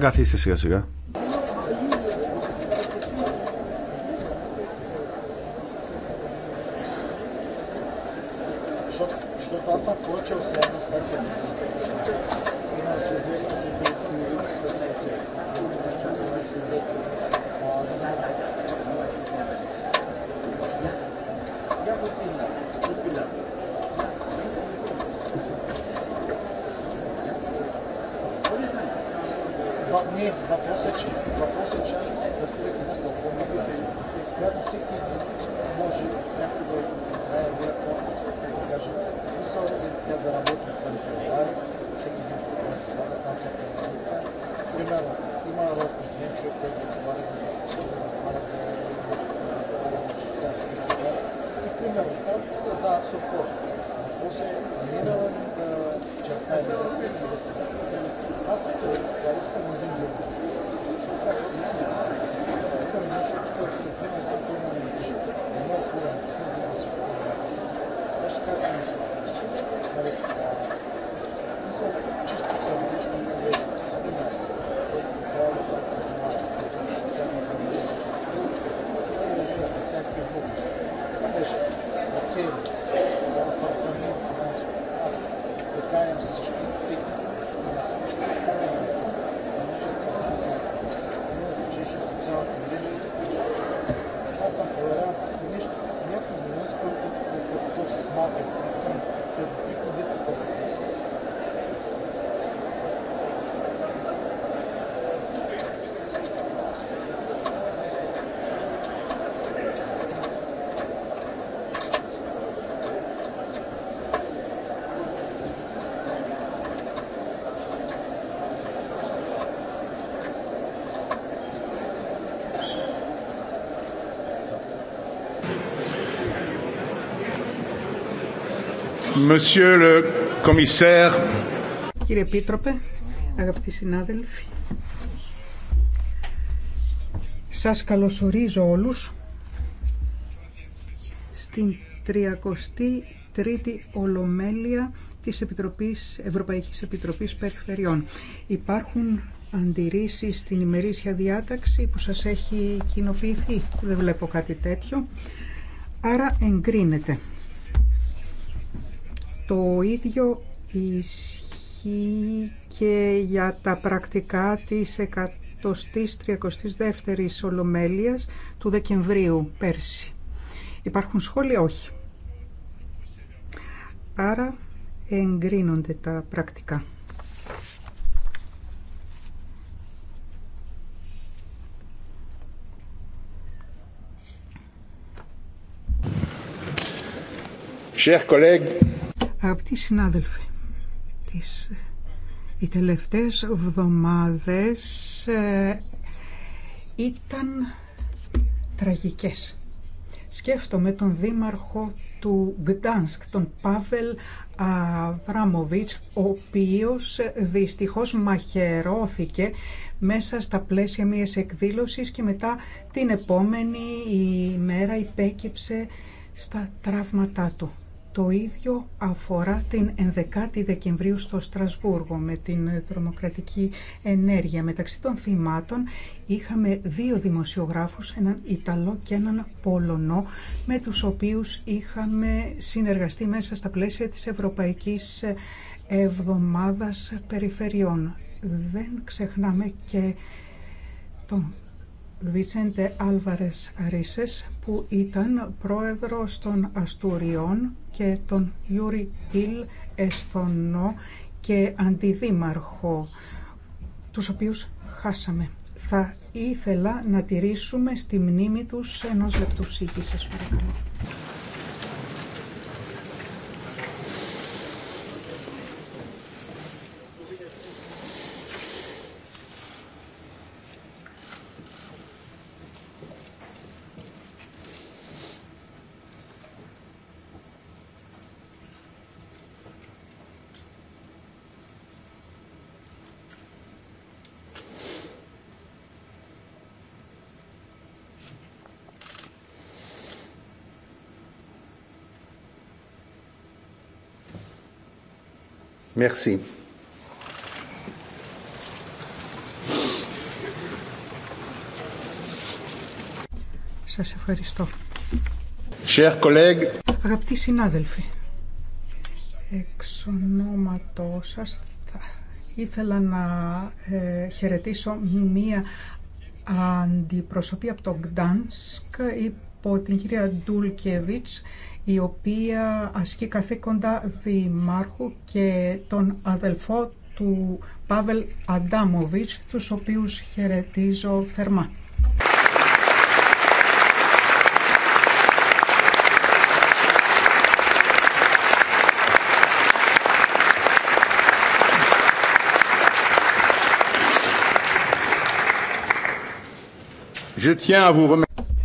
Καθίστε σιγά σιγά. Monsieur Κύριε Επίτροπε, αγαπητοί συνάδελφοι, σας καλωσορίζω όλους στην 33η Ολομέλεια της Επιτροπής, Ευρωπαϊκής Επιτροπής Περιφερειών. Υπάρχουν αντιρρήσεις στην ημερήσια διάταξη που σας έχει κοινοποιηθεί. Δεν βλέπω κάτι τέτοιο. Άρα εγκρίνεται. Το ίδιο ισχύει και για τα πρακτικά της εκατοστής ης Ολομέλειας του Δεκεμβρίου πέρσι. Υπάρχουν σχόλια, όχι. Άρα εγκρίνονται τα πρακτικά. Αγαπητοί συνάδελφοι, τις, ε, οι τελευταίες εβδομάδες ε, ήταν τραγικές. Σκέφτομαι τον δήμαρχο του Γκτάνσκ, τον Πάβελ Αβραμοβίτς, ο οποίος ε, δυστυχώς μαχαιρώθηκε μέσα στα πλαίσια μιας εκδήλωσης και μετά την επόμενη ημέρα υπέκυψε στα τραύματά του. Το ίδιο αφορά την 11η Δεκεμβρίου στο Στρασβούργο με την τρομοκρατική ενέργεια. Μεταξύ των θυμάτων είχαμε δύο δημοσιογράφους, έναν Ιταλό και έναν Πολωνό, με τους οποίους είχαμε συνεργαστεί μέσα στα πλαίσια της Ευρωπαϊκής Εβδομάδας Περιφερειών. Δεν ξεχνάμε και τον Βιτσέντε Άλβαρες Ρίσες, που ήταν πρόεδρος των Αστουριών και τον Γιούρι Πιλ Εσθονό και αντιδήμαρχο, τους οποίους χάσαμε. Θα ήθελα να τηρήσουμε στη μνήμη τους ενός λεπτού σύγκρισης, Merci. Σας ευχαριστώ. Chers Αγαπητοί συνάδελφοι, εξ ονόματός σας θα ήθελα να ε, χαιρετήσω μία αντιπροσωπή από το Γκτάνσκ υπό την κυρία Ντούλκεβιτς η οποία ασκεί καθήκοντα δημάρχου και τον αδελφό του Πάβελ Αντάμοβιτς, τους οποίους χαιρετίζω θερμά.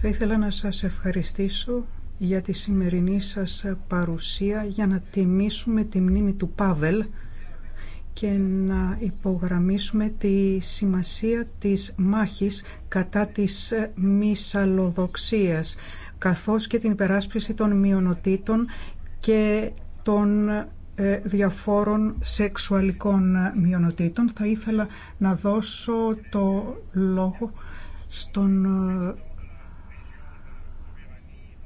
Θα ήθελα να σας ευχαριστήσω για τη σημερινή σας παρουσία για να τιμήσουμε τη μνήμη του Πάβελ και να υπογραμμίσουμε τη σημασία της μάχης κατά της μυσαλλοδοξίας καθώς και την υπεράσπιση των μειονοτήτων και των ε, διαφόρων σεξουαλικών μειονοτήτων. Θα ήθελα να δώσω το λόγο στον ε,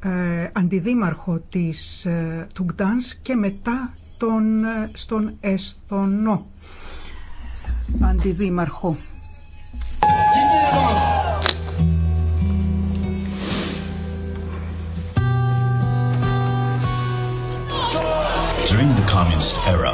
ε, αντιδήμαρχο της, ε, του Γκτάνς και μετά τον, ε, στον Εσθονό αντιδήμαρχο. During the communist era,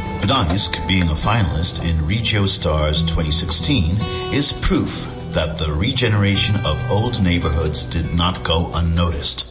Gdansk being a finalist in Stars 2016 is proof that the regeneration of old neighborhoods did not go unnoticed.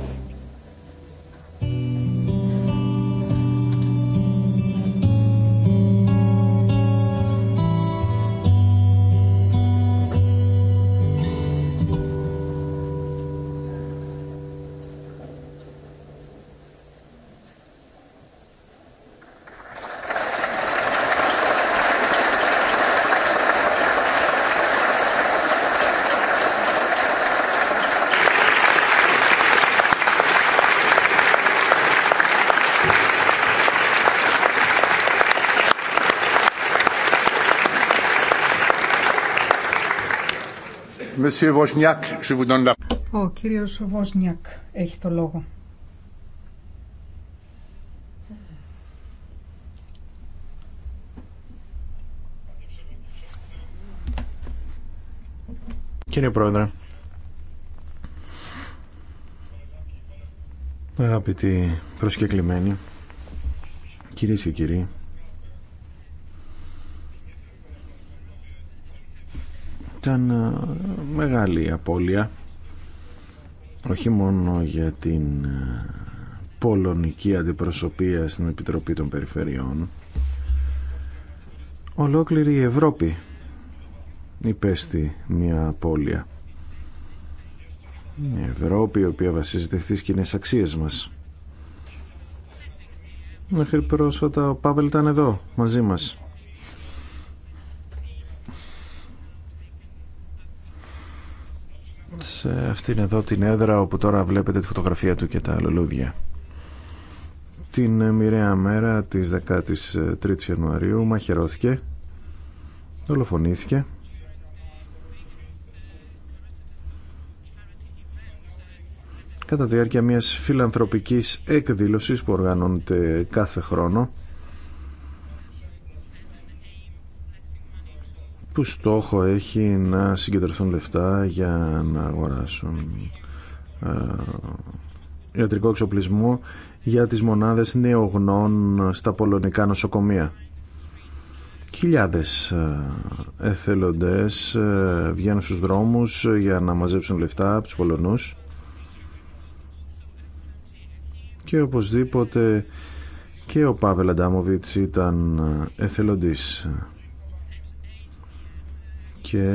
Ο κύριος Βοσνιακ έχει το λόγο. Κύριε Πρόεδρε, αγαπητοί προσκεκλημένοι, κυρίες και κύριοι, ήταν ε, μεγάλη απώλεια όχι μόνο για την ε, πολωνική αντιπροσωπεία στην Επιτροπή των Περιφερειών ολόκληρη η Ευρώπη υπέστη μια απώλεια η Ευρώπη η οποία βασίζεται στις κοινέ αξίες μας μέχρι πρόσφατα ο Πάβελ ήταν εδώ μαζί μας σε αυτήν εδώ την έδρα όπου τώρα βλέπετε τη φωτογραφία του και τα λουλούδια. Την μοιραία μέρα της 13ης Ιανουαρίου μαχαιρώθηκε, δολοφονήθηκε κατά τη διάρκεια μιας φιλανθρωπικής εκδήλωσης που οργανώνεται κάθε χρόνο που στόχο έχει να συγκεντρωθούν λεφτά για να αγοράσουν ε, ιατρικό εξοπλισμό για τις μονάδες νεογνών στα πολωνικά νοσοκομεία. Χιλιάδες ε, εθελοντές ε, βγαίνουν στους δρόμους για να μαζέψουν λεφτά από τους Πολωνούς και οπωσδήποτε και ο Πάβελ Αντάμοβιτς ήταν εθελοντής και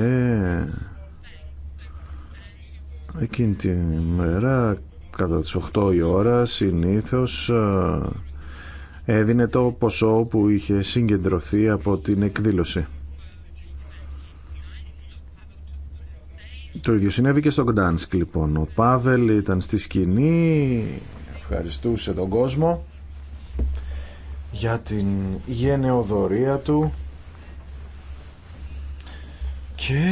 εκείνη τη μέρα κατά τις 8 η ώρα συνήθως έδινε το ποσό που είχε συγκεντρωθεί από την εκδήλωση. Το ίδιο συνέβη και στο Γκτάνσκ λοιπόν. Ο Πάβελ ήταν στη σκηνή, ευχαριστούσε τον κόσμο για την γενεοδορία του και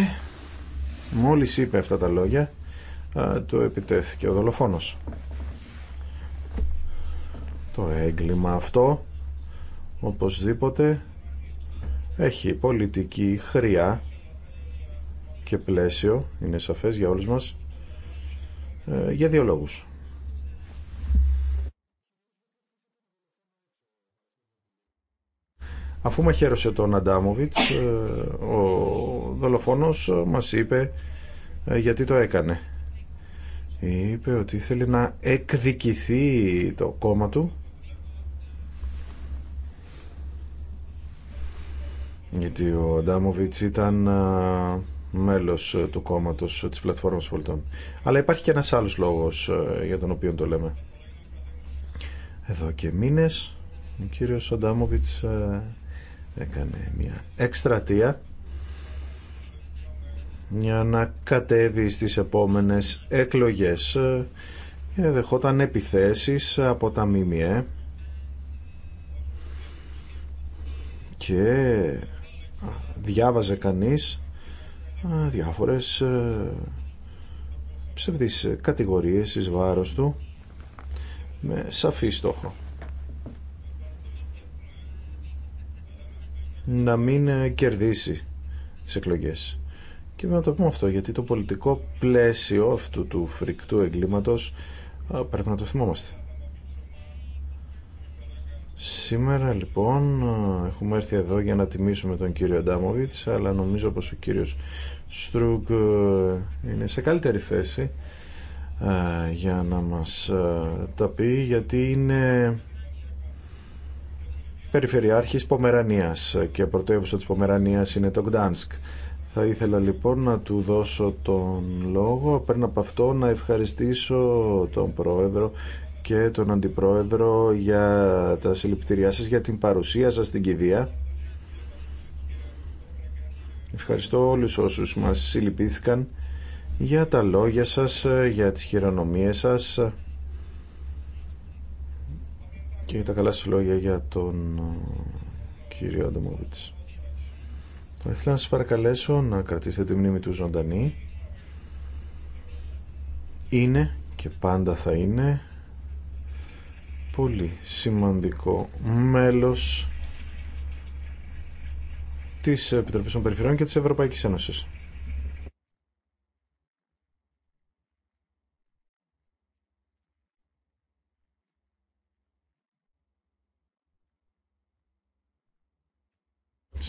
μόλις είπε αυτά τα λόγια, του επιτέθηκε ο δολοφόνος. Το έγκλημα αυτό, οπωσδήποτε, έχει πολιτική χρειά και πλαίσιο, είναι σαφές για όλους μας, ε, για δύο λόγους. Αφού μαχαίρωσε τον Αντάμοβιτς, ε, ο δολοφόνος μας είπε ε, γιατί το έκανε. Είπε ότι ήθελε να εκδικηθεί το κόμμα του γιατί ο Αντάμοβιτς ήταν ε, μέλος του κόμματος της Πλατφόρμας Πολιτών. Αλλά υπάρχει και ένας άλλος λόγος για τον οποίο το λέμε. Εδώ και μήνες ο κύριος Αντάμοβιτς έκανε μια εκστρατεία για να κατέβει στις επόμενες εκλογές και ε, δεχόταν επιθέσεις από τα ΜΜΕ και διάβαζε κανείς διάφορες ε, ψευδείς κατηγορίες εις βάρος του με σαφή στόχο. να μην ε, κερδίσει τις εκλογές. Και να το πούμε αυτό, γιατί το πολιτικό πλαίσιο αυτού του φρικτού εγκλήματος πρέπει να το θυμόμαστε. Σήμερα λοιπόν έχουμε έρθει εδώ για να τιμήσουμε τον κύριο Ντάμοβιτς, αλλά νομίζω πως ο κύριος Στρούγκ ε, είναι σε καλύτερη θέση ε, για να μας τα πει, γιατί είναι Περιφερειάρχης Πομερανίας και πρωτεύουσα της Πομερανίας είναι το Γκτάνσκ. Θα ήθελα λοιπόν να του δώσω τον λόγο πριν από αυτό να ευχαριστήσω τον Πρόεδρο και τον Αντιπρόεδρο για τα συλληπιτήριά σας, για την παρουσία σας στην κηδεία. Ευχαριστώ όλους όσους μας συλληπίθηκαν για τα λόγια σας, για τις χειρονομίες σας και τα καλά σου λόγια για τον ε, κύριο Ανταμόβιτς. Θα ήθελα να σας παρακαλέσω να κρατήσετε τη μνήμη του ζωντανή. Είναι και πάντα θα είναι πολύ σημαντικό μέλος της Επιτροπής των Περιφερειών και της Ευρωπαϊκής Ένωσης.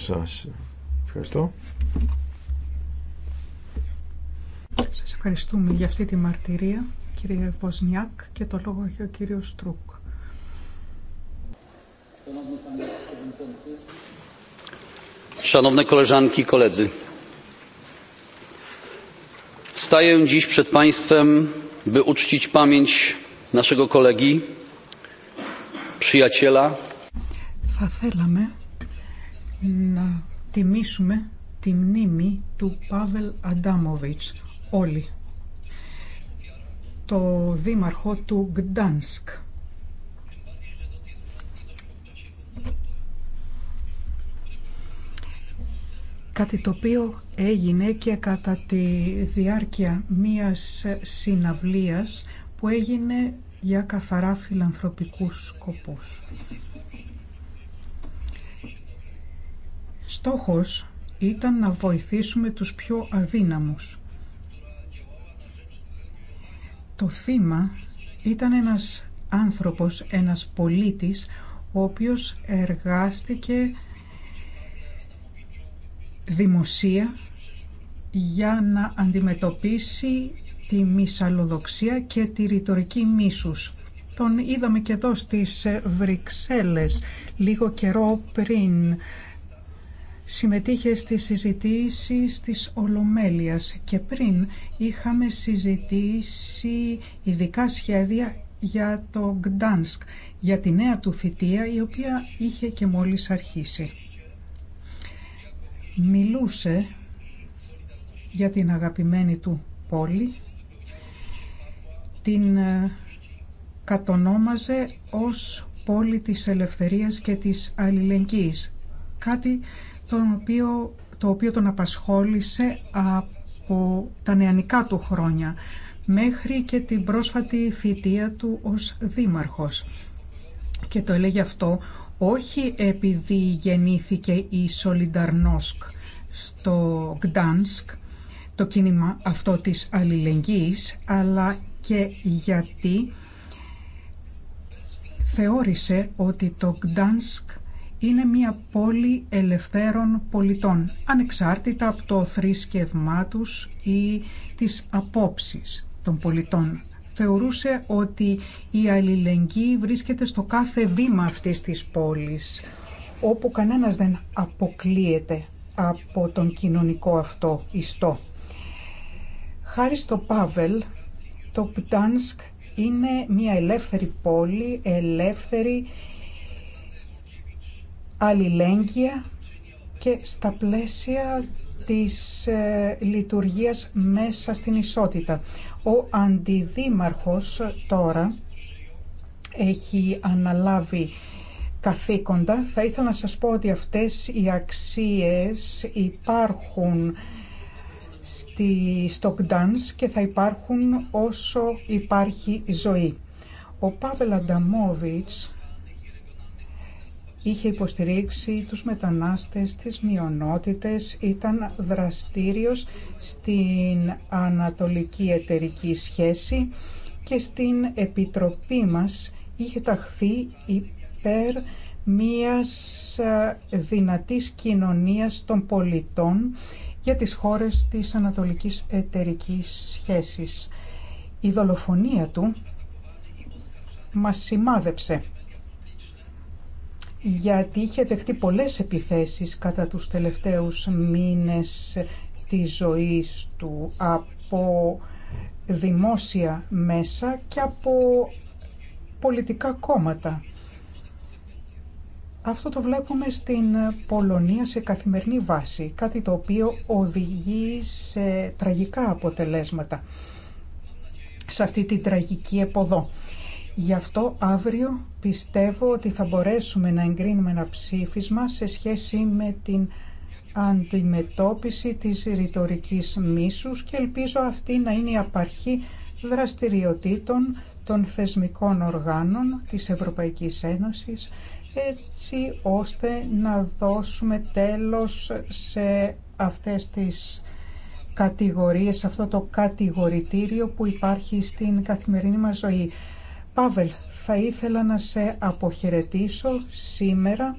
σας ευχαριστώ. Σας ευχαριστούμε για αυτή τη μαρτυρία, κύριε Βοσνιάκ, και το λόγο έχει ο κύριος Στρούκ. Szanowne koleżanki i koledzy, staję dziś przed Państwem, by uczcić pamięć naszego kolegi, przyjaciela. Θα θέλαμε να τιμήσουμε τη μνήμη του Πάβελ Αντάμοβιτς όλοι το δήμαρχο του Γκτάνσκ κάτι το οποίο έγινε και κατά τη διάρκεια μίας συναυλίας που έγινε για καθαρά φιλανθρωπικούς σκοπούς. Στόχος ήταν να βοηθήσουμε τους πιο αδύναμους. Το θύμα ήταν ένας άνθρωπος, ένας πολίτης, ο οποίος εργάστηκε δημοσία για να αντιμετωπίσει τη μυσαλλοδοξία και τη ρητορική μίσους. Τον είδαμε και εδώ στις Βρυξέλλες λίγο καιρό πριν συμμετείχε στις συζητήσεις της Ολομέλειας και πριν είχαμε συζητήσει ειδικά σχέδια για το Γκντάνσκ για τη νέα του θητεία η οποία είχε και μόλις αρχίσει. Μιλούσε για την αγαπημένη του πόλη, την ε, κατονόμαζε ως πόλη της ελευθερίας και της αλληλεγγύης, κάτι τον οποίο, το οποίο τον απασχόλησε από τα νεανικά του χρόνια μέχρι και την πρόσφατη θητεία του ως δήμαρχος. Και το έλεγε αυτό όχι επειδή γεννήθηκε η Σολινταρνόσκ στο Γκτάνσκ, το κίνημα αυτό της αλληλεγγύης, αλλά και γιατί θεώρησε ότι το Γκτάνσκ είναι μια πόλη ελευθέρων πολιτών, ανεξάρτητα από το θρησκευμά τους ή τις απόψεις των πολιτών. Θεωρούσε ότι η αλληλεγγύη βρίσκεται στο κάθε βήμα αυτής της πόλης, όπου κανένας δεν αποκλείεται από τον κοινωνικό αυτό ιστό. Χάρη στο Πάβελ, το Πτάνσκ είναι μια ελεύθερη πόλη, ελεύθερη αλληλέγγυα και στα πλαίσια της ε, λειτουργίας μέσα στην ισότητα. Ο αντιδήμαρχος τώρα έχει αναλάβει καθήκοντα. Θα ήθελα να σας πω ότι αυτές οι αξίες υπάρχουν στη, στο Gdansk και θα υπάρχουν όσο υπάρχει ζωή. Ο Παύλ Ανταμόβιτς είχε υποστηρίξει τους μετανάστες, τις μειονότητες, ήταν δραστήριος στην ανατολική εταιρική σχέση και στην Επιτροπή μας είχε ταχθεί υπέρ μίας ε, δυνατής κοινωνίας των πολιτών για τις χώρες της ανατολικής εταιρικής σχέσης. Η δολοφονία του μας σημάδεψε γιατί είχε δεχτεί πολλές επιθέσεις κατά τους τελευταίους μήνες της ζωής του από δημόσια μέσα και από πολιτικά κόμματα. Αυτό το βλέπουμε στην Πολωνία σε καθημερινή βάση, κάτι το οποίο οδηγεί σε τραγικά αποτελέσματα σε αυτή την τραγική εποδό. Γι' αυτό αύριο πιστεύω ότι θα μπορέσουμε να εγκρίνουμε ένα ψήφισμα σε σχέση με την αντιμετώπιση της ρητορική μίσους και ελπίζω αυτή να είναι η απαρχή δραστηριοτήτων των θεσμικών οργάνων της Ευρωπαϊκής Ένωσης έτσι ώστε να δώσουμε τέλος σε αυτές τις κατηγορίες, σε αυτό το κατηγορητήριο που υπάρχει στην καθημερινή μας ζωή. Πάβελ, θα ήθελα να σε αποχαιρετήσω σήμερα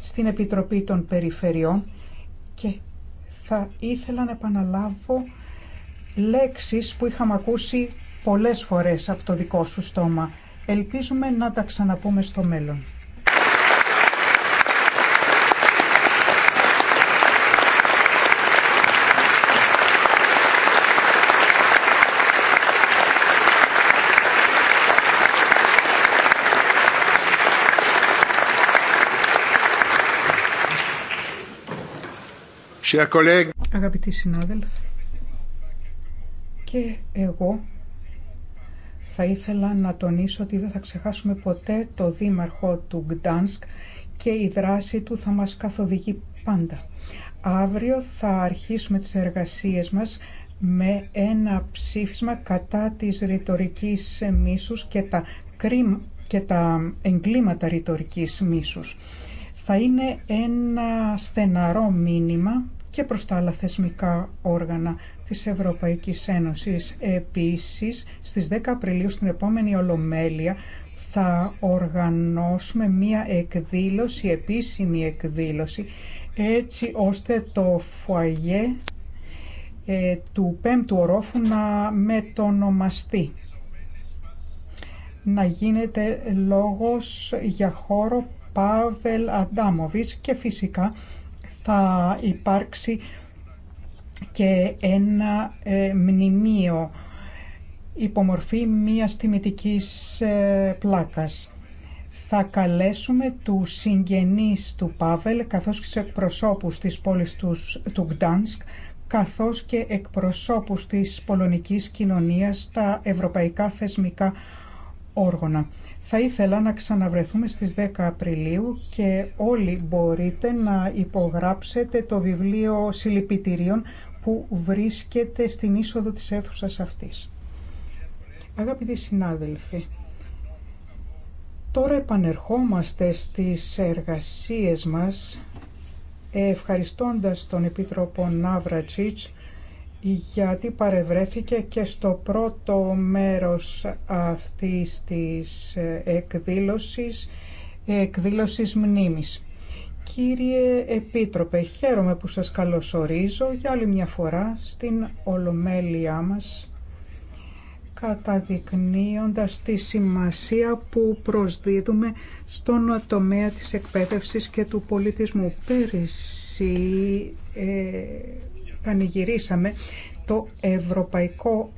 στην Επιτροπή των Περιφερειών και θα ήθελα να επαναλάβω λέξεις που είχαμε ακούσει πολλές φορές από το δικό σου στόμα. Ελπίζουμε να τα ξαναπούμε στο μέλλον. Αγαπητοί συνάδελφοι, και εγώ θα ήθελα να τονίσω ότι δεν θα ξεχάσουμε ποτέ το δήμαρχο του Γκτάνσκ και η δράση του θα μας καθοδηγεί πάντα. Αύριο θα αρχίσουμε τις εργασίες μας με ένα ψήφισμα κατά της ρητορική μίσους και τα, κρίμα και τα εγκλήματα ρητορική μίσους. Θα είναι ένα στεναρό μήνυμα και προς τα άλλα θεσμικά όργανα της Ευρωπαϊκής Ένωσης. Επίσης, στις 10 Απριλίου στην επόμενη Ολομέλεια θα οργανώσουμε μία εκδήλωση, επίσημη εκδήλωση, έτσι ώστε το φουαγέ ε, του πέμπτου ορόφου να μετονομαστεί. Να γίνεται λόγος για χώρο Πάβελ Αντάμοβιτς και φυσικά θα υπάρξει και ένα ε, μνημείο υπομορφή μιας τιμητικής ε, πλάκας. Θα καλέσουμε του συγγενείς του Πάβελ καθώς και τους εκπροσώπους της πόλης του Γκτάνσκ καθώς και εκπροσώπους της πολωνικής κοινωνίας στα ευρωπαϊκά θεσμικά όργανα. Θα ήθελα να ξαναβρεθούμε στις 10 Απριλίου και όλοι μπορείτε να υπογράψετε το βιβλίο συλληπιτηρίων που βρίσκεται στην είσοδο της αίθουσας αυτής. Αγαπητοί συνάδελφοι, τώρα επανερχόμαστε στις εργασίες μας ευχαριστώντας τον Επίτροπο Ναύρα γιατί παρευρέθηκε και στο πρώτο μέρος αυτής της εκδήλωσης, εκδήλωσης μνήμης. Κύριε Επίτροπε, χαίρομαι που σας καλωσορίζω για άλλη μια φορά στην Ολομέλειά μας καταδεικνύοντας τη σημασία που προσδίδουμε στον τομέα της εκπαίδευσης και του πολιτισμού. Πέρυσι ε, πανηγυρίσαμε το Ευρωπαϊκό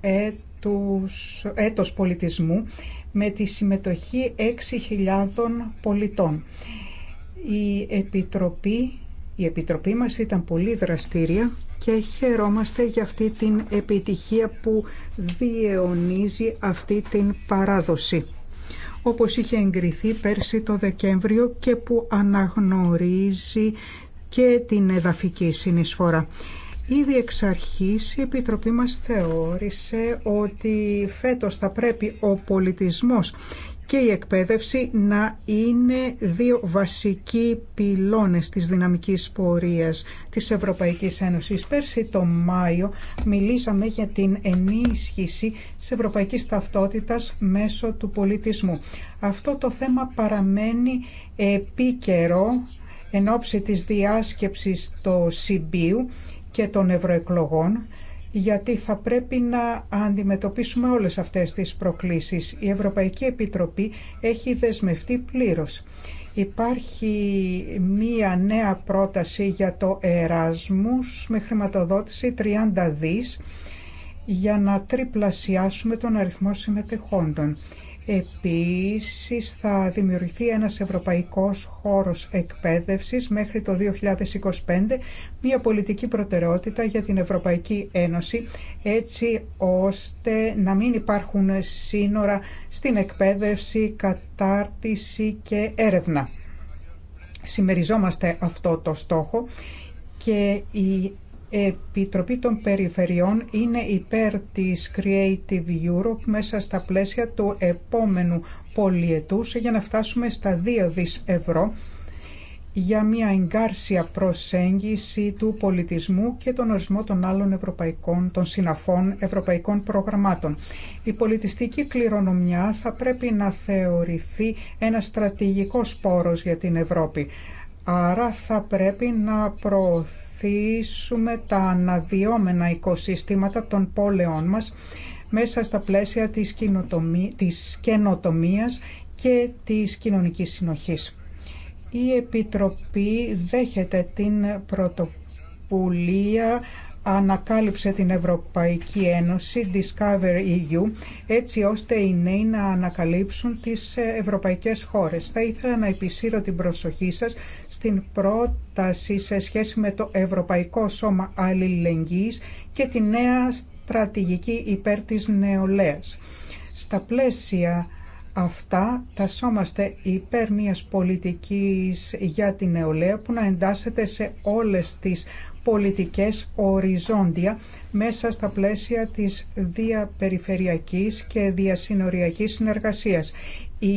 Έτος Πολιτισμού με τη συμμετοχή 6.000 πολιτών. Η Επιτροπή, η Επιτροπή μας ήταν πολύ δραστήρια και χαιρόμαστε για αυτή την επιτυχία που διαιωνίζει αυτή την παράδοση όπως είχε εγκριθεί πέρσι το Δεκέμβριο και που αναγνωρίζει και την εδαφική συνεισφορά. Ήδη εξ αρχής η Επιτροπή μας θεώρησε ότι φέτος θα πρέπει ο πολιτισμός και η εκπαίδευση να είναι δύο βασικοί πυλώνες της δυναμικής πορείας της Ευρωπαϊκής Ένωσης. Πέρσι το Μάιο μιλήσαμε για την ενίσχυση της ευρωπαϊκής ταυτότητας μέσω του πολιτισμού. Αυτό το θέμα παραμένει επίκαιρο εν ώψη της διάσκεψης στο Σιμπίου και των ευρωεκλογών γιατί θα πρέπει να αντιμετωπίσουμε όλες αυτές τις προκλήσεις. Η Ευρωπαϊκή Επιτροπή έχει δεσμευτεί πλήρως. Υπάρχει μία νέα πρόταση για το Εράσμους με χρηματοδότηση 30 δις για να τριπλασιάσουμε τον αριθμό συμμετεχόντων. Επίσης θα δημιουργηθεί ένας ευρωπαϊκός χώρος εκπαίδευσης μέχρι το 2025, μια πολιτική προτεραιότητα για την Ευρωπαϊκή Ένωση, έτσι ώστε να μην υπάρχουν σύνορα στην εκπαίδευση, κατάρτιση και έρευνα. Σημεριζόμαστε αυτό το στόχο και η Επιτροπή των Περιφερειών είναι υπέρ της Creative Europe μέσα στα πλαίσια του επόμενου πολιετούς για να φτάσουμε στα 2 δις ευρώ για μια εγκάρσια προσέγγιση του πολιτισμού και τον ορισμό των άλλων ευρωπαϊκών, των συναφών ευρωπαϊκών προγραμμάτων. Η πολιτιστική κληρονομιά θα πρέπει να θεωρηθεί ένα στρατηγικό πόρος για την Ευρώπη. Άρα θα πρέπει να προωθεί τα αναδυόμενα οικοσύστηματα των πόλεων μας μέσα στα πλαίσια της, της καινοτομίας και της κοινωνικής συνοχής. Η Επιτροπή δέχεται την πρωτοβουλία ανακάλυψε την Ευρωπαϊκή Ένωση Discover EU έτσι ώστε οι νέοι να ανακαλύψουν τις ε, ευρωπαϊκές χώρες. Θα ήθελα να επισύρω την προσοχή σας στην πρόταση σε σχέση με το Ευρωπαϊκό Σώμα Αλληλεγγύης και τη νέα στρατηγική υπέρ της νεολαίας. Στα πλαίσια αυτά τασόμαστε υπέρ μιας πολιτικής για την νεολαία που να εντάσσεται σε όλες τις πολιτικές οριζόντια μέσα στα πλαίσια της διαπεριφερειακής και διασυνοριακής συνεργασίας. Οι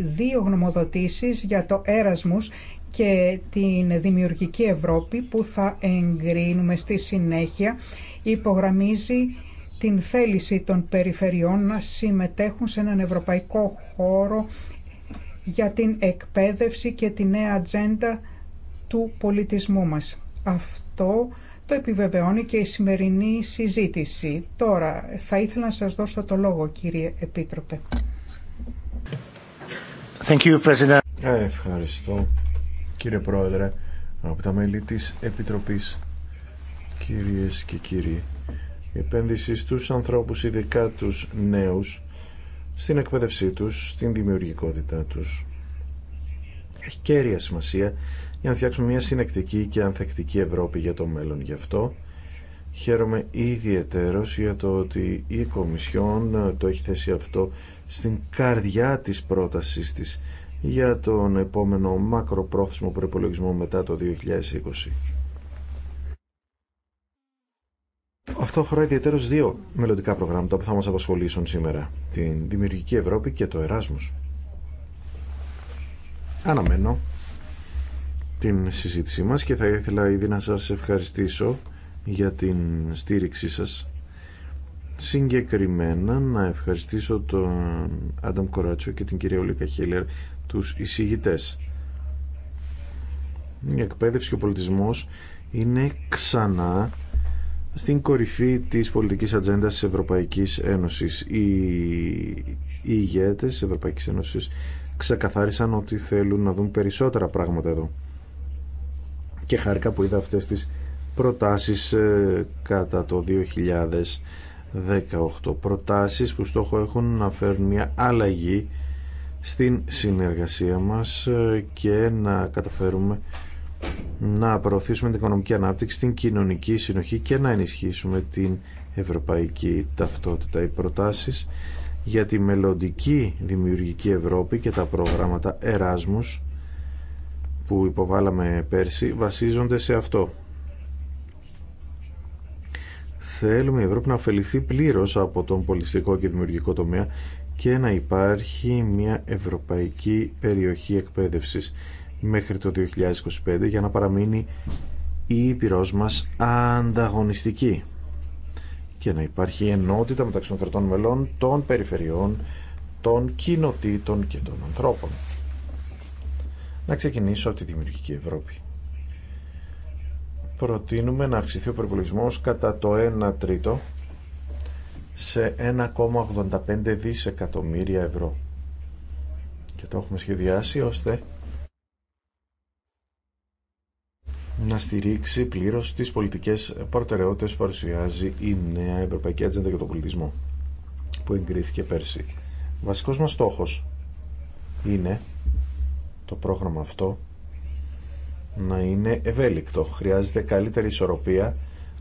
δύο γνωμοδοτήσεις για το έρασμους και την Δημιουργική Ευρώπη που θα εγκρίνουμε στη συνέχεια υπογραμμίζει την θέληση των περιφερειών να συμμετέχουν σε έναν ευρωπαϊκό χώρο για την εκπαίδευση και τη νέα ατζέντα του πολιτισμού μας. Αυτό το επιβεβαιώνει και η σημερινή συζήτηση. Τώρα θα ήθελα να σας δώσω το λόγο κύριε Επίτροπε. Thank you, President. Ε, ευχαριστώ κύριε Πρόεδρε από τα μέλη της Επιτροπής κυρίες και κύριοι. Η επένδυση στους ανθρώπους, ειδικά τους νέους, στην εκπαίδευσή τους, στην δημιουργικότητά τους, έχει κέρια σημασία για να φτιάξουμε μια συνεκτική και ανθεκτική Ευρώπη για το μέλλον. Γι' αυτό χαίρομαι ιδιαίτερο για το ότι η Κομισιόν ε, το έχει θέσει αυτό στην καρδιά της πρότασής της για τον επόμενο μακροπρόθεσμο προπολογισμό μετά το 2020. Αυτό αφορά ιδιαίτερω δύο μελλοντικά προγράμματα που θα μας απασχολήσουν σήμερα. Την Δημιουργική Ευρώπη και το Εράσμου. Αναμένω την συζήτησή μας και θα ήθελα ήδη να σας ευχαριστήσω για την στήριξή σας συγκεκριμένα να ευχαριστήσω τον Άνταμ Κοράτσο και την κυρία Ολίκα Χίλερ τους εισηγητές η εκπαίδευση και ο πολιτισμός είναι ξανά στην κορυφή της πολιτικής ατζέντας της Ευρωπαϊκής Ένωσης. Οι, οι ηγέτες της Ευρωπαϊκής Ένωσης ξεκαθάρισαν ότι θέλουν να δουν περισσότερα πράγματα εδώ και χάρηκα που είδα αυτές τις προτάσεις ε, κατά το 2018. Προτάσεις που στόχο έχουν να φέρουν μια αλλαγή στην συνεργασία μας ε, και να καταφέρουμε να προωθήσουμε την οικονομική ανάπτυξη, την κοινωνική συνοχή και να ενισχύσουμε την ευρωπαϊκή ταυτότητα. Οι προτάσεις για τη μελλοντική δημιουργική Ευρώπη και τα προγράμματα Εράσμους που υποβάλαμε πέρσι βασίζονται σε αυτό. Θέλουμε η Ευρώπη να ωφεληθεί πλήρως από τον πολιτιστικό και δημιουργικό τομέα και να υπάρχει μια ευρωπαϊκή περιοχή εκπαίδευσης μέχρι το 2025 για να παραμείνει η Ήπειρός μας ανταγωνιστική και να υπάρχει ενότητα μεταξύ των κρατών μελών, των περιφερειών, των κοινοτήτων και των ανθρώπων. Να ξεκινήσω από τη Δημιουργική Ευρώπη. Προτείνουμε να αυξηθεί ο προπολογισμό κατά το 1 τρίτο σε 1,85 δισεκατομμύρια ευρώ. Και το έχουμε σχεδιάσει ώστε να στηρίξει πλήρως τις πολιτικές προτεραιότητες που παρουσιάζει η νέα Ευρωπαϊκή Ατζέντα για τον πολιτισμό που εγκρίθηκε πέρσι. Βασικό βασικός μας στόχος είναι το πρόγραμμα αυτό να είναι ευέλικτο. Χρειάζεται καλύτερη ισορροπία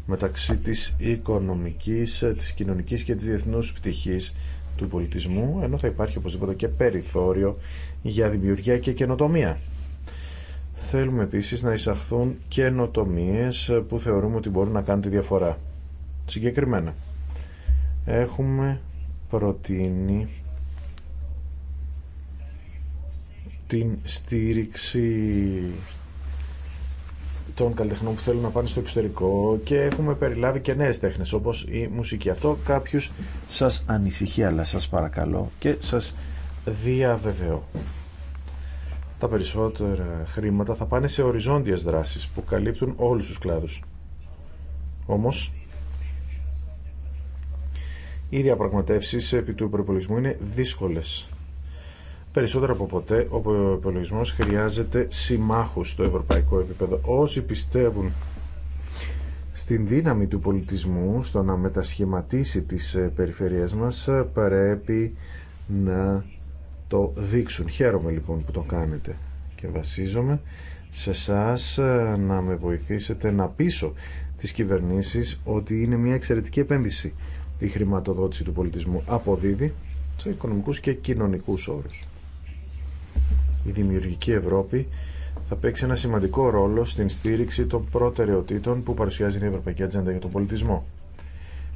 μεταξύ της οικονομικής, της κοινωνικής και της διεθνούς πτυχής του πολιτισμού, ενώ θα υπάρχει οπωσδήποτε και περιθώριο για δημιουργία και καινοτομία. Θέλουμε επίσης να εισαχθούν καινοτομίε που θεωρούμε ότι μπορούν να κάνουν τη διαφορά. Συγκεκριμένα, έχουμε προτείνει την στήριξη των καλλιτεχνών που θέλουν να πάνε στο εξωτερικό και έχουμε περιλάβει και νέες τέχνες όπως η μουσική. Αυτό κάποιους σας ανησυχεί αλλά σας παρακαλώ και σας διαβεβαιώ. Τα περισσότερα χρήματα θα πάνε σε οριζόντιες δράσεις που καλύπτουν όλους τους κλάδους. Όμως, οι διαπραγματεύσεις επί του προπολογισμού είναι δύσκολες Περισσότερο από ποτέ, ο υπολογισμό χρειάζεται συμμάχους στο ευρωπαϊκό επίπεδο. Όσοι πιστεύουν στην δύναμη του πολιτισμού, στο να μετασχηματίσει τις ε, περιφερειές μας, ε, πρέπει να το δείξουν. Χαίρομαι λοιπόν που το κάνετε και βασίζομαι σε εσά ε, να με βοηθήσετε να πείσω τις κυβερνήσεις ότι είναι μια εξαιρετική επένδυση η χρηματοδότηση του πολιτισμού αποδίδει σε οικονομικούς και κοινωνικούς όρους η δημιουργική Ευρώπη θα παίξει ένα σημαντικό ρόλο στην στήριξη των προτεραιοτήτων που παρουσιάζει η Ευρωπαϊκή Ατζέντα για τον πολιτισμό.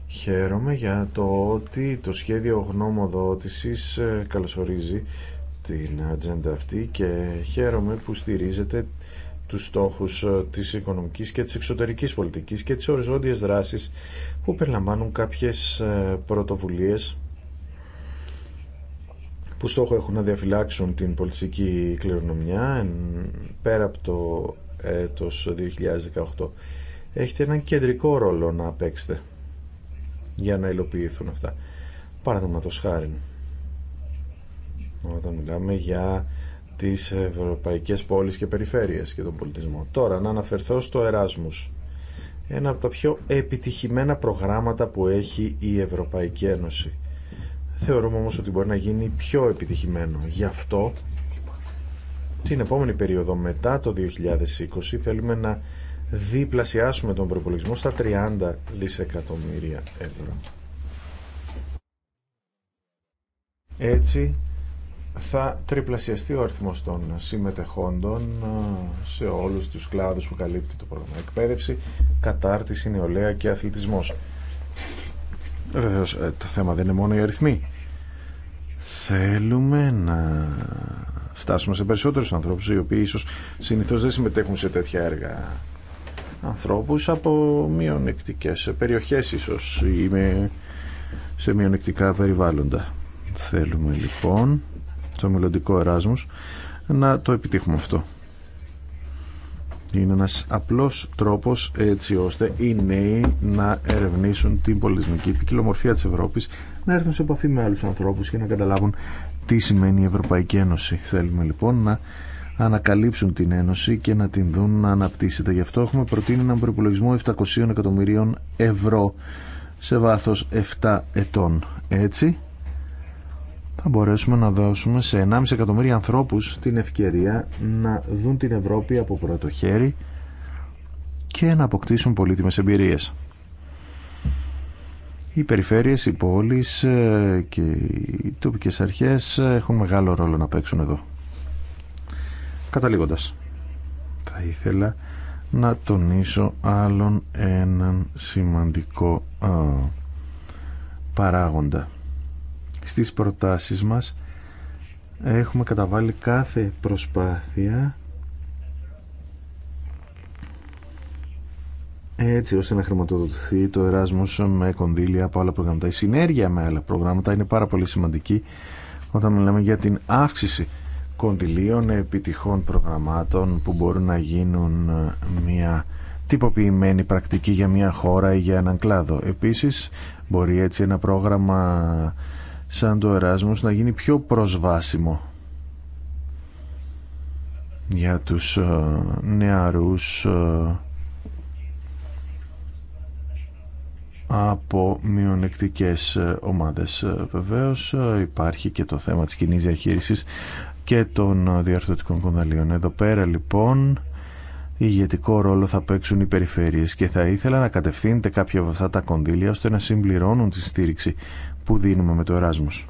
Χαίρομαι για το ότι το σχέδιο γνώμοδότησης ε, καλωσορίζει την ατζέντα αυτή και χαίρομαι που στηρίζεται τους στόχους ε, της οικονομικής και της εξωτερικής πολιτικής και τις οριζόντιες δράσεις που περιλαμβάνουν κάποιες ε, πρωτοβουλίες που στόχο έχουν να διαφυλάξουν την πολιτιστική κληρονομιά πέρα από το έτος 2018. Έχετε έναν κεντρικό ρόλο να παίξετε για να υλοποιηθούν αυτά. Παραδείγματος χάρη, όταν μιλάμε για τις ευρωπαϊκές πόλεις και περιφέρειες και τον πολιτισμό. Τώρα, να αναφερθώ στο Εράσμους. Ένα από τα πιο επιτυχημένα προγράμματα που έχει η Ευρωπαϊκή Ένωση Θεωρούμε όμως ότι μπορεί να γίνει πιο επιτυχημένο. Γι' αυτό την επόμενη περίοδο μετά το 2020 θέλουμε να διπλασιάσουμε τον προπολογισμό στα 30 δισεκατομμύρια ευρώ. Έτσι θα τριπλασιαστεί ο αριθμός των συμμετεχόντων ε, σε όλους τους κλάδους που καλύπτει το πρόγραμμα. Εκπαίδευση, κατάρτιση, νεολαία και αθλητισμός. Βεβαίω, ε, το θέμα δεν είναι μόνο οι αριθμοί. Θέλουμε να φτάσουμε σε περισσότερους ανθρώπους οι οποίοι ίσως συνήθως δεν συμμετέχουν σε τέτοια έργα ανθρώπους από μειονεκτικές περιοχές ίσως ή σε μειονεκτικά περιβάλλοντα. Θέλουμε λοιπόν το μελλοντικό Εράσμους να το επιτύχουμε αυτό. Είναι ένας απλός τρόπος έτσι ώστε οι νέοι να ερευνήσουν την πολιτισμική ποικιλομορφία της Ευρώπης, να έρθουν σε επαφή με άλλους ανθρώπους και να καταλάβουν τι σημαίνει η Ευρωπαϊκή Ένωση. Θέλουμε λοιπόν να ανακαλύψουν την Ένωση και να την δουν να αναπτύσσεται. Γι' αυτό έχουμε προτείνει έναν προπολογισμό 700 εκατομμυρίων ευρώ σε βάθος 7 ετών. Έτσι, θα μπορέσουμε να δώσουμε σε 1,5 εκατομμύρια ανθρώπους την ευκαιρία να δουν την Ευρώπη από πρώτο χέρι και να αποκτήσουν πολύτιμες εμπειρίες. Οι περιφέρειες, οι πόλεις ε, και οι τοπικές αρχές έχουν μεγάλο ρόλο να παίξουν εδώ. Καταλήγοντας, θα ήθελα να τονίσω άλλον έναν σημαντικό παράγοντα στις προτάσεις μας έχουμε καταβάλει κάθε προσπάθεια έτσι ώστε να χρηματοδοτηθεί το Εράσμος με κονδύλια από άλλα προγράμματα. Η συνέργεια με άλλα προγράμματα είναι πάρα πολύ σημαντική όταν μιλάμε για την αύξηση κονδυλίων επιτυχών προγραμμάτων που μπορούν να γίνουν μια τυποποιημένη πρακτική για μια χώρα ή για έναν κλάδο. Επίσης μπορεί έτσι ένα πρόγραμμα σαν το Εράσμος να γίνει πιο προσβάσιμο για τους ε, νεαρούς ε, από μειονεκτικές ε, ομάδες. Βεβαίως υπάρχει και το θέμα της κοινή διαχείρισης και των διαρθρωτικών κονταλίων. Εδώ πέρα λοιπόν ηγετικό ρόλο θα παίξουν οι περιφέρειες και θα ήθελα να κατευθύνετε κάποια από αυτά τα κονδύλια ώστε να συμπληρώνουν τη στήριξη που δίνουμε με το Εράσμος.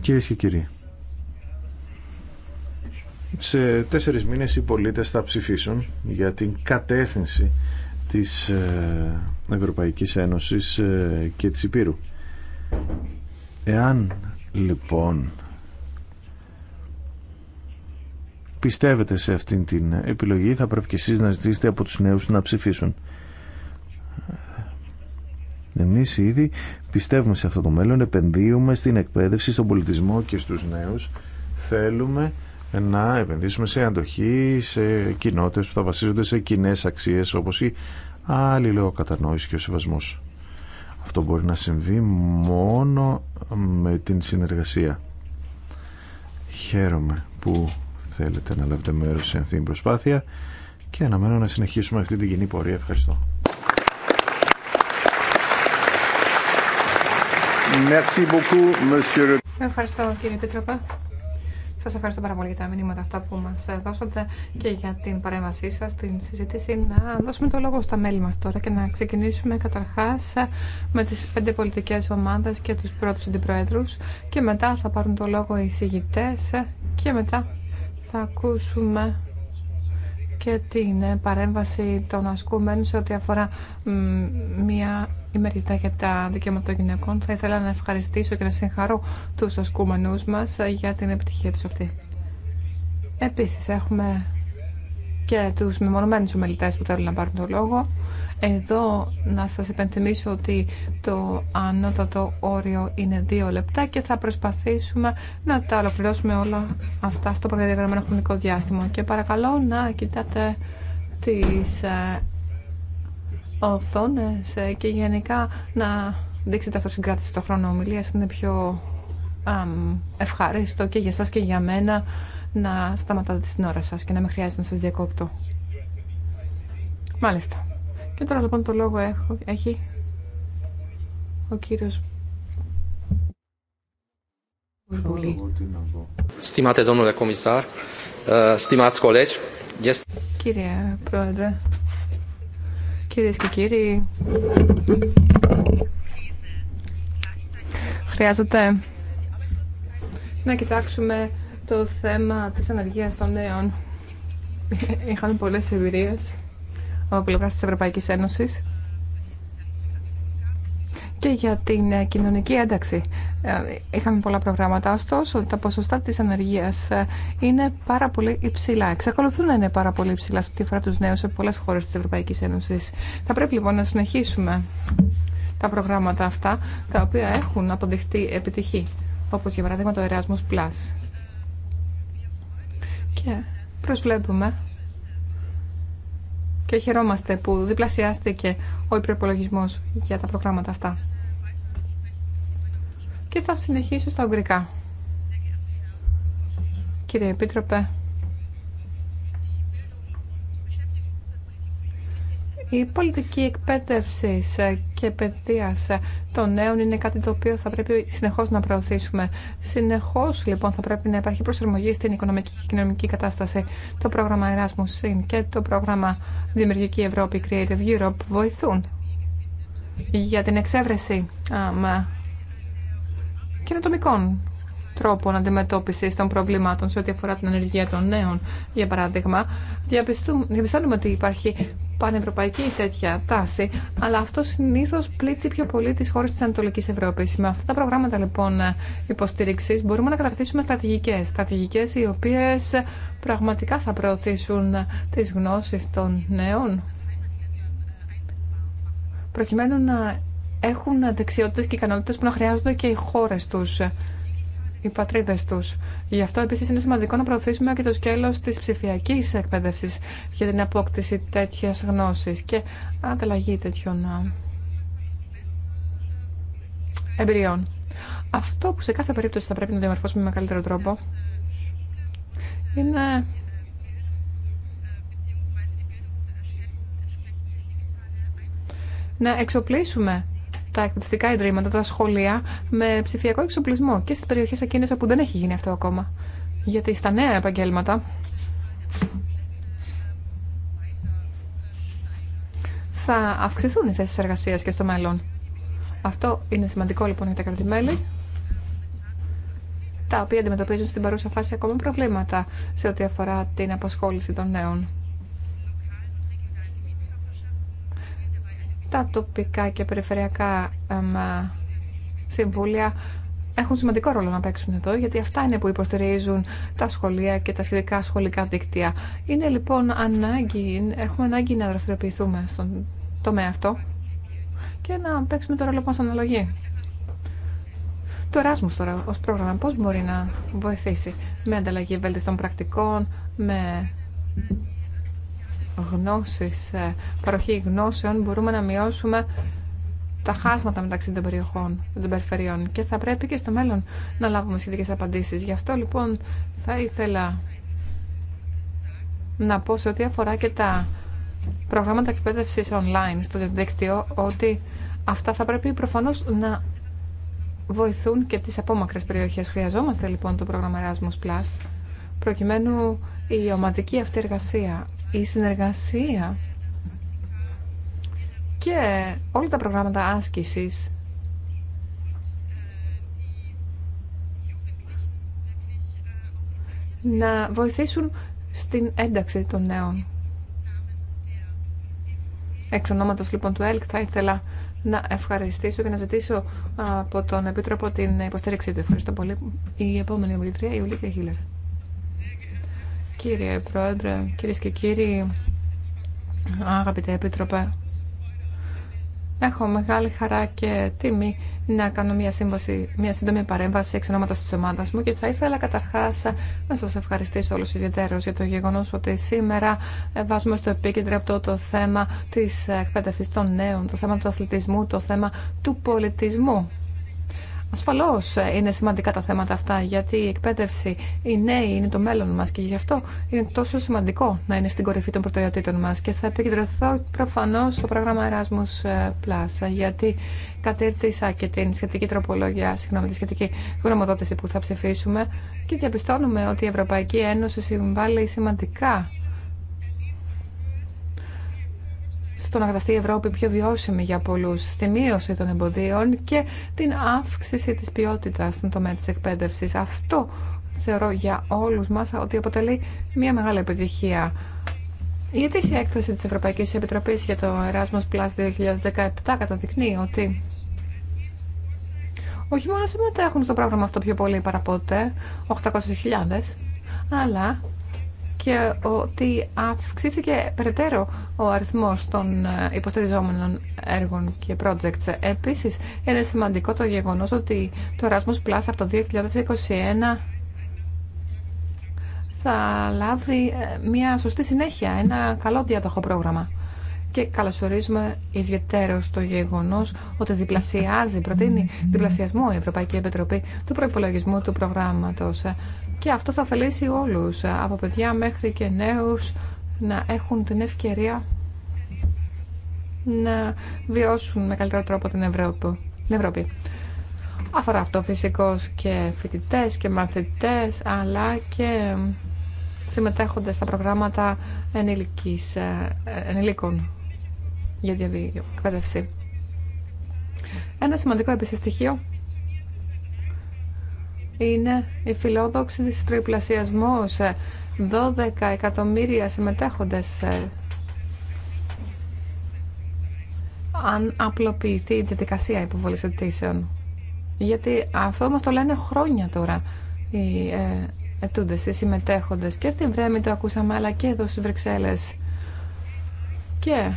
Κυρίε και κύριοι, σε τέσσερις μήνες οι πολίτες θα ψηφίσουν για την κατεύθυνση της ε, Ευρωπαϊκής Ένωσης ε, και της Υπήρου. Εάν λοιπόν πιστεύετε σε αυτήν την επιλογή θα πρέπει και εσείς να ζητήσετε από τους νέους να ψηφίσουν. Εμείς ήδη πιστεύουμε σε αυτό το μέλλον, επενδύουμε στην εκπαίδευση, στον πολιτισμό και στους νέους. Θέλουμε να επενδύσουμε σε αντοχή, σε κοινότητες που θα βασίζονται σε κοινέ αξίες όπως η κατανόηση και ο σεβασμός. Αυτό μπορεί να συμβεί μόνο με την συνεργασία. Χαίρομαι που θέλετε να λάβετε μέρος σε αυτή την προσπάθεια και αναμένω να συνεχίσουμε αυτή την κοινή πορεία. Ευχαριστώ. Ευχαριστώ κύριε Πίτροπε. Σα ευχαριστώ πάρα πολύ για τα μηνύματα αυτά που μα δώσατε και για την παρέμβασή σα την συζήτηση. Να δώσουμε το λόγο στα μέλη μα τώρα και να ξεκινήσουμε καταρχά με τι πέντε πολιτικέ ομάδε και του πρώτου αντιπροέδρου. Και μετά θα πάρουν το λόγο οι συγητέ και μετά θα ακούσουμε και την παρέμβαση των ασκούμενων σε ό,τι αφορά μια ημερίδα για τα δικαιώματα των γυναικών. Θα ήθελα να ευχαριστήσω και να συγχαρώ τους ασκούμενους μας για την επιτυχία τους αυτή. Επίσης, έχουμε και τους μεμονωμένους ομιλητές που θέλουν να πάρουν το λόγο. Εδώ να σας υπενθυμίσω ότι το ανώτατο όριο είναι δύο λεπτά και θα προσπαθήσουμε να τα ολοκληρώσουμε όλα αυτά στο προδιαγραμμένο χρονικό διάστημα. Και παρακαλώ να κοιτάτε τις ε, οθόνες ε, και γενικά να δείξετε αυτοσυγκράτηση το χρόνο ομιλίας. Είναι πιο ευχάριστο και για σας και για μένα να σταματάτε την ώρα σας και να μην χρειάζεται να σας διακόπτω. Μάλιστα. Και τώρα λοιπόν το λόγο έχω, έχει ο κύριος Στιμάτε Κομισάρ, uh, Κύριε Πρόεδρε, κυρίες και κύριοι, χρειάζεται να κοιτάξουμε το θέμα της ανεργίας των νέων. Είχαμε πολλές εμπειρίες από πλευρά της Ευρωπαϊκής Ένωσης και για την κοινωνική ένταξη. Ε, είχαμε πολλά προγράμματα, ωστόσο τα ποσοστά της ανεργίας ε, είναι πάρα πολύ υψηλά. Εξακολουθούν να είναι πάρα πολύ υψηλά σε ό,τι αφορά τους νέους σε πολλές χώρες της Ευρωπαϊκής Ένωσης. Θα πρέπει λοιπόν να συνεχίσουμε τα προγράμματα αυτά, τα οποία έχουν αποδειχτεί επιτυχή, όπως για παράδειγμα το Erasmus+. Και προσβλέπουμε και χαιρόμαστε που διπλασιάστηκε ο υπερπολογισμό για τα προγράμματα αυτά. Και θα συνεχίσω στα ουγγρικά. Κύριε Επίτροπε, Η πολιτική εκπαίδευση ε, και παιδεία ε, των νέων είναι κάτι το οποίο θα πρέπει συνεχώ να προωθήσουμε. Συνεχώ, λοιπόν, θα πρέπει να υπάρχει προσαρμογή στην οικονομική και κοινωνική κατάσταση. Το πρόγραμμα Erasmus και το πρόγραμμα Δημιουργική Ευρώπη Creative Europe βοηθούν για την εξέβρεση καινοτομικών τρόπων αντιμετώπιση των προβλημάτων σε ό,τι αφορά την ανεργία των νέων, για παράδειγμα, διαπιστώνουμε ότι υπάρχει πανευρωπαϊκή τέτοια τάση, αλλά αυτό συνήθω πλήττει πιο πολύ τι χώρε τη Ανατολική Ευρώπη. Με αυτά τα προγράμματα λοιπόν υποστήριξη μπορούμε να κατακτήσουμε στρατηγικέ. Στρατηγικέ οι οποίε πραγματικά θα προωθήσουν τι γνώσει των νέων προκειμένου να έχουν δεξιότητες και ικανότητες που να χρειάζονται και οι χώρες τους οι πατρίδε του. Γι' αυτό επίση είναι σημαντικό να προωθήσουμε και το σκέλο τη ψηφιακή εκπαίδευση για την απόκτηση τέτοια γνώση και ανταλλαγή τέτοιων εμπειριών. Αυτό που σε κάθε περίπτωση θα πρέπει να διαμορφώσουμε με καλύτερο τρόπο είναι να εξοπλίσουμε τα εκπαιδευτικά ιδρύματα, τα σχολεία με ψηφιακό εξοπλισμό και στις περιοχές εκείνε όπου δεν έχει γίνει αυτό ακόμα. Γιατί στα νέα επαγγέλματα θα αυξηθούν οι θέσεις εργασία και στο μέλλον. Αυτό είναι σημαντικό λοιπόν για τα κρατημέλη τα οποία αντιμετωπίζουν στην παρούσα φάση ακόμα προβλήματα σε ό,τι αφορά την απασχόληση των νέων. τα τοπικά και περιφερειακά συμβούλια έχουν σημαντικό ρόλο να παίξουν εδώ, γιατί αυτά είναι που υποστηρίζουν τα σχολεία και τα σχετικά σχολικά δίκτυα. Είναι λοιπόν ανάγκη, έχουμε ανάγκη να δραστηριοποιηθούμε στον τομέα αυτό και να παίξουμε το ρόλο που μας αναλογεί. Το Erasmus τώρα ως πρόγραμμα πώς μπορεί να βοηθήσει με ανταλλαγή βέλτιστων πρακτικών, με γνώσης, ε, παροχή γνώσεων μπορούμε να μειώσουμε τα χάσματα μεταξύ των περιοχών, των περιφερειών και θα πρέπει και στο μέλλον να λάβουμε σχετικές απαντήσεις. Γι' αυτό λοιπόν θα ήθελα να πω σε ό,τι αφορά και τα προγράμματα εκπαίδευση online στο διαδίκτυο ότι αυτά θα πρέπει προφανώς να βοηθούν και τις απόμακρες περιοχές. Χρειαζόμαστε λοιπόν το πρόγραμμα Erasmus Plus προκειμένου η ομαδική αυτή εργασία η συνεργασία και όλα τα προγράμματα άσκησης να βοηθήσουν στην ένταξη των νέων. Εξ ονόματος λοιπόν του ΕΛΚ θα ήθελα να ευχαριστήσω και να ζητήσω από τον Επίτροπο την υποστήριξή του. Ευχαριστώ πολύ. Η επόμενη ομιλητρία, η Ουλίκη Χίλερ. Κύριε Πρόεδρε, κυρίες και κύριοι, αγαπητέ Επίτροπε, έχω μεγάλη χαρά και τιμή να κάνω μια, σύμβαση, μια σύντομη παρέμβαση εξ ονόματος της ομάδας μου και θα ήθελα καταρχάς να σας ευχαριστήσω όλους ιδιαίτερως για το γεγονός ότι σήμερα βάζουμε στο επίκεντρο το θέμα της εκπαίδευσης των νέων, το θέμα του αθλητισμού, το θέμα του πολιτισμού Ασφαλώς ε, είναι σημαντικά τα θέματα αυτά, γιατί η εκπαίδευση, οι νέοι είναι το μέλλον μα και γι' αυτό είναι τόσο σημαντικό να είναι στην κορυφή των προτεραιοτήτων μα. Και θα επικεντρωθώ προφανώ στο πρόγραμμα Erasmus ε, γιατί κατήρτησα και την σχετική τροπολογία, συγγνώμη, τη σχετική γνωμοδότηση που θα ψηφίσουμε και διαπιστώνουμε ότι η Ευρωπαϊκή Ένωση συμβάλλει σημαντικά στο να καταστεί η Ευρώπη πιο βιώσιμη για πολλούς, στη μείωση των εμποδίων και την αύξηση της ποιότητα στον τομέα τη εκπαίδευση. Αυτό θεωρώ για όλους μα ότι αποτελεί μια μεγάλη επιτυχία. Η ετήσια έκθεση της Ευρωπαϊκής Επιτροπής για το Erasmus Plus 2017 καταδεικνύει ότι όχι μόνο συμμετέχουν στο πρόγραμμα αυτό πιο πολύ παραπότε, 800.000, αλλά και ότι αυξήθηκε περαιτέρω ο αριθμός των ε, υποστηριζόμενων έργων και projects. Επίσης, είναι σημαντικό το γεγονός ότι το Erasmus Plus από το 2021 θα λάβει ε, μια σωστή συνέχεια, ένα καλό διάδοχο πρόγραμμα. Και καλωσορίζουμε ιδιαίτερο το γεγονό ότι διπλασιάζει, προτείνει διπλασιασμό η Ευρωπαϊκή Επιτροπή του προπολογισμού του προγράμματο και αυτό θα ωφελήσει όλους, από παιδιά μέχρι και νέους, να έχουν την ευκαιρία να βιώσουν με καλύτερο τρόπο την Ευρώπη. Την Αφορά αυτό φυσικώς και φοιτητές και μαθητές, αλλά και συμμετέχονται στα προγράμματα ενήλικης, ε, ενήλικων για διαβίωση Ένα σημαντικό επίσης στοιχείο είναι η φιλόδοξη της τριπλασιασμός. 12 εκατομμύρια συμμετέχοντες ε, αν απλοποιηθεί η διαδικασία υποβολής αιτήσεων. Γιατί αυτό μας το λένε χρόνια τώρα οι ε, οι συμμετέχοντες. Και στην Βρέμη το ακούσαμε, αλλά και εδώ στις Βρυξέλλες. Και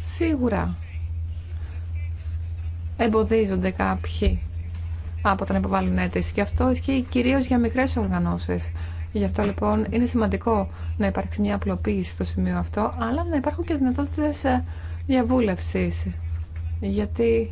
σίγουρα εμποδίζονται κάποιοι από το να υποβάλουν αίτηση. Και αυτό ισχύει κυρίω για μικρέ οργανώσει. Γι' αυτό λοιπόν είναι σημαντικό να υπάρξει μια απλοποίηση στο σημείο αυτό, αλλά να υπάρχουν και δυνατότητε διαβούλευση. Γιατί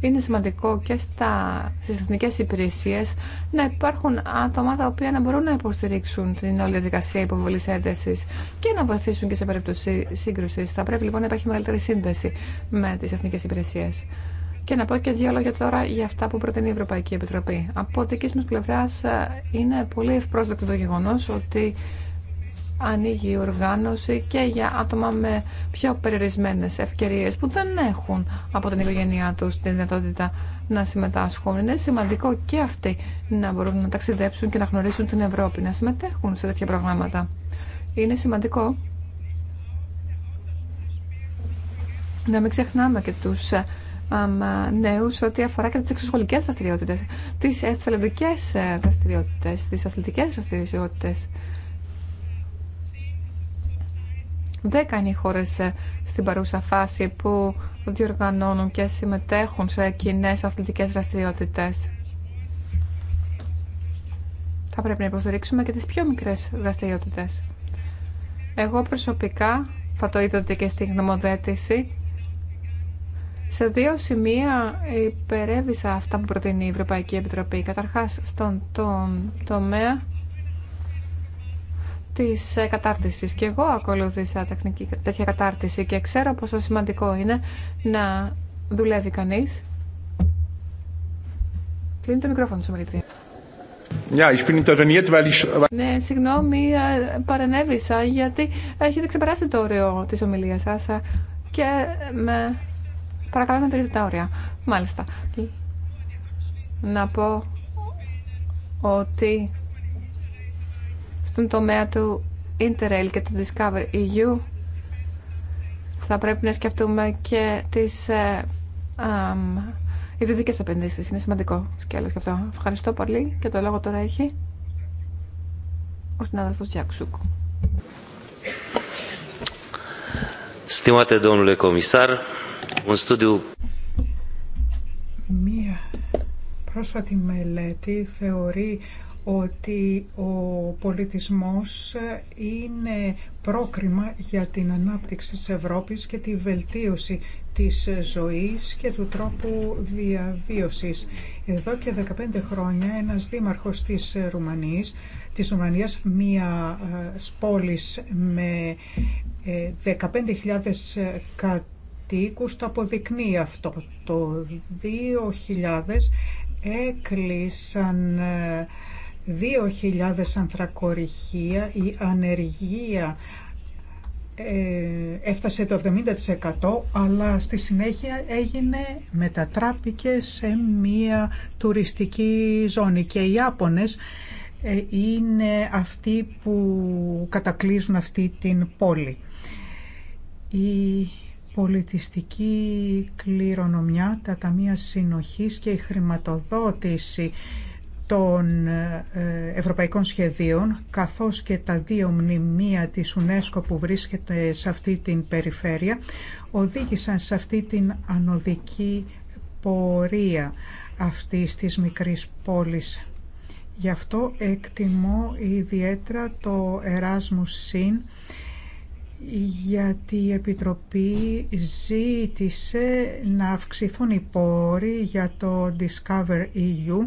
είναι σημαντικό και στι εθνικέ υπηρεσίε να υπάρχουν άτομα τα οποία να μπορούν να υποστηρίξουν την όλη διαδικασία υποβολή έντασης και να βοηθήσουν και σε περίπτωση σύγκρουση. Θα πρέπει λοιπόν να υπάρχει μεγαλύτερη σύνδεση με τι εθνικέ υπηρεσίε. Και να πω και δύο λόγια τώρα για αυτά που προτείνει η Ευρωπαϊκή Επιτροπή. Από δική μα πλευρά ε, είναι πολύ ευπρόσδεκτο το γεγονό ότι ανοίγει η οργάνωση και για άτομα με πιο περιορισμένες ευκαιρίε που δεν έχουν από την οικογένειά του την δυνατότητα να συμμετάσχουν. Είναι σημαντικό και αυτοί να μπορούν να ταξιδέψουν και να γνωρίσουν την Ευρώπη, να συμμετέχουν σε τέτοια προγράμματα. Είναι σημαντικό να μην ξεχνάμε και τους ε, νέους ό,τι αφορά και τις εξωσχολικέ δραστηριότητε, τις εθελοντικέ ε, δραστηριότητε, τι αθλητικές δραστηριότητε. Δεν κάνει οι χώρες ε, στην παρούσα φάση που διοργανώνουν και συμμετέχουν σε κοινέ αθλητικές δραστηριότητε. Θα πρέπει να υποστηρίξουμε και τις πιο μικρές δραστηριότητε. Εγώ προσωπικά, θα το είδατε και στην γνωμοδέτηση, σε δύο σημεία υπερέβησα αυτά που προτείνει η Ευρωπαϊκή Επιτροπή. Καταρχάς, στον τον τομέα της ε, κατάρτισης. Και εγώ ακολούθησα τεχνική, τέτοια κατάρτιση και ξέρω πόσο σημαντικό είναι να δουλεύει κανείς. Κλείνει το μικρόφωνο Σομιλητρία. ich bin interveniert, weil ich... Ναι, συγγνώμη, ε, παρενέβησα γιατί έχετε ξεπεράσει το όριο της ομιλίας σας ε, και με Παρακαλώ να τηρείτε τα όρια. Μάλιστα. Να πω ότι στον τομέα του Interrail και του Discover EU θα πρέπει να σκεφτούμε και τις ε, ιδιωτικές επενδύσεις. Είναι σημαντικό σκέλος και αυτό. Ευχαριστώ πολύ και το λόγο τώρα έχει ο συνάδελφος Τζακσούκου. Στιμάτε, Un Μία πρόσφατη μελέτη θεωρεί ότι ο πολιτισμός είναι πρόκριμα για την ανάπτυξη της Ευρώπης και τη βελτίωση της ζωής και του τρόπου διαβίωσης. Εδώ και 15 χρόνια ένας δήμαρχος της Ρουμανίας, της Ρουμανίας μια ε, πόλης με 15.000 ε, κατοίκους το αποδεικνύει αυτό. Το 2000 έκλεισαν 2.000 ε, ανθρακοριχεία, η ανεργία ε, έφτασε το 70% αλλά στη συνέχεια έγινε, μετατράπηκε σε μία τουριστική ζώνη και οι Ιάπωνες ε, είναι αυτοί που κατακλείζουν αυτή την πόλη. Η πολιτιστική κληρονομιά, τα ταμεία συνοχής και η χρηματοδότηση των ε, ευρωπαϊκών σχεδίων, καθώς και τα δύο μνημεία της UNESCO που βρίσκεται σε αυτή την περιφέρεια, οδήγησαν σε αυτή την ανωδική πορεία αυτής της μικρής πόλης. Γι' αυτό εκτιμώ ιδιαίτερα το Erasmus Sin γιατί η Επιτροπή ζήτησε να αυξηθούν οι πόροι για το Discover EU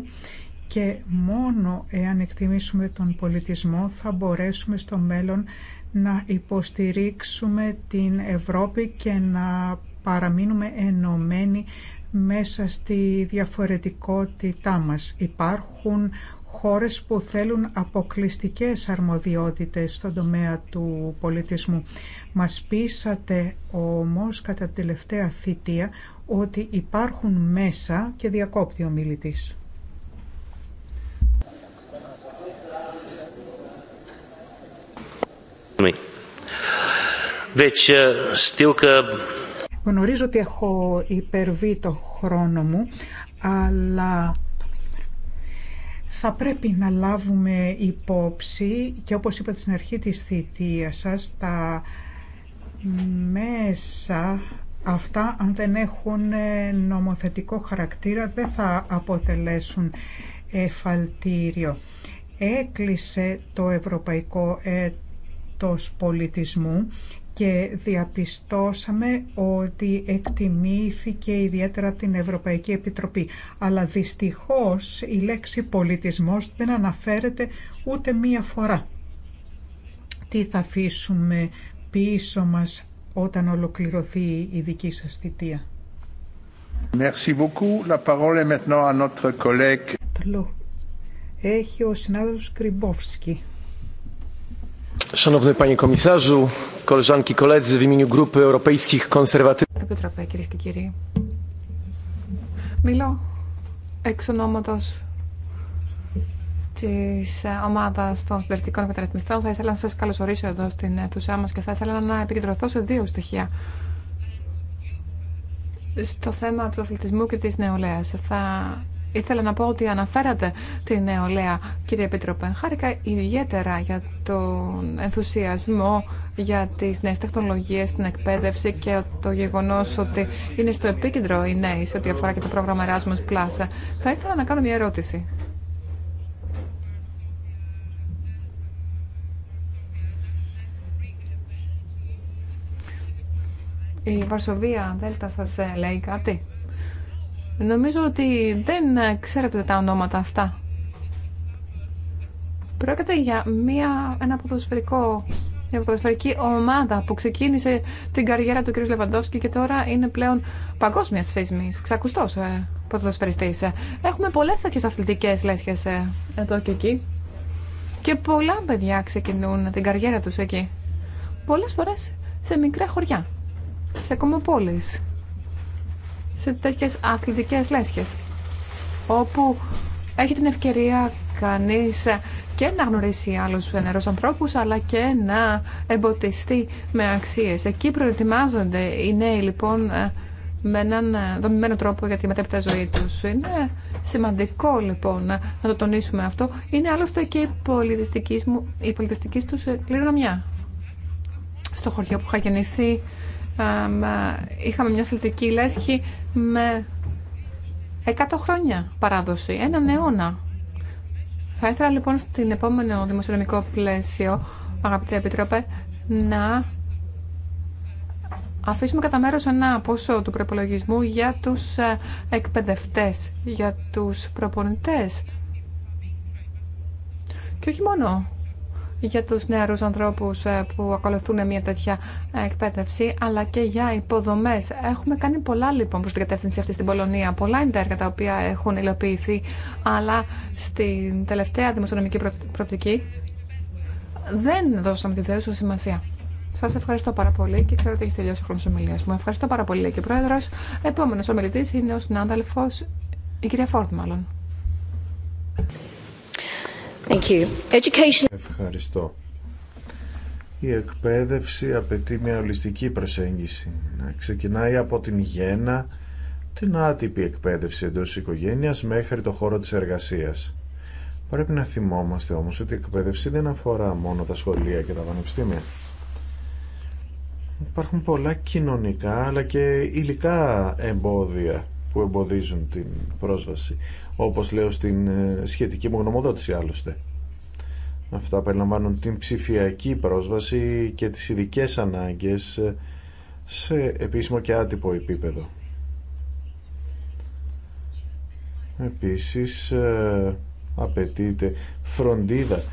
και μόνο εάν εκτιμήσουμε τον πολιτισμό θα μπορέσουμε στο μέλλον να υποστηρίξουμε την Ευρώπη και να παραμείνουμε ενωμένοι μέσα στη διαφορετικότητά μας. Υπάρχουν χώρες που θέλουν αποκλειστικές αρμοδιότητες στον τομέα του πολιτισμού. Μας πείσατε όμως κατά την τελευταία θητεία ότι υπάρχουν μέσα και διακόπτει ο μιλητής. Ναι. Γνωρίζω ότι έχω υπερβεί το χρόνο μου, αλλά θα πρέπει να λάβουμε υπόψη και όπως είπατε στην αρχή της θητείας σας, τα μέσα αυτά αν δεν έχουν ε, νομοθετικό χαρακτήρα δεν θα αποτελέσουν εφαλτήριο. Έκλεισε το Ευρωπαϊκό Έτος Πολιτισμού και διαπιστώσαμε ότι εκτιμήθηκε ιδιαίτερα από την Ευρωπαϊκή Επιτροπή. Αλλά δυστυχώς η λέξη πολιτισμός δεν αναφέρεται ούτε μία φορά. Τι θα αφήσουμε πίσω μας όταν ολοκληρωθεί η δική σας θητεία. Merci beaucoup. La parole est maintenant à notre collègue. Έχει ο συνάδελφος Κρυμπόφσκι. Szanowny panie komisarzu, koleżanki, koledzy, w imieniu Grupy Europejskich Konserwatywnych. Επιτροπέ, κυρίε και κύριοι. Μιλώ εξ ονόματο τη ε, ομάδα των συντηρητικών μεταρρυθμιστών. Θα ήθελα να σα καλωσορίσω εδώ στην αίθουσά μα και θα ήθελα να επικεντρωθώ σε δύο στοιχεία. Στο θέμα του αθλητισμού και τη νεολαία. Θα Ήθελα να πω ότι αναφέρατε την νεολαία, κύριε Επίτροπε. Χάρηκα ιδιαίτερα για τον ενθουσιασμό για τις νέε τεχνολογίε, την εκπαίδευση και το γεγονός ότι είναι στο επίκεντρο οι νέοι σε ό,τι αφορά και το πρόγραμμα Erasmus Plus. Θα ήθελα να κάνω μια ερώτηση. Η Βαρσοβία Δέλτα σας λέει κάτι. Νομίζω ότι δεν ξέρετε τα ονόματα αυτά. Πρόκειται για μια, ένα ποδοσφαιρικό, ποδοσφαιρική ομάδα που ξεκίνησε την καριέρα του κ. Λεβαντόφσκι και τώρα είναι πλέον παγκόσμια φύσμη, ξακουστό ε, ποδοσφαιριστή. Ε. Έχουμε πολλέ τέτοιε αθλητικέ λέσχε ε, εδώ και εκεί. Και πολλά παιδιά ξεκινούν την καριέρα του εκεί. Πολλέ φορέ σε μικρά χωριά, σε κομμοπόλεις σε τέτοιε αθλητικές λέσχες όπου έχει την ευκαιρία κανεί και να γνωρίσει άλλου ενέργου ανθρώπου, αλλά και να εμποτιστεί με αξίες. Εκεί προετοιμάζονται οι νέοι λοιπόν με έναν δομημένο τρόπο για τη μετέπειτα ζωή του. Είναι σημαντικό λοιπόν να το τονίσουμε αυτό. Είναι άλλωστε και η πολιτιστική, του κληρονομιά. Στο χωριό που είχα γεννηθεί είχαμε μια αθλητική λέσχη με 100 χρόνια παράδοση, έναν αιώνα. Θα ήθελα λοιπόν στην επόμενο δημοσιονομικό πλαίσιο, αγαπητέ Επιτρόπε, να αφήσουμε κατά μέρο ένα ποσό του προπολογισμού για τους εκπαιδευτές, για τους προπονητές. Και όχι μόνο για τους νεαρούς ανθρώπους ε, που ακολουθούν μια τέτοια ε, εκπαίδευση, αλλά και για υποδομές. Έχουμε κάνει πολλά λοιπόν προς την κατεύθυνση αυτή στην Πολωνία. Πολλά είναι τα έργα τα οποία έχουν υλοποιηθεί, αλλά στην τελευταία δημοσιονομική προοπτική δεν δώσαμε τη δέουσα σημασία. Σα ευχαριστώ πάρα πολύ και ξέρω ότι έχει τελειώσει ο χρόνο ομιλία μου. Ευχαριστώ πάρα πολύ, και Πρόεδρο. Επόμενο ομιλητή είναι ο συνάδελφο, η κυρία Φόρτ, μάλλον. Ευχαριστώ. Η εκπαίδευση απαιτεί μια ολιστική προσέγγιση. Να ξεκινάει από την γέννα, την άτυπη εκπαίδευση εντός οικογένειας μέχρι το χώρο της εργασίας. Πρέπει να θυμόμαστε όμως ότι η εκπαίδευση δεν αφορά μόνο τα σχολεία και τα πανεπιστήμια. Υπάρχουν πολλά κοινωνικά αλλά και υλικά εμπόδια που εμποδίζουν την πρόσβαση όπως λέω στην ε, σχετική μου γνωμοδότηση άλλωστε. Αυτά περιλαμβάνουν την ψηφιακή πρόσβαση και τις ειδικέ ανάγκες ε, σε επίσημο και άτυπο επίπεδο. Επίσης ε, απαιτείται φροντίδα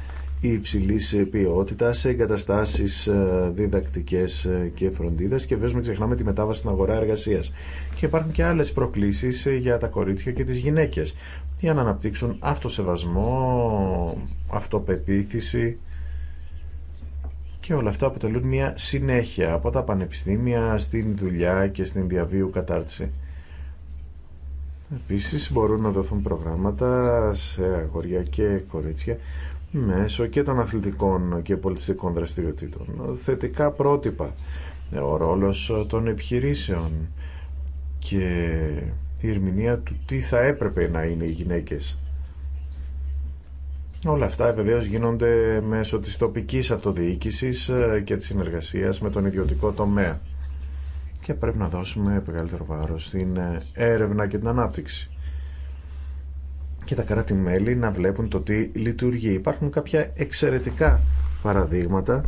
υψηλή ε, ποιότητα σε εγκαταστάσει ε, διδακτικέ ε, και φροντίδα και βέβαια μην ξεχνάμε τη μετάβαση στην αγορά εργασία. Και υπάρχουν και άλλε προκλήσει για τα κορίτσια και τι γυναίκε για να αναπτύξουν αυτοσεβασμό, αυτοπεποίθηση και όλα αυτά αποτελούν μια συνέχεια από τα πανεπιστήμια στην δουλειά και στην διαβίου κατάρτιση. Επίσης μπορούν να δοθούν προγράμματα σε αγοριά και κορίτσια μέσω και των αθλητικών και πολιτιστικών δραστηριοτήτων. Θετικά πρότυπα, ο ρόλος των επιχειρήσεων και η ερμηνεία του τι θα έπρεπε να είναι οι γυναίκες. Όλα αυτά βεβαίως γίνονται μέσω της τοπικής αυτοδιοίκησης και της συνεργασίας με τον ιδιωτικό τομέα. Και πρέπει να δώσουμε μεγαλύτερο βάρος στην έρευνα και την ανάπτυξη και τα κράτη-μέλη να βλέπουν το τι λειτουργεί. Υπάρχουν κάποια εξαιρετικά παραδείγματα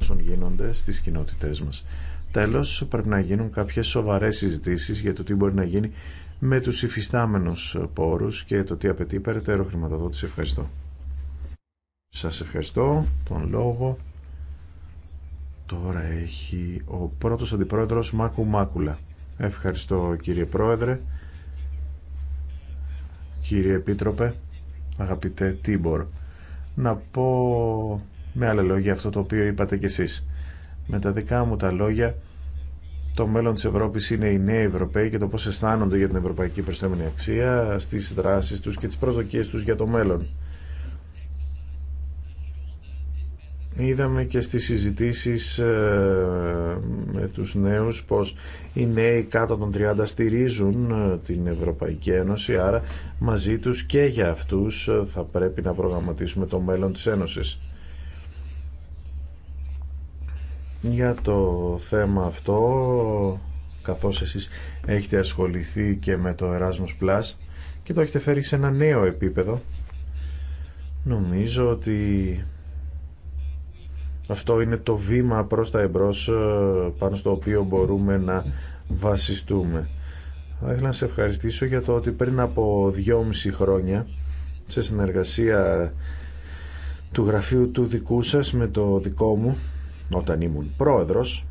όσων γίνονται στις κοινότητές μας. Τέλος, πρέπει να γίνουν κάποιες σοβαρές συζητήσεις για το τι μπορεί να γίνει με τους υφιστάμενους πόρους και το τι απαιτεί περαιτέρω χρηματοδότηση. Ευχαριστώ. Σας ευχαριστώ. Τον λόγο τώρα έχει ο πρώτος αντιπρόεδρος Μάκου Μάκουλα. Ευχαριστώ κύριε Πρόεδρε κύριε Επίτροπε, αγαπητέ Τίμπορ, να πω με άλλα λόγια αυτό το οποίο είπατε κι εσείς. Με τα δικά μου τα λόγια, το μέλλον της Ευρώπης είναι οι νέοι Ευρωπαίοι και το πώς αισθάνονται για την ευρωπαϊκή προσθέμενη αξία, στις δράσεις τους και τις προσδοκίες τους για το μέλλον. Είδαμε και στις συζητήσεις ε, με τους νέους πως οι νέοι κάτω των 30 στηρίζουν ε, την Ευρωπαϊκή Ένωση, άρα μαζί τους και για αυτούς ε, θα πρέπει να προγραμματίσουμε το μέλλον της Ένωσης. Για το θέμα αυτό, καθώς εσείς έχετε ασχοληθεί και με το Erasmus Plus και το έχετε φέρει σε ένα νέο επίπεδο, νομίζω ότι αυτό είναι το βήμα προς τα εμπρός ε, πάνω στο οποίο μπορούμε να βασιστούμε. Θα ήθελα να σε ευχαριστήσω για το ότι πριν από δυόμιση χρόνια σε συνεργασία του γραφείου του δικού σας με το δικό μου όταν ήμουν πρόεδρος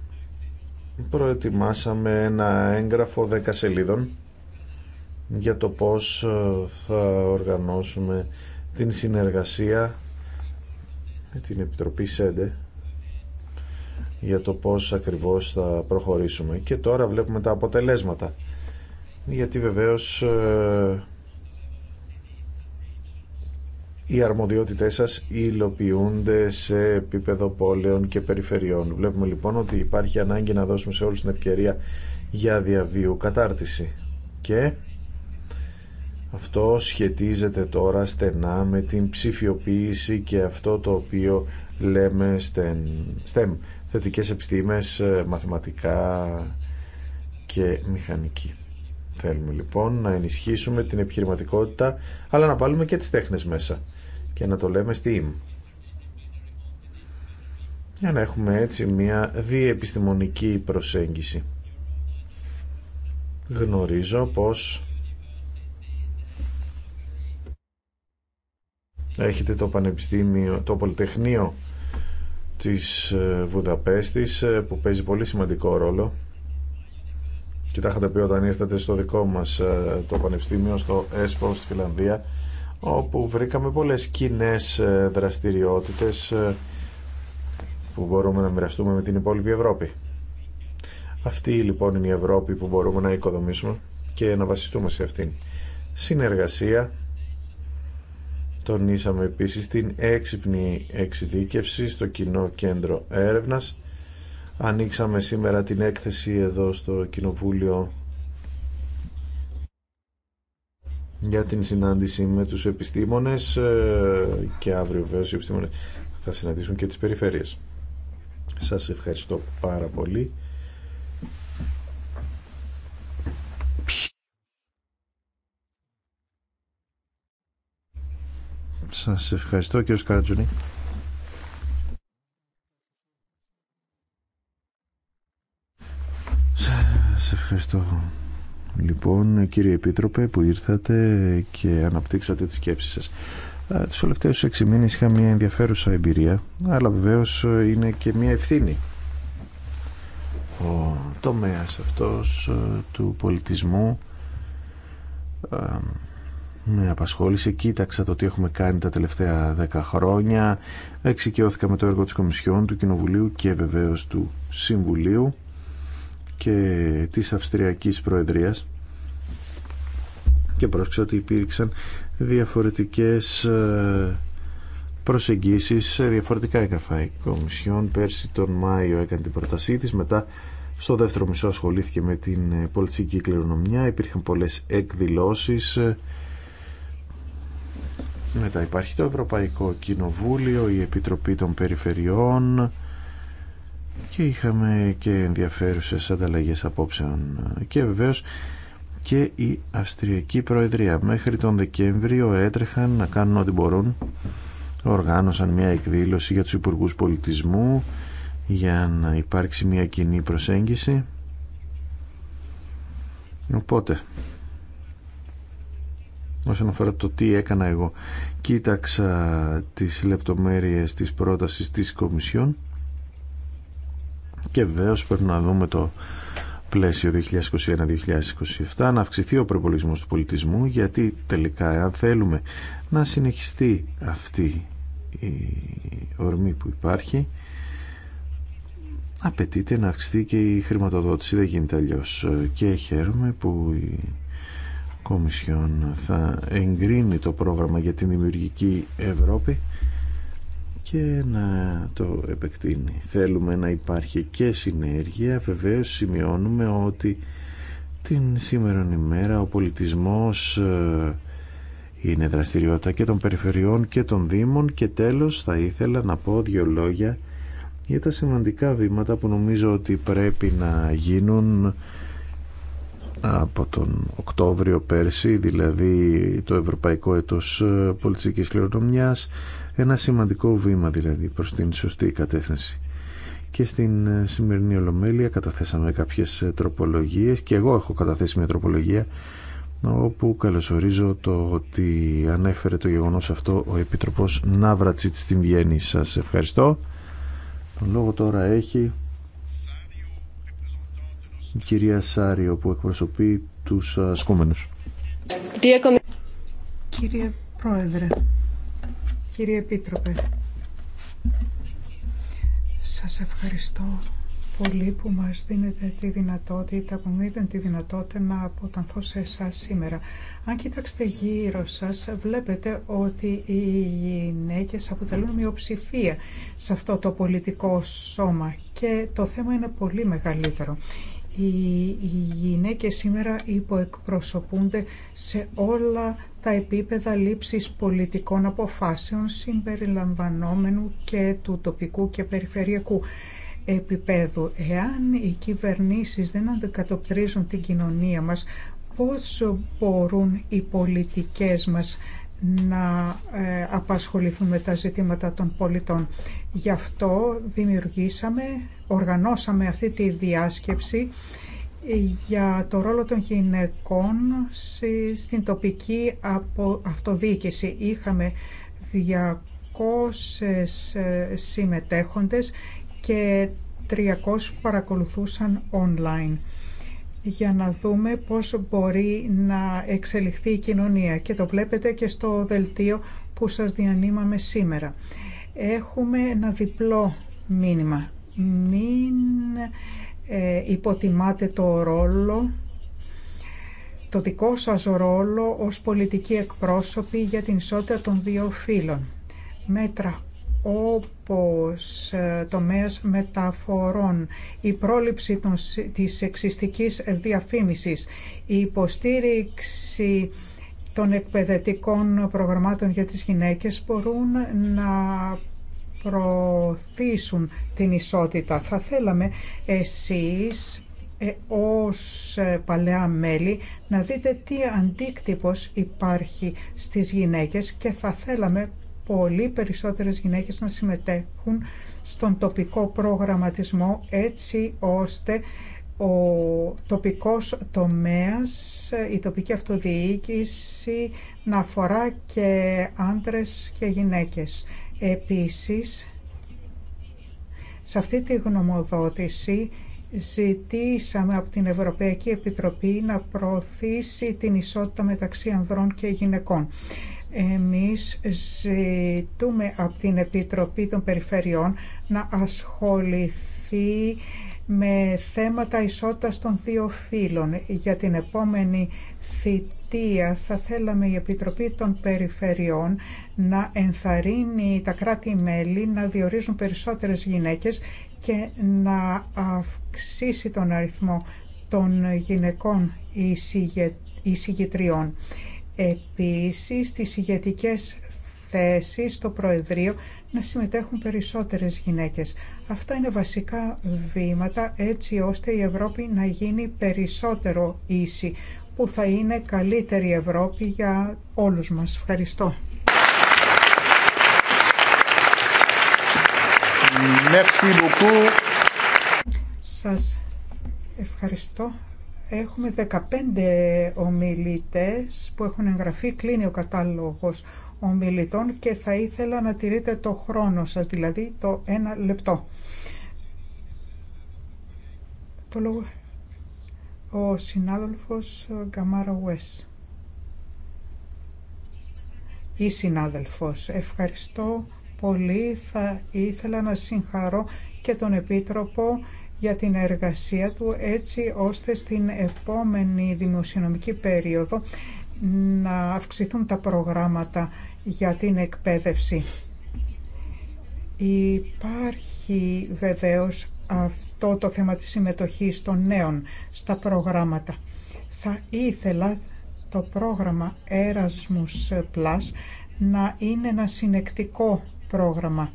προετοιμάσαμε ένα έγγραφο 10 σελίδων για το πώς ε, θα οργανώσουμε την συνεργασία με την Επιτροπή ΣΕΝΤΕ για το πώς ακριβώς θα προχωρήσουμε. Και τώρα βλέπουμε τα αποτελέσματα. Γιατί βεβαίως ε, οι αρμοδιότητές σας υλοποιούνται σε επίπεδο πόλεων και περιφερειών. Βλέπουμε λοιπόν ότι υπάρχει ανάγκη να δώσουμε σε όλους την ευκαιρία για διαβίου κατάρτιση. Και αυτό σχετίζεται τώρα στενά με την ψηφιοποίηση και αυτό το οποίο λέμε STEM θετικές επιστήμες, ε, μαθηματικά και μηχανική. Θέλουμε λοιπόν να ενισχύσουμε την επιχειρηματικότητα, αλλά να βάλουμε και τις τέχνες μέσα και να το λέμε STEAM. Για να έχουμε έτσι μια διεπιστημονική προσέγγιση. Γνωρίζω πως έχετε το Πανεπιστήμιο, το Πολυτεχνείο της ε, Βουδαπέστης ε, που παίζει πολύ σημαντικό ρόλο και τα είχατε πει όταν ήρθατε στο δικό μας ε, το πανεπιστήμιο στο ΕΣΠΟ στη Φιλανδία όπου βρήκαμε πολλές κοινέ δραστηριότητες που μπορούμε να μοιραστούμε με την υπόλοιπη Ευρώπη. Αυτή λοιπόν είναι η Ευρώπη που μπορούμε να οικοδομήσουμε και να βασιστούμε σε αυτήν. Συνεργασία Τονίσαμε επίσης την έξυπνη εξειδίκευση στο Κοινό Κέντρο Έρευνας. Ανοίξαμε σήμερα την έκθεση εδώ στο Κοινοβούλιο για την συνάντηση με τους επιστήμονες ε, και αύριο βέβαια οι επιστήμονες θα συναντήσουν και τις περιφέρειες. Σας ευχαριστώ πάρα πολύ. Σας ευχαριστώ κύριο Καρατζουνή. Σας ευχαριστώ. Λοιπόν, κύριε Επίτροπε που ήρθατε και αναπτύξατε τις σκέψεις σας. Τους τελευταίους έξι μήνες είχα μια ενδιαφέρουσα εμπειρία, αλλά βεβαίως είναι και μια ευθύνη. Ο τομέας αυτός ε, του πολιτισμού ε, με απασχόλησε. Κοίταξα το τι έχουμε κάνει τα τελευταία δέκα χρόνια. Εξοικειώθηκα με το έργο της Κομισιόν, του Κοινοβουλίου και βεβαίω του Συμβουλίου και της Αυστριακής Προεδρίας και πρόσεξα ότι υπήρξαν διαφορετικές ε, προσεγγίσεις διαφορετικά έγγραφα. Η Κομισιόν πέρσι τον Μάιο έκανε την πρότασή της, μετά στο δεύτερο μισό ασχολήθηκε με την ε, πολιτική κληρονομιά, υπήρχαν πολλές εκδηλώσεις ε, μετά υπάρχει το Ευρωπαϊκό Κοινοβούλιο, η Επιτροπή των Περιφερειών και είχαμε και ενδιαφέρουσες ανταλλαγές απόψεων και βεβαίως και η Αυστριακή Προεδρία. Μέχρι τον Δεκέμβριο έτρεχαν να κάνουν ό,τι μπορούν. Οργάνωσαν μια εκδήλωση για τους Υπουργούς Πολιτισμού για να υπάρξει μια κοινή προσέγγιση. Οπότε, όσον αφορά το τι έκανα εγώ. Κοίταξα τις λεπτομέρειες της πρότασης της Κομισιόν και βεβαίω πρέπει να δούμε το πλαίσιο 2021-2027 να αυξηθεί ο προπολογισμός του πολιτισμού γιατί τελικά αν θέλουμε να συνεχιστεί αυτή η ορμή που υπάρχει απαιτείται να αυξηθεί και η χρηματοδότηση δεν γίνεται αλλιώ. και χαίρομαι που η θα εγκρίνει το πρόγραμμα για την δημιουργική Ευρώπη και να το επεκτείνει. Θέλουμε να υπάρχει και συνέργεια. Βεβαίως σημειώνουμε ότι την σήμερα ημέρα ο πολιτισμός ε, είναι δραστηριότητα και των περιφερειών και των δήμων και τέλος θα ήθελα να πω δύο λόγια για τα σημαντικά βήματα που νομίζω ότι πρέπει να γίνουν από τον Οκτώβριο πέρσι, δηλαδή το Ευρωπαϊκό Έτος ε, Πολιτιστικής Κληρονομιάς, ένα σημαντικό βήμα δηλαδή προς την σωστή κατεύθυνση. Και στην ε, σημερινή Ολομέλεια καταθέσαμε κάποιες ε, τροπολογίες και εγώ έχω καταθέσει μια τροπολογία όπου καλωσορίζω το ότι ανέφερε το γεγονός αυτό ο Επιτροπός Ναύρατσιτ στην Βιέννη. Σας ευχαριστώ. Τον λόγο τώρα έχει κυρία Σάριο που εκπροσωπεί τους ε, ασκούμενους. Κύριε Πρόεδρε, κύριε Επίτροπε, σας ευχαριστώ πολύ που μας δίνετε τη δυνατότητα, που μου δίνετε τη δυνατότητα να αποτανθώ σε εσά σήμερα. Αν κοιτάξετε γύρω σας, βλέπετε ότι οι γυναίκες αποτελούν μειοψηφία σε αυτό το πολιτικό σώμα και το θέμα είναι πολύ μεγαλύτερο. Οι γυναίκες σήμερα υποεκπροσωπούνται σε όλα τα επίπεδα λήψης πολιτικών αποφάσεων συμπεριλαμβανόμενου και του τοπικού και περιφερειακού επίπεδου. Εάν οι κυβερνήσεις δεν αντικατοπτρίζουν την κοινωνία μας, πώς μπορούν οι πολιτικές μας να ε, απασχοληθούν με τα ζητήματα των πολιτών. Γι' αυτό δημιουργήσαμε οργανώσαμε αυτή τη διάσκεψη για το ρόλο των γυναικών στην τοπική αυτοδιοίκηση. Είχαμε 200 ε, συμμετέχοντες και 300 παρακολουθούσαν online για να δούμε πώς μπορεί να εξελιχθεί η κοινωνία και το βλέπετε και στο δελτίο που σας διανύμαμε σήμερα. Έχουμε ένα διπλό μήνυμα μην ε, υποτιμάτε το ρόλο, το δικό σας ρόλο ως πολιτικοί εκπρόσωποι για την ισότητα των δύο φύλων. Μέτρα όπως ε, τομέας μεταφορών, η πρόληψη των, της εξιστικής διαφήμισης, η υποστήριξη των εκπαιδευτικών προγραμμάτων για τις γυναίκες μπορούν να προωθήσουν την ισότητα. Θα θέλαμε εσείς ε, ως ε, παλαιά μέλη να δείτε τι αντίκτυπος υπάρχει στις γυναίκες και θα θέλαμε πολύ περισσότερες γυναίκες να συμμετέχουν στον τοπικό προγραμματισμό έτσι ώστε ο τοπικός τομέας, ε, η τοπική αυτοδιοίκηση να αφορά και άντρες και γυναίκες. Επίσης, σε αυτή τη γνωμοδότηση ζητήσαμε από την Ευρωπαϊκή Επιτροπή να προωθήσει την ισότητα μεταξύ ανδρών και γυναικών. Εμείς ζητούμε από την Επιτροπή των Περιφερειών να ασχοληθεί με θέματα ισότητας των δύο φύλων. Για την επόμενη θητεία θα θέλαμε η Επιτροπή των Περιφερειών να ενθαρρύνει τα κράτη-μέλη να διορίζουν περισσότερες γυναίκες και να αυξήσει τον αριθμό των γυναικών εισηγητριών. Επίσης, στις ηγετικές θέσεις στο Προεδρείο να συμμετέχουν περισσότερες γυναίκες. Αυτά είναι βασικά βήματα έτσι ώστε η Ευρώπη να γίνει περισσότερο ίση που θα είναι καλύτερη Ευρώπη για όλους μας. Ευχαριστώ. Merci Σας ευχαριστώ. Έχουμε 15 ομιλητές που έχουν εγγραφεί. Κλείνει ο κατάλογος ομιλητών και θα ήθελα να τηρείτε το χρόνο σας, δηλαδή το ένα λεπτό. Το λόγο ο συνάδελφος ε, Γκαμάρα Ουές. Η συνάδελφος, ευχαριστώ πολύ. Θα ήθελα να συγχαρώ και τον Επίτροπο για την εργασία του έτσι ώστε στην επόμενη δημοσιονομική περίοδο να αυξηθούν τα προγράμματα για την εκπαίδευση. Υπάρχει βεβαίως αυτό το θέμα της συμμετοχής των νέων στα προγράμματα. Θα ήθελα το πρόγραμμα Erasmus Plus να είναι ένα συνεκτικό πρόγραμμα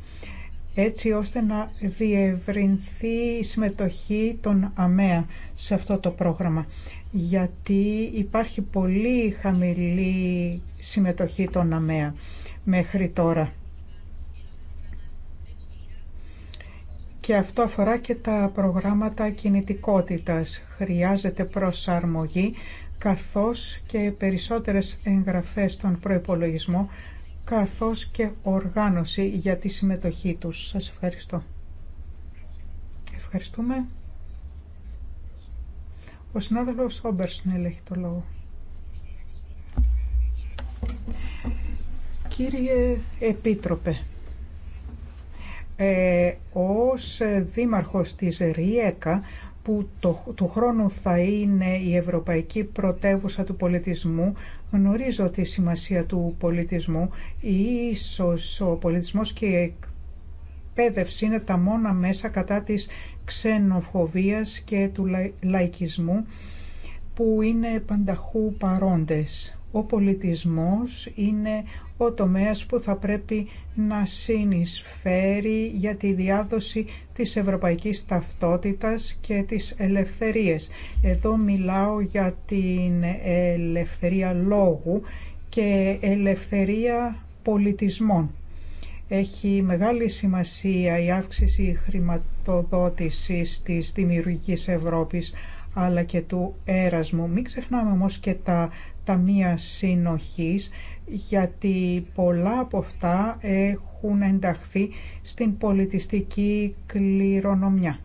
έτσι ώστε να διευρυνθεί η συμμετοχή των ΑΜΕΑ σε αυτό το πρόγραμμα. Γιατί υπάρχει πολύ χαμηλή συμμετοχή των ΑΜΕΑ μέχρι τώρα. Και αυτό αφορά και τα προγράμματα κινητικότητας. Χρειάζεται προσαρμογή καθώς και περισσότερες εγγραφές στον προϋπολογισμό καθώς και οργάνωση για τη συμμετοχή τους. Σας ευχαριστώ. Ευχαριστούμε. Ο συνάδελφος Όμπερσνελ έχει το λόγο. Κύριε Επίτροπε, ε, ως δήμαρχος της ΡΙΕΚΑ που το, του χρόνου θα είναι η Ευρωπαϊκή Πρωτεύουσα του Πολιτισμού γνωρίζω τη σημασία του πολιτισμού ίσως ο πολιτισμός και η εκπαίδευση είναι τα μόνα μέσα κατά της ξενοφοβίας και του λαϊκισμού που είναι πανταχού παρόντες ο πολιτισμός είναι ο τομέας που θα πρέπει να συνεισφέρει για τη διάδοση της ευρωπαϊκής ταυτότητας και της ελευθερίας. Εδώ μιλάω για την ελευθερία λόγου και ελευθερία πολιτισμών. Έχει μεγάλη σημασία η αύξηση χρηματοδότησης της δημιουργικής Ευρώπης αλλά και του έρασμου. Μην ξεχνάμε όμως και τα μία συνοχής γιατί πολλά από αυτά έχουν ενταχθεί στην πολιτιστική κληρονομιά.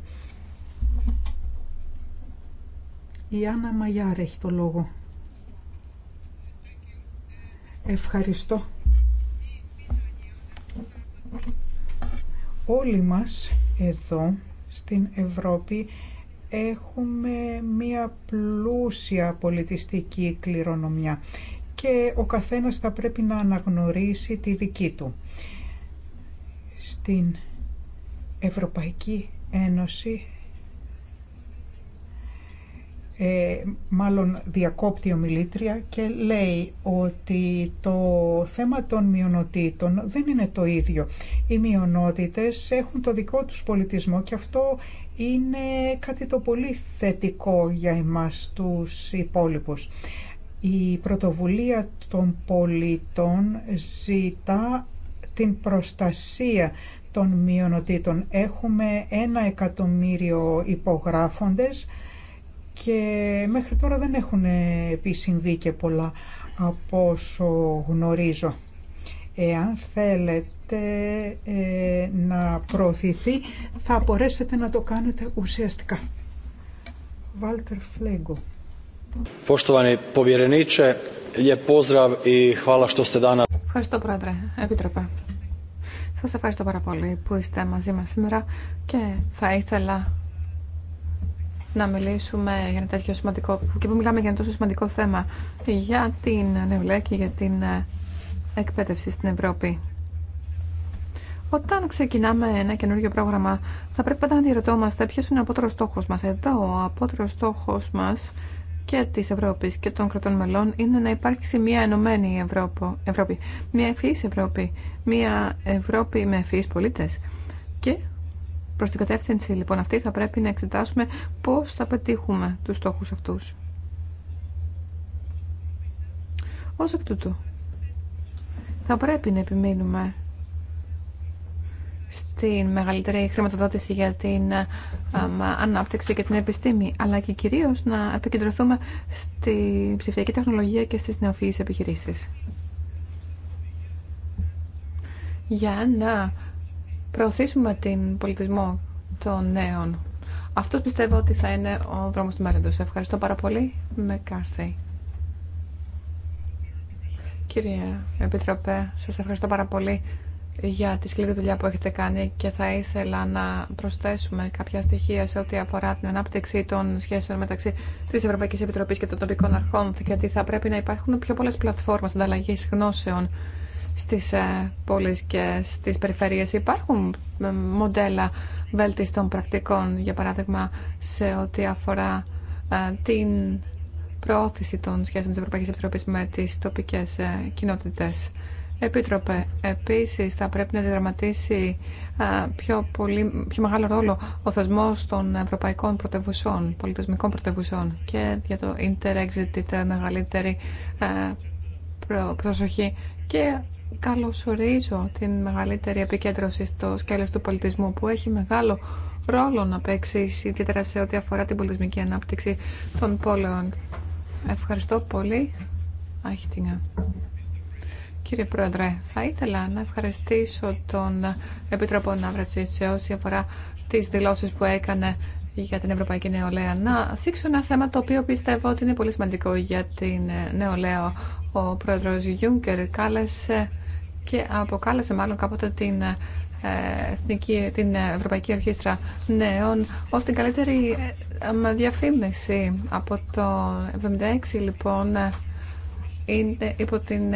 Η Άννα Μαγιάρ έχει το λόγο. Ευχαριστώ. Όλοι μας εδώ στην Ευρώπη έχουμε μία πλούσια πολιτιστική κληρονομιά και ο καθένας θα πρέπει να αναγνωρίσει τη δική του. Στην Ευρωπαϊκή Ένωση ε, μάλλον διακόπτει Μιλήτρια και λέει ότι το θέμα των μειονοτήτων δεν είναι το ίδιο. Οι μειονότητες έχουν το δικό τους πολιτισμό και αυτό είναι κάτι το πολύ θετικό για εμάς τους υπόλοιπους. Η πρωτοβουλία των πολιτών ζητά την προστασία των μειονοτήτων. Έχουμε ένα εκατομμύριο υπογράφοντες και μέχρι τώρα δεν έχουν επισυμβεί και πολλά από όσο γνωρίζω. Εάν θέλετε ε, να προωθηθεί, θα μπορέσετε να το κάνετε ουσιαστικά. Βάλτερ Φλέγκο. Ευχαριστώ, Πρόεδρε. Επίτροπε. Σας ευχαριστώ πάρα πολύ που είστε μαζί μας σήμερα και θα ήθελα να μιλήσουμε για ένα τέτοιο σημαντικό, και που μιλάμε για ένα τόσο σημαντικό θέμα, για την νεολαία και για την ε, εκπαίδευση στην Ευρώπη. Όταν ξεκινάμε ένα καινούριο πρόγραμμα, θα πρέπει πάντα να διερωτώμαστε ποιο είναι ο απότερο στόχο μα. Εδώ, ο απότερο στόχο μα και τη Ευρώπη και των κρατών μελών είναι να υπάρξει μια ενωμένη Ευρώπη, Ευρώπη μια ευφυή Ευρώπη, μια Ευρώπη με ευφυεί πολίτε. Και προ την κατεύθυνση λοιπόν αυτή θα πρέπει να εξετάσουμε πώ θα πετύχουμε του στόχου αυτού. Ω εκ τούτου, θα πρέπει να επιμείνουμε στην μεγαλύτερη χρηματοδότηση για την ανάπτυξη και την επιστήμη, αλλά και κυρίως να επικεντρωθούμε στη ψηφιακή τεχνολογία και στις νεοφυείς επιχειρήσεις. Για να προωθήσουμε την πολιτισμό των νέων. Αυτός πιστεύω ότι θα είναι ο δρόμος του μέλλοντος. Ευχαριστώ πάρα πολύ. Με κάρθει. Κύριε Επιτροπέ, σας ευχαριστώ πάρα πολύ για τη σκληρή δουλειά που έχετε κάνει και θα ήθελα να προσθέσουμε κάποια στοιχεία σε ό,τι αφορά την ανάπτυξη των σχέσεων μεταξύ τη Ευρωπαϊκή Επιτροπή και των τοπικών αρχών γιατί θα πρέπει να υπάρχουν πιο πολλές πλατφόρμες ανταλλαγής γνώσεων στις ε, πόλεις και στις περιφερειές υπάρχουν ε, μοντέλα βέλτιστων πρακτικών για παράδειγμα σε ό,τι αφορά ε, την προώθηση των σχέσεων τη Ευρωπαϊκή Επιτροπή με τι τοπικέ κοινότητες. Επίτροπε, επίσης θα πρέπει να διδραματίσει πιο, πολύ, πιο μεγάλο ρόλο ο θεσμός των ευρωπαϊκών πρωτευουσών, πολιτισμικών πρωτευουσών και για το Inter-Exit μεγαλύτερη προσοχή και καλωσορίζω την μεγαλύτερη επικέντρωση στο σκέλος του πολιτισμού που έχει μεγάλο ρόλο να παίξει ιδιαίτερα σε ό,τι αφορά την πολιτισμική ανάπτυξη των πόλεων. Ευχαριστώ πολύ. Κύριε Πρόεδρε, θα ήθελα να ευχαριστήσω τον Επιτρόπο Ναύραψη σε όσοι αφορά τι δηλώσει που έκανε για την Ευρωπαϊκή Νεολαία. Να θίξω ένα θέμα το οποίο πιστεύω ότι είναι πολύ σημαντικό για την νεολαία. Ο πρόεδρος Γιούγκερ κάλεσε και αποκάλεσε μάλλον κάποτε την, ε, εθνική, την Ευρωπαϊκή Ορχήστρα Νέων ως την καλύτερη ε, διαφήμιση από το 1976 λοιπόν ε, είναι υπό την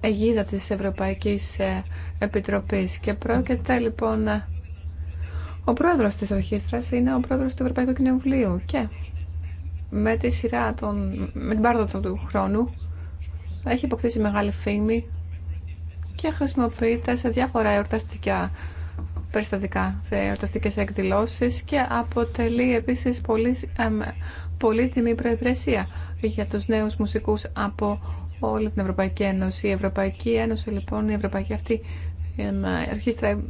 αιγίδα της Ευρωπαϊκής ε, Επιτροπής και πρόκειται λοιπόν ο πρόεδρος της ορχήστρας είναι ο πρόεδρος του Ευρωπαϊκού Κοινοβουλίου και με τη σειρά των, με την πάρδο του χρόνου έχει υποκτήσει μεγάλη φήμη και χρησιμοποιείται σε διάφορα εορταστικά περιστατικά, σε εορταστικές εκδηλώσεις και αποτελεί επίσης πολύ, πολύτιμη προϋπηρεσία για τους νέους μουσικούς από όλη την Ευρωπαϊκή Ένωση. Η Ευρωπαϊκή Ένωση, λοιπόν, η Ευρωπαϊκή αυτή αρχίστρα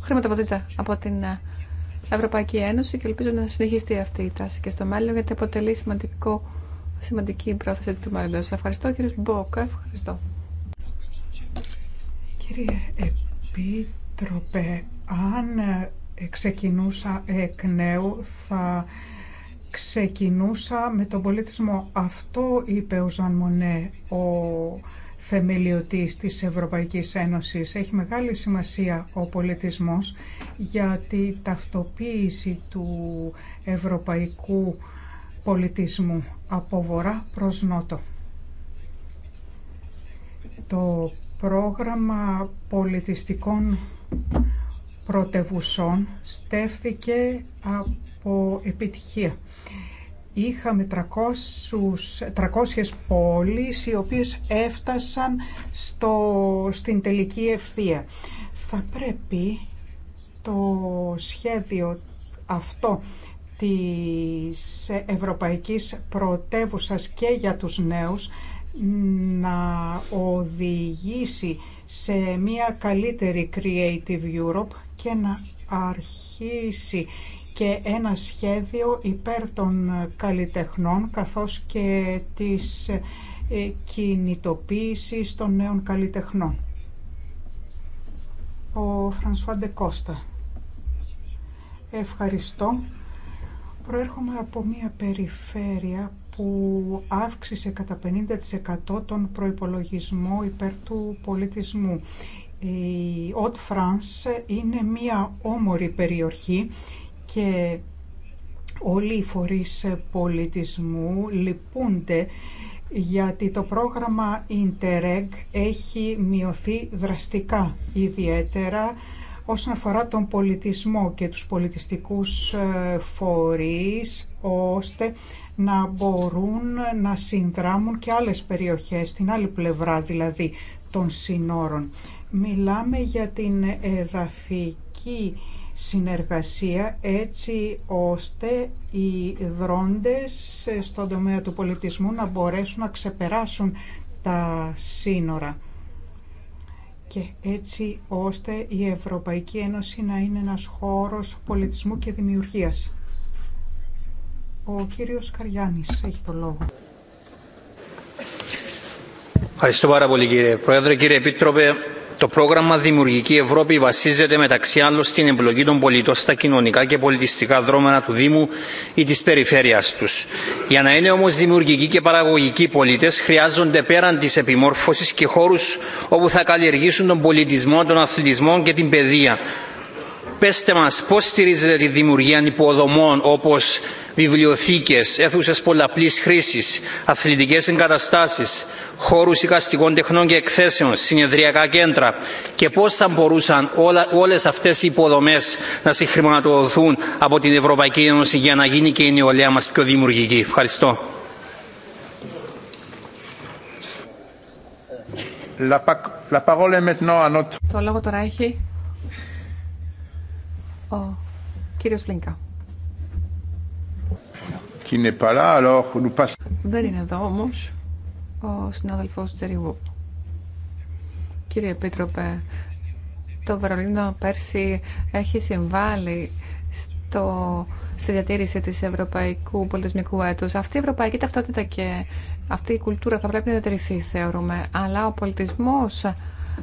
χρηματοδοτείται από την Ευρωπαϊκή Ένωση και ελπίζω να συνεχιστεί αυτή η τάση και στο μέλλον γιατί αποτελεί σημαντικό, σημαντική πρόθεση του μέλλοντος. Ευχαριστώ κύριε Μπόκα, ευχαριστώ. Κύριε Επίτροπε, αν ε, ξεκινούσα εκ νέου θα ξεκινούσα με τον πολιτισμό. Αυτό είπε ο Ζαν Μονέ, ο θεμελιωτής της Ευρωπαϊκής Ένωσης. Έχει μεγάλη σημασία ο πολιτισμός για τη ταυτοποίηση του ευρωπαϊκού πολιτισμού από βορρά προς νότο. Το πρόγραμμα πολιτιστικών πρωτευουσών στέφθηκε από επιτυχία. Είχαμε 300, 300 πόλεις οι οποίες έφτασαν στο, στην τελική ευθεία. Θα πρέπει το σχέδιο αυτό της Ευρωπαϊκής Πρωτεύουσας και για τους νέους να οδηγήσει σε μια καλύτερη Creative Europe και να αρχίσει και ένα σχέδιο υπέρ των καλλιτεχνών καθώς και της ε, κινητοποίησης των νέων καλλιτεχνών. Ο Φρανσουά Κώστα. Ευχαριστώ. Προέρχομαι από μια περιφέρεια που αύξησε κατά 50% τον προϋπολογισμό υπέρ του πολιτισμού. Η Haute France είναι μια όμορη περιοχή και όλοι οι φορείς πολιτισμού λυπούνται γιατί το πρόγραμμα Interreg έχει μειωθεί δραστικά, ιδιαίτερα όσον αφορά τον πολιτισμό και τους πολιτιστικούς ε, φορείς, ώστε να μπορούν να συνδράμουν και άλλες περιοχές, στην άλλη πλευρά δηλαδή των συνόρων. Μιλάμε για την εδαφική συνεργασία έτσι ώστε οι δρόντες στον τομέα του πολιτισμού να μπορέσουν να ξεπεράσουν τα σύνορα και έτσι ώστε η Ευρωπαϊκή Ένωση να είναι ένας χώρος πολιτισμού και δημιουργίας. Ο κύριος Καριάνης έχει το λόγο. Ευχαριστώ πάρα πολύ κύριε Πρόεδρε. Κύριε Επίτροπε, το πρόγραμμα Δημιουργική Ευρώπη βασίζεται μεταξύ άλλων στην εμπλοκή των πολιτών στα κοινωνικά και πολιτιστικά δρόμενα του Δήμου ή τη περιφέρεια του. Για να είναι όμω δημιουργικοί και παραγωγικοί πολίτε, χρειάζονται πέραν τη επιμόρφωση και χώρου όπου θα καλλιεργήσουν τον πολιτισμό, τον αθλητισμό και την παιδεία πέστε μας πώς στηρίζετε τη δημιουργία υποδομών όπως βιβλιοθήκες, αίθουσες πολλαπλής χρήσης, αθλητικές εγκαταστάσεις, χώρους οικαστικών τεχνών και εκθέσεων, συνεδριακά κέντρα και πώς θα μπορούσαν όλα, όλες αυτές οι υποδομές να συγχρηματοδοθούν από την Ευρωπαϊκή Ένωση για να γίνει και η νεολαία μας πιο δημιουργική. Ευχαριστώ ο κύριος Φλίνκα. Δεν είναι εδώ όμως ο συνάδελφος Τζεριγού. Κύριε Επίτροπε, το Βερολίνο πέρσι έχει συμβάλει στο, στη διατήρηση της ευρωπαϊκού πολιτισμικού έτους. Αυτή η ευρωπαϊκή ταυτότητα και αυτή η κουλτούρα θα πρέπει να διατηρηθεί, θεωρούμε. Αλλά ο πολιτισμός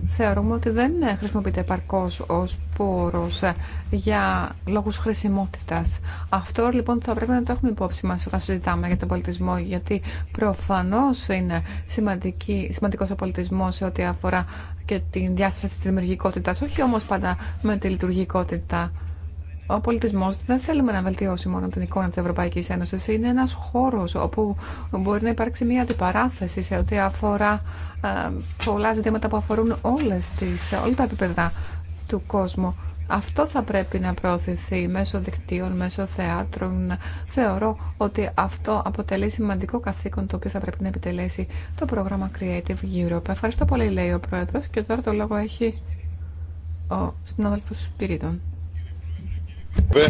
θεωρούμε ότι δεν χρησιμοποιείται επαρκώς ως πόρος για λόγους χρησιμότητας. Αυτό λοιπόν θα πρέπει να το έχουμε υπόψη μας όταν συζητάμε για τον πολιτισμό, γιατί προφανώς είναι σημαντική, σημαντικός ο πολιτισμός σε ό,τι αφορά και την διάσταση της δημιουργικότητας, όχι όμως πάντα με τη λειτουργικότητα ο πολιτισμό δεν θέλουμε να βελτιώσει μόνο την εικόνα τη Ευρωπαϊκή Ένωση. Είναι ένα χώρο όπου μπορεί να υπάρξει μια αντιπαράθεση σε ό,τι αφορά ε, πολλά ζητήματα που αφορούν όλες τις, όλα τα επίπεδα του κόσμου. Αυτό θα πρέπει να προωθηθεί μέσω δικτύων, μέσω θεάτρων. Θεωρώ ότι αυτό αποτελεί σημαντικό καθήκον το οποίο θα πρέπει να επιτελέσει το πρόγραμμα Creative Europe. Ευχαριστώ πολύ, λέει ο Πρόεδρος. Και τώρα το λόγο έχει ο συνάδελφος Σπυρίδων. Ε,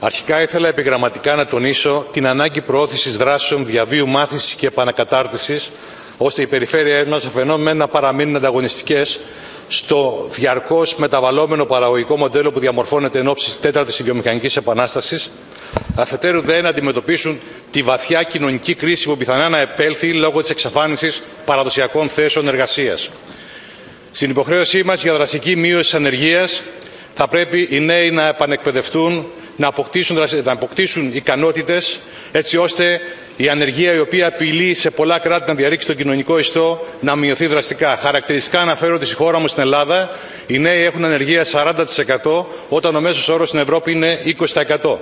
αρχικά ήθελα επιγραμματικά να τονίσω την ανάγκη προώθησης δράσεων διαβίου μάθηση και επανακατάρτιση, ώστε οι περιφέρειέ μα αφενόμενα να παραμείνουν ανταγωνιστικέ στο διαρκώ μεταβαλλόμενο παραγωγικό μοντέλο που διαμορφώνεται εν ώψη τη τέταρτη βιομηχανική επανάσταση, αφετέρου δε να αντιμετωπίσουν τη βαθιά κοινωνική κρίση που πιθανά να επέλθει λόγω τη εξαφάνιση παραδοσιακών θέσεων εργασία. Στην υποχρέωσή μα για δραστική μείωση ανεργία, θα πρέπει οι νέοι να επανεκπαιδευτούν, να αποκτήσουν, να αποκτήσουν ικανότητες, έτσι ώστε η ανεργία η οποία απειλεί σε πολλά κράτη να διαρρήξει τον κοινωνικό ιστό να μειωθεί δραστικά. Χαρακτηριστικά αναφέρω ότι στη χώρα μου στην Ελλάδα οι νέοι έχουν ανεργία 40% όταν ο μέσος όρος στην Ευρώπη είναι 20%.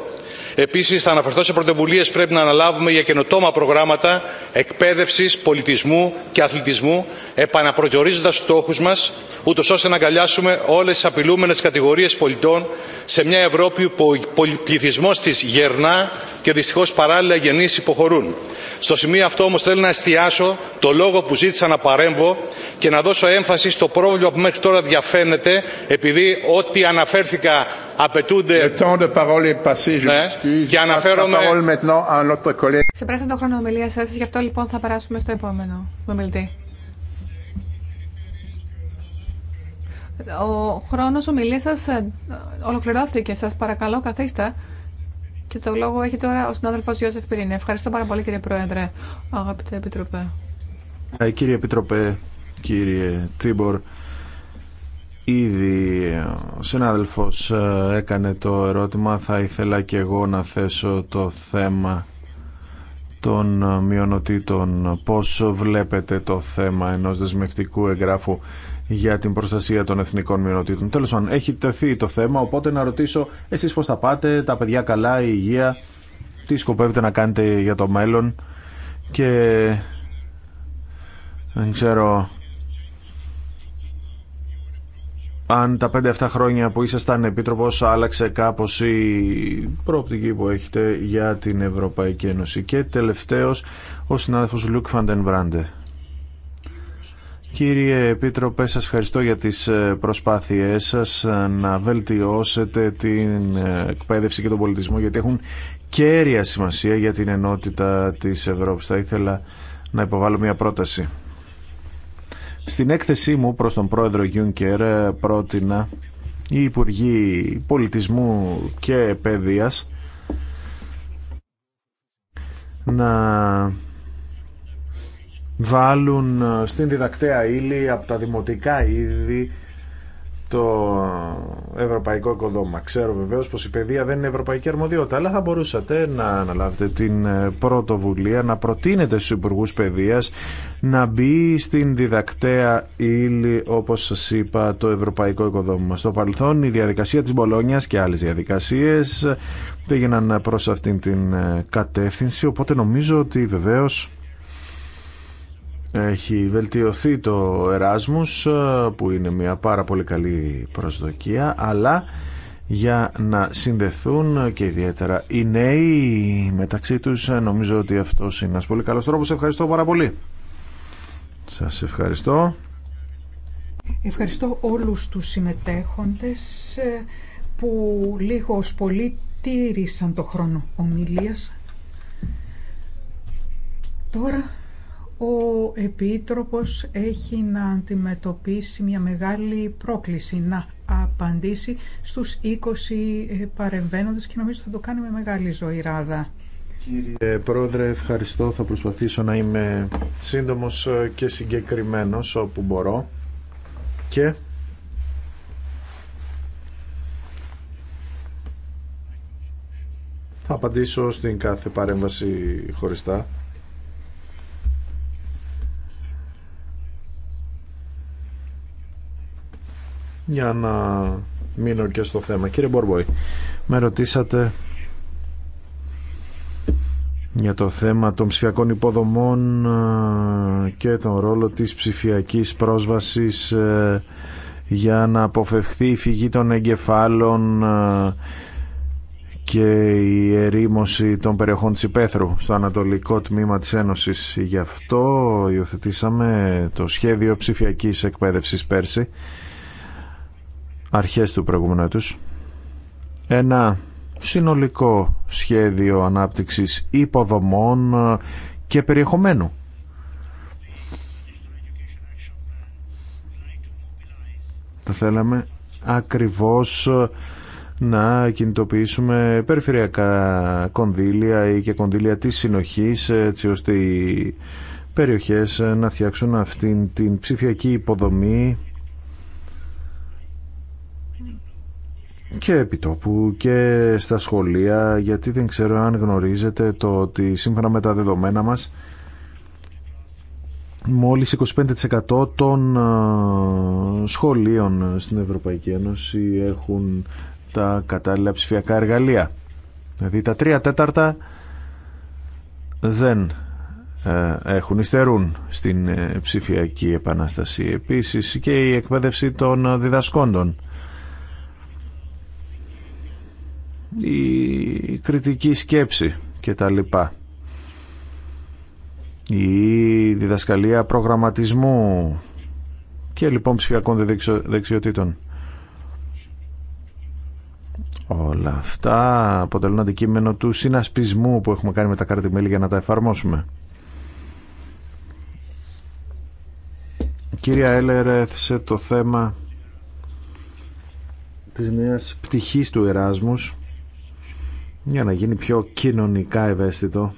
Επίση, θα αναφερθώ σε πρωτοβουλίε πρέπει να αναλάβουμε για καινοτόμα προγράμματα εκπαίδευση, πολιτισμού και αθλητισμού, επαναπροσδιορίζοντα του στόχου μα, ούτω ώστε να αγκαλιάσουμε όλε τι απειλούμενε κατηγορίε πολιτών σε μια Ευρώπη που ο πληθυσμό τη γερνά και δυστυχώ παράλληλα γεννήσει υποχωρούν. Στο σημείο αυτό όμως θέλω να εστιάσω το λόγο που ζήτησα να παρέμβω και να δώσω έμφαση στο πρόβλημα που μέχρι τώρα διαφαίνεται επειδή ό,τι αναφέρθηκα απαιτούνται... Ναι, και αναφέρομαι... Ξεπεράσατε το χρόνο ομιλία σα γι' αυτό λοιπόν θα περάσουμε στο επόμενο ομιλητή. Ο χρόνος ομιλίας σας ε, ολοκληρώθηκε. Σας παρακαλώ καθίστε. Και το λόγο έχει τώρα ο συνάδελφος Ιώσεφ Πυρίνη. Ευχαριστώ πάρα πολύ κύριε Πρόεδρε, αγαπητέ Επιτροπέ. Ε, κύριε Επιτροπέ, κύριε Τίμπορ, ήδη ο συνάδελφος ε, έκανε το ερώτημα. Θα ήθελα και εγώ να θέσω το θέμα των μειονοτήτων. Πώς βλέπετε το θέμα ενός δεσμευτικού εγγράφου για την προστασία των εθνικών μειονοτήτων. Τέλος πάντων, έχει τεθεί το θέμα, οπότε να ρωτήσω εσείς πώς θα πάτε, τα παιδιά καλά, η υγεία, τι σκοπεύετε να κάνετε για το μέλλον και δεν ξέρω αν τα 5-7 χρόνια που ήσασταν επίτροπος άλλαξε κάπως η προοπτική που έχετε για την Ευρωπαϊκή Ένωση. Και τελευταίος ο συνάδελφος Λουκ Μπράντε. Κύριε Επίτροπε, σας ευχαριστώ για τις ε, προσπάθειές σας ε, να βελτιώσετε την ε, εκπαίδευση και τον πολιτισμό γιατί έχουν κέρια σημασία για την ενότητα της Ευρώπης. Θα ήθελα να υποβάλω μια πρόταση. Στην έκθεσή μου προς τον πρόεδρο Γιούνκερ πρότεινα οι Υπουργοί Πολιτισμού και Παιδείας να βάλουν ε, στην διδακτέα ύλη από τα δημοτικά είδη το ευρωπαϊκό οικοδόμημα. Ξέρω βεβαίως πως η παιδεία δεν είναι ευρωπαϊκή αρμοδιότητα, αλλά θα μπορούσατε να αναλάβετε την ε, πρωτοβουλία, να προτείνετε στους υπουργού παιδείας να μπει στην διδακτέα ύλη, όπως σας είπα, το ευρωπαϊκό οικοδόμημα. Στο παρελθόν η διαδικασία της Μπολόνιας και άλλες διαδικασίες ε, πήγαιναν προς αυτήν την κατεύθυνση, οπότε νομίζω ότι βεβαίως έχει βελτιωθεί το Εράσμους ε, που είναι μια πάρα πολύ καλή προσδοκία αλλά για να συνδεθούν και ιδιαίτερα οι νέοι μεταξύ τους ε, νομίζω ότι αυτός είναι ένας πολύ καλός τρόπος. Ευχαριστώ πάρα πολύ. Σας ευχαριστώ. Ευχαριστώ όλους τους συμμετέχοντες ε, που λίγο πολύ τήρησαν το χρόνο ομιλίας. Τώρα ο Επίτροπος έχει να αντιμετωπίσει μια μεγάλη πρόκληση, να απαντήσει στους 20 ε, παρεμβαίνοντες και νομίζω θα το κάνει με μεγάλη ζωηράδα. Κύριε Πρόεδρε, ευχαριστώ. Θα προσπαθήσω να είμαι σύντομος ε, και συγκεκριμένος όπου μπορώ και θα απαντήσω στην κάθε παρέμβαση χωριστά. για να μείνω και στο θέμα. Κύριε Μπορμπόη, με ρωτήσατε για το θέμα των ψηφιακών υποδομών ε, και τον ρόλο της ψηφιακής πρόσβασης ε, για να αποφευχθεί η φυγή των εγκεφάλων ε, και η ερήμωση των περιοχών της Υπέθρου στο ανατολικό τμήμα της Ένωσης. Γι' αυτό υιοθετήσαμε το σχέδιο ψηφιακής εκπαίδευσης πέρσι αρχές του προηγούμενου έτους ένα συνολικό σχέδιο ανάπτυξης υποδομών ε, και περιεχομένου. Θα θέλαμε ακριβώς ε, να κινητοποιήσουμε περιφερειακά κονδύλια ή και κονδύλια της συνοχής έτσι ώστε οι περιοχές ε, να φτιάξουν αυτήν την ψηφιακή υποδομή και επιτόπου και στα σχολεία γιατί δεν ξέρω αν γνωρίζετε το ότι σύμφωνα με τα δεδομένα μας μόλις 25% των ε, σχολείων στην Ευρωπαϊκή Ένωση έχουν τα κατάλληλα ψηφιακά εργαλεία. Δηλαδή τα τρία τέταρτα δεν ε, έχουν, υστερούν στην ε, ψηφιακή επανάσταση. Επίσης και η εκπαίδευση των διδασκόντων. η κριτική σκέψη και τα λοιπά. Η διδασκαλία προγραμματισμού και λοιπόν ψηφιακών δεξιοτήτων. Όλα αυτά αποτελούν αντικείμενο του συνασπισμού που έχουμε κάνει με τα κρατη για να τα εφαρμόσουμε. Κύρια Έλερ έθεσε το θέμα της νέας πτυχής του Εράσμους για να γίνει πιο κοινωνικά ευαίσθητο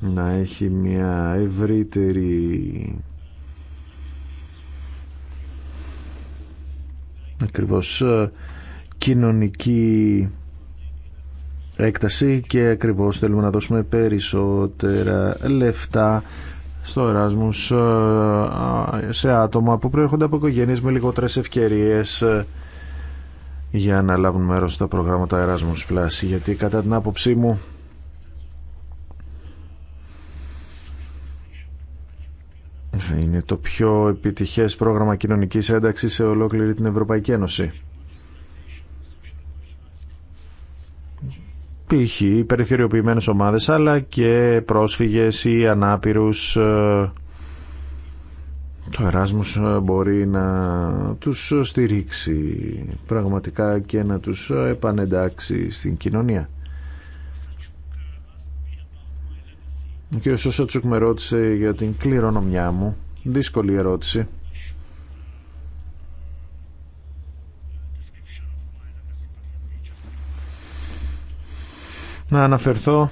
να έχει μια ευρύτερη ακριβώς ε, κοινωνική έκταση και ακριβώς θέλουμε να δώσουμε περισσότερα λεφτά στο Εράσμους σε άτομα που προέρχονται από οικογένειες με λιγότερες ευκαιρίες ε, για να λάβουν μέρος στα προγράμματα Erasmus γιατί κατά την άποψή μου είναι το πιο επιτυχές πρόγραμμα κοινωνικής ένταξης σε ολόκληρη την Ευρωπαϊκή Ένωση. Π.χ. περιθωριοποιημένες ομάδες αλλά και πρόσφυγες ή ανάπηρους ε, το Εράσμος ε, μπορεί να τους στηρίξει πραγματικά και να τους ε, επανεντάξει στην κοινωνία. Ο κ. Σωσότσουκ με ρώτησε για την κληρονομιά μου. Δύσκολη ερώτηση. Να αναφερθώ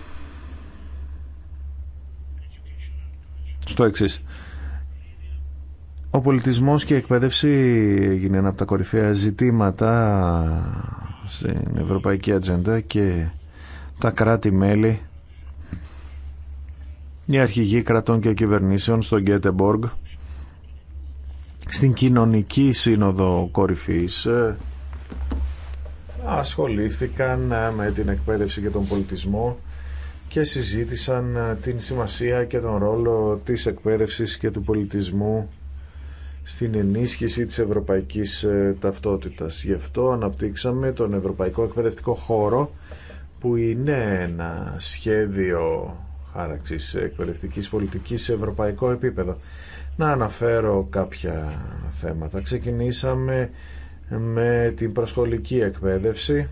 στο εξής. Ο πολιτισμός και η εκπαίδευση έγινε ένα από τα κορυφαία ζητήματα στην Ευρωπαϊκή Ατζέντα και τα κράτη-μέλη, οι αρχηγοί κρατών και κυβερνήσεων στο Γκέτεμποργκ, στην κοινωνική σύνοδο κορυφής, ε, ασχολήθηκαν ε, με την εκπαίδευση και τον πολιτισμό και συζήτησαν ε, την σημασία και τον ρόλο της εκπαίδευσης και του πολιτισμού στην ενίσχυση της ευρωπαϊκής ε, ταυτότητας. Γι' αυτό αναπτύξαμε τον Ευρωπαϊκό Εκπαιδευτικό Χώρο που είναι ένα σχέδιο χάραξης εκπαιδευτικής πολιτικής σε ευρωπαϊκό επίπεδο. Να αναφέρω κάποια θέματα. Ξεκινήσαμε με την προσχολική εκπαίδευση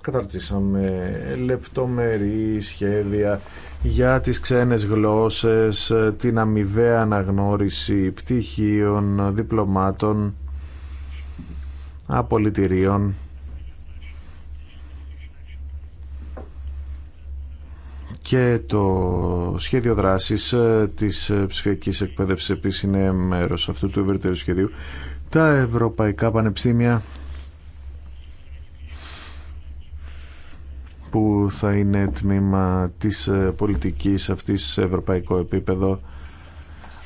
καταρτήσαμε λεπτομερή σχέδια για τις ξένες γλώσσες, την αμοιβαία αναγνώριση πτυχίων, διπλωμάτων, απολυτηρίων. και το σχέδιο δράσης ε, της ψηφιακής εκπαίδευσης επίσης είναι μέρος αυτού του ευρύτερου σχεδίου. Τα ευρωπαϊκά πανεπιστήμια που θα είναι τμήμα της ε, πολιτικής αυτής σε ευρωπαϊκό επίπεδο.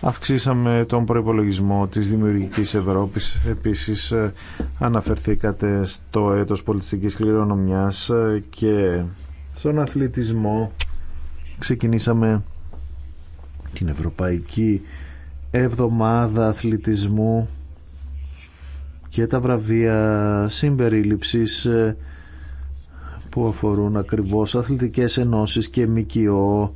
Αυξήσαμε τον προϋπολογισμό της Δημιουργικής Ευρώπης. Επίσης ε, αναφερθήκατε στο έτος πολιτιστικής κληρονομιάς ε, και στον αθλητισμό. Ξεκινήσαμε την Ευρωπαϊκή Εβδομάδα Αθλητισμού και τα βραβεία συμπερίληψης που αφορούν ακριβώς αθλητικές ενώσεις και ΜΚΟ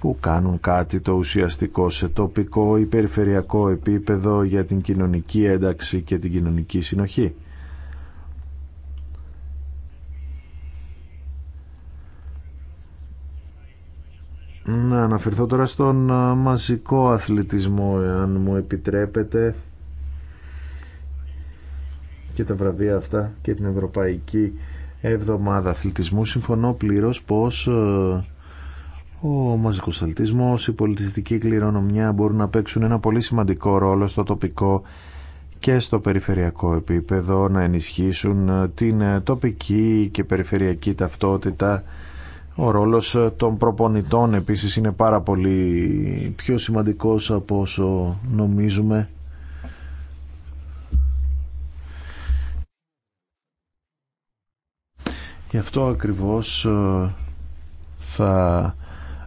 που κάνουν κάτι το ουσιαστικό σε τοπικό ή περιφερειακό επίπεδο για την κοινωνική ένταξη και την κοινωνική συνοχή. Να αναφερθώ τώρα στον μαζικό αθλητισμό, αν μου επιτρέπετε, και τα βραβεία αυτά και την Ευρωπαϊκή εβδομάδα αθλητισμού. Συμφωνώ πλήρως πως ε, ο μαζικός αθλητισμό, η πολιτιστική κληρονομιά μπορούν να παίξουν ένα πολύ σημαντικό ρόλο στο τοπικό και στο περιφερειακό επίπεδο να ενισχύσουν ε, την ε, τοπική και περιφερειακή ταυτότητα. Ο ρόλος των προπονητών επίσης είναι πάρα πολύ πιο σημαντικός από όσο νομίζουμε Γι' αυτό ακριβώς ε, θα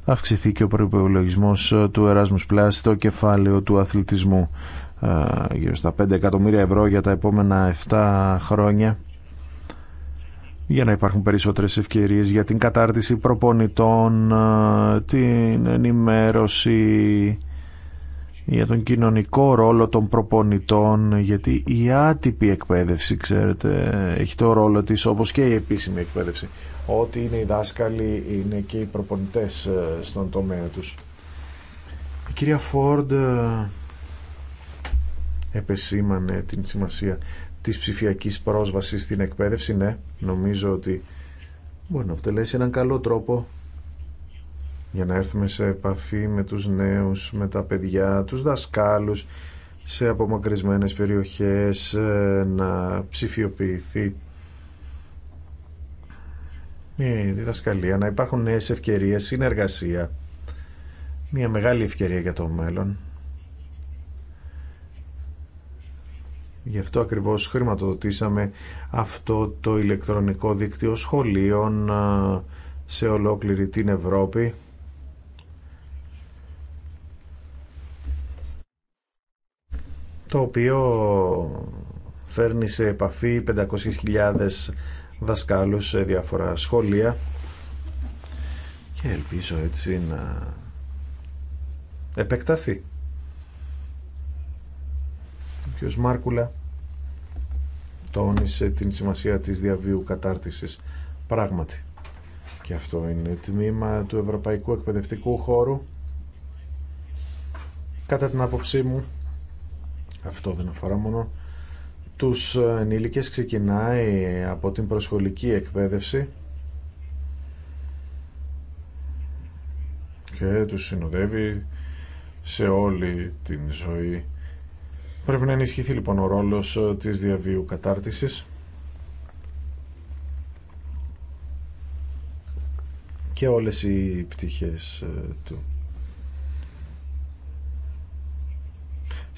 αυξηθεί και ο προϋπολογισμός ε, του Erasmus Plus στο κεφάλαιο του αθλητισμού ε, γύρω στα 5 εκατομμύρια ευρώ για τα επόμενα 7 χρόνια για να υπάρχουν περισσότερες ευκαιρίες για την κατάρτιση προπονητών, την ενημέρωση για τον κοινωνικό ρόλο των προπονητών, γιατί η άτυπη εκπαίδευση, ξέρετε, έχει το ρόλο της, όπως και η επίσημη εκπαίδευση. Ό,τι είναι οι δάσκαλοι είναι και οι προπονητές ε, στον τομέα τους. Η κυρία Φόρντ ε, επεσήμανε την σημασία της ψηφιακής πρόσβασης στην εκπαίδευση. Ναι, νομίζω ότι μπορεί να αποτελέσει έναν καλό τρόπο για να έρθουμε σε επαφή με τους νέους, με τα παιδιά, τους δασκάλους, σε απομακρυσμένες περιοχές, ε, να ψηφιοποιηθεί η διδασκαλία, να υπάρχουν νέες ευκαιρίες, συνεργασία. Μια μεγάλη ευκαιρία για το μέλλον. Γι' αυτό ακριβώς χρηματοδοτήσαμε αυτό το ηλεκτρονικό δίκτυο σχολείων ε, σε ολόκληρη την Ευρώπη το οποίο φέρνει σε επαφή 500.000 δασκάλους σε διάφορα σχολεία και ελπίζω έτσι να επεκταθεί. Ο κ. Μάρκουλα τόνισε την σημασία της διαβίου κατάρτισης πράγματι. Και αυτό είναι τμήμα του Ευρωπαϊκού Εκπαιδευτικού Χώρου. Κατά την άποψή μου, αυτό δεν αφορά μόνο τους ενήλικες ξεκινάει από την προσχολική εκπαίδευση και τους συνοδεύει σε όλη την ζωή. Πρέπει να ενισχυθεί λοιπόν ο ρόλος της διαβίου κατάρτισης και όλες οι πτυχές ε, του.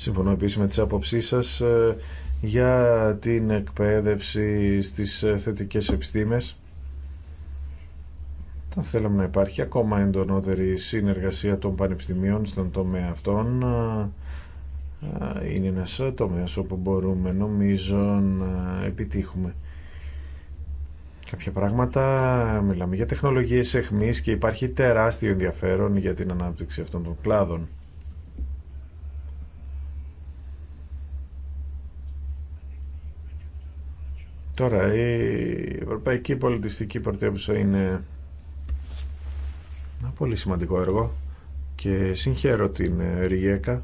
Συμφωνώ επίση με τις άποψή σας ε, για την εκπαίδευση στις ε, θετικές επιστήμες. Θα θέλαμε να υπάρχει ακόμα εντονότερη συνεργασία των πανεπιστημίων στον τομέα αυτών. Ε, είναι ένας τομέας όπου μπορούμε νομίζω να επιτύχουμε κάποια πράγματα. Μιλάμε για τεχνολογίες εχμής και υπάρχει τεράστιο ενδιαφέρον για την ανάπτυξη αυτών των κλάδων. Τώρα, η Ευρωπαϊκή Πολιτιστική Πρωτεύουσα είναι ένα πολύ σημαντικό έργο και συγχαίρω την ε, Ριέκα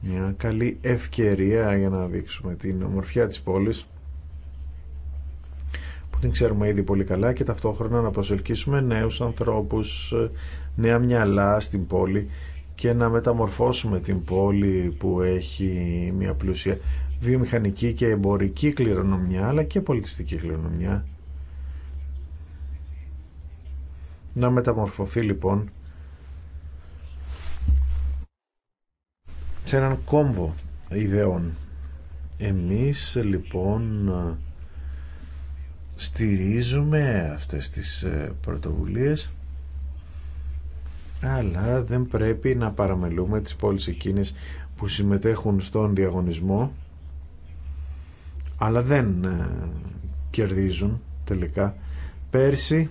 μια καλή ευκαιρία για να δείξουμε την ομορφιά της πόλης που την ξέρουμε ήδη πολύ καλά και ταυτόχρονα να προσελκύσουμε νέους ανθρώπους, ε, νέα μυαλά στην πόλη και να μεταμορφώσουμε την πόλη που έχει μια πλούσια βιομηχανική και εμπορική κληρονομιά αλλά και πολιτιστική κληρονομιά. Να μεταμορφωθεί λοιπόν σε έναν κόμβο ιδεών. Εμείς λοιπόν στηρίζουμε αυτές τις ε, πρωτοβουλίες αλλά δεν πρέπει να παραμελούμε τις πόλεις εκείνες που συμμετέχουν στον διαγωνισμό αλλά δεν ε, κερδίζουν τελικά. Πέρσι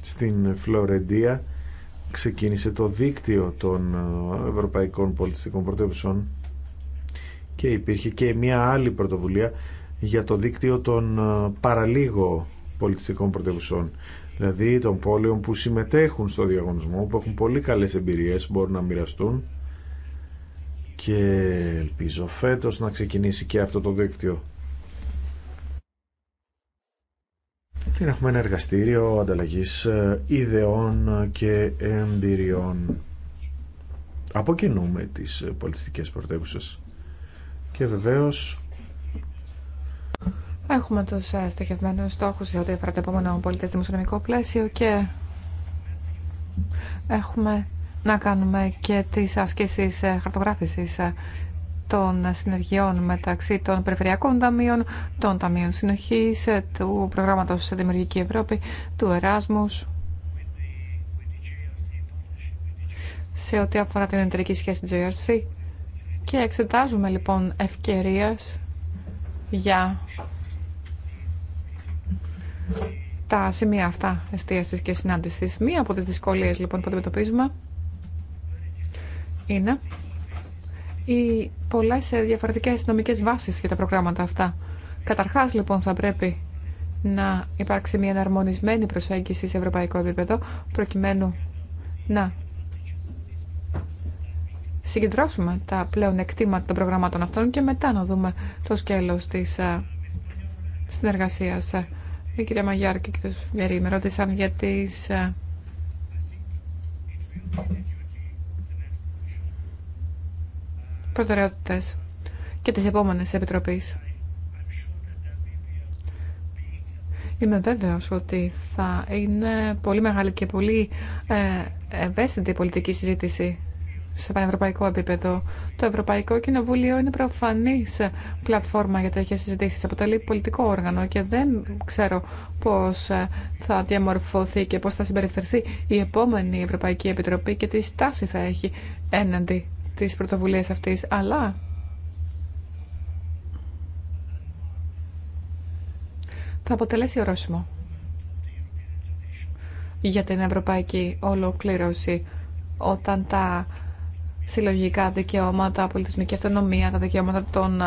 στην Φλωρεντία ξεκίνησε το δίκτυο των ε, Ευρωπαϊκών Πολιτιστικών Πρωτεύουσων και υπήρχε και μια άλλη πρωτοβουλία για το δίκτυο των ε, παραλίγο πολιτιστικών πρωτεύουσων δηλαδή των πόλεων που συμμετέχουν στο διαγωνισμό που έχουν πολύ καλές εμπειρίες μπορούν να μοιραστούν και ελπίζω φέτος να ξεκινήσει και αυτό το δίκτυο. Την έχουμε ένα εργαστήριο ανταλλαγής ε, ιδεών και εμπειριών. Αποκινούμε τις ε, πολιτιστικές πρωτεύουσες. Και βεβαίως Έχουμε του ε, στοχευμένου στόχου για ό,τι αφορά το επόμενο πολιτέ δημοσιονομικό πλαίσιο και έχουμε να κάνουμε και τις ασκήσεις ε, χαρτογράφησης ε, των συνεργειών μεταξύ των περιφερειακών ταμείων, των ταμείων συνοχής, ε, του προγράμματος Δημιουργική Ευρώπη, του Εράσμους. Σε ό,τι αφορά την εταιρική σχέση GRC και εξετάζουμε λοιπόν ευκαιρίες για τα σημεία αυτά εστίασης και συνάντησης. Μία από τις δυσκολίες λοιπόν που αντιμετωπίζουμε είναι οι πολλές ε, διαφορετικέ νομικέ βάσεις για τα προγράμματα αυτά. Καταρχάς, λοιπόν, θα πρέπει να υπάρξει μια εναρμονισμένη προσέγγιση σε ευρωπαϊκό επίπεδο, προκειμένου να συγκεντρώσουμε τα πλέον εκτίματα των προγραμμάτων αυτών και μετά να δούμε το σκέλος της ε, συνεργασίας. Ε, η κυρία Μαγιάρκη και τους Σουφιερή με ρώτησαν για τις προτεραιότητες και της επόμενης επιτροπής. Είμαι βέβαιος ότι θα είναι πολύ μεγάλη και πολύ ε, ευαίσθητη η πολιτική συζήτηση σε πανευρωπαϊκό επίπεδο. Το Ευρωπαϊκό Κοινοβούλιο είναι προφανή πλατφόρμα για τέτοιε συζητήσει. Αποτελεί πολιτικό όργανο και δεν ξέρω πώ ε, θα διαμορφωθεί και πώ θα συμπεριφερθεί η επόμενη Ευρωπαϊκή Επιτροπή και τι στάση θα έχει έναντι της πρωτοβουλίας αυτής, αλλά θα αποτελέσει ορόσημο για την ευρωπαϊκή ολοκλήρωση όταν τα συλλογικά δικαιώματα, πολιτισμική αυτονομία, τα δικαιώματα των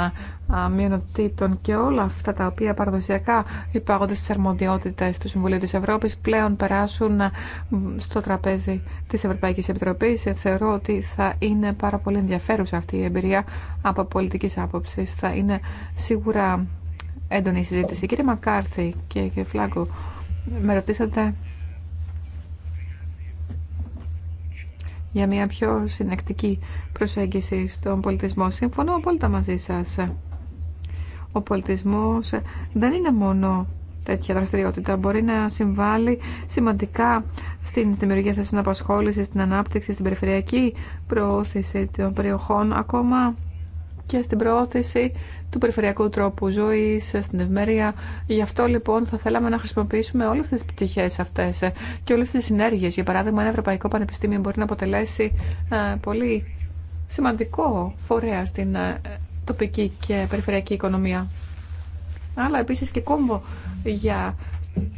μειονοτήτων και όλα αυτά τα οποία παραδοσιακά υπάγονται στις αρμοδιότητες του Συμβουλίου της Ευρώπης πλέον περάσουν στο τραπέζι της Ευρωπαϊκής Επιτροπής. Θεωρώ ότι θα είναι πάρα πολύ ενδιαφέρουσα αυτή η εμπειρία από πολιτικής άποψης. Θα είναι σίγουρα έντονη η συζήτηση. Κύριε Μακάρθη και κύριε Φλάγκο, με ρωτήσατε για μια πιο συνεκτική προσέγγιση στον πολιτισμό. Συμφωνώ απόλυτα μαζί σας. Ο πολιτισμός δεν είναι μόνο τέτοια δραστηριότητα. Μπορεί να συμβάλλει σημαντικά στην δημιουργία θέσεων απασχόληση, στην ανάπτυξη, στην περιφερειακή προώθηση των περιοχών, ακόμα και στην προώθηση του περιφερειακού τρόπου ζωή, στην ευμέρεια. Γι' αυτό λοιπόν θα θέλαμε να χρησιμοποιήσουμε όλε τι πτυχέ αυτέ και όλε τι συνέργειε. Για παράδειγμα, ένα Ευρωπαϊκό Πανεπιστήμιο μπορεί να αποτελέσει ε, πολύ σημαντικό φορέα στην ε, τοπική και περιφερειακή οικονομία. Αλλά επίση και κόμβο για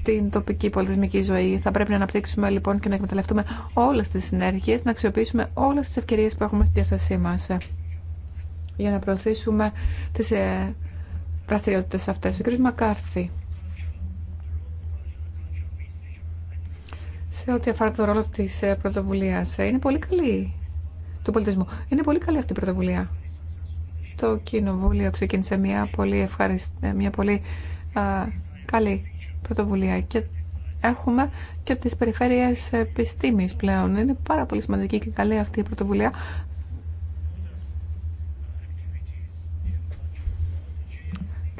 την τοπική πολιτισμική ζωή. Θα πρέπει να αναπτύξουμε λοιπόν και να εκμεταλλευτούμε όλε τι συνέργειε, να αξιοποιήσουμε όλε τι ευκαιρίε που έχουμε στη διάθεσή μα για να προωθήσουμε τις ε, δραστηριότητες αυτές. Ο κ. Μακάρθη. Σε ό,τι αφορά το ρόλο της ε, πρωτοβουλίας, ε, είναι πολύ καλή του πολιτισμού. Είναι πολύ καλή αυτή η πρωτοβουλία. Το Κοινοβούλιο ξεκίνησε μια πολύ, ε, πολύ καλή πρωτοβουλία και έχουμε και τις περιφέρειες επιστήμης πλέον. Είναι πάρα πολύ σημαντική και καλή αυτή η πρωτοβουλία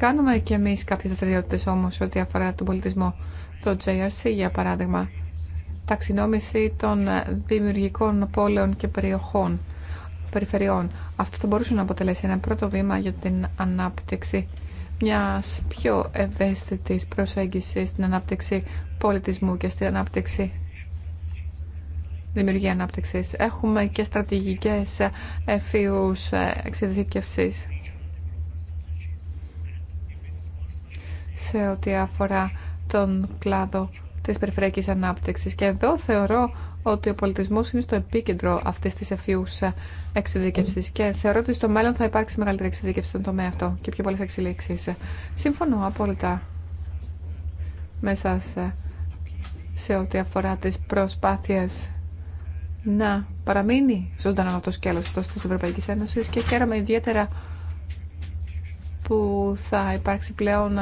Κάνουμε και εμεί κάποιες δραστηριότητε όμως ό,τι αφορά τον πολιτισμό. Το JRC για παράδειγμα, ταξινόμηση των δημιουργικών πόλεων και περιοχών, περιφερειών. Αυτό θα μπορούσε να αποτελέσει ένα πρώτο βήμα για την ανάπτυξη μιας πιο ευαίσθητη προσέγγιση στην ανάπτυξη πολιτισμού και στην ανάπτυξη δημιουργία ανάπτυξη. Έχουμε και στρατηγικέ εφίους εξειδίκευση. σε ό,τι αφορά τον κλάδο της περιφερειακής ανάπτυξης. Και εδώ θεωρώ ότι ο πολιτισμός είναι στο επίκεντρο αυτής της ευφυούς εξειδίκευσης και θεωρώ ότι στο μέλλον θα υπάρξει μεγαλύτερη εξειδίκευση στον τομέα αυτό και πιο πολλές εξελίξεις. Σύμφωνο απόλυτα μέσα σε, σε ό,τι αφορά τις προσπάθειες να παραμείνει ζωντανό το σκέλος αυτός της Ευρωπαϊκής Ένωσης και χαίρομαι ιδιαίτερα που θα υπάρξει πλέον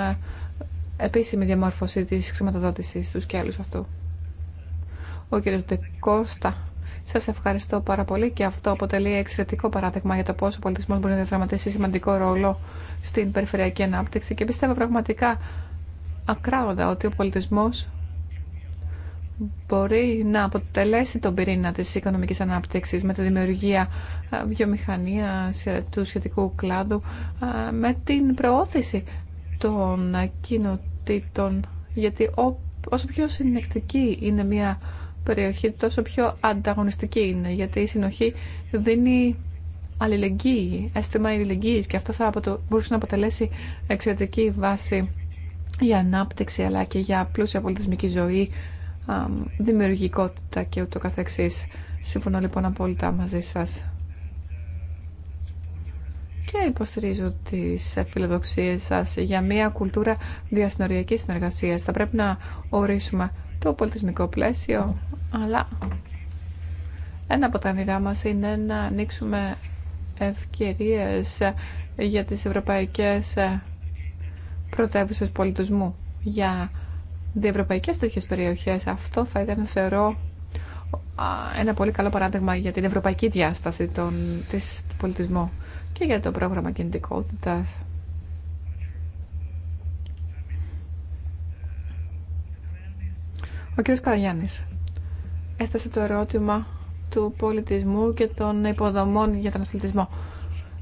επίσημη διαμόρφωση της χρηματοδότησης του σκέλου αυτού. Ο κ. Ντεκώστα, σας ευχαριστώ πάρα πολύ και αυτό αποτελεί εξαιρετικό παράδειγμα για το πώς ο πολιτισμός μπορεί να διαδραματίσει σημαντικό ρόλο στην περιφερειακή ανάπτυξη και πιστεύω πραγματικά ακράδαντα ότι ο πολιτισμός μπορεί να αποτελέσει τον πυρήνα της οικονομικής ανάπτυξης με τη δημιουργία ε, βιομηχανίας ε, του σχετικού κλάδου, ε, με την προώθηση των κοινοτήτων γιατί όσο πιο συνεκτική είναι μια περιοχή, τόσο πιο ανταγωνιστική είναι. Γιατί η συνοχή δίνει αλληλεγγύη, αίσθημα αλληλεγγύης και αυτό θα μπορούσε να αποτελέσει εξαιρετική βάση για ανάπτυξη αλλά και για πλούσια πολιτισμική ζωή, δημιουργικότητα και ούτω καθεξής. σύμφωνα λοιπόν απόλυτα μαζί σας και υποστηρίζω τι φιλοδοξίες σα για μια κουλτούρα διασυνοριακής συνεργασίας. Θα πρέπει να ορίσουμε το πολιτισμικό πλαίσιο, αλλά ένα από τα όνειρά μα είναι να ανοίξουμε ευκαιρίε για τις ευρωπαϊκές πρωτεύουσε πολιτισμού, για διευρωπαϊκές τέτοιες περιοχές. Αυτό θα ήταν, θεωρώ, ένα πολύ καλό παράδειγμα για την ευρωπαϊκή διάσταση των, της, του πολιτισμού και για το πρόγραμμα κινητικότητας. Ο κ. Καραγιάννης έφτασε το ερώτημα του πολιτισμού και των υποδομών για τον αθλητισμό.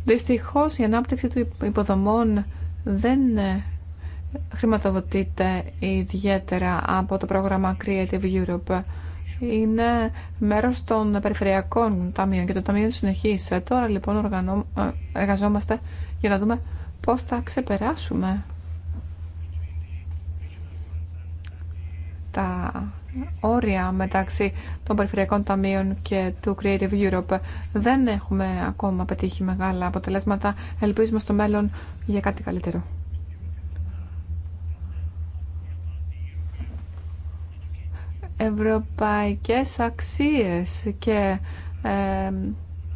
Δυστυχώς η ανάπτυξη του υποδομών δεν ε, χρηματοδοτείται ιδιαίτερα από το πρόγραμμα Creative Europe είναι μέρος των περιφερειακών ταμείων και των ταμείων συνεχής. Ε, τώρα λοιπόν οργανώ... Ε, εργαζόμαστε για να δούμε πώς θα ξεπεράσουμε τα όρια μεταξύ των περιφερειακών ταμείων και του Creative Europe. Δεν έχουμε ακόμα πετύχει μεγάλα αποτελέσματα. Ελπίζουμε στο μέλλον για κάτι καλύτερο. ευρωπαϊκές αξίες και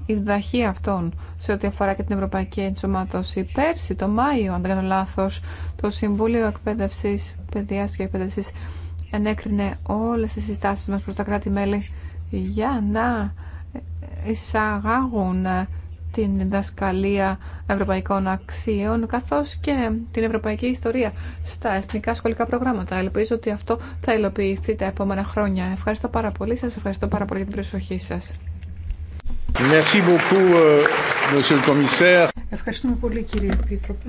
η διδαχή αυτών σε ό,τι αφορά και την ευρωπαϊκή ενσωμάτωση. Πέρσι, το Μάιο, αν δεν κάνω λάθος, το Συμβούλιο Εκπαίδευσης, Παιδείας και Εκπαίδευσης ενέκρινε όλες τις συστάσεις μας προς τα κράτη-μέλη για να εισαγάγουν την δασκαλία ευρωπαϊκών αξίων καθώς και την ευρωπαϊκή ιστορία στα εθνικά σχολικά προγράμματα. Ελπίζω ότι αυτό θα υλοποιηθεί τα επόμενα χρόνια. Ευχαριστώ πάρα πολύ. Σας ευχαριστώ πάρα πολύ για την προσοχή σας. Euh, Ευχαριστούμε πολύ κύριε Επίτροπε.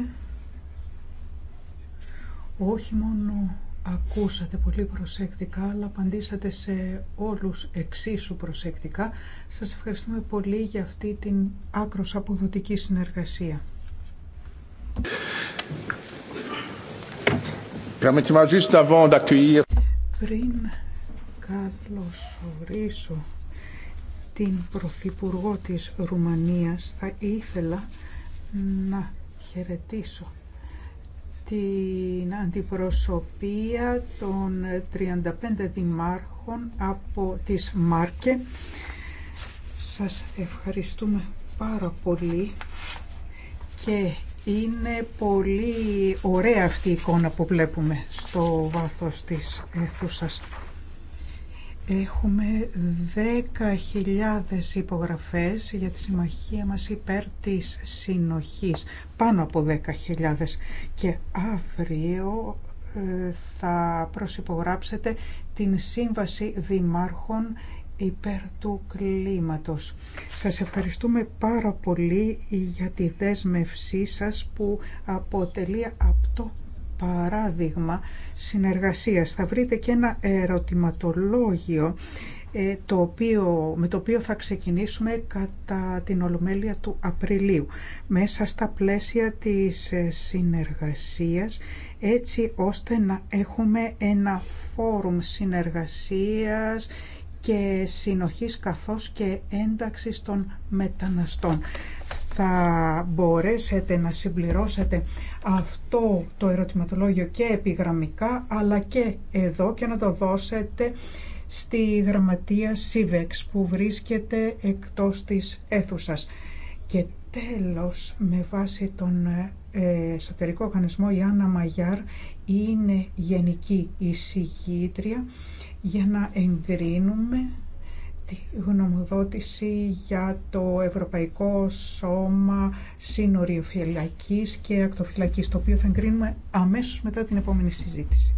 Όχι μόνο ακούσατε πολύ προσεκτικά, αλλά απαντήσατε σε όλους εξίσου προσεκτικά. Σας ευχαριστούμε πολύ για αυτή την άκρος αποδοτική συνεργασία. Πριν καλωσορίσω την Πρωθυπουργό της Ρουμανίας, θα ήθελα να χαιρετήσω την αντιπροσωπεία των 35 δημάρχων από τις Μάρκε. Σας ευχαριστούμε πάρα πολύ και είναι πολύ ωραία αυτή η εικόνα που βλέπουμε στο βάθος της αίθουσας. Έχουμε 10.000 υπογραφές για τη συμμαχία μας υπέρ της συνοχής, πάνω από 10.000 και αύριο ε, θα προσυπογράψετε την Σύμβαση Δημάρχων υπέρ του κλίματος. Σας ευχαριστούμε πάρα πολύ για τη δέσμευσή σας που αποτελεί αυτό παράδειγμα συνεργασίας. Θα βρείτε και ένα ερωτηματολόγιο ε, το οποίο, με το οποίο θα ξεκινήσουμε κατά την Ολομέλεια του Απριλίου μέσα στα πλαίσια της ε, συνεργασίας έτσι ώστε να έχουμε ένα φόρουμ συνεργασίας και συνοχής καθώς και ένταξης των μεταναστών θα μπορέσετε να συμπληρώσετε αυτό το ερωτηματολόγιο και επιγραμμικά αλλά και εδώ και να το δώσετε στη γραμματεία ΣΥΒΕΞ που βρίσκεται εκτός της αίθουσας. Και τέλος, με βάση τον ε, εσωτερικό οργανισμό, η Άννα Μαγιάρ είναι γενική εισηγήτρια για να εγκρίνουμε τη γνωμοδότηση για το Ευρωπαϊκό Σώμα Σύνοριοφυλακής και Ακτοφυλακής, το οποίο θα εγκρίνουμε αμέσως μετά την επόμενη συζήτηση.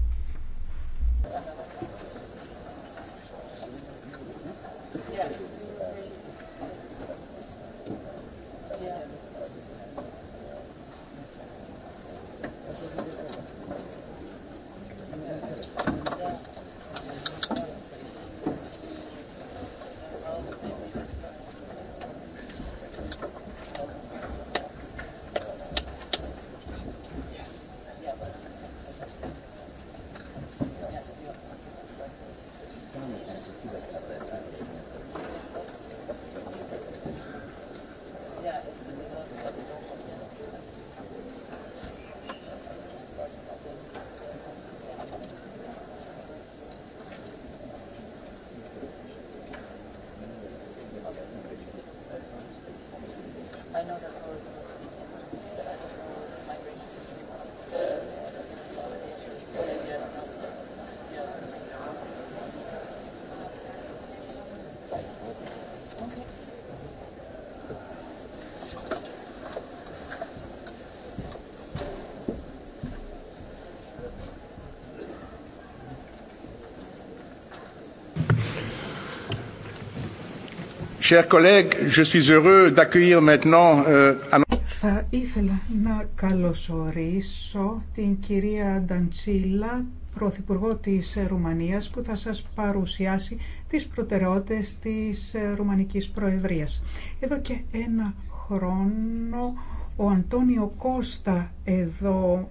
Chers collègues, je euh, θα ήθελα να καλωσορίσω την κυρία Νταντσίλα, Πρωθυπουργό της Ρουμανίας, που θα σας παρουσιάσει τις προτεραιότητες της Ρουμανικής Προεδρίας. Εδώ και ένα χρόνο ο Αντώνιο Κώστα εδώ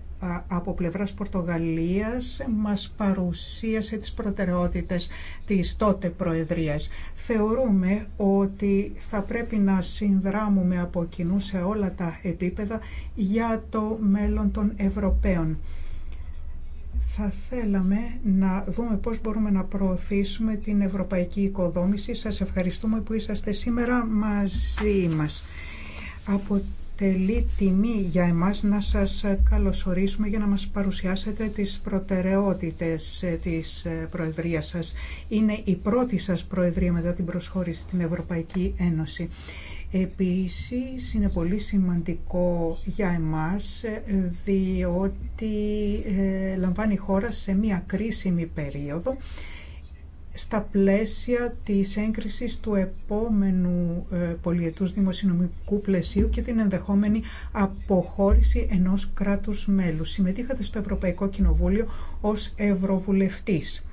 από πλευράς Πορτογαλίας μας παρουσίασε τις προτεραιότητες της τότε Προεδρίας. Θεωρούμε ότι θα πρέπει να συνδράμουμε από κοινού σε όλα τα επίπεδα για το μέλλον των Ευρωπαίων. Θα θέλαμε να δούμε πώς μπορούμε να προωθήσουμε την ευρωπαϊκή οικοδόμηση. Σας ευχαριστούμε που είσαστε σήμερα μαζί μας. Από Τελεί τιμή για εμάς να σας καλωσορίσουμε για να μας παρουσιάσετε τις προτεραιότητες ε, της ε, Προεδρίας σας. Είναι η πρώτη σας Προεδρία μετά την προσχώρηση στην Ευρωπαϊκή Ένωση. Επίσης είναι πολύ σημαντικό για εμάς ε, διότι λαμβάνει η χώρα σε μια κρίσιμη περίοδο στα πλαίσια της έγκρισης του επόμενου ε, πολιετούς δημοσιονομικού πλαισίου και την ενδεχόμενη αποχώρηση ενός κράτους μέλους. Συμμετείχατε στο Ευρωπαϊκό Κοινοβούλιο ως Ευρωβουλευτής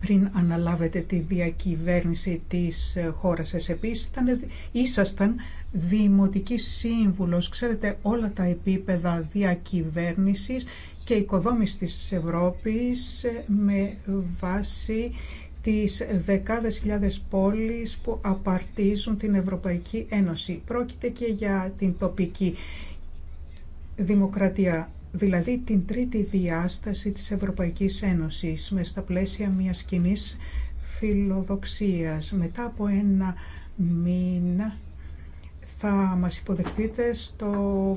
πριν αναλάβετε τη διακυβέρνηση της ε, χώρας σας. Επίσης ήταν, ήσασταν δημοτική σύμβουλος, ξέρετε όλα τα επίπεδα διακυβέρνησης και οικοδόμηση της Ευρώπης ε, με βάση τις δεκάδες χιλιάδες πόλεις που απαρτίζουν την Ευρωπαϊκή Ένωση. Πρόκειται και για την τοπική δημοκρατία, δηλαδή την τρίτη διάσταση της Ευρωπαϊκής Ένωσης με στα πλαίσια μιας κοινή φιλοδοξίας. Μετά από ένα μήνα θα μας υποδεχτείτε στο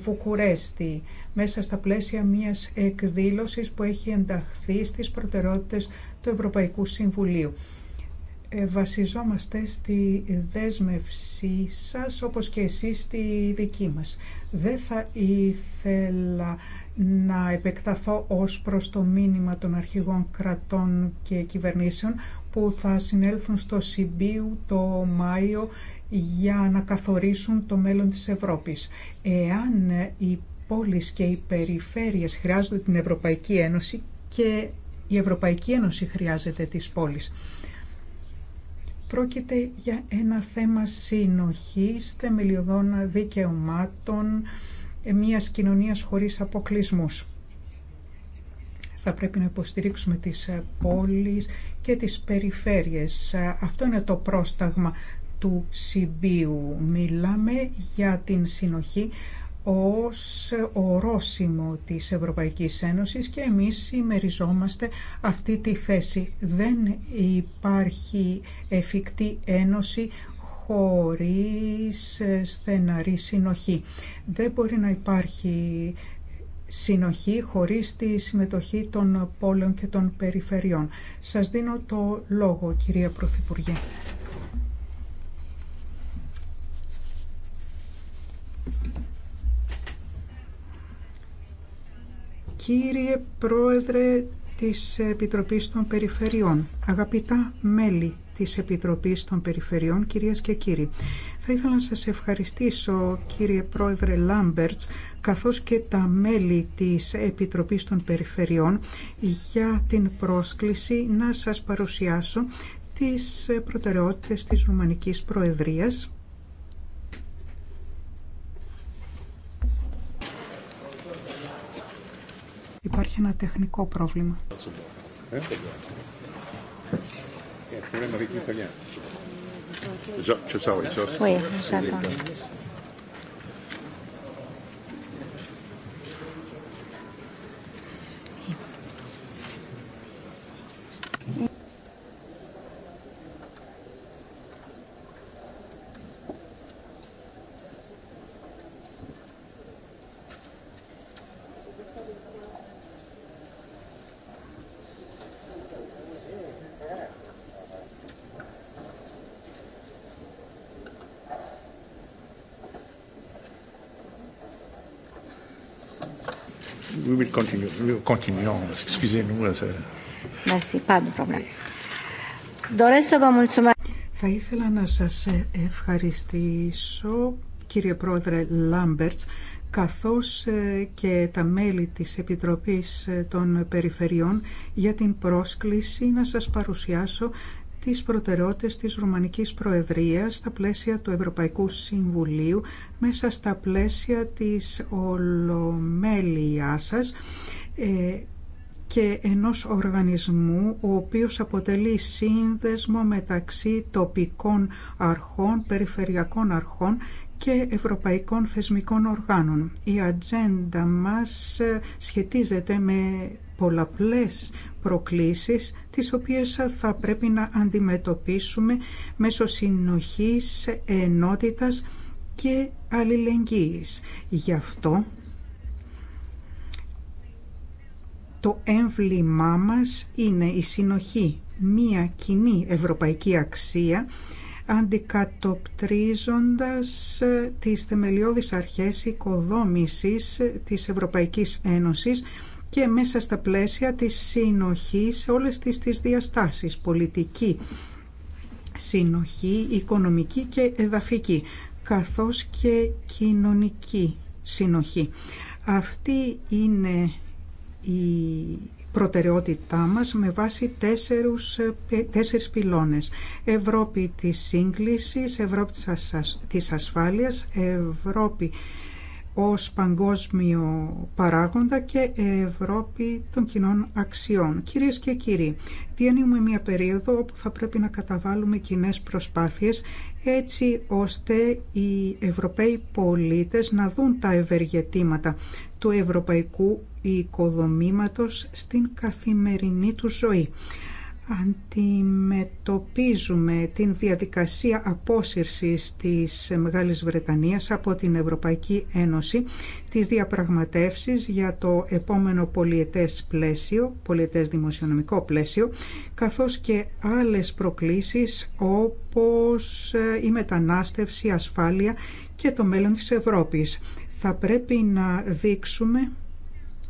Βουκουρέστι μέσα στα πλαίσια μιας εκδήλωσης που έχει ενταχθεί στις προτεραιότητες του Ευρωπαϊκού Συμβουλίου. Ε, βασιζόμαστε στη δέσμευσή σας όπως και εσείς στη δική μας. Δεν θα ήθελα να επεκταθώ ως προς το μήνυμα των αρχηγών κρατών και κυβερνήσεων που θα συνέλθουν στο Σιμπίου το Μάιο για να καθορίσουν το μέλλον της Ευρώπης. Εάν οι πόλεις και οι περιφέρειες χρειάζονται την Ευρωπαϊκή Ένωση και η Ευρωπαϊκή Ένωση χρειάζεται τις πόλεις. Πρόκειται για ένα θέμα συνοχής, θεμελιωδών δικαιωμάτων, μιας κοινωνίας χωρίς αποκλεισμούς. Θα πρέπει να υποστηρίξουμε τις πόλεις και τις περιφέρειες. Αυτό είναι το πρόσταγμα του Συμπίου. Μιλάμε για την συνοχή ως ορόσημο της Ευρωπαϊκής Ένωσης και εμείς ημεριζόμαστε αυτή τη θέση. Δεν υπάρχει εφικτή ένωση χωρίς στεναρή συνοχή. Δεν μπορεί να υπάρχει συνοχή χωρίς τη συμμετοχή των πόλεων και των περιφερειών. Σας δίνω το λόγο, κυρία Πρωθυπουργέ. Κύριε Πρόεδρε της Επιτροπής των Περιφερειών, αγαπητά μέλη της Επιτροπής των Περιφερειών, κυρίες και κύριοι. Θα ήθελα να σας ευχαριστήσω, κύριε Πρόεδρε Λάμπερτς, καθώς και τα μέλη της Επιτροπής των Περιφερειών, για την πρόσκληση να σας παρουσιάσω τις προτεραιότητες της Ρουμανικής Προεδρίας Υπάρχει ένα τεχνικό πρόβλημα. Oui, ε, Euh, Θα ήθελα να σας ευχαριστήσω, κύριε Πρόεδρε Λάμπερτς, καθώς ε, και τα μέλη της Επιτροπής ε, των Περιφερειών για την πρόσκληση να σας παρουσιάσω τις προτεραιότητες της Ρουμανικής Προεδρίας στα πλαίσια του Ευρωπαϊκού Συμβουλίου μέσα στα πλαίσια της Ολομέλειάς σας ε, και ενός οργανισμού ο οποίος αποτελεί σύνδεσμο μεταξύ τοπικών αρχών, περιφερειακών αρχών και ευρωπαϊκών θεσμικών οργάνων. Η ατζέντα μας ε, σχετίζεται με πολλαπλές προκλήσεις τις οποίες θα πρέπει να αντιμετωπίσουμε μέσω συνοχής, ενότητας και αλληλεγγύης. Γι' αυτό Το έμβλημά μας είναι η συνοχή, μία κοινή ευρωπαϊκή αξία αντικατοπτρίζοντας ε, τις θεμελιώδεις αρχές οικοδόμησης ε, της Ευρωπαϊκής Ένωσης και μέσα στα πλαίσια της συνοχής σε όλες τις, τις διαστάσεις πολιτική, συνοχή, οικονομική και εδαφική καθώς και κοινωνική συνοχή. Αυτή είναι η προτεραιότητά μας με βάση τέσσερους, ε, τέσσερις πυλώνες. Ευρώπη της σύγκλησης, Ευρώπη της ασφάλειας, Ευρώπη ως παγκόσμιο παράγοντα και Ευρώπη των κοινών αξιών. Κυρίες και κύριοι, διανύουμε μια περίοδο όπου θα πρέπει να καταβάλουμε κοινέ προσπάθειες έτσι ώστε οι Ευρωπαίοι πολίτες να δουν τα ευεργετήματα του ευρωπαϊκού οικοδομήματος στην καθημερινή του ζωή. Αντιμετωπίζουμε την διαδικασία απόσυρσης της Μεγάλης Βρετανίας από την Ευρωπαϊκή Ένωση, τις διαπραγματεύσεις για το επόμενο πολιετές πλαίσιο, πολιετές δημοσιονομικό πλαίσιο, καθώς και άλλες προκλήσεις όπως ε, η μετανάστευση, ασφάλεια και το μέλλον της Ευρώπης. Θα πρέπει να δείξουμε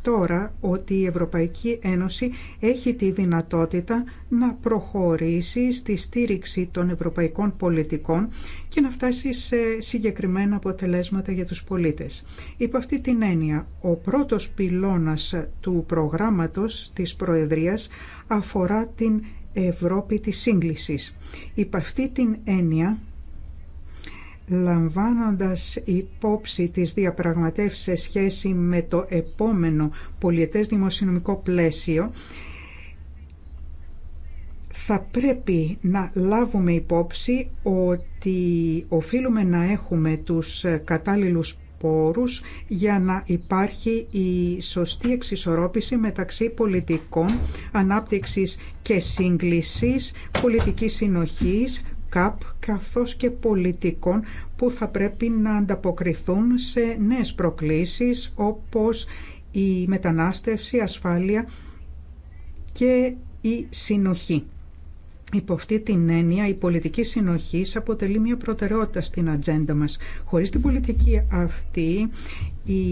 τώρα ότι η Ευρωπαϊκή Ένωση έχει τη δυνατότητα να προχωρήσει στη στήριξη των ευρωπαϊκών πολιτικών και να φτάσει σε συγκεκριμένα αποτελέσματα για τους πολίτες. Υπό αυτή την έννοια, ο πρώτος πυλώνας του προγράμματος της Προεδρίας αφορά την Ευρώπη της Σύγκλησης. Υπ' αυτή την έννοια, λαμβάνοντας υπόψη τις διαπραγματεύσεις σε σχέση με το επόμενο πολιετές δημοσιονομικό πλαίσιο, θα πρέπει να λάβουμε υπόψη ότι οφείλουμε να έχουμε τους κατάλληλους πόρους για να υπάρχει η σωστή εξισορρόπηση μεταξύ πολιτικών ανάπτυξης και σύγκλησης, πολιτικής συνοχής, ΚΑΠ καθώς και πολιτικών που θα πρέπει να ανταποκριθούν σε νέες προκλήσεις όπως η μετανάστευση, ασφάλεια και η συνοχή. Υπό αυτή την έννοια η πολιτική συνοχή αποτελεί μια προτεραιότητα στην ατζέντα μας. Χωρίς την πολιτική αυτή οι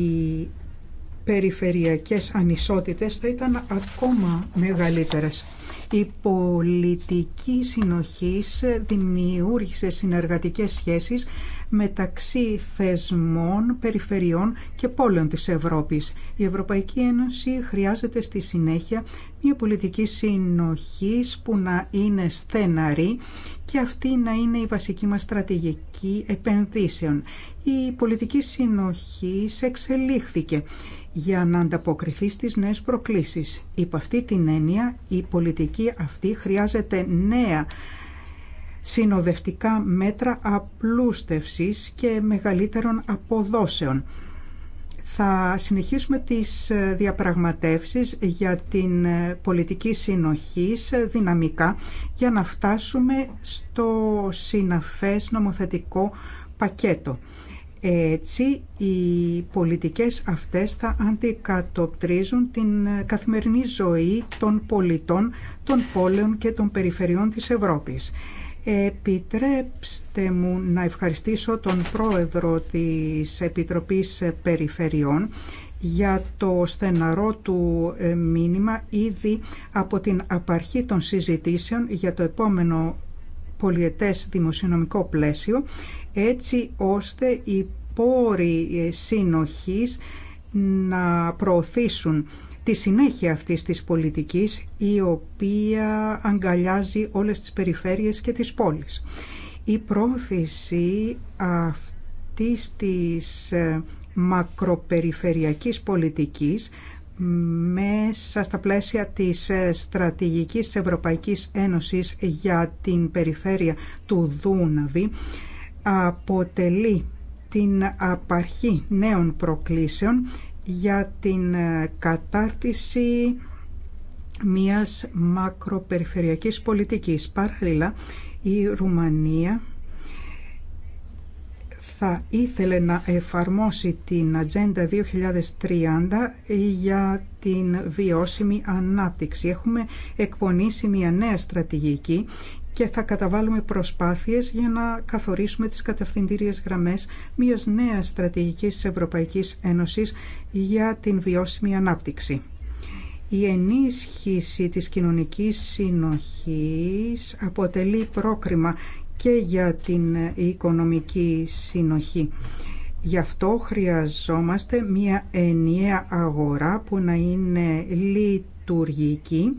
περιφερειακές ανισότητες θα ήταν ακόμα μεγαλύτερες. Η πολιτική συνοχής δημιούργησε συνεργατικές σχέσεις μεταξύ θεσμών, περιφερειών και πόλεων της Ευρώπης. Η Ευρωπαϊκή Ένωση χρειάζεται στη συνέχεια μια πολιτική συνοχής που να είναι στέναρη και αυτή να είναι η βασική μας στρατηγική επενδύσεων. Η πολιτική συνοχής εξελίχθηκε για να ανταποκριθεί στις νέες προκλήσεις. Υπό αυτή την έννοια η πολιτική αυτή χρειάζεται νέα συνοδευτικά μέτρα απλούστευσης και μεγαλύτερων αποδόσεων. Θα συνεχίσουμε τις ε, διαπραγματεύσεις για την ε, πολιτική συνοχής ε, δυναμικά για να φτάσουμε στο συναφές νομοθετικό πακέτο έτσι οι πολιτικές αυτές θα αντικατοπτρίζουν την ε, καθημερινή ζωή των πολιτών, των πόλεων και των περιφερειών της Ευρώπης. Επιτρέψτε μου να ευχαριστήσω τον πρόεδρο της Επιτροπής Περιφερειών για το στεναρό του ε, μήνυμα ήδη από την απαρχή των συζητήσεων για το επόμενο πολιετές δημοσιονομικό πλαίσιο έτσι ώστε οι πόροι ε, συνοχής να προωθήσουν τη συνέχεια αυτής της πολιτικής η οποία αγκαλιάζει όλες τις περιφέρειες και τις πόλεις. Η πρόθεση αυτής της ε, μακροπεριφερειακής πολιτικής μέσα στα πλαίσια της ε, στρατηγικής Ευρωπαϊκής Ένωσης για την περιφέρεια του Δούναβη αποτελεί την απαρχή νέων προκλήσεων για την ε, κατάρτιση μιας μακροπεριφερειακής πολιτικής. Παράλληλα, η Ρουμανία θα ήθελε να εφαρμόσει την Ατζέντα 2030 για την βιώσιμη ανάπτυξη. Έχουμε εκπονήσει μια νέα στρατηγική και θα καταβάλουμε προσπάθειες για να καθορίσουμε τις κατευθυντήριες γραμμές μιας νέας στρατηγικής της Ευρωπαϊκής Ένωσης για την βιώσιμη ανάπτυξη. Η ενίσχυση της κοινωνικής συνοχής αποτελεί πρόκριμα και για την οικονομική συνοχή. Γι' αυτό χρειαζόμαστε μια ενιαία αγορά που να είναι λειτουργική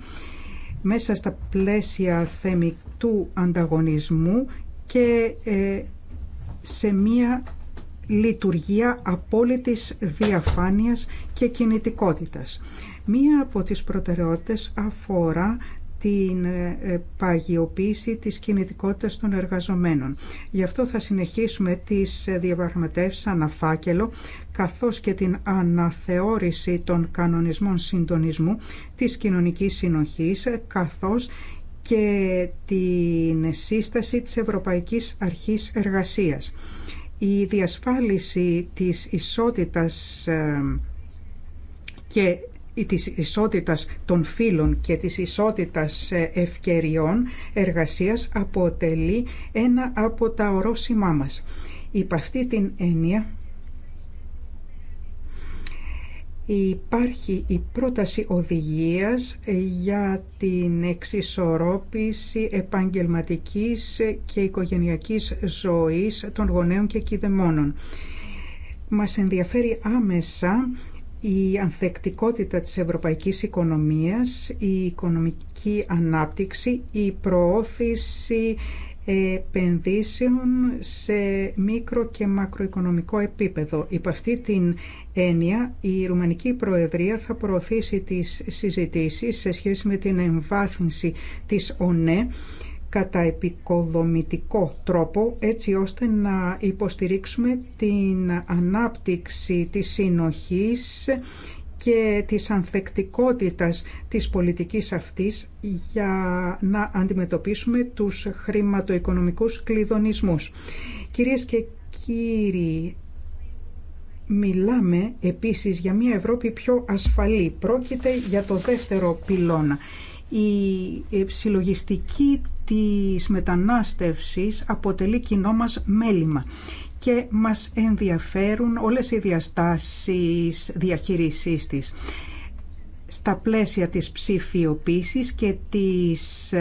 μέσα στα πλαίσια θεμικά του ανταγωνισμού και ε, σε μία λειτουργία απόλυτης διαφάνειας και κινητικότητας. Μία από τις προτεραιότητες αφορά την ε, ε, παγιοποίηση της κινητικότητας των εργαζομένων. Γι' αυτό θα συνεχίσουμε τις διαπραγματεύσεις αναφάκελο καθώς και την αναθεώρηση των κανονισμών συντονισμού της κοινωνικής συνοχής καθώς και την σύσταση της Ευρωπαϊκής Αρχής Εργασίας. Η διασφάλιση της ισότητας ε, και της ισότητας των φύλων και της ισότητας ε, ευκαιριών εργασίας αποτελεί ένα από τα ορόσημά μας. Υπ' αυτή την έννοια Υπάρχει η πρόταση οδηγίας ε, για την εξισορρόπηση επαγγελματικής και οικογενειακής ζωής των γονέων και κηδεμόνων. Μας ενδιαφέρει άμεσα η ανθεκτικότητα της ευρωπαϊκής οικονομίας, η οικονομική ανάπτυξη, η προώθηση επενδύσεων σε μικρο και μακροοικονομικό επίπεδο. Υπ' αυτή την έννοια η Ρουμανική Προεδρία θα προωθήσει τις συζητήσεις σε σχέση με την εμβάθυνση της ΟΝΕ κατά επικοδομητικό τρόπο έτσι ώστε να υποστηρίξουμε την ανάπτυξη της συνοχής και της ανθεκτικότητας της πολιτικής αυτής για να αντιμετωπίσουμε τους χρηματοοικονομικούς κλειδονισμούς. Κυρίες και κύριοι, μιλάμε επίσης για μια Ευρώπη πιο ασφαλή. Πρόκειται για το δεύτερο πυλώνα. Η συλλογιστική της μετανάστευσης αποτελεί κοινό μας μέλημα και μας ενδιαφέρουν όλες οι διαστάσεις διαχείρισής της στα πλαίσια της ψηφιοποίησης και της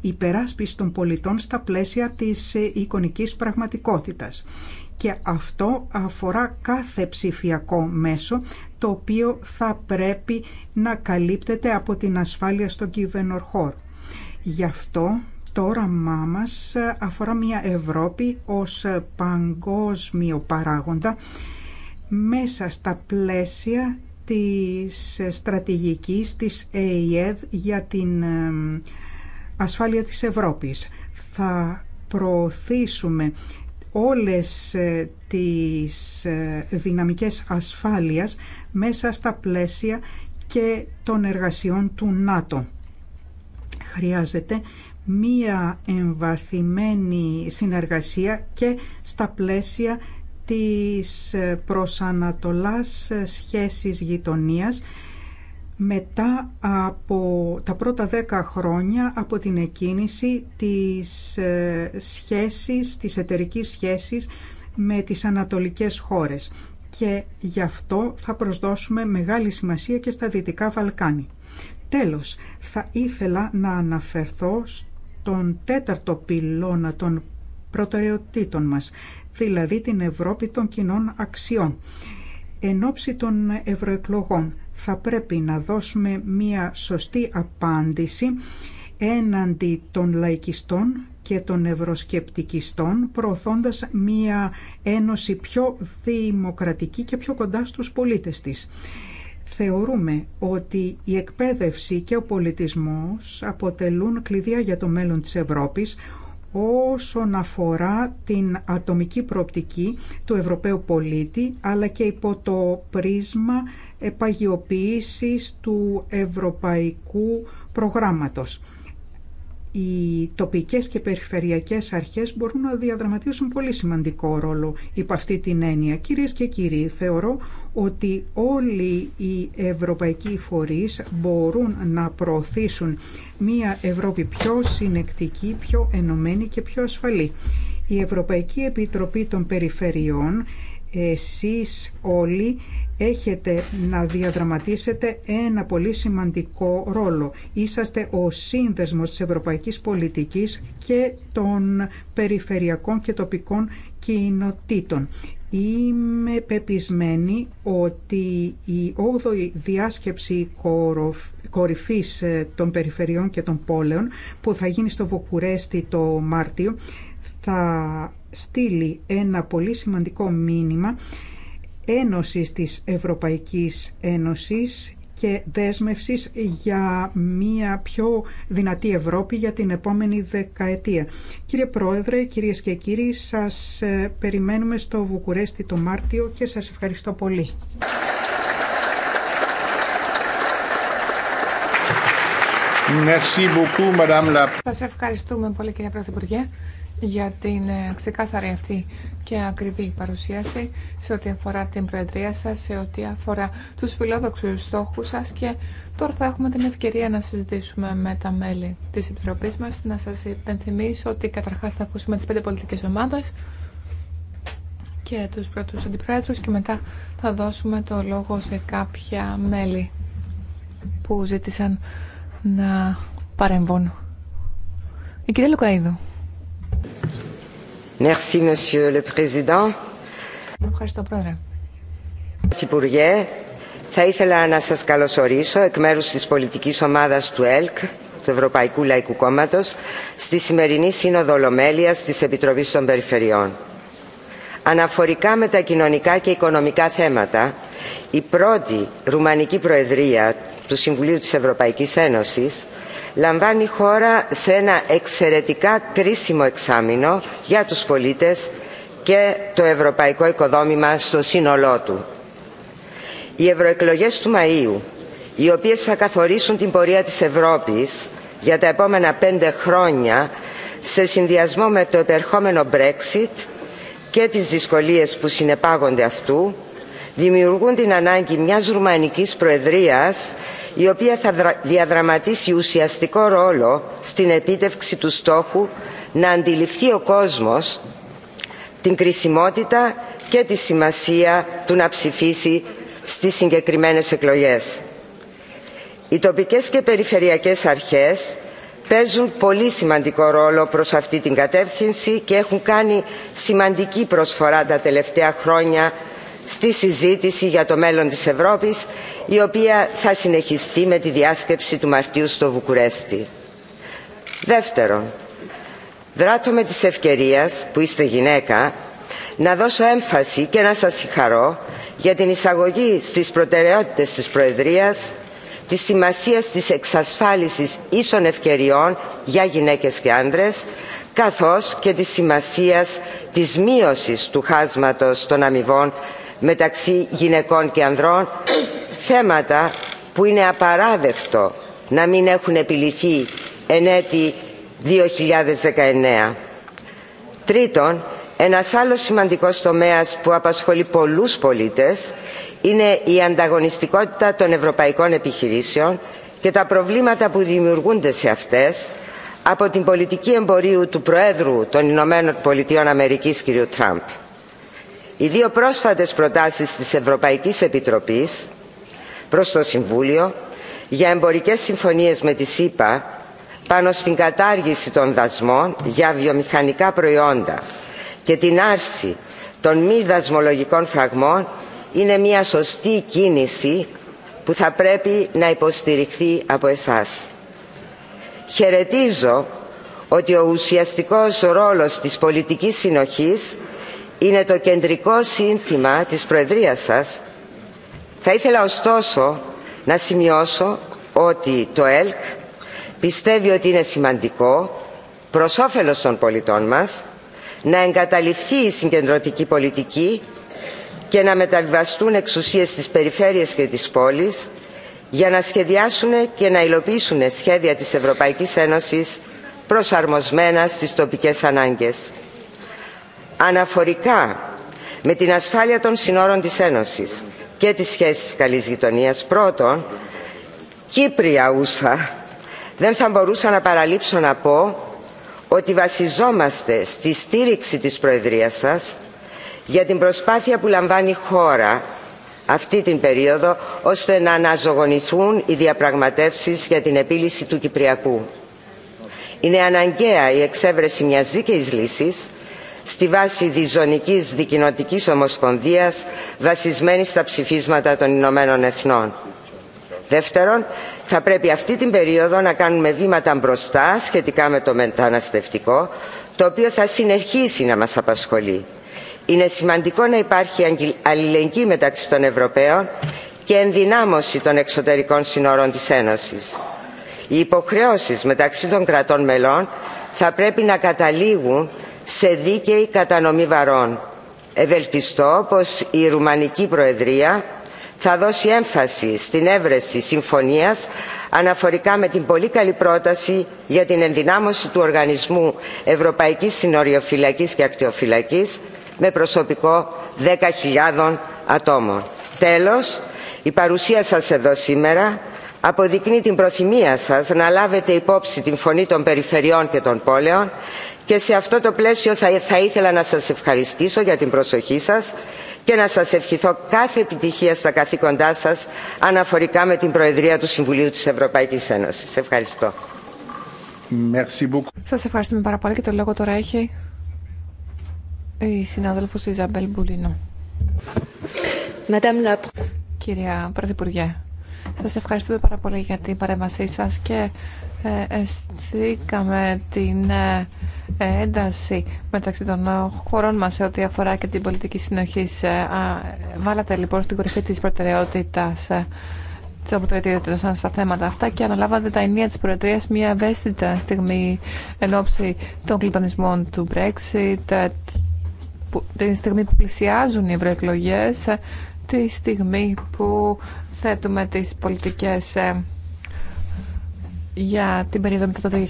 υπεράσπισης των πολιτών στα πλαίσια της ε, εικονικής πραγματικότητας. Και αυτό αφορά κάθε ψηφιακό μέσο το οποίο θα πρέπει να καλύπτεται από την ασφάλεια στον κυβερνοχώρο. Γι' αυτό το όραμά μας αφορά μια Ευρώπη ως παγκόσμιο παράγοντα μέσα στα πλαίσια της στρατηγικής της ΕΕΔ για την ε, ασφάλεια της Ευρώπης. Θα προωθήσουμε όλες ε, τις ε, δυναμικές ασφάλειας μέσα στα πλαίσια και των εργασιών του ΝΑΤΟ. Χρειάζεται μία εμβαθυμένη συνεργασία και στα πλαίσια της προσανατολάς σχέσης γειτονίας μετά από τα πρώτα δέκα χρόνια από την εκκίνηση της ε, σχέσης, της εταιρικής σχέσης με τις ανατολικές χώρες και γι' αυτό θα προσδώσουμε μεγάλη σημασία και στα Δυτικά Βαλκάνη. Τέλος, θα ήθελα να αναφερθώ στο τον τέταρτο πυλώνα των προτεραιοτήτων μας, δηλαδή την Ευρώπη των κοινών αξιών. Εν των ευρωεκλογών θα πρέπει να δώσουμε μία σωστή απάντηση έναντι των λαϊκιστών και των ευρωσκεπτικιστών, προωθώντας μία ένωση πιο δημοκρατική και πιο κοντά στους πολίτες της. Θεωρούμε ότι η εκπαίδευση και ο πολιτισμός αποτελούν κλειδιά για το μέλλον της Ευρώπης όσον αφορά την ατομική προοπτική του Ευρωπαίου πολίτη αλλά και υπό το πρίσμα επαγιοποίησης του ευρωπαϊκού προγράμματος οι τοπικές και περιφερειακές αρχές μπορούν να διαδραματίσουν πολύ σημαντικό ρόλο υπό αυτή την έννοια. Κυρίες και κύριοι, θεωρώ ότι όλοι οι ευρωπαϊκοί φορείς μπορούν να προωθήσουν μια Ευρώπη πιο συνεκτική, πιο ενωμένη και πιο ασφαλή. Η Ευρωπαϊκή Επιτροπή των Περιφερειών εσείς όλοι έχετε να διαδραματίσετε ένα πολύ σημαντικό ρόλο. Είσαστε ο σύνδεσμος της ευρωπαϊκής πολιτικής και των περιφερειακών και τοπικών κοινοτήτων. Είμαι πεπισμένη ότι η 8η διάσκεψη κορυφής ε, των περιφερειών και των πόλεων που θα γίνει στο Βουκουρέστι το Μάρτιο θα στείλει ένα πολύ σημαντικό μήνυμα ένωσης της Ευρωπαϊκής Ένωσης και δέσμευσης για μια πιο δυνατή Ευρώπη για την επόμενη δεκαετία. Κύριε Πρόεδρε, κυρίες και κύριοι, σας ε, περιμένουμε στο Βουκουρέστι το Μάρτιο και σας ευχαριστώ πολύ. Merci Σας ευχαριστούμε πολύ, κύριε Πρωθυπουργέ για την ε, ξεκάθαρη αυτή και ακριβή παρουσίαση σε ό,τι αφορά την Προεδρία σας, σε ό,τι αφορά τους φιλόδοξους στόχους σας και τώρα θα έχουμε την ευκαιρία να συζητήσουμε με τα μέλη της Επιτροπής μας. Να σας υπενθυμίσω ότι καταρχάς θα ακούσουμε τις πέντε πολιτικές ομάδες και τους πρώτους αντιπρόεδρους και μετά θα δώσουμε το λόγο σε κάποια μέλη που ζήτησαν να παρεμβούν. Η κυρία Λουκαίδου. Merci, Monsieur le Président. Υπουργέ, θα ήθελα να σας καλωσορίσω εκ μέρους της πολιτικής ομάδας του ΕΛΚ, του Ευρωπαϊκού Λαϊκού Κόμματος, στη σημερινή Σύνοδο Ολομέλειας της Επιτροπής των Περιφερειών. Αναφορικά με τα κοινωνικά και οικονομικά θέματα, η πρώτη Ρουμανική Προεδρία του Συμβουλίου της Ευρωπαϊκής Ένωσης λαμβάνει η χώρα σε ένα εξαιρετικά κρίσιμο εξάμεινο για τους πολίτες και το ευρωπαϊκό οικοδόμημα στο σύνολό του. Οι ευρωεκλογές του Μαΐου, οι οποίες θα καθορίσουν την πορεία της Ευρώπης για τα επόμενα πέντε χρόνια σε συνδυασμό με το επερχόμενο Brexit και τις δυσκολίες που συνεπάγονται αυτού δημιουργούν την ανάγκη μιας ρουμανικής προεδρίας η οποία θα διαδραματίσει ουσιαστικό ρόλο στην επίτευξη του στόχου να αντιληφθεί ο κόσμος την κρισιμότητα και τη σημασία του να ψηφίσει στις συγκεκριμένες εκλογές. Οι τοπικές και περιφερειακές αρχές παίζουν πολύ σημαντικό ρόλο προς αυτή την κατεύθυνση και έχουν κάνει σημαντική προσφορά τα τελευταία χρόνια στη συζήτηση για το μέλλον της Ευρώπης, η οποία θα συνεχιστεί με τη διάσκεψη του Μαρτίου στο Βουκουρέστι. Δεύτερον, δράτω με της ευκαιρίας που είστε γυναίκα να δώσω έμφαση και να σας συγχαρώ για την εισαγωγή στις προτεραιότητες της Προεδρίας τη σημασία της εξασφάλισης ίσων ευκαιριών για γυναίκες και άντρες καθώς και της σημασίας της μείωσης του χάσματος των αμοιβών μεταξύ γυναικών και ανδρών θέματα που είναι απαράδεκτο να μην έχουν επιληθεί εν έτη 2019. Τρίτον, ένας άλλος σημαντικός τομέας που απασχολεί πολλούς πολίτες είναι η ανταγωνιστικότητα των ευρωπαϊκών επιχειρήσεων και τα προβλήματα που δημιουργούνται σε αυτές από την πολιτική εμπορίου του Προέδρου των Ηνωμένων Πολιτειών Αμερικής κ. Τραμπ οι δύο πρόσφατες προτάσεις της Ευρωπαϊκής Επιτροπής προς το Συμβούλιο για εμπορικές συμφωνίες με τη ΣΥΠΑ πάνω στην κατάργηση των δασμών για βιομηχανικά προϊόντα και την άρση των μη δασμολογικών φραγμών είναι μια σωστή κίνηση που θα πρέπει να υποστηριχθεί από εσάς. Χαιρετίζω ότι ο ουσιαστικός ρόλος της πολιτικής συνοχής είναι το κεντρικό σύνθημα της Προεδρίας σας. Θα ήθελα ωστόσο να σημειώσω ότι το ΕΛΚ πιστεύει ότι είναι σημαντικό προς όφελος των πολιτών μας να εγκαταληφθεί η συγκεντρωτική πολιτική και να μεταβιβαστούν εξουσίες στις περιφέρειες και τις πόλεις για να σχεδιάσουν και να υλοποιήσουν σχέδια της Ευρωπαϊκής Ένωσης προσαρμοσμένα στις τοπικές ανάγκες αναφορικά με την ασφάλεια των συνόρων της Ένωσης και τις σχέσεις καλής γειτονίας πρώτον Κύπρια ούσα δεν θα μπορούσα να παραλείψω να πω ότι βασιζόμαστε στη στήριξη της Προεδρίας σας για την προσπάθεια που λαμβάνει η χώρα αυτή την περίοδο ώστε να αναζωογονηθούν οι διαπραγματεύσεις για την επίλυση του Κυπριακού. Είναι αναγκαία η εξέβρεση μιας δίκαιης λύσης στη βάση της Ζωνικής Δικοινοτικής Ομοσπονδίας βασισμένη στα ψηφίσματα των Ηνωμένων Εθνών. Δεύτερον, θα πρέπει αυτή την περίοδο να κάνουμε βήματα μπροστά σχετικά με το μεταναστευτικό, το οποίο θα συνεχίσει να μας απασχολεί. Είναι σημαντικό να υπάρχει αλληλεγγύη μεταξύ των Ευρωπαίων και ενδυνάμωση των εξωτερικών συνόρων της Ένωσης. Οι υποχρεώσεις μεταξύ των κρατών μελών θα πρέπει να καταλήγουν σε δίκαιη κατανομή βαρών. Ευελπιστώ πως η Ρουμανική Προεδρία θα δώσει έμφαση στην έβρεση συμφωνίας αναφορικά με την πολύ καλή πρόταση για την ενδυνάμωση του Οργανισμού Ευρωπαϊκής Συνοριοφυλακής και Ακτιοφυλακής με προσωπικό 10.000 ατόμων. Τέλος, η παρουσία σας εδώ σήμερα αποδεικνύει την προθυμία σας να λάβετε υπόψη την φωνή των περιφερειών και των πόλεων και σε αυτό το πλαίσιο θα, θα ήθελα να σας ευχαριστήσω για την προσοχή σας και να σας ευχηθώ κάθε επιτυχία στα καθήκοντά σας αναφορικά με την Προεδρία του Συμβουλίου της Ευρωπαϊκής Ένωσης. Ευχαριστώ. Σας ευχαριστούμε πάρα πολύ και το λόγο τώρα έχει η συνάδελφος Ιζαμπέλ Μπουλινό. Κυρία Πρωθυπουργέ, σας ευχαριστούμε πάρα πολύ για την παρέμβασή σας και ε, αισθήκαμε την ε, ένταση μεταξύ των χωρών μας σε ό,τι αφορά και την πολιτική συνοχή. Βάλατε λοιπόν στην κορυφή της προτεραιότητας ε, το προτεραιότητα στα θέματα αυτά και αναλάβατε τα ενία της Προεδρίας μια ευαίσθητα στιγμή εν ώψη των κλειπανισμών του Brexit, ε, την στιγμή που πλησιάζουν οι ευρωεκλογέ, ε, τη στιγμή που θέτουμε τις πολιτικές για την περίοδο μετά το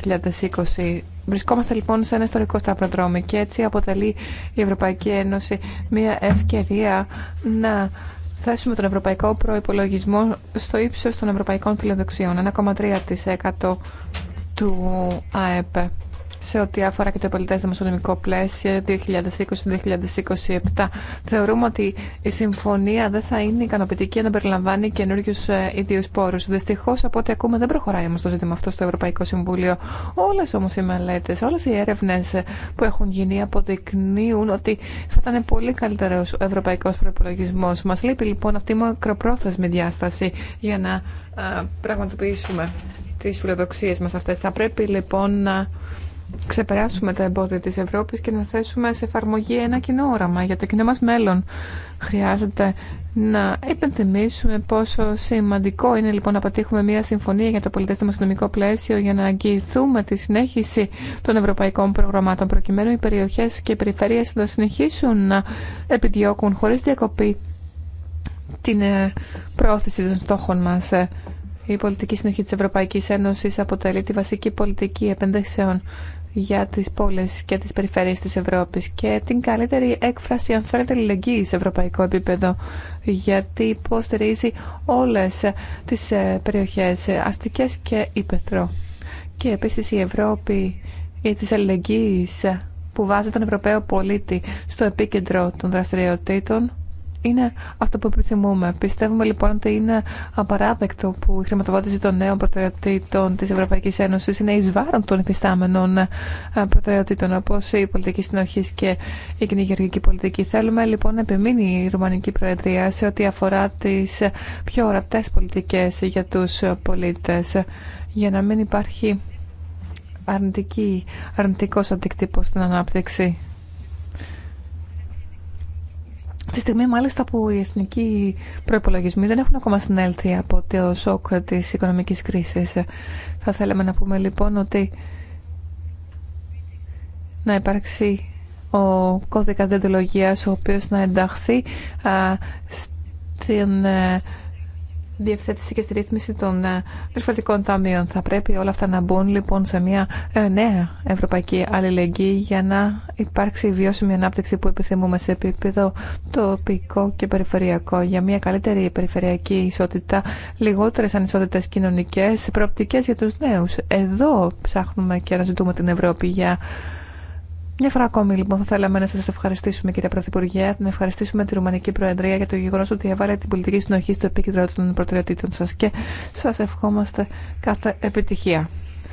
2020. Βρισκόμαστε λοιπόν σε ένα ιστορικό σταυροδρόμι και έτσι αποτελεί η Ευρωπαϊκή Ένωση μια ευκαιρία να θέσουμε τον ευρωπαϊκό προϋπολογισμό στο ύψος των ευρωπαϊκών φιλοδοξιών, 1,3% του ΑΕΠ σε ό,τι αφορά και το πολιτέ δημοσιονομικό πλαίσιο 2020-2027. Θεωρούμε ότι η συμφωνία δεν θα είναι ικανοποιητική να περιλαμβάνει καινούριου ε, ίδιου πόρου. Δυστυχώ, από ό,τι ακούμε, δεν προχωράει όμω το ζήτημα αυτό στο Ευρωπαϊκό Συμβούλιο. Όλε όμω οι μελέτε, όλε οι έρευνε που έχουν γίνει αποδεικνύουν ότι θα ήταν πολύ καλύτερο ο ευρωπαϊκό προπολογισμό. Μα λείπει λοιπόν αυτή η μακροπρόθεσμη διάσταση για να ε, πραγματοποιήσουμε τις φιλοδοξίες μας αυτές. Θα πρέπει λοιπόν να ξεπεράσουμε τα εμπόδια της Ευρώπης και να θέσουμε σε εφαρμογή ένα κοινό όραμα για το κοινό μας μέλλον. Χρειάζεται να υπενθυμίσουμε πόσο σημαντικό είναι λοιπόν να πετύχουμε μια συμφωνία για το πολιτές οικονομικό πλαίσιο για να αγγιηθούμε τη συνέχιση των ευρωπαϊκών προγραμμάτων προκειμένου οι περιοχές και οι περιφέρειες να συνεχίσουν να επιδιώκουν χωρίς διακοπή την ε, πρόθεση των στόχων μας. Η πολιτική συνοχή της Ευρωπαϊκής Ένωσης αποτελεί τη βασική πολιτική επενδύσεων για τις πόλεις και τις περιφέρειες της Ευρώπης και την καλύτερη έκφραση αν θέλετε σε ευρωπαϊκό επίπεδο γιατί υποστηρίζει όλες τις ε, περιοχές ε, αστικές και υπεθρό. Και επίσης η Ευρώπη ή της αλληλεγγύης που βάζει τον Ευρωπαίο πολίτη στο επίκεντρο των δραστηριοτήτων είναι αυτό που επιθυμούμε. Πιστεύουμε λοιπόν ότι είναι απαράδεκτο που η χρηματοδότηση των νέων προτεραιοτήτων τη Ευρωπαϊκή Ένωση, είναι ει βάρον των υφιστάμενων ε, προτεραιοτήτων όπω η πολιτική συνοχή και η κοινή γεωργική πολιτική. Θέλουμε λοιπόν να επιμείνει η Ρουμανική Προεδρία σε ό,τι αφορά τι πιο ορατέ πολιτικέ για του πολίτε, για να μην υπάρχει αρνητικό αρνητικός στην ανάπτυξη. Τη στιγμή μάλιστα που οι εθνικοί προπολογισμοί δεν έχουν ακόμα συνέλθει από το σοκ της οικονομικής κρίσης. Θα θέλαμε να πούμε λοιπόν ότι να υπάρξει ο κώδικας διοντολογίας ο οποίος να ενταχθεί στην ε, διευθέτηση και στη ρύθμιση των ε, περιφερειακών ταμείων. Θα πρέπει όλα αυτά να μπουν λοιπόν σε μια ε, νέα ευρωπαϊκή αλληλεγγύη για να υπάρξει βιώσιμη ανάπτυξη που επιθυμούμε σε επίπεδο τοπικό και περιφερειακό για μια καλύτερη περιφερειακή ισότητα, λιγότερες ανισότητες κοινωνικές, προοπτικέ για του νέου. Εδώ ψάχνουμε και αναζητούμε την Ευρώπη για μια φορά ακόμη, λοιπόν, θα θέλαμε να σα ευχαριστήσουμε, κύριε Πρωθυπουργέ, να ευχαριστήσουμε τη Ρουμανική Προεδρία για το γεγονό ότι έβαλε την πολιτική συνοχή στο επίκεντρο των προτεραιοτήτων σα και σα ευχόμαστε κάθε επιτυχία.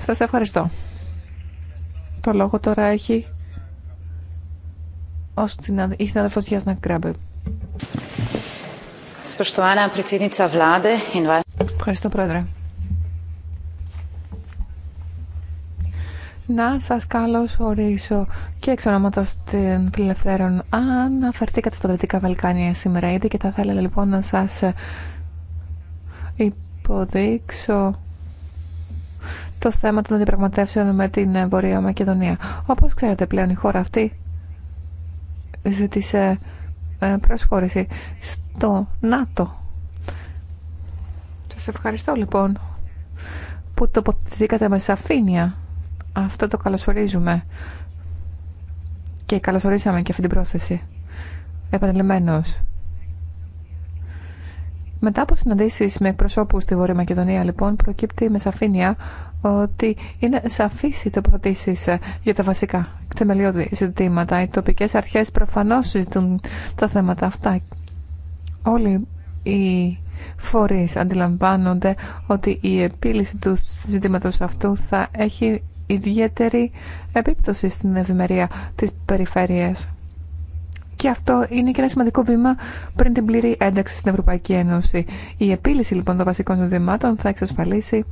Σα ευχαριστώ. Το λόγο τώρα έχει την συνάδελφο Γιάννα Κράμπε. Ευχαριστώ, Πρόεδρε. να σας καλωσορίσω και εξ ονόματος των φιλελευθέρων αναφερθήκατε στα Δυτικά Βαλκάνια σήμερα ήδη και θα ήθελα λοιπόν να σας υποδείξω το θέμα των διαπραγματεύσεων με την Βορεια Μακεδονία. Όπως ξέρετε πλέον η χώρα αυτή ζήτησε ε, προσχώρηση στο ΝΑΤΟ. Σας ευχαριστώ λοιπόν που τοποθετηθήκατε με σαφήνεια αυτό το καλωσορίζουμε. Και καλωσορίσαμε και αυτή την πρόθεση. Επανελειμμένως. Μετά από συναντήσεις με εκπροσώπους στη Βόρεια Μακεδονία, λοιπόν, προκύπτει με σαφήνεια ότι είναι σαφής οι τοποθετήσεις ε, για τα βασικά θεμελιώδη ζητήματα. Οι τοπικές αρχές προφανώς συζητούν τα θέματα αυτά. Όλοι οι φορείς αντιλαμβάνονται ότι η επίλυση του ζητήματος αυτού θα έχει ιδιαίτερη επίπτωση στην ευημερία της περιφέρειας. Και αυτό είναι και ένα σημαντικό βήμα πριν την πλήρη ένταξη στην Ευρωπαϊκή Ένωση. Η επίλυση λοιπόν των βασικών ζητημάτων θα εξασφαλίσει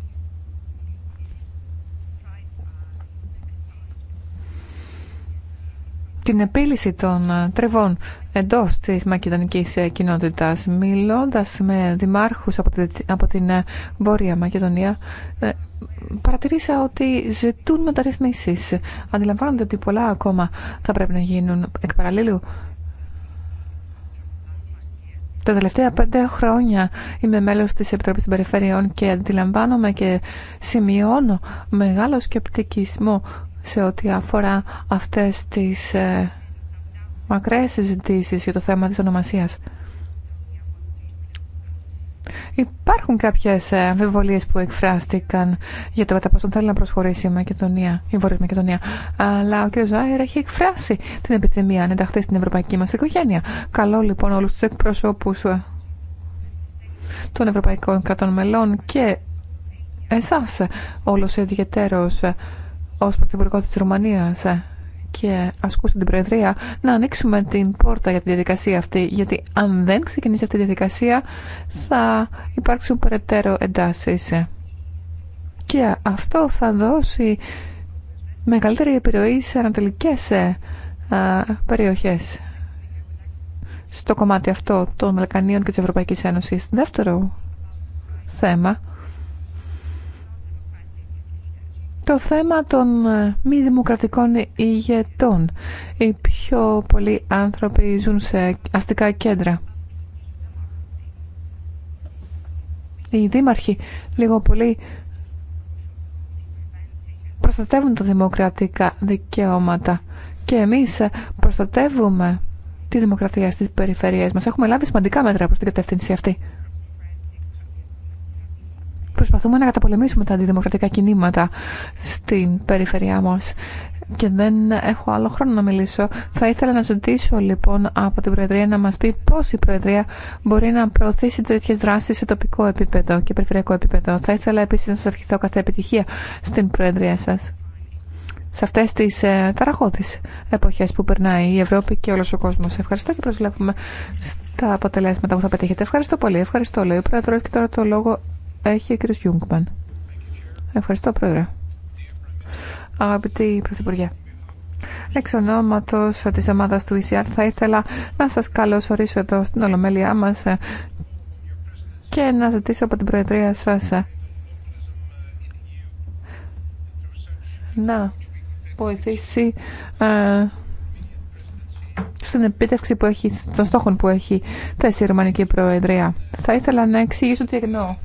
την επίλυση των ε, τρεβών εντός της μακεδονικής ε, κοινότητας. Μιλώντας με δημάρχους από την ε, Βόρεια Μακεδονία, παρατηρήσα ότι ζητούν μεταρρυθμίσεις. Αντιλαμβάνονται ότι πολλά ακόμα θα πρέπει να γίνουν εκ παραλλήλου. Τα τελευταία πέντε χρόνια είμαι μέλος της Επιτροπής των Περιφερειών και αντιλαμβάνομαι και σημειώνω μεγάλο σκεπτικισμό σε ό,τι αφορά αυτές τις ε, μακρές συζητήσεις για το θέμα της ονομασίας. Υπάρχουν κάποιες ε, αμφιβολίες που εκφράστηκαν για το κατά πόσο θέλει να προσχωρήσει η Μακεδονία, η Βόρεια Μακεδονία. Αλλά ο κ. Ζάιρ έχει εκφράσει την επιθυμία να ενταχθεί στην ευρωπαϊκή μας οικογένεια. Καλό λοιπόν όλους τους εκπροσώπους ε, των ευρωπαϊκών κρατών μελών και εσάς ε, όλος ιδιαίτερος ω Πρωθυπουργό τη Ρουμανία. Ε, και ασκούσε την Προεδρία να ανοίξουμε την πόρτα για τη διαδικασία αυτή γιατί αν δεν ξεκινήσει αυτή η διαδικασία θα υπάρξουν περαιτέρω εντάσεις ε. και αυτό θα δώσει μεγαλύτερη επιρροή σε ανατελικές ε, περιοχές στο κομμάτι αυτό των Μαλκανίων και της Ευρωπαϊκής Ένωσης. Δεύτερο θέμα το θέμα των ε, μη δημοκρατικών ηγετών. Οι πιο πολλοί άνθρωποι ζουν σε αστικά κέντρα. Οι δήμαρχοι λίγο πολύ προστατεύουν τα δημοκρατικά δικαιώματα και εμείς ε, προστατεύουμε τη δημοκρατία στις περιφερειές μας. Έχουμε λάβει σημαντικά μέτρα προς την κατεύθυνση αυτή προσπαθούμε να καταπολεμήσουμε τα αντιδημοκρατικά κινήματα στην περιφερειά μας και δεν έχω άλλο χρόνο να μιλήσω. Θα ήθελα να ζητήσω λοιπόν από την Προεδρία να μας πει πώς η Προεδρία μπορεί να προωθήσει τέτοιες δράσεις σε τοπικό επίπεδο και περιφερειακό επίπεδο. Θα ήθελα επίσης να σας ευχηθώ κάθε επιτυχία στην Προεδρία σας. Σε αυτές τις ε, ταραχώδεις εποχές που περνάει η Ευρώπη και όλος ο κόσμος. Ευχαριστώ και προσβλέπουμε στα αποτελέσματα που θα πετύχετε. Ευχαριστώ πολύ. Ευχαριστώ λέει ο τώρα το λόγο έχει ο κ. Γιούγκμαν. Ευχαριστώ, Πρόεδρε. Αγαπητοί Πρωθυπουργέ. Εξ ονόματος της ομάδας του ECR θα ήθελα να σας καλωσορίσω εδώ στην Ολομέλειά μας και να ζητήσω από την Προεδρία σας να βοηθήσει ε, στην επίτευξη που έχει, των στόχων που έχει θέσει η Ρουμανική Προεδρία. Θα ήθελα να εξηγήσω τι εννοώ.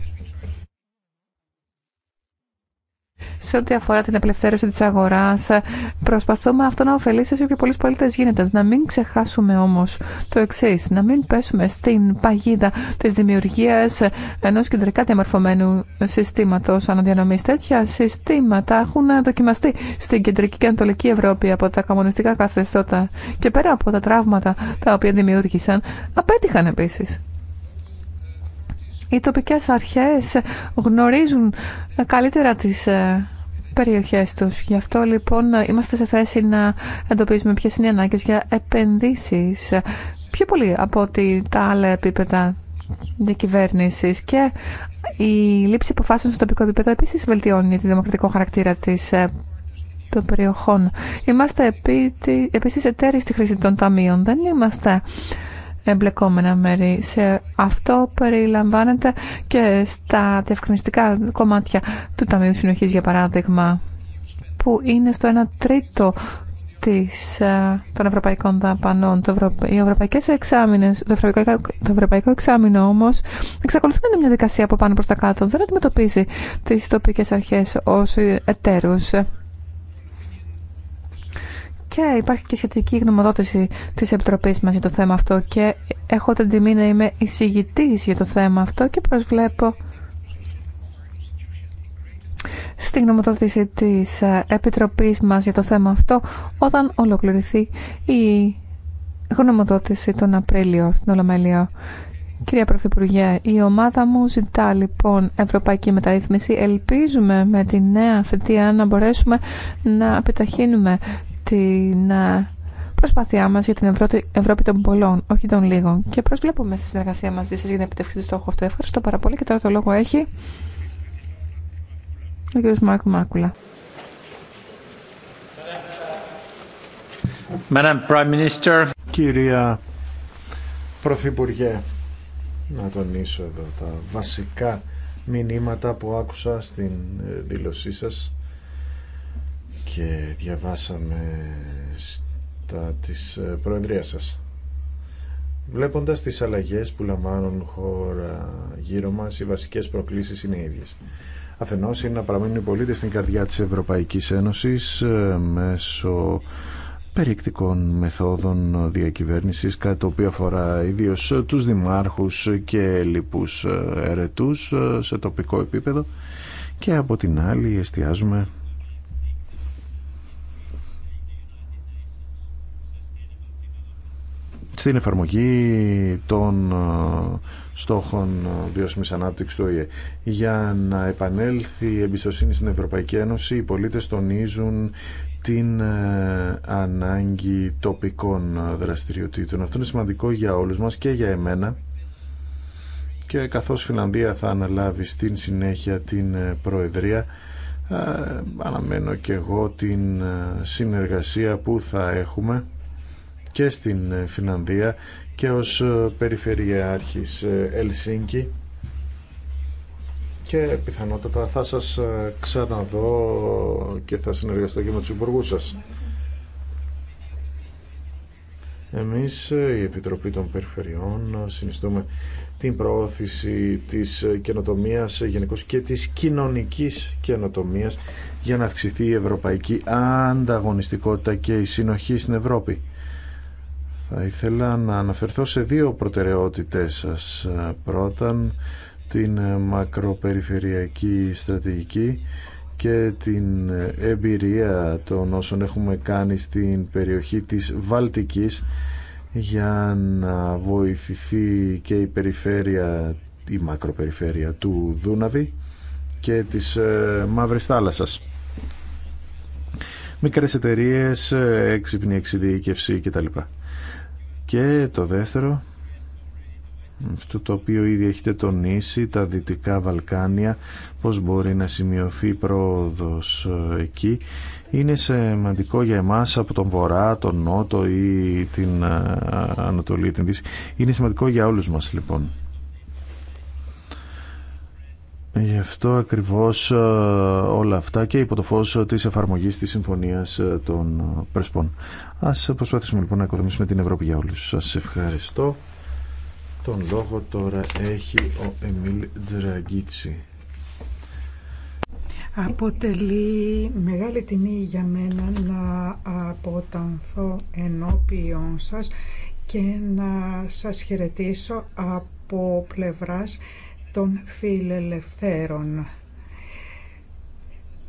σε ό,τι αφορά την απελευθέρωση τη αγορά, Προσπαθούμε αυτό να ωφελήσει όσο και πολλοί πολίτε γίνεται. Να μην ξεχάσουμε όμω το εξή, να μην πέσουμε στην παγίδα τη δημιουργία ενό κεντρικά διαμορφωμένου συστήματος αναδιανομής. Τέτοια συστήματα έχουν δοκιμαστεί στην κεντρική και ανατολική Ευρώπη από τα καμονιστικά καθεστώτα και πέρα από τα τραύματα τα οποία δημιούργησαν, απέτυχαν επίση οι τοπικές αρχές γνωρίζουν καλύτερα τις ε, περιοχές τους. Γι' αυτό λοιπόν είμαστε σε θέση να εντοπίζουμε ποιες είναι οι ανάγκες για επενδύσεις πιο πολύ από ότι τα άλλα επίπεδα διακυβέρνησης και η λήψη αποφάσεων στο τοπικό επίπεδο επίσης βελτιώνει τη δημοκρατικό χαρακτήρα της ε, των περιοχών. Είμαστε επίσης εταίροι στη χρήση των ταμείων. Δεν είμαστε εμπλεκόμενα μέρη. Σε αυτό περιλαμβάνεται και στα διευκρινιστικά κομμάτια του Ταμείου Συνοχής, για παράδειγμα, που είναι στο 1 τρίτο της, ε, των ευρωπαϊκών δαπανών. Το, οι ευρωπαϊκές εξάμεινες, το, ευρωπαϊκό, το ευρωπαϊκό εξάμεινο όμως εξακολουθεί να είναι μια δικασία από πάνω προς τα κάτω. Δεν αντιμετωπίζει τις τοπικές αρχές ως εταίρους. Και υπάρχει και σχετική γνωμοδότηση τη Επιτροπή μα για το θέμα αυτό. Και έχω την τιμή να είμαι εισηγητή για το θέμα αυτό και προσβλέπω στη γνωμοδότηση τη ε, Επιτροπή μα για το θέμα αυτό όταν ολοκληρωθεί η γνωμοδότηση τον Απρίλιο στην Ολομέλεια. Κυρία Πρωθυπουργέ, η ομάδα μου ζητά λοιπόν ευρωπαϊκή μεταρρύθμιση. Ελπίζουμε με τη νέα φετιά να μπορέσουμε να επιταχύνουμε την ε, προσπάθειά μας για την Ευρώπη, Ευρώπη των πολλών, όχι των λίγων. Και προσβλέπουμε στη συνεργασία μαζί σας για την επιτευχή του στόχου αυτό. Ευχαριστώ πάρα πολύ και τώρα το λόγο έχει ο κ. Μάρκο Μάκουλα. Κυρία Πρωθυπουργέ, να τονίσω εδώ τα βασικά μηνύματα που άκουσα στην ε, δήλωσή σας και διαβάσαμε στα της ε, Προεδρίας σας. Βλέποντας τις αλλαγές που λαμβάνουν χώρα γύρω μας, οι βασικές προκλήσεις είναι οι ίδιες. Αφενός είναι να παραμείνουν οι πολίτες στην καρδιά της Ευρωπαϊκής Ένωσης ε, μέσω περιεκτικών μεθόδων διακυβέρνησης κάτι το οποίο αφορά ιδίως τους δημάρχους και λοιπούς ερετούς ε, σε τοπικό επίπεδο και από την άλλη εστιάζουμε στην εφαρμογή των ε, στόχων ε, βιώσιμη ανάπτυξη του ΟΗΕ. Για να επανέλθει η εμπιστοσύνη στην Ευρωπαϊκή Ένωση, οι πολίτες τονίζουν την ε, ανάγκη τοπικών δραστηριοτήτων. Αυτό είναι σημαντικό για όλους μας και για εμένα και καθώς Φιλανδία θα αναλάβει στην συνέχεια την Προεδρία αναμένω και εγώ την συνεργασία που θα έχουμε και στην ε, Φινανδία και ως ε, Περιφερειάρχης ε, Ελσίνκη και πιθανότατα θα σας ξαναδώ και θα συνεργαστώ και με τους υπουργούς σας. Εμείς, η Επιτροπή των Περιφερειών, συνιστούμε την προώθηση της καινοτομίας γενικώ και της κοινωνικής καινοτομίας για να αυξηθεί η ευρωπαϊκή ανταγωνιστικότητα και η συνοχή στην Ευρώπη. Θα ήθελα να αναφερθώ σε δύο προτεραιότητες σας. Πρώτα, την μακροπεριφερειακή στρατηγική και την εμπειρία των όσων έχουμε κάνει στην περιοχή της Βαλτικής για να βοηθηθεί και η περιφέρεια, η μακροπεριφέρεια του Δούναβη και της ε, Μαύρης Θάλασσας. Μικρές εταιρείες, έξυπνη εξειδίκευση κτλ. Και το δεύτερο, αυτό το οποίο ήδη έχετε τονίσει, τα Δυτικά Βαλκάνια, πώς μπορεί να σημειωθεί πρόοδος ε, εκεί, είναι σημαντικό για εμάς από τον Βορρά, τον Νότο ή την ε, Ανατολή, την Δύση. Είναι σημαντικό για όλους μας λοιπόν. Γι' αυτό ακριβώς ε, όλα αυτά και υπό το φως ε, της εφαρμογής της Συμφωνίας ε, των Πρεσπών. Ας προσπαθήσουμε λοιπόν να οικοδομήσουμε την Ευρώπη για όλους. Σας ευχαριστώ. Τον λόγο τώρα έχει ο Εμίλ Τζραγκίτσι. Αποτελεί μεγάλη τιμή για μένα να αποτανθώ ενώπιον σας και να σας χαιρετήσω από πλευράς των φιλελευθέρων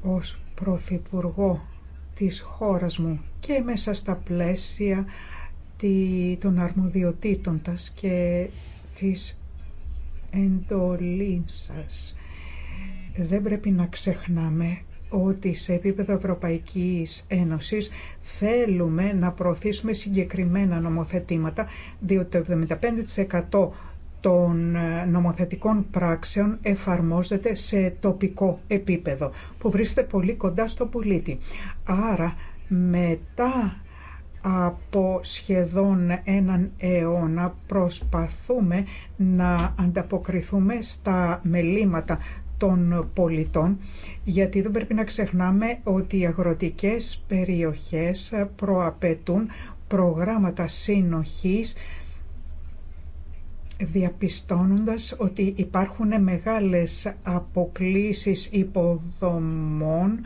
ως πρωθυπουργό της χώρας μου και μέσα στα πλαίσια των αρμοδιοτήτων τας και της εντολής σας. Δεν πρέπει να ξεχνάμε ότι σε επίπεδο Ευρωπαϊκής Ένωσης θέλουμε να προωθήσουμε συγκεκριμένα νομοθετήματα, διότι το 75% των ε, νομοθετικών πράξεων εφαρμόζεται σε τοπικό επίπεδο που βρίσκεται πολύ κοντά στο πολίτη. Άρα μετά από σχεδόν έναν αιώνα προσπαθούμε να ανταποκριθούμε στα μελήματα των πολιτών, γιατί δεν πρέπει να ξεχνάμε ότι οι αγροτικές περιοχές προαπαιτούν προγράμματα συνοχής διαπιστώνοντας ότι υπάρχουν μεγάλες αποκλίσεις υποδομών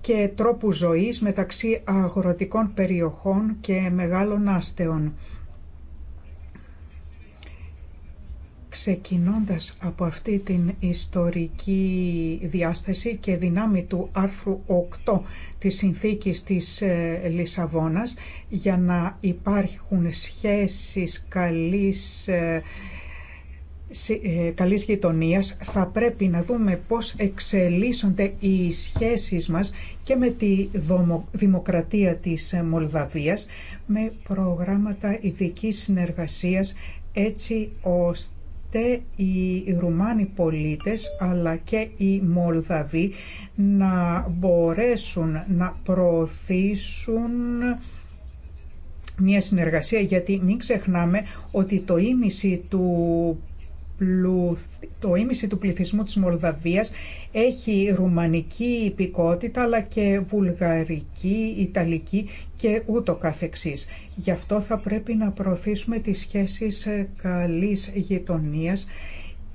και τρόπου ζωής μεταξύ αγροτικών περιοχών και μεγάλων άστεων. Ξεκινώντας από αυτή την ιστορική διάσταση και δυνάμει του άρθρου 8 της συνθήκης της ε, Λισαβόνας για να υπάρχουν σχέσεις καλής, ε, ε, καλής γειτονίας θα πρέπει να δούμε πώς εξελίσσονται οι σχέσεις μας και με τη δημοκρατία της Μολδαβίας με προγράμματα ειδικής συνεργασίας έτσι ώστε οι Ρουμάνοι πολίτες αλλά και οι Μολδαβοί να μπορέσουν να προωθήσουν μια συνεργασία γιατί μην ξεχνάμε ότι το ίμιση του το ίμιση του πληθυσμού της Μολδαβίας έχει ρουμανική υπηκότητα αλλά και βουλγαρική, ιταλική και ούτω καθεξής. Γι' αυτό θα πρέπει να προωθήσουμε τις σχέσεις ε, καλής γειτονίας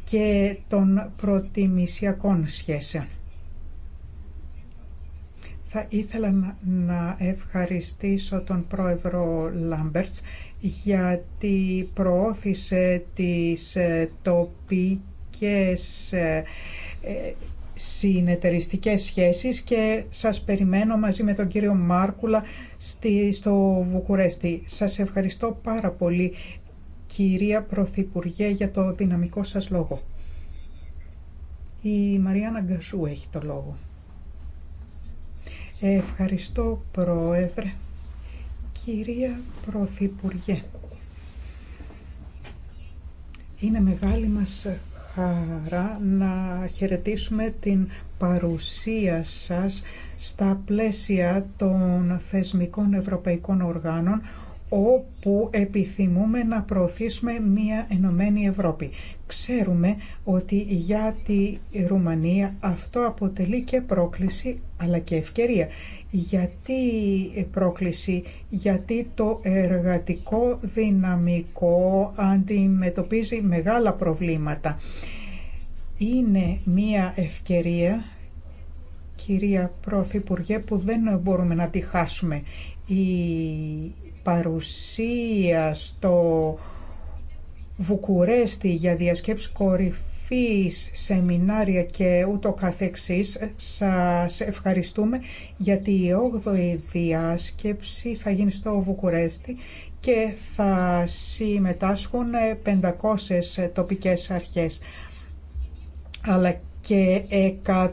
και των προτιμησιακών σχέσεων. Θα ήθελα να ευχαριστήσω τον πρόεδρο Λάμπερτς γιατί προώθησε τις ε, τοπικές ε, ε, συνεταιριστικές σχέσεις και σας περιμένω μαζί με τον κύριο Μάρκουλα στο Βουκουρέστι. Σας ευχαριστώ πάρα πολύ κυρία Πρωθυπουργέ για το δυναμικό σας λόγο. Η Μαριάννα Γκασού έχει το λόγο. Ευχαριστώ Πρόεδρε. Κυρία Πρωθυπουργέ, είναι μεγάλη μας χαρά να χαιρετήσουμε την παρουσία σας στα πλαίσια των θεσμικών ευρωπαϊκών οργάνων όπου επιθυμούμε να προωθήσουμε μια Ενωμένη Ευρώπη. Ξέρουμε ότι για τη Ρουμανία αυτό αποτελεί και πρόκληση αλλά και ευκαιρία. Γιατί πρόκληση, γιατί το εργατικό δυναμικό αντιμετωπίζει μεγάλα προβλήματα. Είναι μια ευκαιρία, κυρία Πρωθυπουργέ, που δεν μπορούμε να τη χάσουμε. Η παρουσία στο Βουκουρέστι για διασκέψεις κορυφής, σεμινάρια και ούτω καθεξής. Σας ευχαριστούμε γιατί η 8η διάσκεψη θα γίνει στο Βουκουρέστι και θα συμμετάσχουν 500 τοπικές αρχές αλλά και 100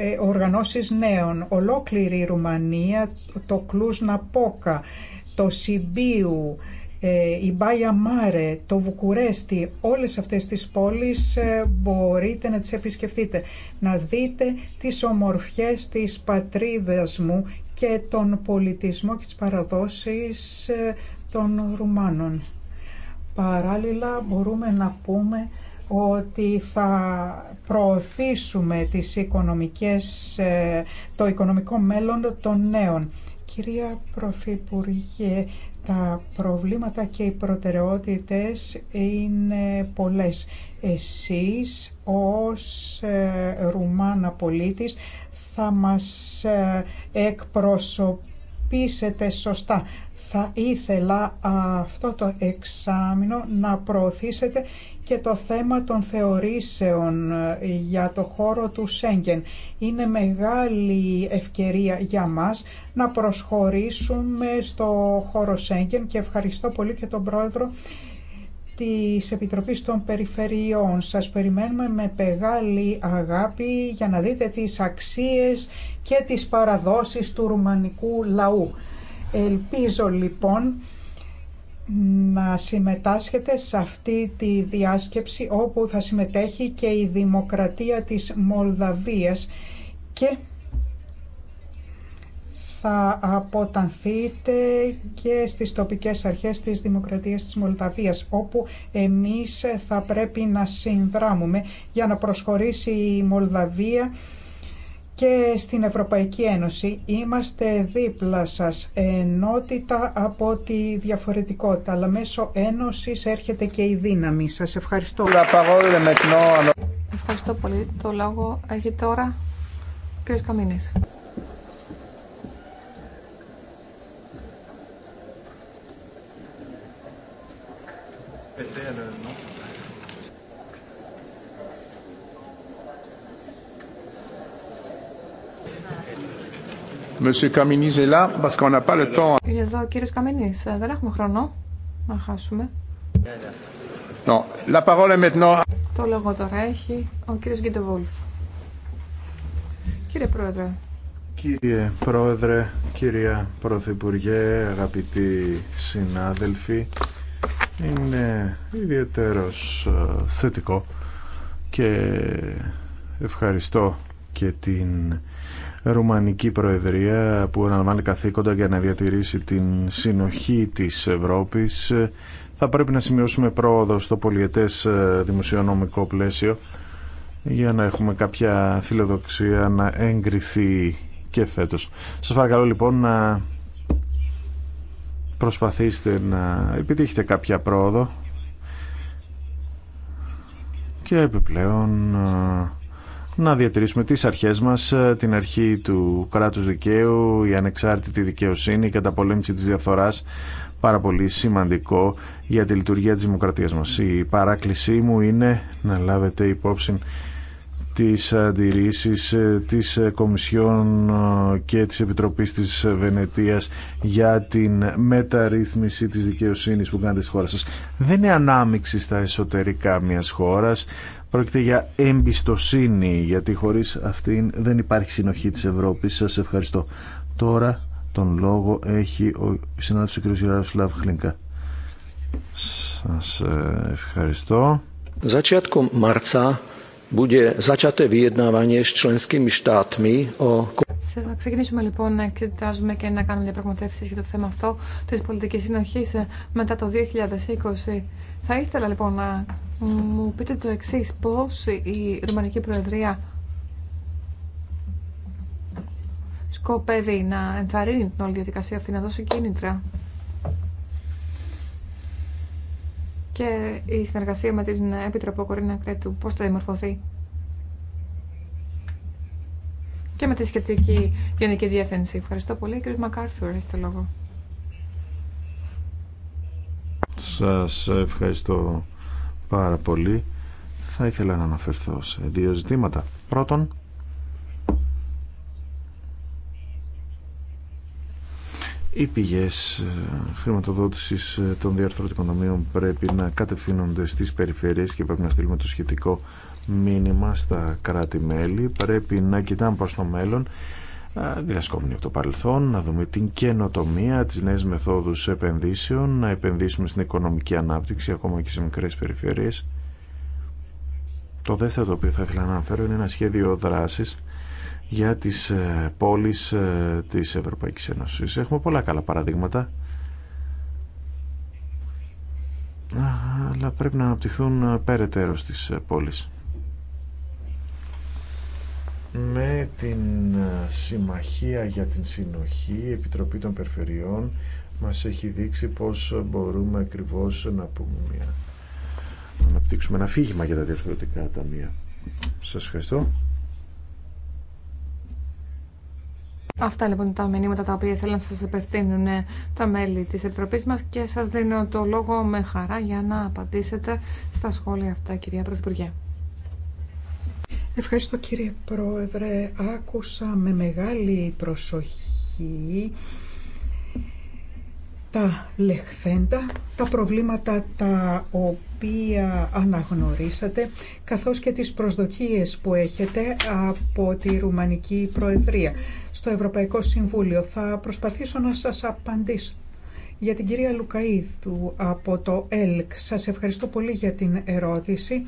ε, οργανώσεις νέων. Ολόκληρη η Ρουμανία, το Κλούσνα Πόκα, το Σιμπίου, ε, η Μπάια Μάρε, το Βουκουρέστι, όλες αυτές τις πόλεις ε, μπορείτε να τις επισκεφτείτε. Να δείτε τις ομορφιές της πατρίδας μου και τον πολιτισμό και τις παραδόσεις των Ρουμάνων. Παράλληλα μπορούμε να πούμε ότι θα προωθήσουμε τις οικονομικές, ε, το οικονομικό μέλλον των νέων. Κυρία Πρωθυπουργέ, τα προβλήματα και οι προτεραιότητες είναι πολλές. Εσείς ως ε, Ρουμάνα πολίτης θα μας ε, εκπροσωπήσετε σωστά. Θα ήθελα αυτό το εξάμεινο να προωθήσετε και το θέμα των θεωρήσεων ε, για το χώρο του Σέγγεν. Είναι μεγάλη ευκαιρία για μας να προσχωρήσουμε στο χώρο Σέγγεν και ευχαριστώ πολύ και τον Πρόεδρο της Επιτροπής των Περιφερειών. Σας περιμένουμε με μεγάλη αγάπη για να δείτε τις αξίες και τις παραδόσεις του ρουμανικού λαού. Ελπίζω λοιπόν να συμμετάσχετε σε αυτή τη διάσκεψη όπου θα συμμετέχει και η Δημοκρατία της Μολδαβίας και θα αποτανθείτε και στις τοπικές αρχές της Δημοκρατίας της Μολδαβίας όπου εμείς θα πρέπει να συνδράμουμε για να προσχωρήσει η Μολδαβία και στην Ευρωπαϊκή Ένωση είμαστε δίπλα σας ενότητα από τη διαφορετικότητα αλλά μέσω ένωσης έρχεται και η δύναμη σας ευχαριστώ ευχαριστώ πολύ το λόγο έχει τώρα κύριος Καμίνης Είναι εδώ ο κύριο Καμίνη, ε, Δεν έχουμε χρόνο να χάσουμε. La parole est maintenant... Το λόγο τώρα έχει ο κύριος Γκίντεβολφ. Κύριε Πρόεδρε. Κύριε Πρόεδρε, κυρία Πρωθυπουργέ, αγαπητοί συνάδελφοι, είναι ιδιαίτερος ε, θετικό και ευχαριστώ και την Ρουμανική Προεδρία που αναλαμβάνει καθήκοντα για να διατηρήσει την συνοχή της Ευρώπης. Θα πρέπει να σημειώσουμε πρόοδο στο πολιετές ε, δημοσιονομικό πλαίσιο για να έχουμε κάποια φιλοδοξία να εγκριθεί και φέτος. Σας παρακαλώ λοιπόν να προσπαθήσετε να επιτύχετε κάποια πρόοδο και επιπλέον ε, να διατηρήσουμε τις αρχές μας, ε, την αρχή του κράτους δικαίου, η ανεξάρτητη δικαιοσύνη, η καταπολέμηση της διαφθοράς, πάρα πολύ σημαντικό για τη λειτουργία της δημοκρατίας μας. Η παράκλησή μου είναι να λάβετε υπόψη τις αντιρρήσεις ε, της ε, Κομισιόν ε, και της Επιτροπής της Βενετίας για την μεταρρύθμιση της δικαιοσύνης που κάνετε στη χώρα σας. Δεν είναι ανάμειξη στα εσωτερικά μιας χώρας. Πρόκειται για εμπιστοσύνη, γιατί χωρίς αυτήν δεν υπάρχει συνοχή της Ευρώπης. Σας ευχαριστώ. Τώρα τον λόγο έχει ο συνάδελφος ο κ. Χλίνκα. Σας ευχαριστώ. Θα ξεκινήσουμε λοιπόν να εξετάζουμε και να κάνουμε διαπραγματεύσει για το θέμα αυτό τη πολιτική συνοχή ε, μετά το 2020. Θα ήθελα λοιπόν να μου πείτε το εξή, πώ η Ρουμανική Προεδρία σκοπεύει να ενθαρρύνει την όλη διαδικασία αυτή, να δώσει κίνητρα και η συνεργασία με την Επιτροπή Κορίνα Κρέτου πώς θα δημορφωθεί και με τη σχετική γενική διεύθυνση. Ευχαριστώ πολύ. Κύριε Μακάρθουρ, έχετε λόγο. Σας ευχαριστώ πάρα πολύ. Θα ήθελα να αναφερθώ σε δύο ζητήματα. Πρώτον, οι πηγές ε, χρηματοδότησης ε, των διαρθρωτικών ταμείων πρέπει να κατευθύνονται στις περιφερειές και πρέπει να στείλουμε το σχετικό μήνυμα στα κράτη-μέλη. Πρέπει να κοιτάμε προς το μέλλον, διδασκόμενοι από το παρελθόν, να δούμε την καινοτομία, τις νέες μεθόδους επενδύσεων, να επενδύσουμε στην οικονομική ανάπτυξη, ακόμα και σε μικρές περιφερειές. Το δεύτερο το οποίο θα ήθελα να αναφέρω είναι ένα σχέδιο δράσης για τις ε, πόλεις ε, της Ευρωπαϊκής Ένωσης. Έχουμε πολλά καλά παραδείγματα. Αλλά πρέπει να αναπτυχθούν ε, περαιτέρω στις πόλεις. Με την Συμμαχία για την Συνοχή, Επιτροπή των Περιφερειών μας έχει δείξει πώς μπορούμε ακριβώς να πούμε μια... να αναπτύξουμε ένα φύγημα για τα διαφορετικά ταμεία. Σας ευχαριστώ. Αυτά λοιπόν τα μηνύματα τα οποία θέλω να σας επευθύνουν ε, τα μέλη της Επιτροπής μας και σας δίνω το λόγο με χαρά για να απαντήσετε στα σχόλια αυτά, κυρία Πρωθυπουργέ. Ευχαριστώ κύριε Πρόεδρε. Άκουσα με μεγάλη προσοχή τα λεχθέντα, τα προβλήματα τα οποία αναγνωρίσατε, καθώς και τις προσδοκίες που έχετε από τη Ρουμανική Προεδρία στο Ευρωπαϊκό Συμβούλιο. Θα προσπαθήσω να σας απαντήσω. Για την κυρία Λουκαίδου από το ΕΛΚ, σας ευχαριστώ πολύ για την ερώτηση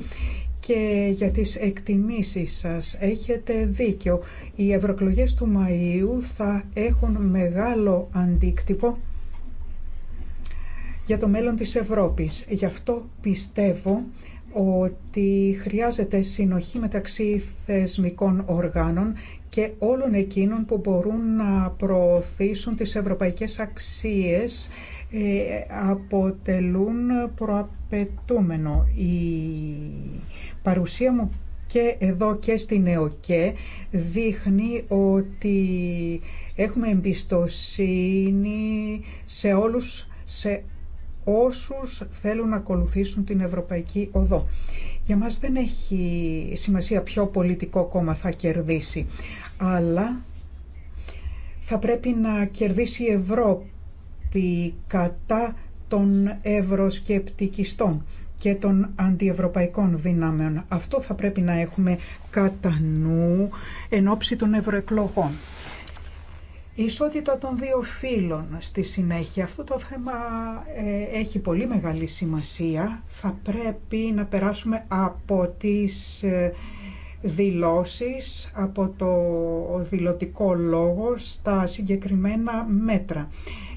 και για τις εκτιμήσεις σας. Έχετε δίκιο. Οι ευρωεκλογέ του Μαΐου θα έχουν μεγάλο αντίκτυπο για το μέλλον της Ευρώπης. Γι' αυτό πιστεύω ότι χρειάζεται συνοχή μεταξύ θεσμικών οργάνων και όλων εκείνων που μπορούν να προωθήσουν τις ευρωπαϊκές αξίες ε, αποτελούν προαπαιτούμενο. Η παρουσία μου και εδώ και στην ΕΟΚΕ δείχνει ότι έχουμε εμπιστοσύνη σε όλους, σε όσους θέλουν να ακολουθήσουν την Ευρωπαϊκή Οδό. Για μας δεν έχει σημασία ποιο πολιτικό κόμμα θα κερδίσει αλλά θα πρέπει να κερδίσει η Ευρώπη κατά των ευρωσκεπτικιστών και των αντιευρωπαϊκών δυνάμεων. Αυτό θα πρέπει να έχουμε κατά νου εν ώψη των ευρωεκλογών. Η ισότητα των δύο φύλων στη συνέχεια. Αυτό το θέμα ε, έχει πολύ μεγάλη σημασία. Θα πρέπει να περάσουμε από τις ε, δηλώσεις από το δηλωτικό λόγο στα συγκεκριμένα μέτρα.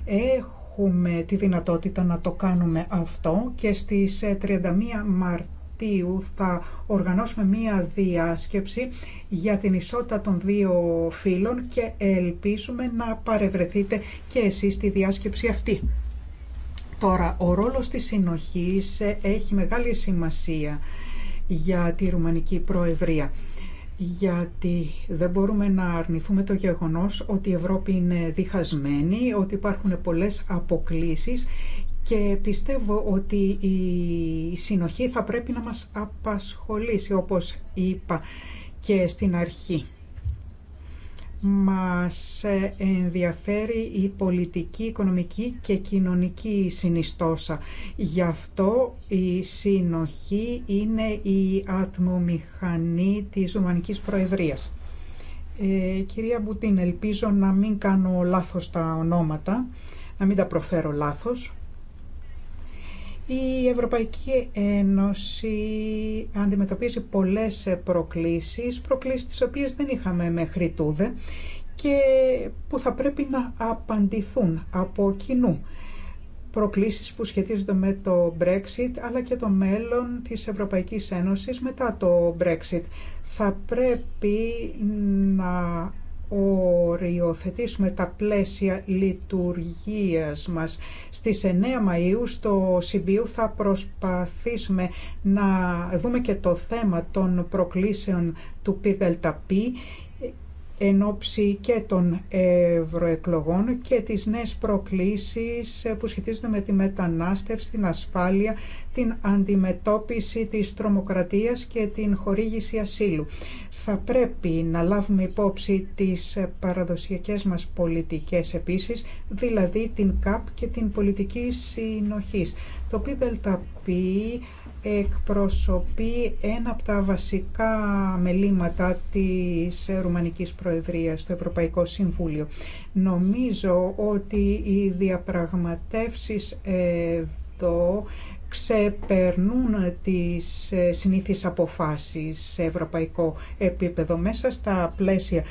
Έχουμε τη δυνατότητα να το κάνουμε αυτό και στις 31 ε, Μαρτίου θα οργανώσουμε μία διάσκεψη για την ισότητα των δύο φύλων και ελπίζουμε να παρευρεθείτε και εσείς στη διάσκεψη αυτή. Τώρα, ο ρόλος της συνοχής ε, έχει μεγάλη σημασία για τη Ρουμανική Προεδρία. Γιατί δεν μπορούμε να αρνηθούμε το γεγονός ότι η Ευρώπη είναι διχασμένη, ότι υπάρχουν πολλές αποκλίσεις και πιστεύω ότι η συνοχή θα πρέπει να μας απασχολήσει, όπως είπα και στην αρχή. Μας ενδιαφέρει η πολιτική, οικονομική και κοινωνική συνιστόσα. Γι' αυτό η συνοχή είναι η ατμομηχανή της Ουμανικής Προεδρίας. Ε, κυρία Μπουτίν, ελπίζω να μην κάνω λάθος τα ονόματα, να μην τα προφέρω λάθος. Η Ευρωπαϊκή Ένωση αντιμετωπίζει πολλές προκλήσεις, προκλήσεις τις οποίες δεν είχαμε μέχρι τούδε και που θα πρέπει να απαντηθούν από κοινού. Προκλήσεις που σχετίζονται με το Brexit αλλά και το μέλλον της Ευρωπαϊκής Ένωσης μετά το Brexit. Θα πρέπει να οριοθετήσουμε τα πλαίσια λειτουργίας μας. Στις 9 Μαΐου στο Συμπίου θα προσπαθήσουμε να δούμε και το θέμα των προκλήσεων του ΠΔΠ εν ώψη και των ευρωεκλογών και τις νέες προκλήσεις που σχετίζονται με τη μετανάστευση, την ασφάλεια, την αντιμετώπιση της τρομοκρατίας και την χορήγηση ασύλου θα πρέπει να λάβουμε υπόψη τις παραδοσιακές μας πολιτικές επίσης, δηλαδή την ΚΑΠ και την πολιτική συνοχής. Το ΠΔΠ εκπροσωπεί ένα από τα βασικά μελήματα της Ρουμανικής Προεδρίας στο Ευρωπαϊκό Συμβούλιο. Νομίζω ότι οι διαπραγματεύσεις εδώ ξεπερνούν τις ε, συνήθεις αποφάσεις σε ευρωπαϊκό επίπεδο μέσα στα πλαίσια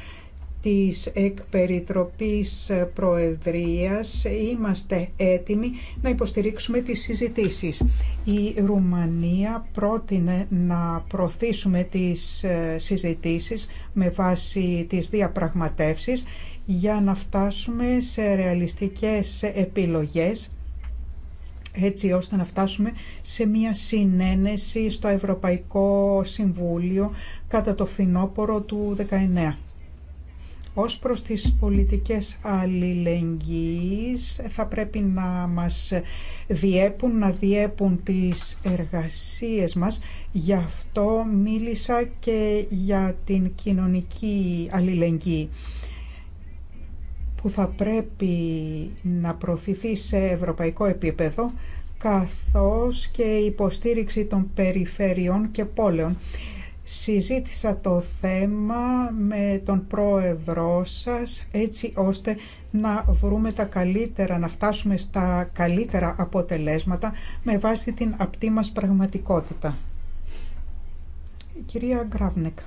της εκπεριτροπής προεδρίας είμαστε έτοιμοι να υποστηρίξουμε τις συζητήσεις. Η Ρουμανία πρότεινε να προωθήσουμε τις ε, συζητήσεις με βάση τις διαπραγματεύσεις για να φτάσουμε σε ρεαλιστικές επιλογές έτσι ώστε να φτάσουμε σε μια συνένεση στο Ευρωπαϊκό Συμβούλιο κατά το φθινόπωρο του 19. Ως προς τις πολιτικές αλληλεγγύης θα πρέπει να μας διέπουν, να διέπουν τις εργασίες μας. Γι' αυτό μίλησα και για την κοινωνική αλληλεγγύη που θα πρέπει να προωθηθεί σε ευρωπαϊκό επίπεδο καθώς και η υποστήριξη των περιφερειών και πόλεων. Συζήτησα το θέμα με τον πρόεδρό σας έτσι ώστε να βρούμε τα καλύτερα, να φτάσουμε στα καλύτερα αποτελέσματα με βάση την απτή μας πραγματικότητα. κυρία Γκράβνεκ.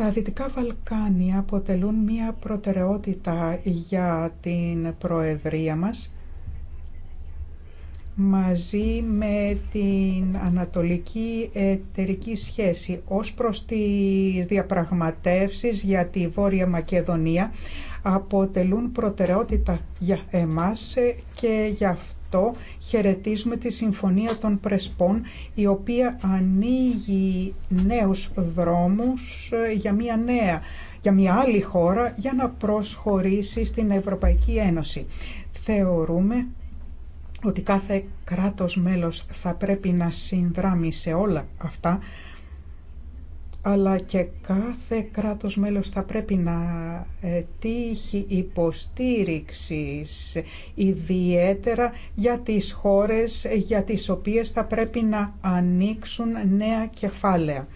Τα Δυτικά Βαλκάνια αποτελούν μία προτεραιότητα για την Προεδρία μας μαζί με την Ανατολική Εταιρική Σχέση ως προς τις διαπραγματεύσεις για τη Βόρεια Μακεδονία αποτελούν προτεραιότητα για εμάς και γι' αυτό αυτό χαιρετίζουμε τη Συμφωνία των Πρεσπών η οποία ανοίγει νέους δρόμους ε, για μια νέα για μια άλλη χώρα για να προσχωρήσει στην Ευρωπαϊκή Ένωση. Θεωρούμε ότι κάθε κράτος μέλος θα πρέπει να συνδράμει σε όλα αυτά αλλά και κάθε κράτος μέλος θα πρέπει να ε, τύχει υποστήριξης ιδιαίτερα για τις χώρες ε, για τις οποίες θα πρέπει να ανοίξουν νέα κεφάλαια.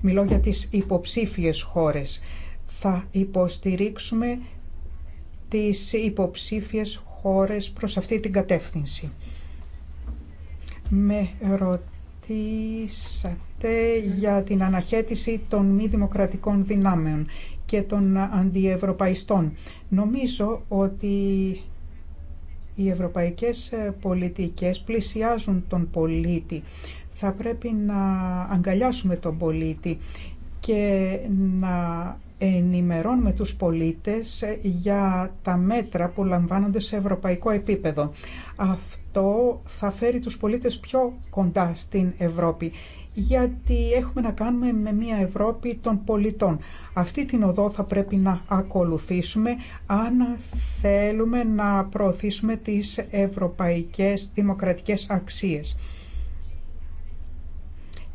Μιλώ για τις υποψήφιες χώρες. Θα υποστηρίξουμε τις υποψήφιες χώρες προς αυτή την κατεύθυνση. Με ρωτήσατε για την αναχέτηση των μη δημοκρατικών δυνάμεων και των αντιευρωπαϊστών. Νομίζω ότι οι ευρωπαϊκές ε, πολιτικές πλησιάζουν τον πολίτη. Θα πρέπει να αγκαλιάσουμε τον πολίτη και να ενημερώνουμε τους πολίτες ε, για τα μέτρα που λαμβάνονται σε ευρωπαϊκό επίπεδο. Αυτό θα φέρει τους πολίτες πιο κοντά στην Ευρώπη γιατί έχουμε να κάνουμε με μια Ευρώπη των πολιτών. Αυτή την οδό θα πρέπει να ακολουθήσουμε αν θέλουμε να προωθήσουμε τις ευρωπαϊκές δημοκρατικές αξίες.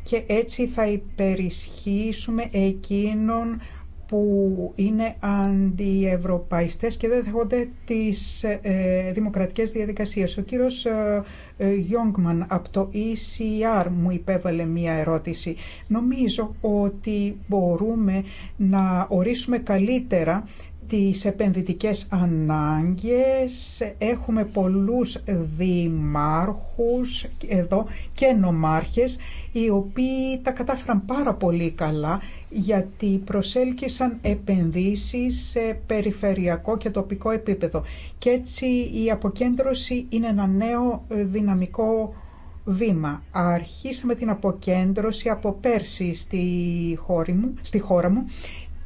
Και έτσι θα υπερισχύσουμε εκείνων που είναι αντιευρωπαϊστές και δεν δέχονται τις ε, δημοκρατικές διαδικασίες. Ο κύριος ε, ε, Γιόγκμαν από το ECR μου υπέβαλε μία ερώτηση. Νομίζω ότι μπορούμε να ορίσουμε καλύτερα τις επενδυτικές ανάγκες. Έχουμε πολλούς δημάρχους εδώ και νομάρχες οι οποίοι τα κατάφεραν πάρα πολύ καλά γιατί προσέλκυσαν επενδύσεις σε περιφερειακό και τοπικό επίπεδο. Και έτσι η αποκέντρωση είναι ένα νέο ε, δυναμικό βήμα. Αρχίσαμε την αποκέντρωση από πέρσι στη, χώρα μου, στη χώρα μου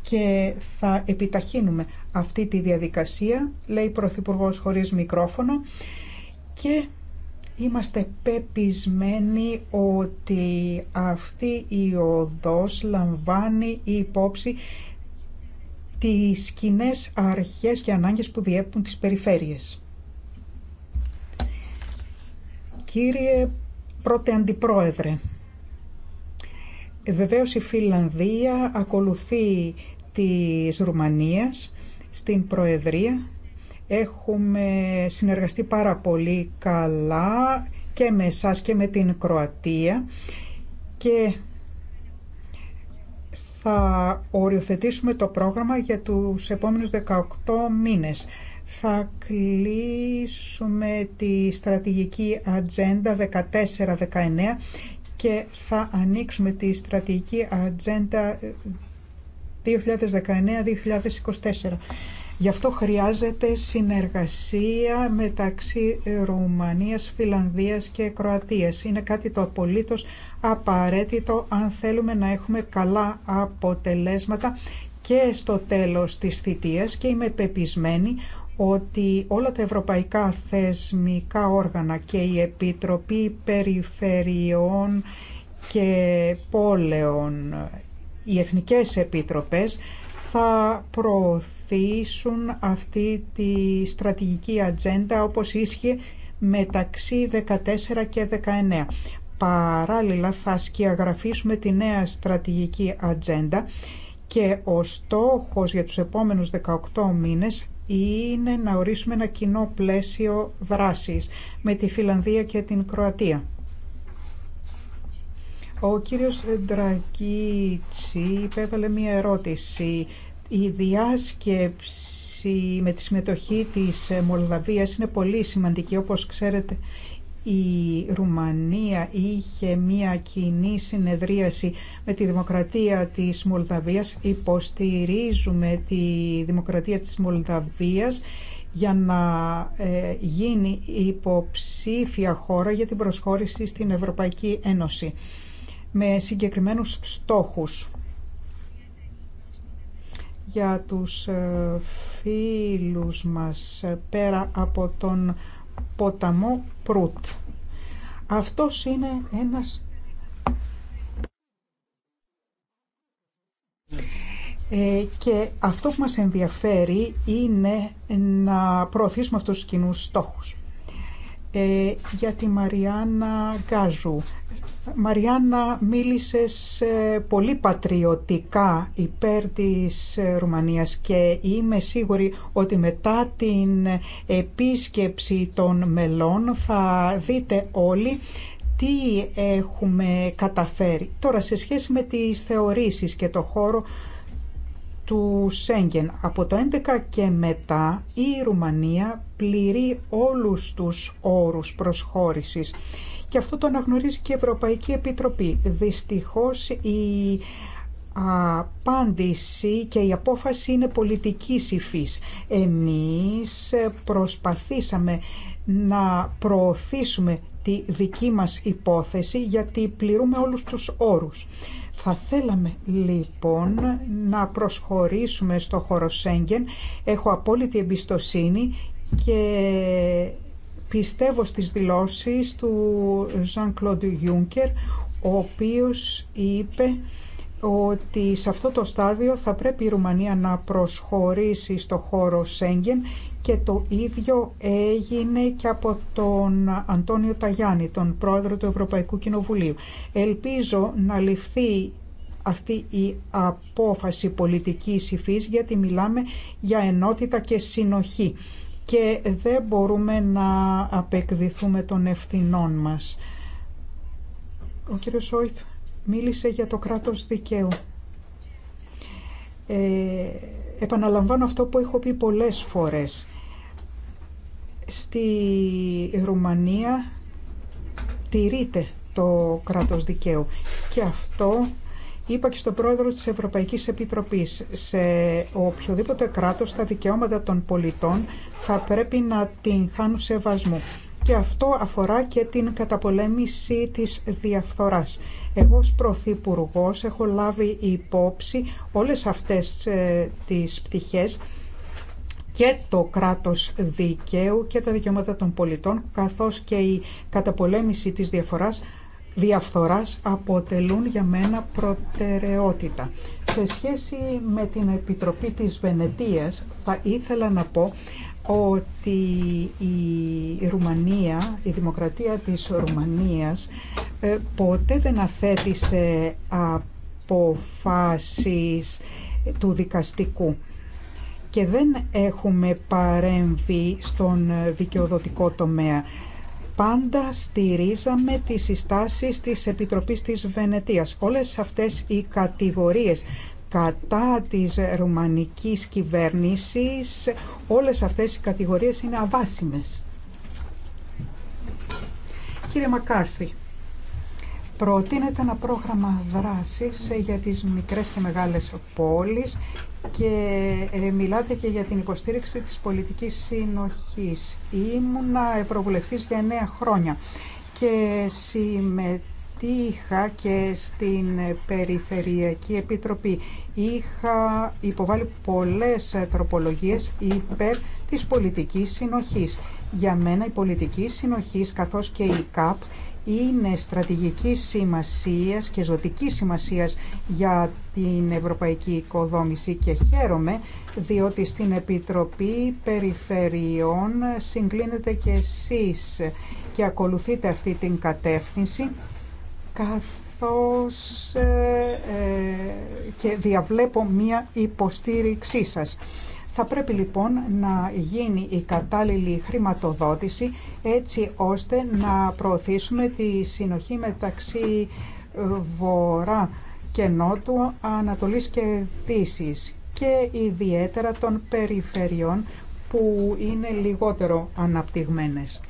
και θα επιταχύνουμε αυτή τη διαδικασία, λέει η Πρωθυπουργός χωρίς μικρόφωνο και είμαστε πεπισμένοι ότι αυτή η οδός λαμβάνει υπόψη τις κοινέ αρχές και ανάγκες που διέπουν τις περιφέρειες. Κύριε Πρώτε Αντιπρόεδρε, βεβαίως η Φιλανδία ακολουθεί της Ρουμανίας στην Προεδρία. Έχουμε συνεργαστεί πάρα πολύ καλά και με εσάς και με την Κροατία και θα οριοθετήσουμε το πρόγραμμα για τους επόμενους 18 μήνες. Θα κλείσουμε τη στρατηγική ατζέντα 14-19 και θα ανοίξουμε τη στρατηγική ατζέντα 2019-2024. Γι' αυτό χρειάζεται συνεργασία μεταξύ Ρουμανίας, Φιλανδίας και Κροατίας. Είναι κάτι το απολύτως απαραίτητο αν θέλουμε να έχουμε καλά αποτελέσματα και στο τέλος της θητείας και είμαι πεπισμένη ότι όλα τα ευρωπαϊκά θεσμικά όργανα και η Επιτροπή Περιφερειών και Πόλεων οι Εθνικές Επίτροπες θα προωθήσουν αυτή τη στρατηγική ατζέντα όπως ίσχυε μεταξύ 14 και 19. Παράλληλα θα σκιαγραφίσουμε τη νέα στρατηγική ατζέντα και ο στόχος για τους επόμενους 18 μήνες είναι να ορίσουμε ένα κοινό πλαίσιο δράσης με τη Φιλανδία και την Κροατία. Ο κύριος Δρακίτσι υπέβαλε μία ερώτηση. Η διάσκεψη με τη συμμετοχή της Μολδαβίας είναι πολύ σημαντική. Όπως ξέρετε, η Ρουμανία είχε μία κοινή συνεδρίαση με τη Δημοκρατία της Μολδαβίας. Υποστηρίζουμε τη Δημοκρατία της Μολδαβίας για να ε, γίνει υποψήφια χώρα για την προσχώρηση στην Ευρωπαϊκή Ένωση με συγκεκριμένους στόχους για τους ε, φίλους μας ε, πέρα από τον ποταμό Προύτ. Αυτός είναι ένας ε, και αυτό που μας ενδιαφέρει είναι να προωθήσουμε αυτούς τους κοινούς στόχους. Ε, για τη Μαριάννα Γκάζου. Μαριάννα, μίλησες ε, πολύ πατριωτικά υπέρ της ε, Ρουμανίας και είμαι σίγουρη ότι μετά την επίσκεψη των μελών θα δείτε όλοι τι έχουμε καταφέρει. Τώρα, σε σχέση με τις θεωρήσεις και το χώρο του Σέγγεν. Από το 11 και μετά η Ρουμανία πληρεί όλους τους όρους προσχώρησης και αυτό το αναγνωρίζει και η Ευρωπαϊκή Επιτροπή. Δυστυχώς η απάντηση και η απόφαση είναι πολιτικής υφής. Εμείς προσπαθήσαμε να προωθήσουμε τη δική μας υπόθεση γιατί πληρούμε όλους τους όρους. Θα θέλαμε λοιπόν να προσχωρήσουμε στο χώρο Σέγγεν. Έχω απόλυτη εμπιστοσύνη και πιστεύω στις δηλώσεις του Ζαν claude Juncker, ο οποίος είπε ότι σε αυτό το στάδιο θα πρέπει η Ρουμανία να προσχωρήσει στο χώρο Σέγγεν και το ίδιο έγινε και από τον Αντώνιο Ταγιάννη, τον πρόεδρο του Ευρωπαϊκού Κοινοβουλίου. Ελπίζω να ληφθεί αυτή η απόφαση πολιτικής υφής γιατί μιλάμε για ενότητα και συνοχή και δεν μπορούμε να απεκδηθούμε των ευθυνών μας. Ο κύριος μίλησε για το κράτος δικαίου. Ε, επαναλαμβάνω αυτό που έχω πει πολλές φορές. Στη Ρουμανία τηρείται το κράτος δικαίου και αυτό είπα και στον πρόεδρο της Ευρωπαϊκής Επιτροπής σε οποιοδήποτε κράτος τα δικαιώματα των πολιτών θα πρέπει να την χάνουν σεβασμού και αυτό αφορά και την καταπολέμηση της διαφθοράς. Εγώ ως Πρωθυπουργό έχω λάβει υπόψη όλες αυτές ε, τις πτυχές και το κράτος δικαίου και τα δικαιώματα των πολιτών καθώς και η καταπολέμηση της διαφοράς διαφθοράς αποτελούν για μένα προτεραιότητα. Σε σχέση με την Επιτροπή της Βενετίας θα ήθελα να πω ότι η Ρουμανία, η δημοκρατία της Ρουμανίας ε, ποτέ δεν αθέτησε αποφάσεις του δικαστικού και δεν έχουμε παρέμβει στον δικαιοδοτικό τομέα πάντα στηρίζαμε τις συστάσεις της Επιτροπής της Βενετίας. Όλες αυτές οι κατηγορίες κατά της ρουμανικής κυβέρνησης, όλες αυτές οι κατηγορίες είναι αβάσιμες. Κύριε Μακάρθη, προτείνεται ένα πρόγραμμα δράσης για τις μικρές και μεγάλες πόλεις και ε, μιλάτε και για την υποστήριξη της πολιτικής συνοχής. Ήμουνα ευρωβουλευτής για εννέα χρόνια και συμμετείχα και στην Περιφερειακή Επιτροπή. Είχα υποβάλει πολλές τροπολογίες υπέρ της πολιτικής συνοχής. Για μένα η πολιτική συνοχής καθώς και η ΚΑΠ είναι στρατηγική σημασίας και ζωτικής σημασίας για την ευρωπαϊκή οικοδόμηση και χαίρομαι διότι στην Επιτροπή Περιφερειών συγκλίνετε και εσείς και ακολουθείτε αυτή την κατεύθυνση καθώς ε, ε, και διαβλέπω μία υποστήριξή σας. Θα πρέπει λοιπόν να γίνει η κατάλληλη χρηματοδότηση έτσι ώστε να προωθήσουμε τη συνοχή μεταξύ ε, Βορρά και Νότου, Ανατολής και Δύσης και ιδιαίτερα των περιφερειών που είναι λιγότερο αναπτυγμένες.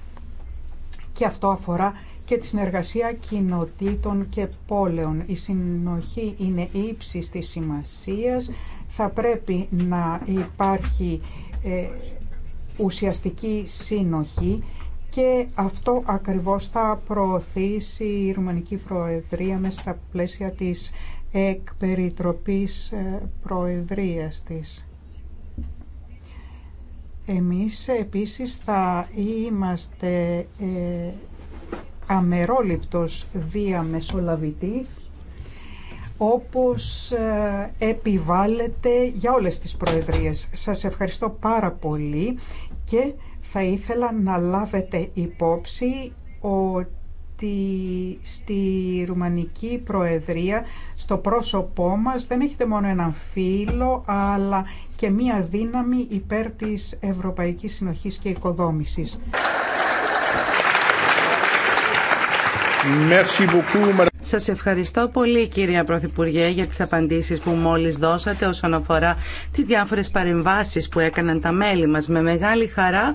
Και αυτό αφορά και τη συνεργασία κοινοτήτων και πόλεων. Η συνοχή είναι ύψης της σημασίας θα πρέπει να υπάρχει ε, ουσιαστική σύνοχη και αυτό ακριβώς θα προωθήσει η Ρουμανική Προεδρία μέσα στα πλαίσια της εκπεριτροπής ε, προεδρίας της. Εμείς επίσης θα είμαστε ε, αμερόληπτος διαμεσολαβητής όπως ε, επιβάλλεται για όλες τις προεδρίες. Σας ευχαριστώ πάρα πολύ και θα ήθελα να λάβετε υπόψη ότι στη Ρουμανική Προεδρία στο πρόσωπό μας δεν έχετε μόνο έναν φίλο αλλά και μία δύναμη υπέρ της Ευρωπαϊκής Συνοχής και Οικοδόμησης. Σας ευχαριστώ πολύ κυρία Πρωθυπουργέ για τις απαντήσεις που μόλις δώσατε όσον αφορά τις διάφορες παρεμβάσεις που έκαναν τα μέλη μας. Με μεγάλη χαρά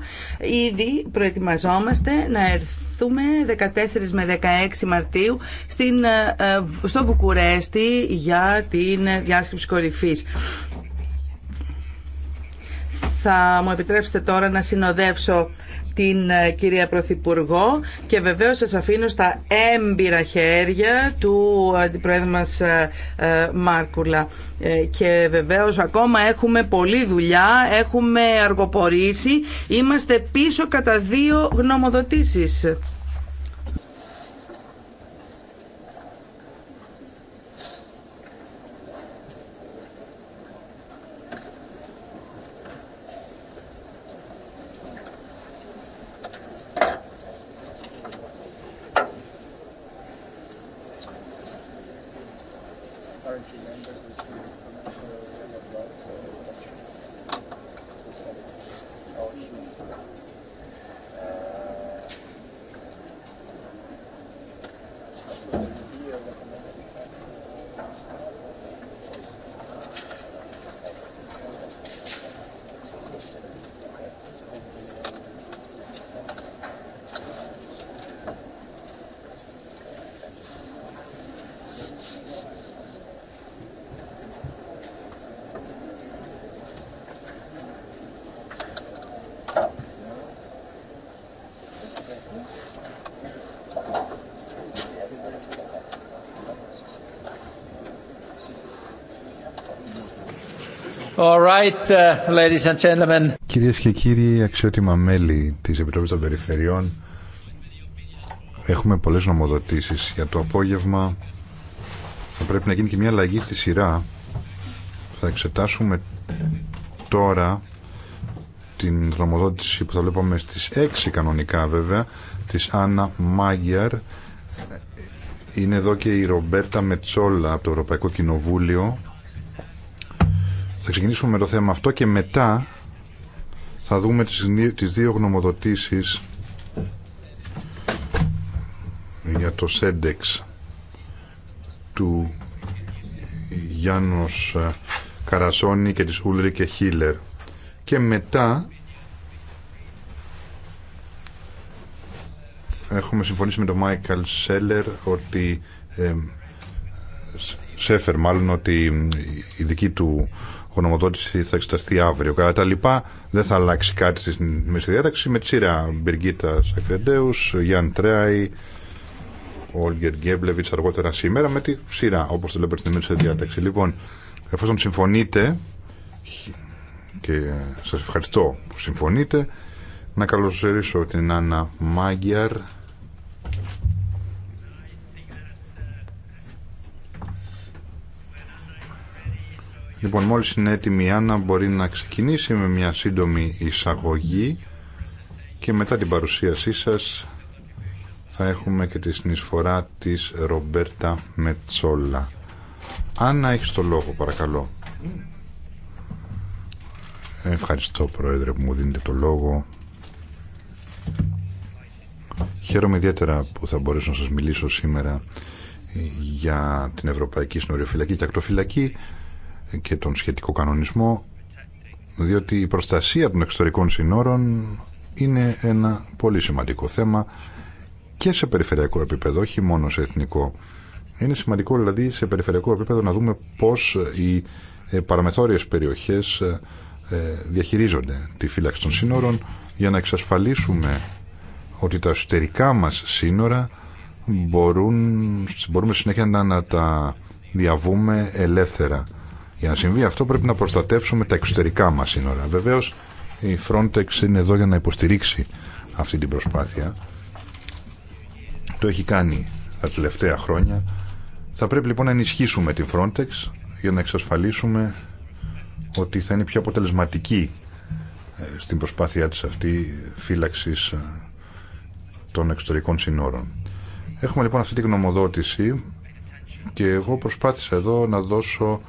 ήδη προετοιμαζόμαστε να έρθουμε 14 με 16 Μαρτίου στην, ε, ε, στο Βουκουρέστι για την διάσκεψη κορυφής. Θα μου επιτρέψετε τώρα να συνοδεύσω την ε, κυρία Πρωθυπουργό και βεβαίως σας αφήνω στα έμπειρα χέρια του αντιπρόεδρου μας ε, ε, Μάρκουλα. Και βεβαίως ακόμα έχουμε πολλή δουλειά, έχουμε αργοπορήσει, είμαστε πίσω κατά δύο γνωμοδοτήσεις. Right, uh, ladies Κυρίες και κύριοι αξιότιμα μέλη της Επιτροπής των Περιφερειών έχουμε πολλές νομοδοτήσεις για το απόγευμα θα πρέπει να γίνει και μια αλλαγή στη σειρά θα εξετάσουμε τώρα την νομοδότηση που θα βλέπουμε στις 6 κανονικά βέβαια της Άννα Μάγιαρ είναι εδώ και η Ρομπέρτα Μετσόλα από το Ευρωπαϊκό Κοινοβούλιο θα ξεκινήσουμε με το θέμα αυτό και μετά θα δούμε τις δύο γνωμοδοτήσεις για το ΣΕΝΤΕΞ του Γιάννος ε, Καρασόνη και της Ούλρη και Χίλερ και μετά έχουμε συμφωνήσει με τον Μάικαλ Σέλερ ότι ε, Σέφερ μάλλον ότι η δική του Ονομοδότηση θα εξεταστεί αύριο. Κατά τα λοιπά, δεν θα αλλάξει κάτι στη μέση διάταξη. Με τη σειρά Μπιργκίτα Σακρεντέου, Γιάνν Τρέαη, Όλγερ Γκέμπλεβιτ αργότερα σήμερα. Με τη σειρά, όπω το λέμε στη μέση διάταξη. Λοιπόν, εφόσον συμφωνείτε, και σα ευχαριστώ που συμφωνείτε, να καλωσορίσω την Άννα Μάγκιαρ Λοιπόν, μόλις είναι έτοιμη η Άννα μπορεί να ξεκινήσει με μια σύντομη εισαγωγή και μετά την παρουσίασή σας θα έχουμε και τη συνεισφορά της Ρομπέρτα Μετσόλα. Άννα, έχεις το λόγο, παρακαλώ. Ευχαριστώ, Πρόεδρε, που μου δίνετε το λόγο. Χαίρομαι ιδιαίτερα που θα μπορέσω να σας μιλήσω σήμερα για την Ευρωπαϊκή Συνοριοφυλακή και Ακτοφυλακή και τον σχετικό κανονισμό διότι η προστασία των εξωτερικών συνόρων είναι ένα πολύ σημαντικό θέμα και σε περιφερειακό επίπεδο, όχι μόνο σε εθνικό. Είναι σημαντικό δηλαδή σε περιφερειακό επίπεδο να δούμε πώς οι ε, παραμεθόριες περιοχές ε, ε, διαχειρίζονται τη φύλαξη των σύνορων για να εξασφαλίσουμε ότι τα εσωτερικά μας σύνορα μπορούν, μπορούμε συνέχεια να τα διαβούμε ελεύθερα για να συμβεί αυτό πρέπει να προστατεύσουμε τα εξωτερικά μας σύνορα. Βεβαίως η Frontex είναι εδώ για να υποστηρίξει αυτή την προσπάθεια. Το έχει κάνει τα τελευταία χρόνια. Θα πρέπει λοιπόν να ενισχύσουμε την Frontex για να εξασφαλίσουμε ότι θα είναι πιο αποτελεσματική ε, στην προσπάθειά της αυτή ε, φύλαξης ε, των εξωτερικών συνόρων. Έχουμε λοιπόν αυτή την γνωμοδότηση και εγώ προσπάθησα εδώ να δώσω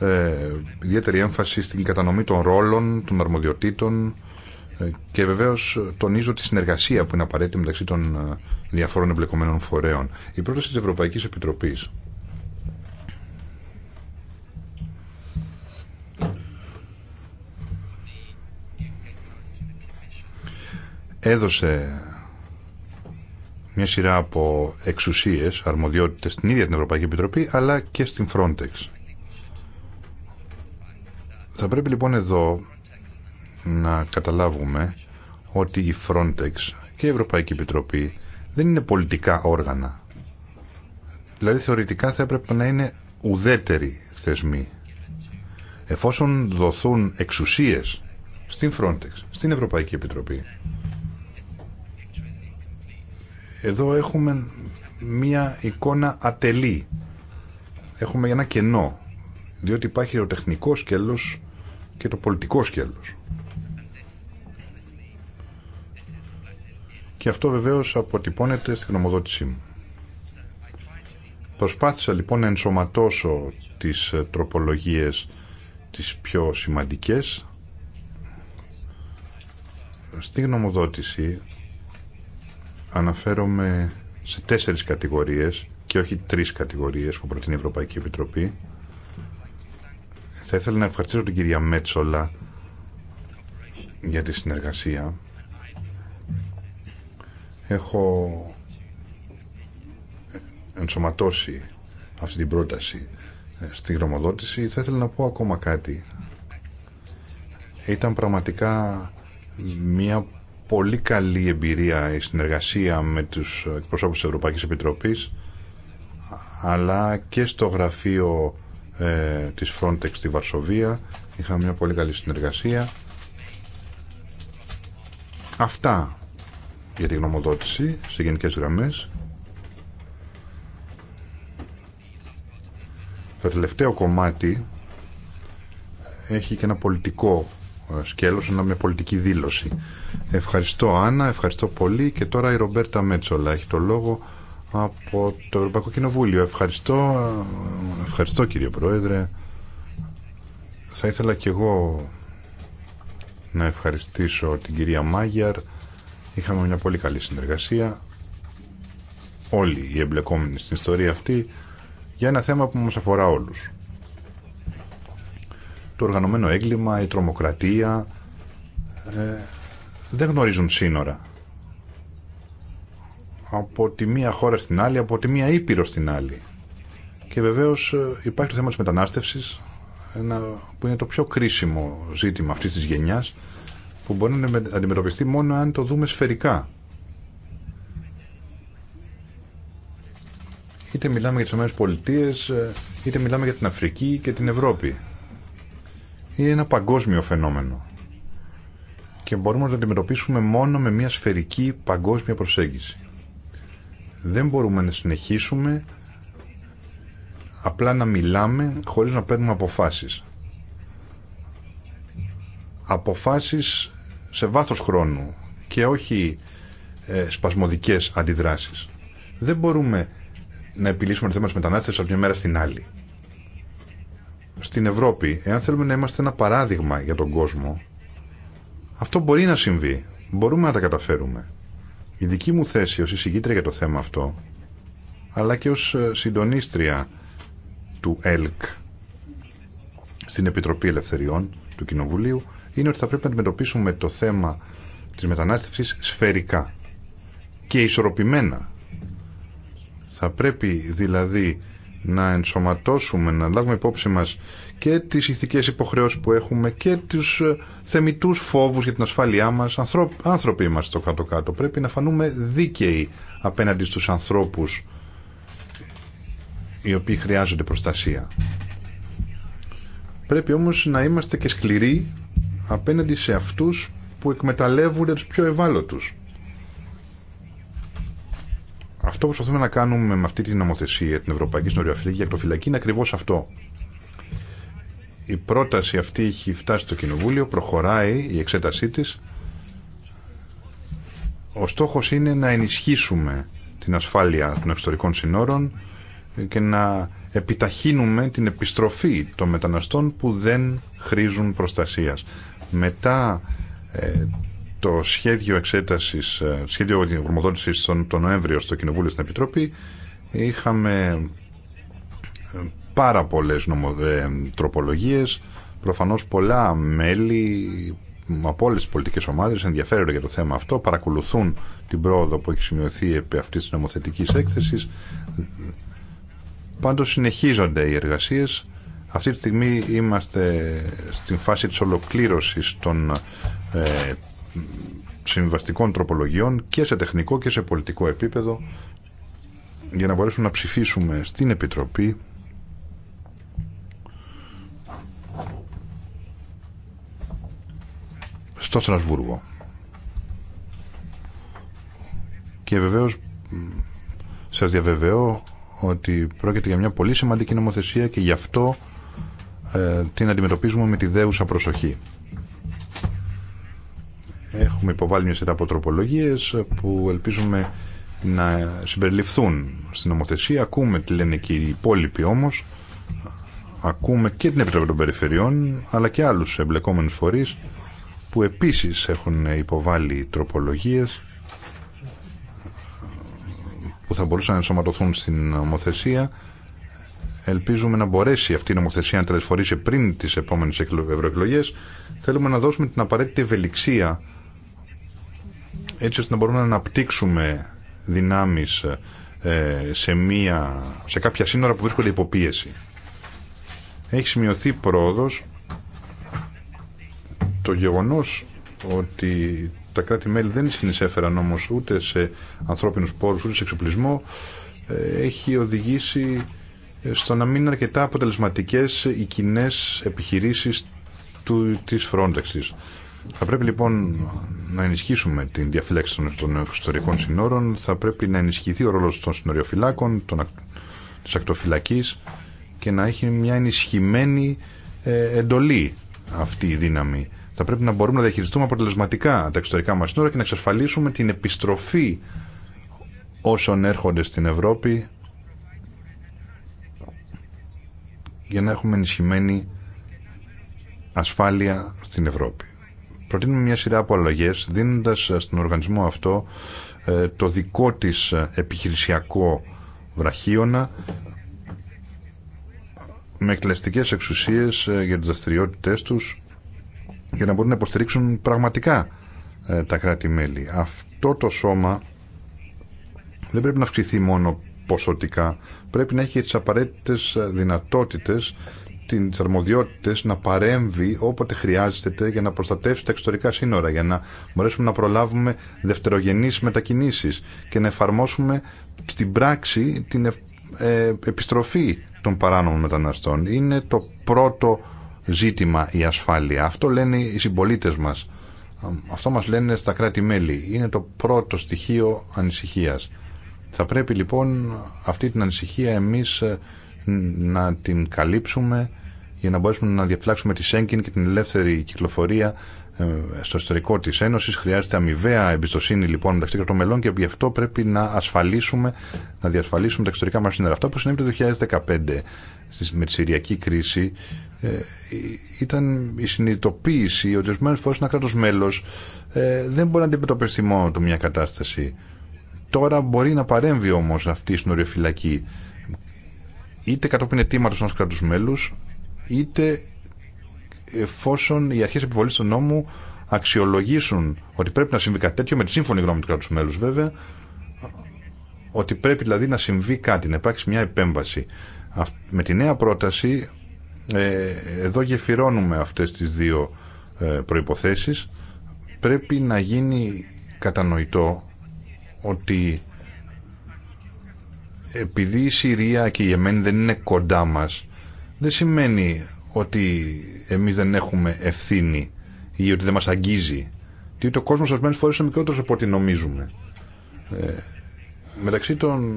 ε, ιδιαίτερη έμφαση στην κατανομή των ρόλων, των αρμοδιοτήτων ε, και βεβαίως τονίζω τη συνεργασία που είναι απαραίτητη μεταξύ των ε, διαφόρων εμπλεκομένων φορέων. Η πρόταση της Ευρωπαϊκής Επιτροπής έδωσε μια σειρά από εξουσίες, αρμοδιότητες στην ίδια την Ευρωπαϊκή Επιτροπή αλλά και στην Frontex. Θα πρέπει λοιπόν εδώ να καταλάβουμε ότι η Frontex και η Ευρωπαϊκή Επιτροπή δεν είναι πολιτικά όργανα. Δηλαδή θεωρητικά θα έπρεπε να είναι ουδέτεροι θεσμοί. Εφόσον δοθούν εξουσίες στην Frontex, στην Ευρωπαϊκή Επιτροπή, εδώ έχουμε μία εικόνα ατελή. Έχουμε ένα κενό, διότι υπάρχει ο τεχνικό σκέλος και το πολιτικό σκέλος. Και αυτό βεβαίως αποτυπώνεται στην γνωμοδότησή μου. Προσπάθησα λοιπόν να ενσωματώσω τις ε, τροπολογίες τις πιο σημαντικές στη γνωμοδότηση αναφέρομαι σε τέσσερις κατηγορίες και όχι τρεις κατηγορίες που προτείνει η Ευρωπαϊκή Επιτροπή θα ήθελα να ευχαριστήσω την κυρία Μέτσολα για τη συνεργασία. Έχω ενσωματώσει αυτή την πρόταση ε, στην γνωμοδότηση. Θα ήθελα να πω ακόμα κάτι. Ήταν πραγματικά μια πολύ καλή εμπειρία η συνεργασία με τους εκπροσώπους της Ευρωπαϊκής Επιτροπής αλλά και στο γραφείο ε, της Frontex στη Βαρσοβία. Είχαμε μια πολύ καλή συνεργασία. Αυτά για τη γνωμοδότηση σε γενικές γραμμές. Το τελευταίο κομμάτι έχει και ένα πολιτικό ε, σκέλος, ένα μια πολιτική δήλωση. Ευχαριστώ Άννα, ευχαριστώ πολύ και τώρα η Ρομπέρτα Μέτσολα έχει το λόγο από το Ευρωπαϊκό Κοινοβούλιο. Ευχαριστώ, ευχαριστώ κύριε Πρόεδρε. Θα ήθελα και εγώ να ευχαριστήσω την κυρία Μάγιαρ. Είχαμε μια πολύ καλή συνεργασία. Όλοι οι εμπλεκόμενοι στην ιστορία αυτή για ένα θέμα που μας αφορά όλους. Το οργανωμένο έγκλημα, η τρομοκρατία ε, δεν γνωρίζουν σύνορα από τη μία χώρα στην άλλη, από τη μία ήπειρο στην άλλη. Και βεβαίως ε, υπάρχει το θέμα τη μετανάστευση που είναι το πιο κρίσιμο ζήτημα αυτής της γενιάς, που μπορεί να αντιμετωπιστεί μόνο αν το δούμε σφαιρικά. Είτε μιλάμε για τις ΗΠΑ, ε, είτε μιλάμε για την Αφρική και την Ευρώπη. Είναι ένα παγκόσμιο φαινόμενο. Και μπορούμε να το αντιμετωπίσουμε μόνο με μια σφαιρική παγκόσμια προσέγγιση. Δεν μπορούμε να συνεχίσουμε απλά να μιλάμε χωρίς να παίρνουμε αποφάσεις. Αποφάσεις σε βάθος χρόνου και όχι ε, σπασμωδικές αντιδράσεις. Δεν μπορούμε να επιλύσουμε το θέμα της μετανάστευσης από μια μέρα στην άλλη. Στην Ευρώπη, εάν θέλουμε να είμαστε ένα παράδειγμα για τον κόσμο, αυτό μπορεί να συμβεί. Μπορούμε να τα καταφέρουμε. Η δική μου θέση ως εισηγήτρια για το θέμα αυτό, αλλά και ως ε, συντονίστρια του ΕΛΚ στην Επιτροπή Ελευθεριών του Κοινοβουλίου, είναι ότι θα πρέπει να αντιμετωπίσουμε το θέμα της μετανάστευσης σφαιρικά και ισορροπημένα. Θα πρέπει δηλαδή να ενσωματώσουμε, να λάβουμε υπόψη μας και τις ηθικές υποχρεώσεις που έχουμε και τους ε, θεμητούς φόβους για την ασφάλειά μας. Άνθρωποι είμαστε το κάτω-κάτω. Πρέπει να φανούμε δίκαιοι απέναντι στους ανθρώπους οι οποίοι χρειάζονται προστασία. Πρέπει όμως να είμαστε και σκληροί απέναντι σε αυτούς που εκμεταλλεύονται τους πιο ευάλωτους. Αυτό που προσπαθούμε να κάνουμε με αυτή τη νομοθεσία, την Ευρωπαϊκή Συνοριοφυλακή και φυλακή είναι ακριβώ αυτό η πρόταση αυτή έχει φτάσει στο Κοινοβούλιο, προχωράει η εξέτασή της. Ο στόχος είναι να ενισχύσουμε την ασφάλεια των εξωτερικών συνόρων και να επιταχύνουμε την επιστροφή των μεταναστών που δεν χρήζουν προστασίας. Μετά ε, το σχέδιο εξέτασης, ε, σχέδιο γνωμοδότησης τον, τον Νοέμβριο στο Κοινοβούλιο στην Επιτροπή είχαμε ε, πάρα πολλές ε, τροπολογίες. Προφανώς πολλά μέλη από όλες τις πολιτικές ομάδες ενδιαφέρονται για το θέμα αυτό, παρακολουθούν την πρόοδο που έχει σημειωθεί επί αυτής της νομοθετικής έκθεσης. Πάντως συνεχίζονται οι εργασίες. Αυτή τη στιγμή είμαστε στην φάση της ολοκλήρωσης των ε, συμβαστικών τροπολογιών και σε τεχνικό και σε πολιτικό επίπεδο για να μπορέσουμε να ψηφίσουμε στην Επιτροπή στο Στρασβούργο. Και βεβαίως σας διαβεβαιώ ότι πρόκειται για μια πολύ σημαντική νομοθεσία και γι' αυτό ε, την αντιμετωπίζουμε με τη δέουσα προσοχή. Έχουμε υποβάλει μια σειρά από τροπολογίες που ελπίζουμε να συμπεριληφθούν στην νομοθεσία. Ακούμε τη λένε και οι υπόλοιποι όμως. Ακούμε και την Επιτροπή των Περιφερειών αλλά και άλλους εμπλεκόμενους φορείς που επίσης έχουν υποβάλει τροπολογίες που θα μπορούσαν να ενσωματωθούν στην νομοθεσία. Ελπίζουμε να μπορέσει αυτή η νομοθεσία να τελεσφορήσει πριν τις επόμενες ευρωεκλογέ. Θέλουμε να δώσουμε την απαραίτητη ευελιξία έτσι ώστε να μπορούμε να αναπτύξουμε δυνάμεις ε, σε, μία, σε κάποια σύνορα που βρίσκονται υποπίεση. Έχει σημειωθεί πρόοδος το γεγονός ότι τα κράτη-μέλη δεν συνεισέφεραν όμως ούτε σε ανθρώπινους πόρους ούτε σε εξοπλισμό ε, έχει οδηγήσει ε, στο να μην είναι αρκετά αποτελεσματικές οι κοινέ επιχειρήσεις του, της Frontex Θα πρέπει λοιπόν να ενισχύσουμε την διαφύλαξη των εξωτερικών συνόρων, θα πρέπει να ενισχυθεί ο ρόλος των συνοριοφυλάκων, της ακτοφυλακής και να έχει μια ενισχυμένη ε, εντολή αυτή η δύναμη θα πρέπει να μπορούμε να διαχειριστούμε αποτελεσματικά τα εξωτερικά μας σύνορα και να εξασφαλίσουμε την επιστροφή όσων έρχονται στην Ευρώπη για να έχουμε ενισχυμένη ασφάλεια στην Ευρώπη. Προτείνουμε μια σειρά από αλλαγέ, δίνοντας στον οργανισμό αυτό ε, το δικό της επιχειρησιακό βραχίωνα με εκλεστικές εξουσίες ε, για τις δραστηριότητε τους για να μπορούν να υποστηρίξουν πραγματικά ε, τα κράτη-μέλη. Αυτό το σώμα δεν πρέπει να αυξηθεί μόνο ποσοτικά. Πρέπει να έχει τις απαραίτητες δυνατότητες, τις αρμοδιότητες να παρέμβει όποτε χρειάζεται για να προστατεύσει τα εξωτερικά σύνορα, για να μπορέσουμε να προλάβουμε δευτερογενείς μετακινήσεις και να εφαρμόσουμε στην πράξη την ε, ε, επιστροφή των παράνομων μεταναστών. Είναι το πρώτο ζήτημα η ασφάλεια. Αυτό λένε οι συμπολίτε μα. Αυτό μα λένε στα κράτη-μέλη. Είναι το πρώτο στοιχείο ανησυχία. Θα πρέπει λοιπόν αυτή την ανησυχία εμεί ε, να την καλύψουμε για να μπορέσουμε να διαφυλάξουμε τη Σέγγιν και την ελεύθερη κυκλοφορία ε, στο εσωτερικό τη Ένωση. Χρειάζεται αμοιβαία εμπιστοσύνη λοιπόν μεταξύ κρατών μελών και γι' αυτό πρέπει να ασφαλίσουμε, να διασφαλίσουμε τα εξωτερικά μα σύνορα. Αυτό που συνέβη το 2015 με τη Συριακή κρίση ε, ε, ήταν η συνειδητοποίηση ότι ορισμένε φορέ ένα κράτο μέλο ε, δεν μπορεί να αντιμετωπιστεί μόνο του μια κατάσταση. Τώρα μπορεί να παρέμβει όμω αυτή η συνοριοφυλακή είτε κατόπιν αιτήματο ενό κράτου μέλου, είτε εφόσον οι αρχέ επιβολή του νόμου αξιολογήσουν ότι πρέπει να συμβεί κάτι τέτοιο, με τη σύμφωνη γνώμη του κράτου μέλου βέβαια, ότι πρέπει δηλαδή να συμβεί κάτι, να υπάρξει μια επέμβαση. Με τη νέα πρόταση ε, εδώ γεφυρώνουμε αυτές τις δύο ε, προϋποθέσεις. Πρέπει να γίνει κατανοητό ότι επειδή η Συρία και η Εμένη δεν είναι κοντά μας, δεν σημαίνει ότι εμείς δεν έχουμε ευθύνη ή ότι δεν μας αγγίζει. Γιατί ο κόσμος ορισμένες φορές είναι μικρότερος από ό,τι νομίζουμε. Ε, μεταξύ των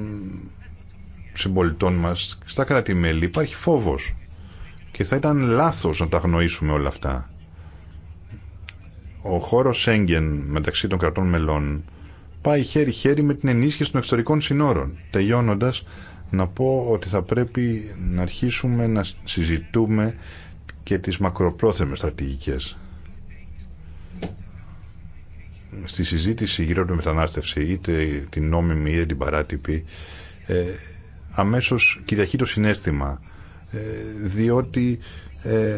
συμπολιτών μας, στα κράτη-μέλη, υπάρχει φόβος και θα ήταν λάθος να τα γνωρίσουμε όλα αυτά. Ο χώρος Σέγγεν μεταξύ των κρατών μελών πάει χέρι-χέρι με την ενίσχυση των εξωτερικών συνόρων. Τελειώνοντας, να πω ότι θα πρέπει να αρχίσουμε να συζητούμε και τις μακροπρόθεσμες στρατηγικές. Στη συζήτηση γύρω από τη μετανάστευση, είτε την νόμιμη είτε την παράτυπη, ε, αμέσως κυριαρχεί το συνέστημα ε, διότι ε,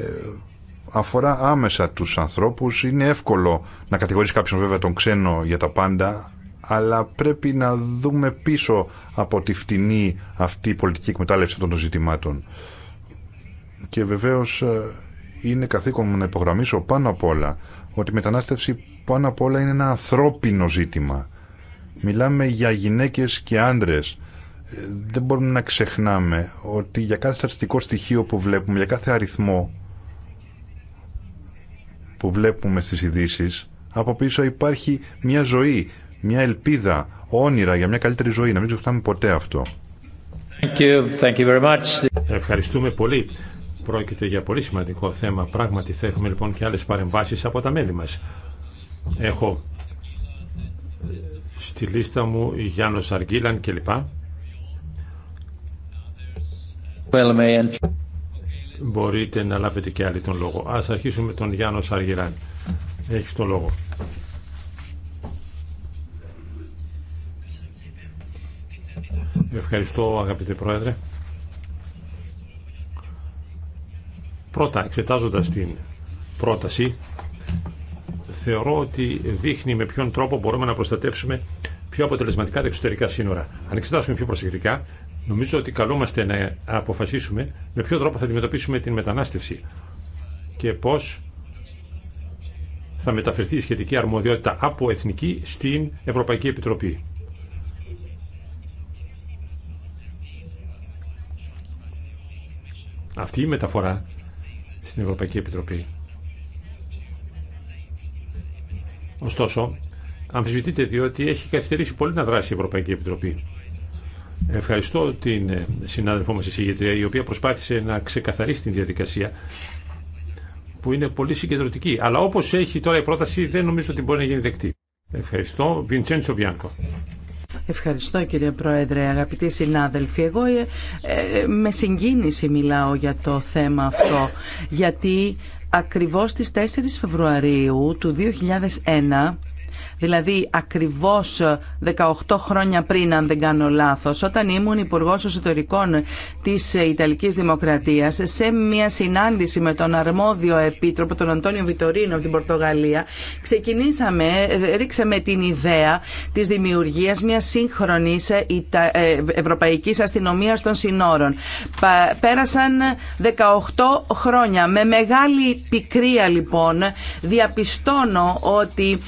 αφορά άμεσα τους ανθρώπους. Είναι εύκολο να κατηγορήσει κάποιον βέβαια τον ξένο για τα πάντα, αλλά πρέπει να δούμε πίσω από τη φτηνή αυτή η πολιτική εκμετάλλευση αυτών των ζητημάτων. Και βεβαίως ε, είναι καθήκον μου να υπογραμμίσω πάνω απ' όλα ότι η μετανάστευση πάνω απ' όλα είναι ένα ανθρώπινο ζήτημα. Μιλάμε για γυναίκες και άντρες δεν μπορούμε να ξεχνάμε ότι για κάθε στατιστικό στοιχείο που βλέπουμε, για κάθε αριθμό που βλέπουμε στις ειδήσει, από πίσω υπάρχει μια ζωή, μια ελπίδα, όνειρα για μια καλύτερη ζωή. Να μην ξεχνάμε ποτέ αυτό. Thank you. Thank you very much. Ευχαριστούμε πολύ. Πρόκειται για πολύ σημαντικό θέμα. Πράγματι θα έχουμε λοιπόν και άλλες παρεμβάσεις από τα μέλη μας. Έχω στη λίστα μου Γιάννος Αργίλαν κλπ. Μπορείτε να λάβετε και άλλοι τον λόγο. Ας αρχίσουμε με τον Γιάννο Σαργυράν. Έχεις τον λόγο. Ευχαριστώ αγαπητέ Πρόεδρε. Πρώτα, εξετάζοντας την πρόταση, θεωρώ ότι δείχνει με ποιον τρόπο μπορούμε να προστατεύσουμε πιο αποτελεσματικά τα εξωτερικά σύνορα. Αν εξετάσουμε πιο προσεκτικά, Νομίζω ότι καλούμαστε να αποφασίσουμε με ποιο τρόπο θα αντιμετωπίσουμε την μετανάστευση και πώς θα μεταφερθεί η σχετική αρμοδιότητα από εθνική στην Ευρωπαϊκή Επιτροπή. Αυτή η μεταφορά στην Ευρωπαϊκή Επιτροπή. Ωστόσο, αμφισβητείτε διότι έχει καθυστερήσει πολύ να δράσει η Ευρωπαϊκή Επιτροπή. Ευχαριστώ την συνάδελφό μας Συγγετρία η οποία προσπάθησε να ξεκαθαρίσει την διαδικασία που είναι πολύ συγκεντρωτική. Αλλά όπως έχει τώρα η πρόταση δεν νομίζω ότι μπορεί να γίνει δεκτή. Ευχαριστώ. Βιντσέντσο Βιάνκο. Ευχαριστώ κύριε Πρόεδρε, αγαπητοί συνάδελφοι. Εγώ ε, ε, με συγκίνηση μιλάω για το θέμα αυτό, γιατί ακριβώς στις 4 Φεβρουαρίου του 2001 δηλαδή ακριβώς 18 χρόνια πριν αν δεν κάνω λάθος, όταν ήμουν υπουργό Εσωτερικών της Ιταλικής Δημοκρατίας σε μια συνάντηση με τον αρμόδιο επίτροπο, τον Αντώνιο Βιτορίνο από την Πορτογαλία, ξεκινήσαμε, ρίξαμε την ιδέα της δημιουργίας μιας σύγχρονης ε, ε, ευρωπαϊκής αστυνομίας των συνόρων. Πέρασαν 18 χρόνια. Με μεγάλη πικρία λοιπόν διαπιστώνω ότι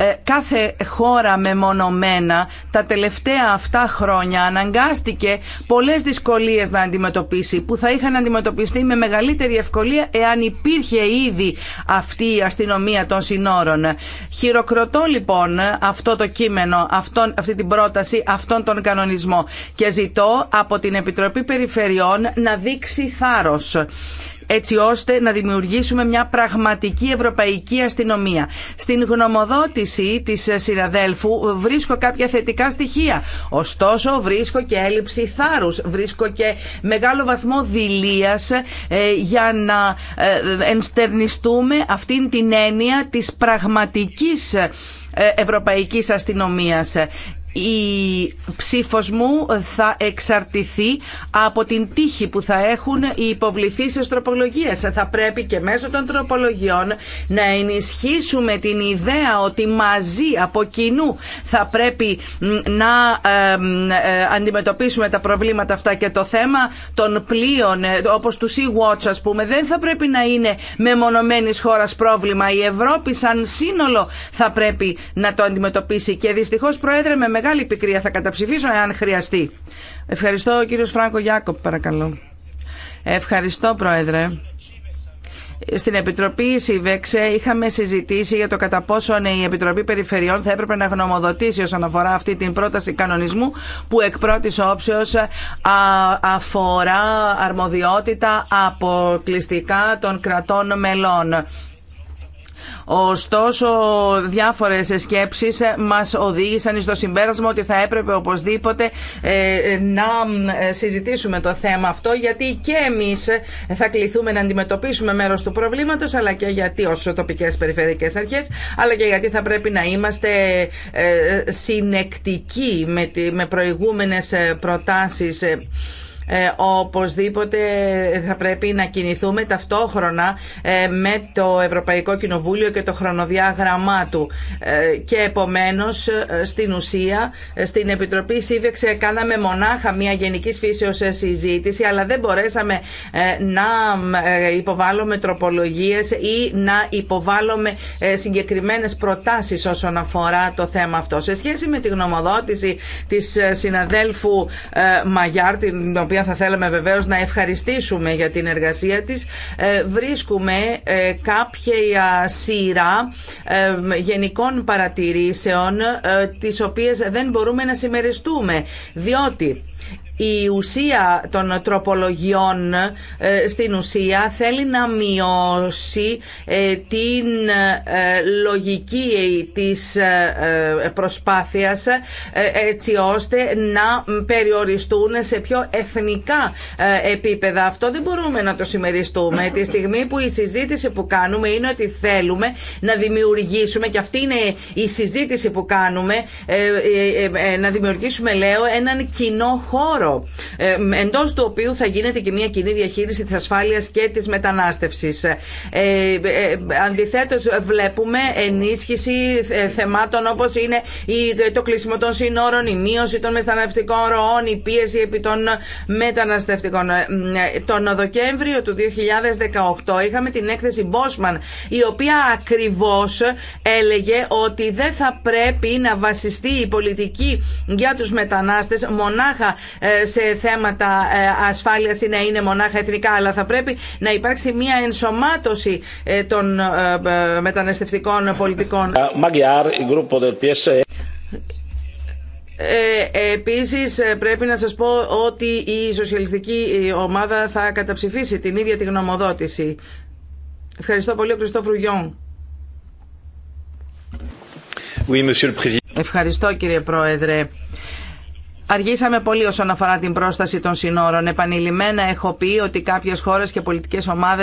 ε, κάθε χώρα μεμονωμένα τα τελευταία αυτά χρόνια αναγκάστηκε πολλές δυσκολίες να αντιμετωπίσει που θα είχαν αντιμετωπιστεί με μεγαλύτερη ευκολία εάν υπήρχε ήδη αυτή η αστυνομία των συνόρων. Χειροκροτώ λοιπόν αυτό το κείμενο, αυτόν, αυτή την πρόταση, αυτόν τον κανονισμό και ζητώ από την Επιτροπή Περιφερειών να δείξει θάρρος έτσι ώστε να δημιουργήσουμε μια πραγματική ευρωπαϊκή αστυνομία. Στην γνωμοδότηση της συναδέλφου βρίσκω κάποια θετικά στοιχεία. Ωστόσο βρίσκω και έλλειψη θάρρους, βρίσκω και μεγάλο βαθμό δηλίας ε, για να ε, ενστερνιστούμε αυτήν την έννοια της πραγματικής ε, ευρωπαϊκής αστυνομίας η ψήφος μου θα εξαρτηθεί από την τύχη που θα έχουν οι υποβληθείς τροπολογίες. Θα πρέπει και μέσω των τροπολογιών να ενισχύσουμε την ιδέα ότι μαζί από κοινού θα πρέπει να ε, ε, αντιμετωπίσουμε τα προβλήματα αυτά και το θέμα των πλοίων ε, όπως του Sea-Watch ας πούμε δεν θα πρέπει να είναι μεμονωμένης χώρας πρόβλημα. Η Ευρώπη σαν σύνολο θα πρέπει να το αντιμετωπίσει και δυστυχώς Πρόεδρε με μεγάλη πικρία. Θα καταψηφίσω εάν χρειαστεί. Ευχαριστώ κύριο Φράγκο Γιάκοπ παρακαλώ. Ευχαριστώ πρόεδρε. Στην Επιτροπή ΣΥΒΕΞΕ είχαμε συζητήσει για το κατά πόσον η Επιτροπή Περιφερειών θα έπρεπε να γνωμοδοτήσει όσον αφορά αυτή την πρόταση κανονισμού που εκ πρώτη όψεω αφορά αρμοδιότητα αποκλειστικά των κρατών μελών. Ωστόσο, διάφορε σκέψεις μας οδήγησαν στο συμπέρασμα ότι θα έπρεπε οπωσδήποτε ε, να ε, συζητήσουμε το θέμα αυτό γιατί και εμείς θα κληθούμε να αντιμετωπίσουμε μέρο του προβλήματος αλλά και γιατί ω τοπικές περιφερειακές αρχές αλλά και γιατί θα πρέπει να είμαστε ε, συνεκτικοί με προηγούμενες προτάσεις ε, οπωσδήποτε θα πρέπει να κινηθούμε ταυτόχρονα ε, με το Ευρωπαϊκό Κοινοβούλιο και το χρονοδιάγραμμά του. Ε, και επομένως στην ουσία στην Επιτροπή Σύβεξε κάναμε μονάχα μια γενικής φύσεως συζήτηση αλλά δεν μπορέσαμε να υποβάλλουμε τροπολογίες ή να υποβάλλουμε συγκεκριμένες προτάσεις όσον αφορά το θέμα αυτό. Σε σχέση με τη γνωμοδότηση της συναδέλφου Μαγιάρ, την οποία θα θέλαμε βεβαίως να ευχαριστήσουμε για την εργασία της, ε, βρίσκουμε ε, κάποια σειρά ε, γενικών παρατηρήσεων τις οποίες δεν μπορούμε να συμμεριστούμε, διότι η ουσία των τροπολογιών ε, στην ουσία θέλει να μειώσει ε, την ε, λογική της προσπάθειας έτσι ώστε να περιοριστούν σε πιο εθνικά επίπεδα. Αυτό δεν μπορούμε να το συμμεριστούμε τη στιγμή που η συζήτηση που κάνουμε είναι ότι θέλουμε να δημιουργήσουμε και αυτή είναι η συζήτηση που κάνουμε να δημιουργήσουμε λέω έναν κοινό χώρο ευρώ, εντός του οποίου θα γίνεται και μια κοινή διαχείριση της ασφάλειας και της μετανάστευσης. Ε, ε, ε, αντιθέτως βλέπουμε ενίσχυση θεμάτων όπως είναι το κλείσιμο των συνόρων, η μείωση των μεταναστευτικών ροών, η πίεση επί των μεταναστευτικών. Τον Δεκέμβριο του 2018 είχαμε την έκθεση Μπόσμαν η οποία ακριβώς έλεγε ότι δεν θα πρέπει να βασιστεί η πολιτική για τους μετανάστες μονάχα σε θέματα ε, ασφάλειας ή να είναι μονάχα εθνικά, αλλά θα πρέπει να υπάρξει μια ενσωμάτωση ε, των ε, μεταναστευτικών πολιτικών. Ε, e. επίσης πρέπει να σας πω ότι η σοσιαλιστική ομάδα θα καταψηφίσει την ίδια τη γνωμοδότηση. Ευχαριστώ πολύ ο Κριστόφρου Γιόν. Oui, Ευχαριστώ κύριε Πρόεδρε. Αργήσαμε πολύ όσον αφορά την πρόσταση των συνόρων. Επανειλημμένα έχω πει ότι κάποιε χώρε και πολιτικέ ομάδε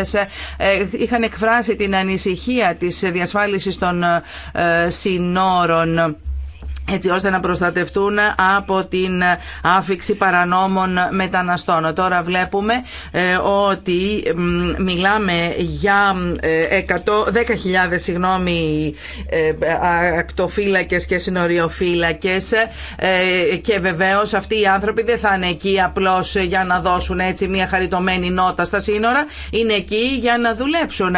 ε, ε, είχαν εκφράσει την ανησυχία τη διασφάλιση των ε, συνόρων έτσι ώστε να προστατευτούν από την άφηξη παρανόμων μεταναστών. Τώρα βλέπουμε ε, ότι μιλάμε για 10.000 ε, συγγνώμη, ε, ακτοφύλακες και συνοριοφύλακες και βεβαίως αυτοί οι άνθρωποι δεν θα είναι εκεί απλώς για να δώσουν έτσι μια χαριτωμένη νότα στα σύνορα, είναι εκεί για να δουλέψουν.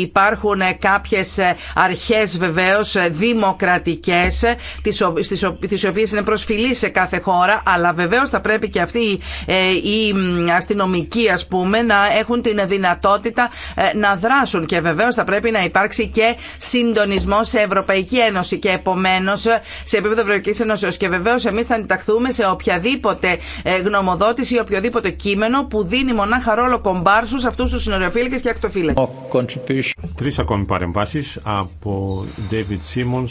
Υπάρχουν κάποιες αρχές βεβαίως δημοκρατικές ε, τις οποίε είναι προσφυλή σε κάθε χώρα, αλλά βεβαίω θα πρέπει και αυτοί ε, οι αστυνομικοί να έχουν την δυνατότητα ε, να δράσουν και βεβαίω θα πρέπει να υπάρξει και συντονισμό σε Ευρωπαϊκή Ένωση και επομένω σε επίπεδο Ευρωπαϊκή Ένωση. Και βεβαίω εμεί θα αντιταχθούμε σε οποιαδήποτε γνωμοδότηση ή οποιοδήποτε κείμενο που δίνει μονάχα ρόλο κομπάρσου σε αυτού του συνοριοφύλακε και ακτοφύλακε. Τρει ακόμη παρεμβάσει από David Simmons,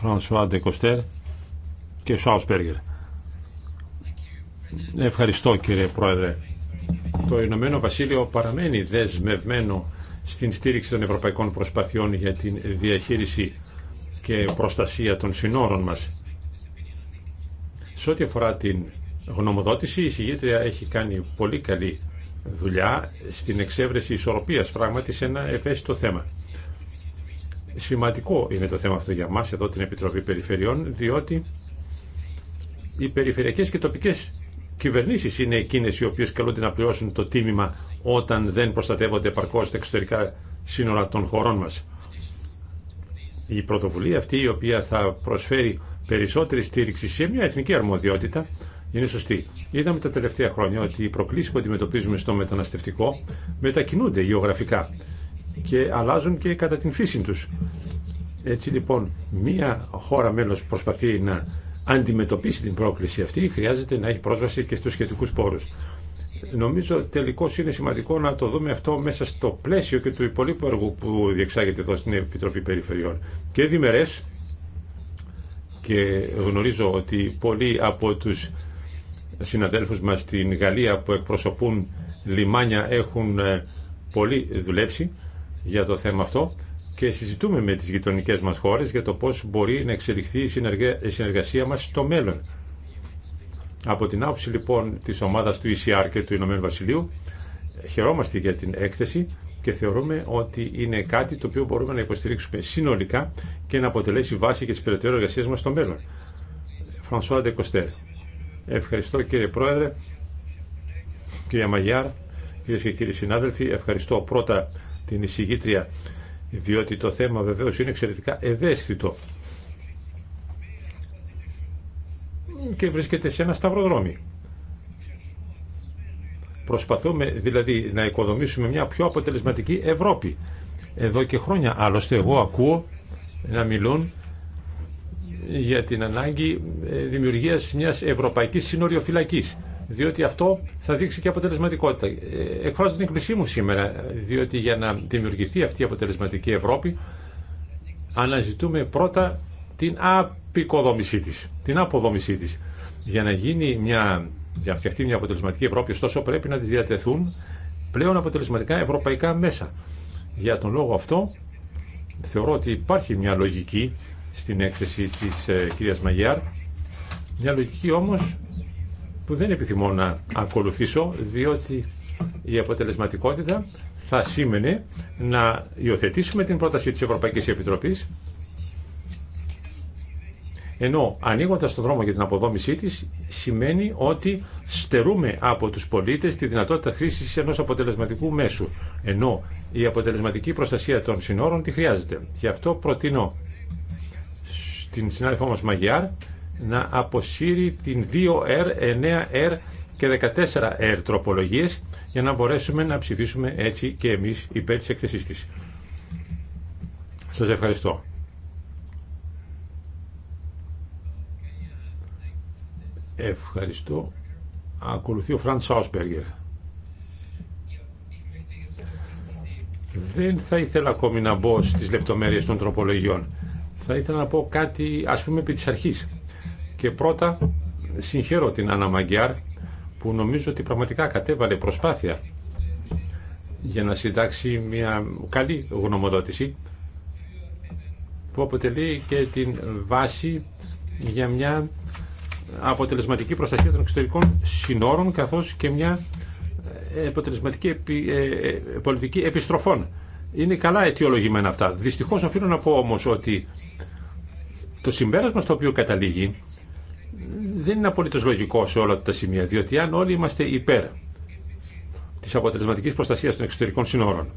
Φρανσουά Ντεκοστέρ και Σπέργερ. Ευχαριστώ κύριε Πρόεδρε. Το Ηνωμένο Βασίλειο παραμένει δεσμευμένο στην στήριξη των ευρωπαϊκών προσπαθειών για την διαχείριση και προστασία των συνόρων μας. Σε ό,τι αφορά την γνωμοδότηση, η συγγήτρια έχει κάνει πολύ καλή δουλειά στην εξέβρεση ισορροπίας πράγματι σε ένα ευαίσθητο θέμα. Σημαντικό είναι το θέμα αυτό για μας εδώ την Επιτροπή Περιφερειών, διότι οι περιφερειακές και τοπικές κυβερνήσεις είναι εκείνες οι οποίες καλούνται να πληρώσουν το τίμημα όταν δεν προστατεύονται επαρκώς τα εξωτερικά σύνορα των χωρών μας. Η πρωτοβουλία αυτή η οποία θα προσφέρει περισσότερη στήριξη σε μια εθνική αρμοδιότητα είναι σωστή. Είδαμε τα τελευταία χρόνια ότι οι προκλήσεις που αντιμετωπίζουμε στο μεταναστευτικό μετακινούνται γεωγραφικά και αλλάζουν και κατά την φύση τους. Έτσι λοιπόν, μία χώρα μέλος προσπαθεί να αντιμετωπίσει την πρόκληση αυτή, χρειάζεται να έχει πρόσβαση και στους σχετικούς πόρους. Νομίζω τελικώ είναι σημαντικό να το δούμε αυτό μέσα στο πλαίσιο και του υπολείπου έργου που διεξάγεται εδώ στην Επιτροπή Περιφερειών. Και διμερές, και γνωρίζω ότι πολλοί από του συναδέλφου μα στην Γαλλία που εκπροσωπούν λιμάνια έχουν ε, πολύ δουλέψει για το θέμα αυτό και συζητούμε με τις γειτονικές μας χώρες για το πώς μπορεί να εξελιχθεί η συνεργασία μας στο μέλλον. Από την άποψη λοιπόν της ομάδας του ECR και του Ηνωμένου Βασιλείου χαιρόμαστε για την έκθεση και θεωρούμε ότι είναι κάτι το οποίο μπορούμε να υποστηρίξουμε συνολικά και να αποτελέσει βάση για τις περαιτέρω εργασίες μας στο μέλλον. Φρανσουά Ντεκοστέρ. Ευχαριστώ κύριε Πρόεδρε, κύριε Μαγιάρ, κυρίε και κύριοι συνάδελφοι. Ευχαριστώ πρώτα την εισηγήτρια, διότι το θέμα βεβαίως είναι εξαιρετικά ευαίσθητο και βρίσκεται σε ένα σταυροδρόμι. Προσπαθούμε δηλαδή να οικοδομήσουμε μια πιο αποτελεσματική Ευρώπη. Εδώ και χρόνια άλλωστε εγώ ακούω να μιλούν για την ανάγκη ε, δημιουργίας μιας ευρωπαϊκής συνοριοφυλακής διότι αυτό θα δείξει και αποτελεσματικότητα. Ε, εκφράζω την εκκλησία μου σήμερα, διότι για να δημιουργηθεί αυτή η αποτελεσματική Ευρώπη, αναζητούμε πρώτα την απεικοδόμησή τη, την αποδόμησή τη. Για να γίνει μια, για να φτιαχτεί μια αποτελεσματική Ευρώπη, ωστόσο πρέπει να τη διατεθούν πλέον αποτελεσματικά ευρωπαϊκά μέσα. Για τον λόγο αυτό, θεωρώ ότι υπάρχει μια λογική στην έκθεση της ε, κυρίας Μαγιάρ, μια λογική όμως που δεν επιθυμώ να ακολουθήσω διότι η αποτελεσματικότητα θα σήμαινε να υιοθετήσουμε την πρόταση της Ευρωπαϊκής Επιτροπής ενώ ανοίγοντα τον δρόμο για την αποδόμησή της σημαίνει ότι στερούμε από τους πολίτες τη δυνατότητα χρήσης ενός αποτελεσματικού μέσου ενώ η αποτελεσματική προστασία των συνόρων τη χρειάζεται. Γι' αυτό προτείνω στην συνάδελφό μας Μαγιάρ να αποσύρει την 2R, 9R και 14R τροπολογίες για να μπορέσουμε να ψηφίσουμε έτσι και εμείς υπέρ της εκθεσής της. Σας ευχαριστώ. Ευχαριστώ. Ακολουθεί ο Φραντ Σάουσπεργκερ. Δεν θα ήθελα ακόμη να μπω στις λεπτομέρειες των τροπολογιών. Θα ήθελα να πω κάτι, ας πούμε, επί της αρχής. Και πρώτα συγχαίρω την Άννα Μαγκιάρ που νομίζω ότι πραγματικά κατέβαλε προσπάθεια για να συντάξει μια καλή γνωμοδότηση που αποτελεί και την βάση για μια αποτελεσματική προστασία των εξωτερικών συνόρων καθώς και μια ε, αποτελεσματική ε, ε, πολιτική επιστροφών. Είναι καλά αιτιολογημένα αυτά. Δυστυχώς οφείλω να πω όμως ότι το συμπέρασμα στο οποίο καταλήγει δεν είναι απολύτω λογικό σε όλα τα σημεία, διότι αν όλοι είμαστε υπέρ της αποτελεσματική προστασίας των εξωτερικών σύνορων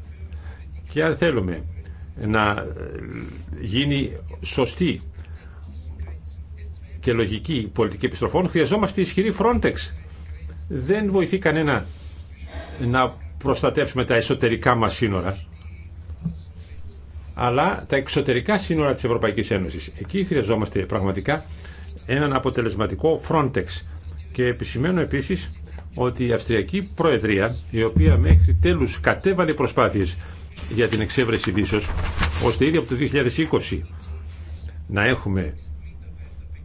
και αν θέλουμε να ε, γίνει σωστή και λογική πολιτική επιστροφών, χρειαζόμαστε ισχυρή Frontex. Δεν βοηθεί κανένα να προστατεύσουμε τα εσωτερικά μας σύνορα, αλλά τα εξωτερικά σύνορα της Ευρωπαϊκής Ένωσης. Εκεί χρειαζόμαστε πραγματικά έναν αποτελεσματικό Frontex. Και επισημαίνω επίσης ότι η Αυστριακή Προεδρία, η οποία μέχρι τέλους κατέβαλε προσπάθειες για την εξέβρεση δίσως ώστε ήδη από το 2020 να έχουμε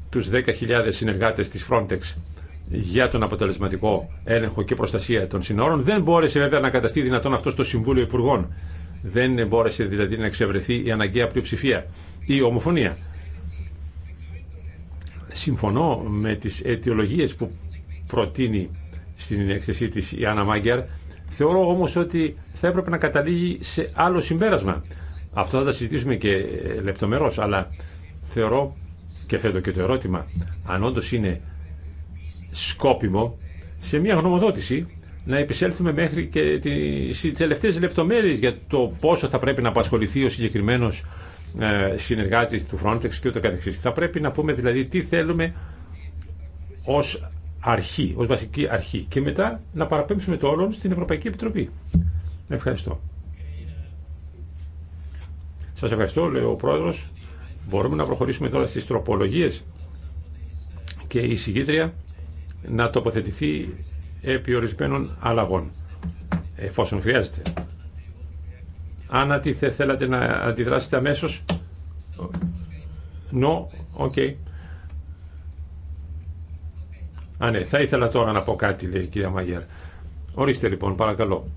τους 10.000 συνεργάτες της Frontex για τον αποτελεσματικό έλεγχο και προστασία των συνόρων. Δεν μπόρεσε βέβαια να καταστεί δυνατόν αυτό στο Συμβούλιο Υπουργών. Δεν μπόρεσε δηλαδή να εξευρεθεί η αναγκαία πλειοψηφία ή ομοφωνία. Συμφωνώ με τις αιτιολογίες που προτείνει στην έκθεσή της η Άννα Μάγκερ. Θεωρώ όμως ότι θα έπρεπε να καταλήγει σε άλλο συμπέρασμα. Αυτό θα τα συζητήσουμε και ε, λεπτομερώς, αλλά θεωρώ και θέτω και το ερώτημα, αν όντω είναι σκόπιμο, σε μια γνωμοδότηση να επισέλθουμε μέχρι και τις τελευταίες λεπτομέρειες για το πόσο θα πρέπει να απασχοληθεί ο συγκεκριμένος ε, συνεργάτες του Frontex και ούτω καθεξής. Θα πρέπει να πούμε δηλαδή τι θέλουμε ως αρχή, ως βασική αρχή και μετά να παραπέμψουμε το όλον στην Ευρωπαϊκή Επιτροπή. Ευχαριστώ. Σας ευχαριστώ, λέει ο Πρόεδρος. Μπορούμε να προχωρήσουμε τώρα στις τροπολογίες και η συγκήτρια να τοποθετηθεί επί ορισμένων αλλαγών, εφόσον χρειάζεται αν τι θέλατε να αντιδράσετε αμέσως. No, οκ. Α, ναι, θα ήθελα τώρα να πω κάτι, λέει η κυρία Μαγιέρ. Ορίστε λοιπόν, παρακαλώ.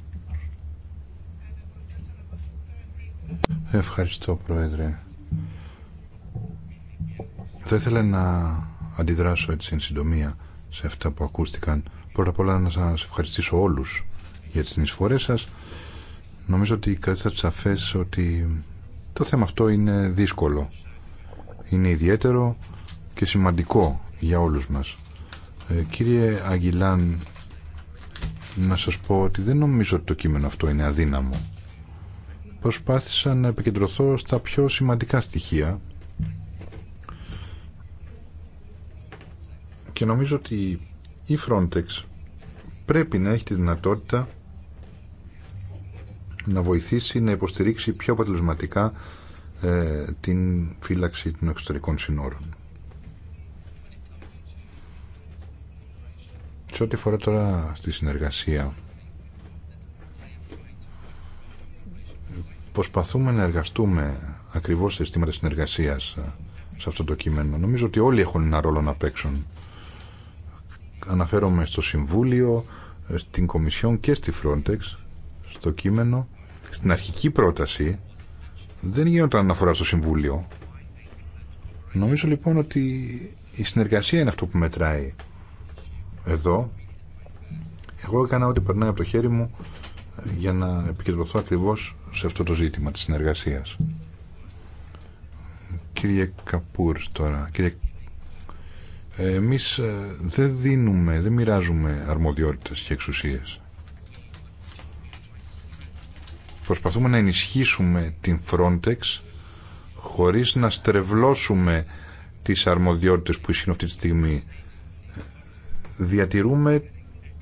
Ευχαριστώ, Πρόεδρε. Θα ήθελα να αντιδράσω έτσι εν συντομία σε αυτά που ακούστηκαν. Πρώτα απ' όλα να σας ευχαριστήσω όλους για τις συνεισφορές σας Νομίζω ότι κατέστατε σαφές ότι το θέμα αυτό είναι δύσκολο. Είναι ιδιαίτερο και σημαντικό για όλους μας. Ε, κύριε Αγγιλάν, να σας πω ότι δεν νομίζω ότι το κείμενο αυτό είναι αδύναμο. Προσπάθησα να επικεντρωθώ στα πιο σημαντικά στοιχεία και νομίζω ότι η Frontex πρέπει να έχει τη δυνατότητα να βοηθήσει να υποστηρίξει πιο αποτελεσματικά ε, την φύλαξη των εξωτερικών συνόρων. Σε ό,τι φορά τώρα στη συνεργασία προσπαθούμε να εργαστούμε ακριβώς σε αισθήματα συνεργασίας ε, σε αυτό το κείμενο. Νομίζω ότι όλοι έχουν ένα ρόλο να παίξουν. Αναφέρομαι στο Συμβούλιο, ε, στην Κομισιόν και στη Frontex το κείμενο, στην αρχική πρόταση δεν γίνονταν αναφορά στο Συμβούλιο. Νομίζω λοιπόν ότι η συνεργασία είναι αυτό που μετράει εδώ. Εγώ έκανα ό,τι περνάει από το χέρι μου για να επικεντρωθώ ακριβώς σε αυτό το ζήτημα της συνεργασίας. Κύριε Καπούρ τώρα, κύριε εμείς ε, δεν δίνουμε, δεν μοιράζουμε αρμοδιότητες και εξουσίες. προσπαθούμε να ενισχύσουμε την Frontex χωρίς να στρεβλώσουμε τις αρμοδιότητες που ισχύουν αυτή τη στιγμή. Διατηρούμε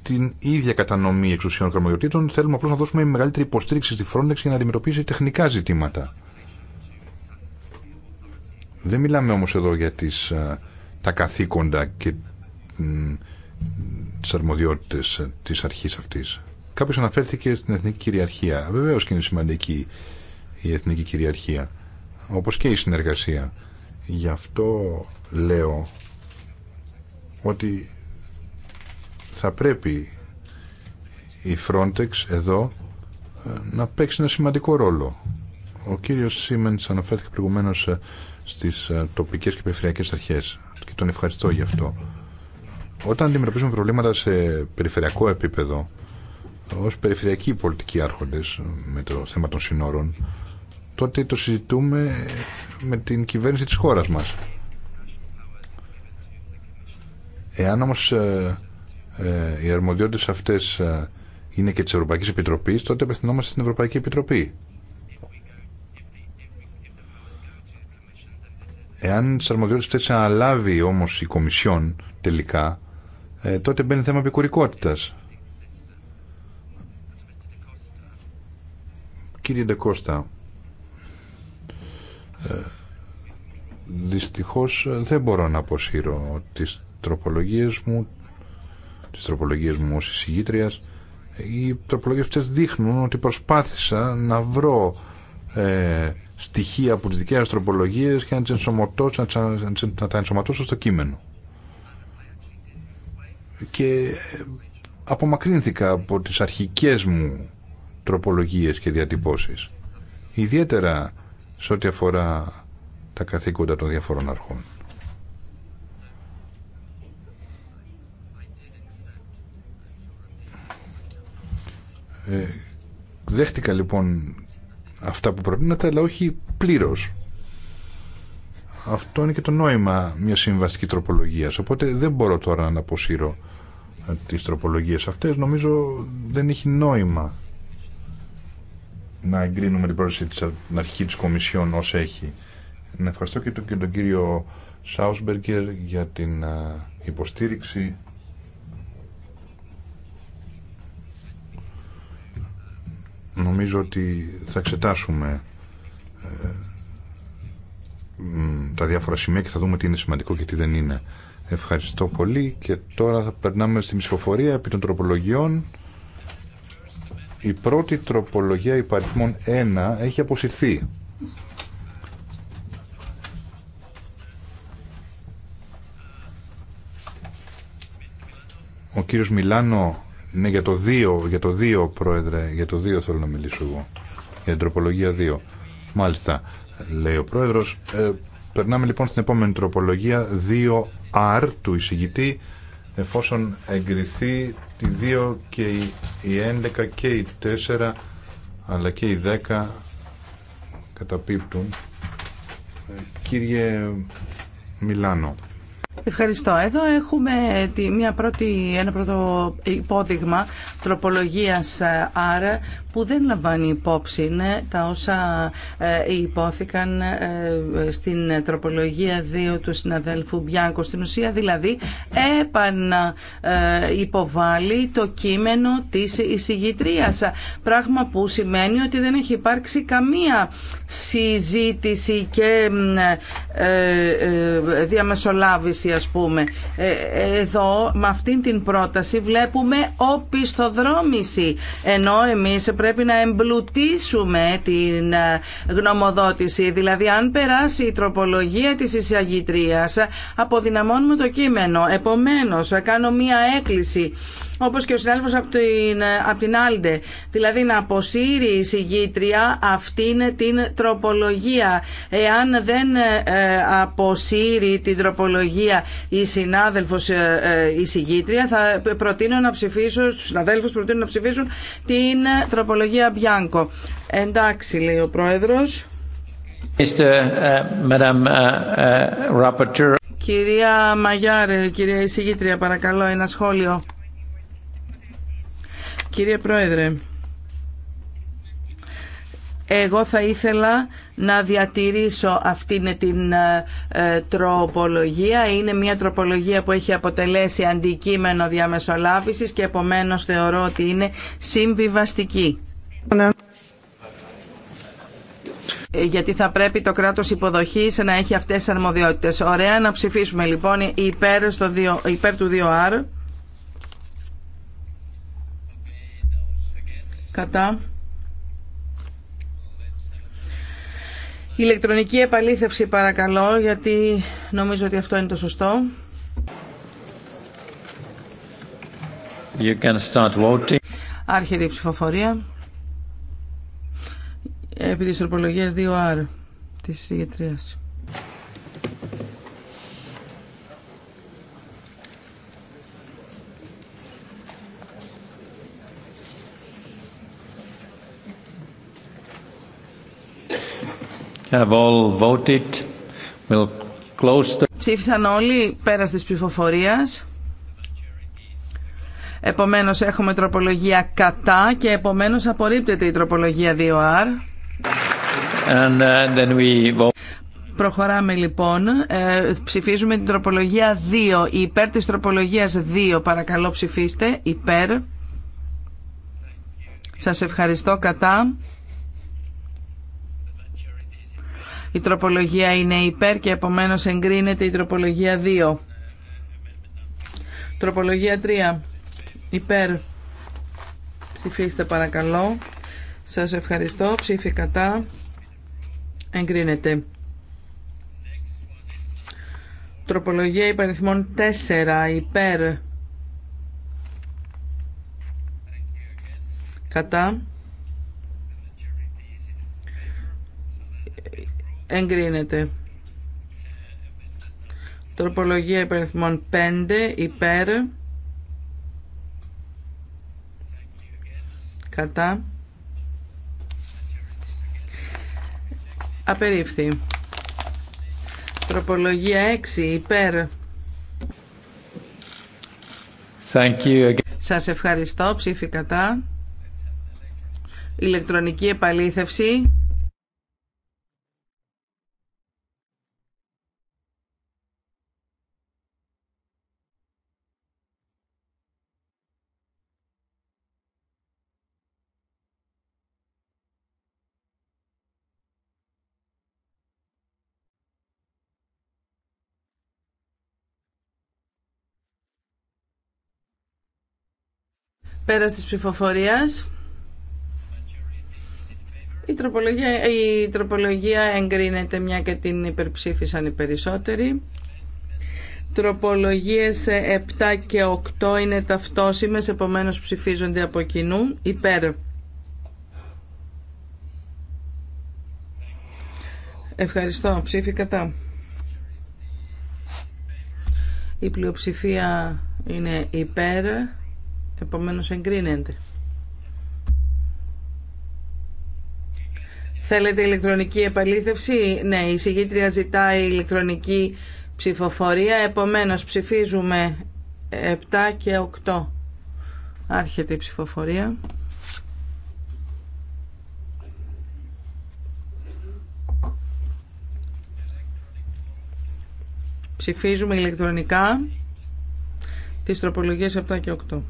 την ίδια κατανομή εξουσιών και αρμοδιοτήτων. Θέλουμε απλώς να δώσουμε μεγαλύτερη υποστήριξη στη Frontex για να αντιμετωπίσει τεχνικά ζητήματα. Δεν μιλάμε όμως εδώ για τις, τα καθήκοντα και τις αρμοδιότητες ε, της αρχής αυτής. Κάποιος αναφέρθηκε στην εθνική κυριαρχία. Βεβαίως και είναι σημαντική η εθνική κυριαρχία, όπως και η συνεργασία. Γι' αυτό λέω ότι θα πρέπει η Frontex εδώ ε, να παίξει ένα σημαντικό ρόλο. Ο κύριος Σίμενς αναφέρθηκε προηγουμένως ε, στις ε, τοπικές και περιφερειακές αρχές και τον ευχαριστώ γι' αυτό. Όταν αντιμετωπίζουμε προβλήματα σε περιφερειακό επίπεδο ως περιφερειακοί πολιτικοί άρχοντες ε, με το θέμα των συνόρων τότε το συζητούμε ε, με την κυβέρνηση της χώρας μας. Εάν όμως ε, ε, οι αρμοδιότητες αυτές ε, είναι και της Ευρωπαϊκής Επιτροπής, τότε απευθυνόμαστε στην Ευρωπαϊκή Επιτροπή. Εάν τις αρμοδιότητες αυτές αναλάβει όμως η Κομισιόν τελικά, τότε μπαίνει θέμα επικουρικότητας. Κύριε Ντεκώστα, ε, δυστυχώς δεν μπορώ να αποσύρω τις τροπολογίες μου τις τροπολογίες μου ως εισηγήτριας οι τροπολογίες αυτές δείχνουν ότι προσπάθησα να βρω ε, στοιχεία από τις δικές τροπολογίες και να τις να, τα ενσωματώσω στο κείμενο και ε, απομακρύνθηκα από τις αρχικές μου τροπολογίες και διατυπώσεις. Ιδιαίτερα σε ό,τι αφορά τα καθήκοντα των διαφορών αρχών. Ε, δέχτηκα λοιπόν αυτά που πρέπει αλλά όχι πλήρως. Αυτό είναι και το νόημα μια συμβαστική τροπολογία. Οπότε δεν μπορώ τώρα να αποσύρω ε, τις τροπολογίες αυτές. Νομίζω δεν έχει νόημα να εγκρίνουμε την πρόταση της την αρχική της Κομισιόν ως έχει. Να ευχαριστώ και τον, τον κύριο Σάουσμπεργκερ για την υποστήριξη. Νομίζω ότι θα εξετάσουμε ε, τα διάφορα σημεία και θα δούμε τι είναι σημαντικό και τι δεν είναι. Ευχαριστώ πολύ και τώρα θα περνάμε στην ψηφοφορία επί των τροπολογιών. Η πρώτη τροπολογία υπαριθμών 1 έχει αποσυρθεί. Ο κύριος Μιλάνο, ναι για το 2, για το 2 πρόεδρε, για το 2 θέλω να μιλήσω εγώ, για την τροπολογία 2. Μάλιστα, λέει ο πρόεδρος. Ε, περνάμε λοιπόν στην επόμενη τροπολογία 2R του εισηγητή, εφόσον εγκριθεί τη 2 και η 11 και η 4 αλλά και η 10 καταπίπτουν. Ε, κύριε Μιλάνο. Ευχαριστώ. Εδώ έχουμε μια πρώτη, ένα πρώτο υπόδειγμα τροπολογίας ε, άρα που δεν λαμβάνει υπόψη ναι, τα όσα ε, υπόθηκαν ε, στην τροπολογία 2 του συναδέλφου Μπιάνκο. Στην ουσία δηλαδή έπανα υποβάλει το κείμενο της εισηγητρίας. Πράγμα που σημαίνει ότι δεν έχει υπάρξει καμία συζήτηση και διαμεσολάβηση ας πούμε. Ε, εδώ με αυτήν την πρόταση βλέπουμε οπισθοδρόμηση ενώ εμείς πρέπει να εμπλουτίσουμε την ε, γνωμοδότηση. Δηλαδή αν περάσει η τροπολογία της εισαγητρίας αποδυναμώνουμε το κείμενο. Επομένως κάνω μία έκκληση Όπω και ο συνάδελφο από την, από την Άλντε. Δηλαδή να αποσύρει η συγγήτρια αυτήν την τροπολογία. Εάν δεν ε, αποσύρει την τροπολογία η συνάδελφος ε, ε, η συγγήτρια, θα προτείνω να ψηφίσω, στου συναδέλφου προτείνω να ψηφίσουν την τροπολογία Μπιάνκο. Εντάξει, λέει ο Πρόεδρος. Κυρία Μαγιάρε, κυρία εισηγήτρια, παρακαλώ ένα σχόλιο. Κύριε Πρόεδρε, εγώ θα ήθελα να διατηρήσω αυτήν την ε, ε, τροπολογία. Είναι μια τροπολογία που έχει αποτελέσει αντικείμενο διαμεσολάβησης και επομένως θεωρώ ότι είναι συμβιβαστική. Ε, γιατί θα πρέπει το κράτος υποδοχής να έχει αυτές τις αρμοδιότητες. Ωραία, να ψηφίσουμε λοιπόν υπέρ, υπέρ του 2R. κατά ηλεκτρονική επαλήθευση παρακαλώ γιατί νομίζω ότι αυτό είναι το σωστό you can start voting. άρχεται η ψηφοφορία επί της τροπολογίας 2R της ηγετρίας Ψήφισαν όλοι πέρα της ψηφοφορίας. Επομένως έχουμε τροπολογία κατά και επομένως απορρίπτεται η τροπολογία 2R. And uh, then we vote. Προχωράμε λοιπόν. Ε, ψηφίζουμε την τροπολογία 2. Η υπέρ της τροπολογίας 2 παρακαλώ ψηφίστε. Υπέρ. Σας ευχαριστώ κατά. Η τροπολογία είναι υπέρ και επομένως εγκρίνεται η τροπολογία 2. Τροπολογία 3. Υπέρ. Ψηφίστε παρακαλώ. Σας ευχαριστώ. Ψήφι κατά. Εγκρίνεται. Τροπολογία υπαριθμών 4. Υπέρ. Κατά. εγκρίνεται. Τροπολογία υπερθμών 5 υπέρ κατά απερίφθη. Τροπολογία 6 υπέρ Thank you. Σας ευχαριστώ. Ψήφι κατά. Ηλεκτρονική επαλήθευση. Πέρας της ψηφοφορίας. Η τροπολογία, η τροπολογία εγκρίνεται μια και την υπερψήφισαν οι περισσότεροι. Τροπολογίες 7 και 8 είναι ταυτόσιμες, επομένως ψηφίζονται από κοινού. Υπέρ. Ευχαριστώ. Ψήφι κατά. Η πλειοψηφία είναι υπέρ. Επομένως εγκρίνεται. Θέλετε ηλεκτρονική επαλήθευση. Ναι, η συγκήτρια ζητάει ηλεκτρονική ψηφοφορία. Επομένως ψηφίζουμε 7 και 8. Άρχεται η ψηφοφορία. Ψηφίζουμε ηλεκτρονικά τις τροπολογίες 7 και 8.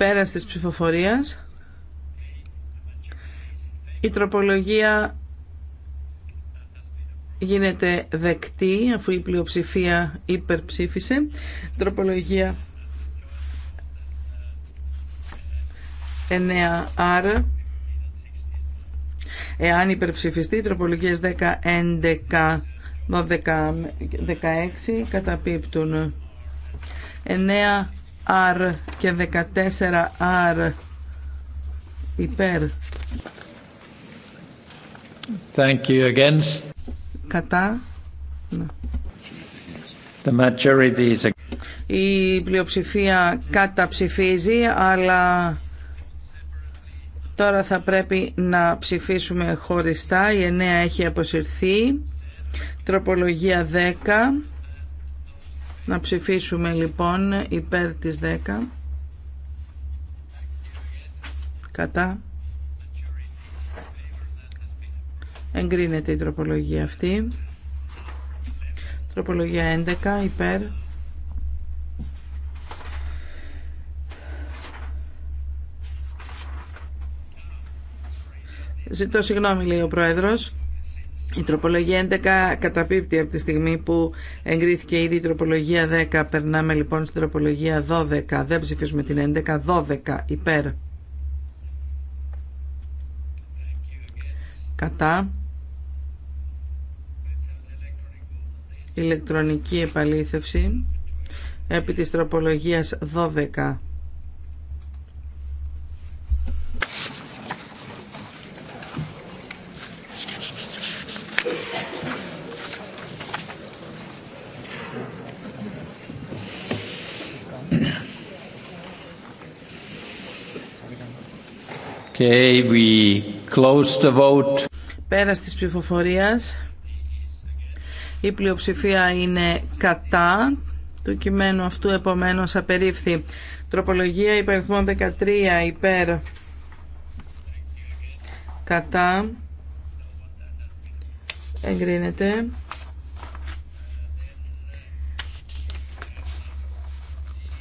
Πέρας της ψηφοφορίας. Η τροπολογία γίνεται δεκτή αφού η πλειοψηφία υπερψήφισε. Τροπολογία 9 άρα εάν υπερψηφιστεί οι τροπολογίες 10, 11, 12, 16 καταπίπτουν 9 R και 14R υπέρ. Thank you against. Κατά. Ναι. The majority is... Η πλειοψηφία καταψηφίζει, αλλά τώρα θα πρέπει να ψηφίσουμε χωριστά. Η 9 έχει αποσυρθεί. Τροπολογία 10 να ψηφίσουμε λοιπόν υπέρ της 10 κατά εγκρίνεται η τροπολογία αυτή τροπολογία 11 υπέρ Ζητώ συγγνώμη λέει ο Πρόεδρος η τροπολογία 11 καταπίπτει από τη στιγμή που εγκρίθηκε ήδη η τροπολογία 10. Περνάμε λοιπόν στην τροπολογία 12. Δεν ψηφίσουμε την 11. 12 υπέρ. Κατά. Ηλεκτρονική επαλήθευση επί της τροπολογίας 12. Okay, we close the vote. Πέρα ψηφοφορίας, η πλειοψηφία είναι κατά του κειμένου αυτού, επομένως απερίφθη. Τροπολογία υπερθμών 13 υπέρ κατά εγκρίνεται.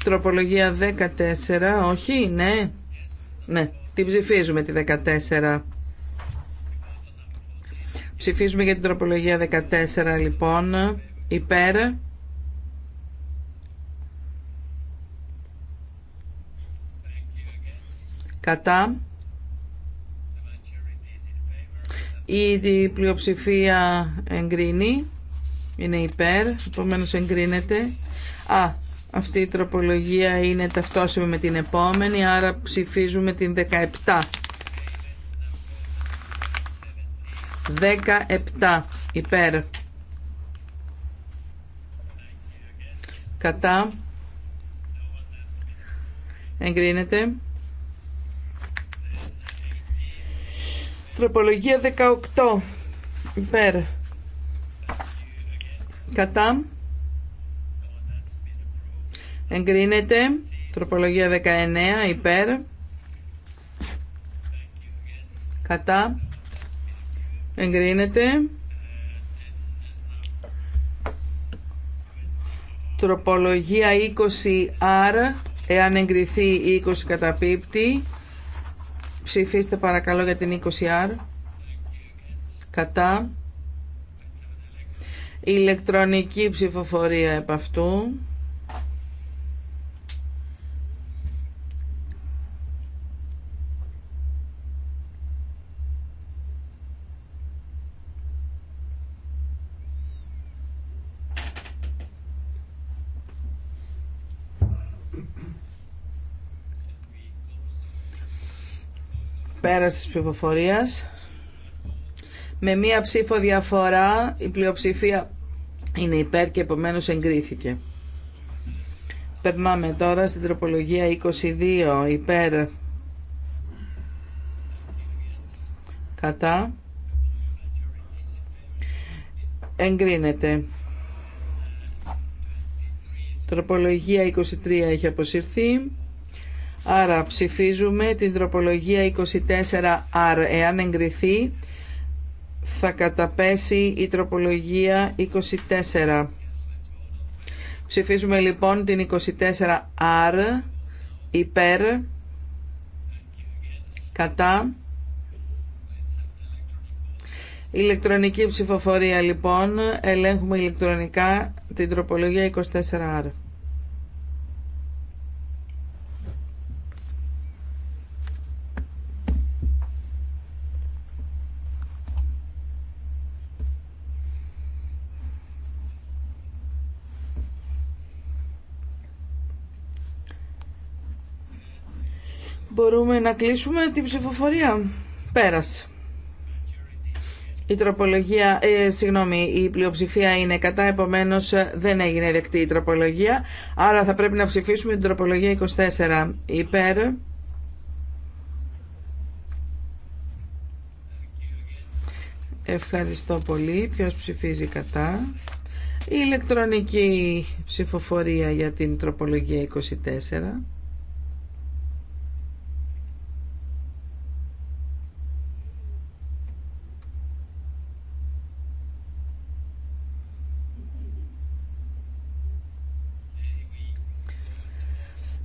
Τροπολογία 14, όχι, ναι, ναι. Την ψηφίζουμε τη 14. Ψηφίζουμε για την τροπολογία 14 λοιπόν. Υπέρ. Κατά. Η πλειοψηφία εγκρίνει. Είναι υπέρ. Επομένω εγκρίνεται. Α, αυτή η τροπολογία είναι ταυτόσιμη με την επόμενη, άρα ψηφίζουμε την 17. 17 υπέρ. Κατά. Εγκρίνεται. Τροπολογία 18 υπέρ. Κατά. Εγκρίνεται. Τροπολογία 19 υπέρ. Κατά. Εγκρίνεται. Τροπολογία 20R. Εάν εγκριθεί η 20 καταπίπτει. Ψηφίστε παρακαλώ για την 20R. Κατά. Ηλεκτρονική ψηφοφορία επ' αυτού. Πέρας της Με μία ψήφο διαφορά η πλειοψηφία είναι υπέρ και επομένως εγκρίθηκε. Περνάμε τώρα στην τροπολογία 22 υπέρ κατά εγκρίνεται. Τροπολογία 23 έχει αποσυρθεί. Άρα ψηφίζουμε την τροπολογία 24R. Εάν εγκριθεί θα καταπέσει η τροπολογία 24. Ψηφίζουμε λοιπόν την 24R υπέρ κατά ηλεκτρονική ψηφοφορία λοιπόν ελέγχουμε ηλεκτρονικά την τροπολογία 24R. Μπορούμε να κλείσουμε την ψηφοφορία. Πέρασε. Η τροπολογία, ε, συγγνώμη, η πλειοψηφία είναι κατά, επομένω ε, δεν έγινε δεκτή η τροπολογία. Άρα θα πρέπει να ψηφίσουμε την τροπολογία 24 υπέρ. Ευχαριστώ πολύ. Ποιος ψηφίζει κατά. Η ηλεκτρονική ψηφοφορία για την τροπολογία 24.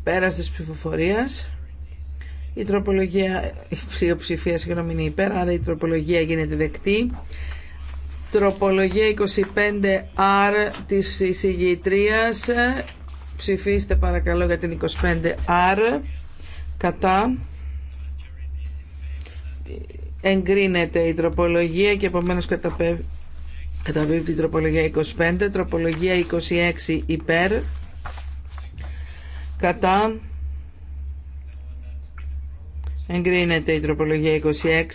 Πέρας της ψηφοφορίας. Η τροπολογία, η ψηφοψηφία συγγνώμη είναι υπέρ, άρα η τροπολογία γίνεται δεκτή. Τροπολογία 25R της εισηγητρίας. Ψηφίστε παρακαλώ για την 25R. Κατά. Εγκρίνεται η τροπολογία και επομένως καταπέ... καταπίπτει η τροπολογία 25. Τροπολογία 26 υπέρ κατά εγκρίνεται η τροπολογία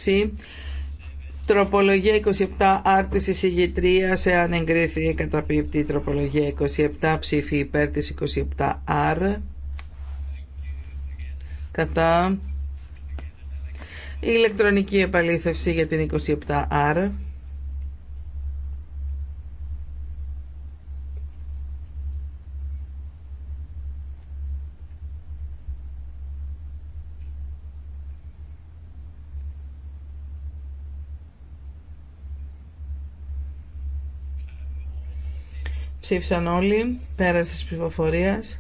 26 Τροπολογία 27, άρτηση συγγετρίας, εάν εγκρίθει καταπίπτει η τροπολογία 27, ψήφι υπέρ της 27R. Κατά. Η ηλεκτρονική επαλήθευση για την 27R. Ψήφισαν όλοι, πέρα της ψηφοφορίας.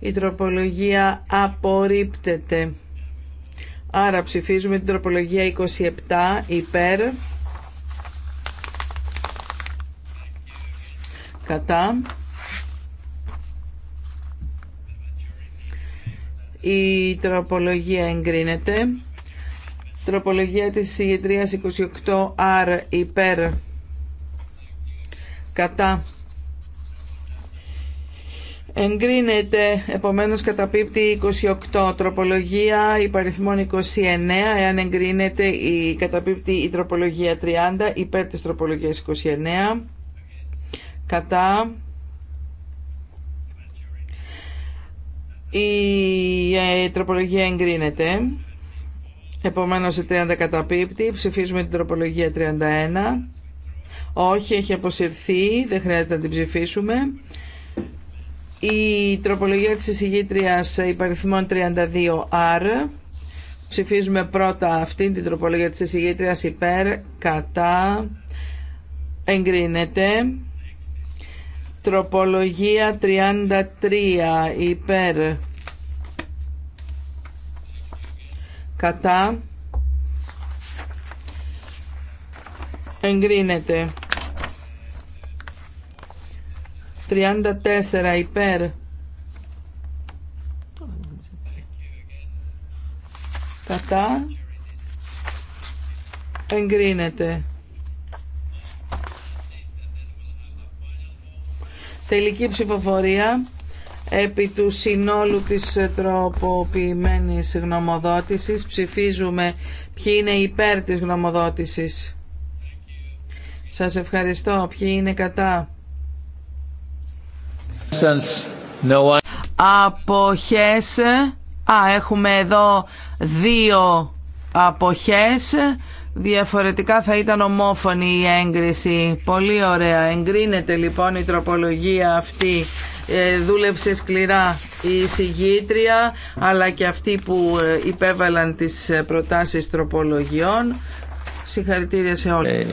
Η τροπολογία απορρίπτεται. Άρα ψηφίζουμε την τροπολογία 27 υπέρ. Κατά. Η τροπολογία εγκρίνεται. Τροπολογία της συγκεντρίας 28 28R υπέρ κατά Εγκρίνεται, επομένως καταπίπτει 28 τροπολογία υπαριθμών 29, εάν εγκρίνεται η, καταπίπτει η τροπολογία 30 υπέρ της τροπολογίας 29, κατά η, ε, τροπολογία εγκρίνεται, επομένως η 30 πίπτη. ψηφίζουμε την τροπολογία 31, όχι, έχει αποσυρθεί, δεν χρειάζεται να την ψηφίσουμε. Η τροπολογία της εισηγήτριας υπαριθμών 32R. Ψηφίζουμε πρώτα αυτήν την τροπολογία της εισηγήτριας υπέρ, κατά, εγκρίνεται. Τροπολογία 33 υπέρ, κατά, εγκρίνεται 34 υπέρ κατά εγκρίνεται τελική ψηφοφορία επί του συνόλου της τροποποιημένης γνωμοδότησης ψηφίζουμε ποιοι είναι υπέρ της γνωμοδότησης σας ευχαριστώ. Ποιοι είναι κατά. Αποχές. Α, έχουμε εδώ δύο αποχές. Διαφορετικά θα ήταν ομόφωνη η έγκριση. Πολύ ωραία. Εγκρίνεται λοιπόν η τροπολογία αυτή. Ε, δούλεψε σκληρά η συγγήτρια αλλά και αυτοί που ε, υπέβαλαν τις ε, προτάσεις τροπολογιών. Συγχαρητήρια σε όλους. Ε,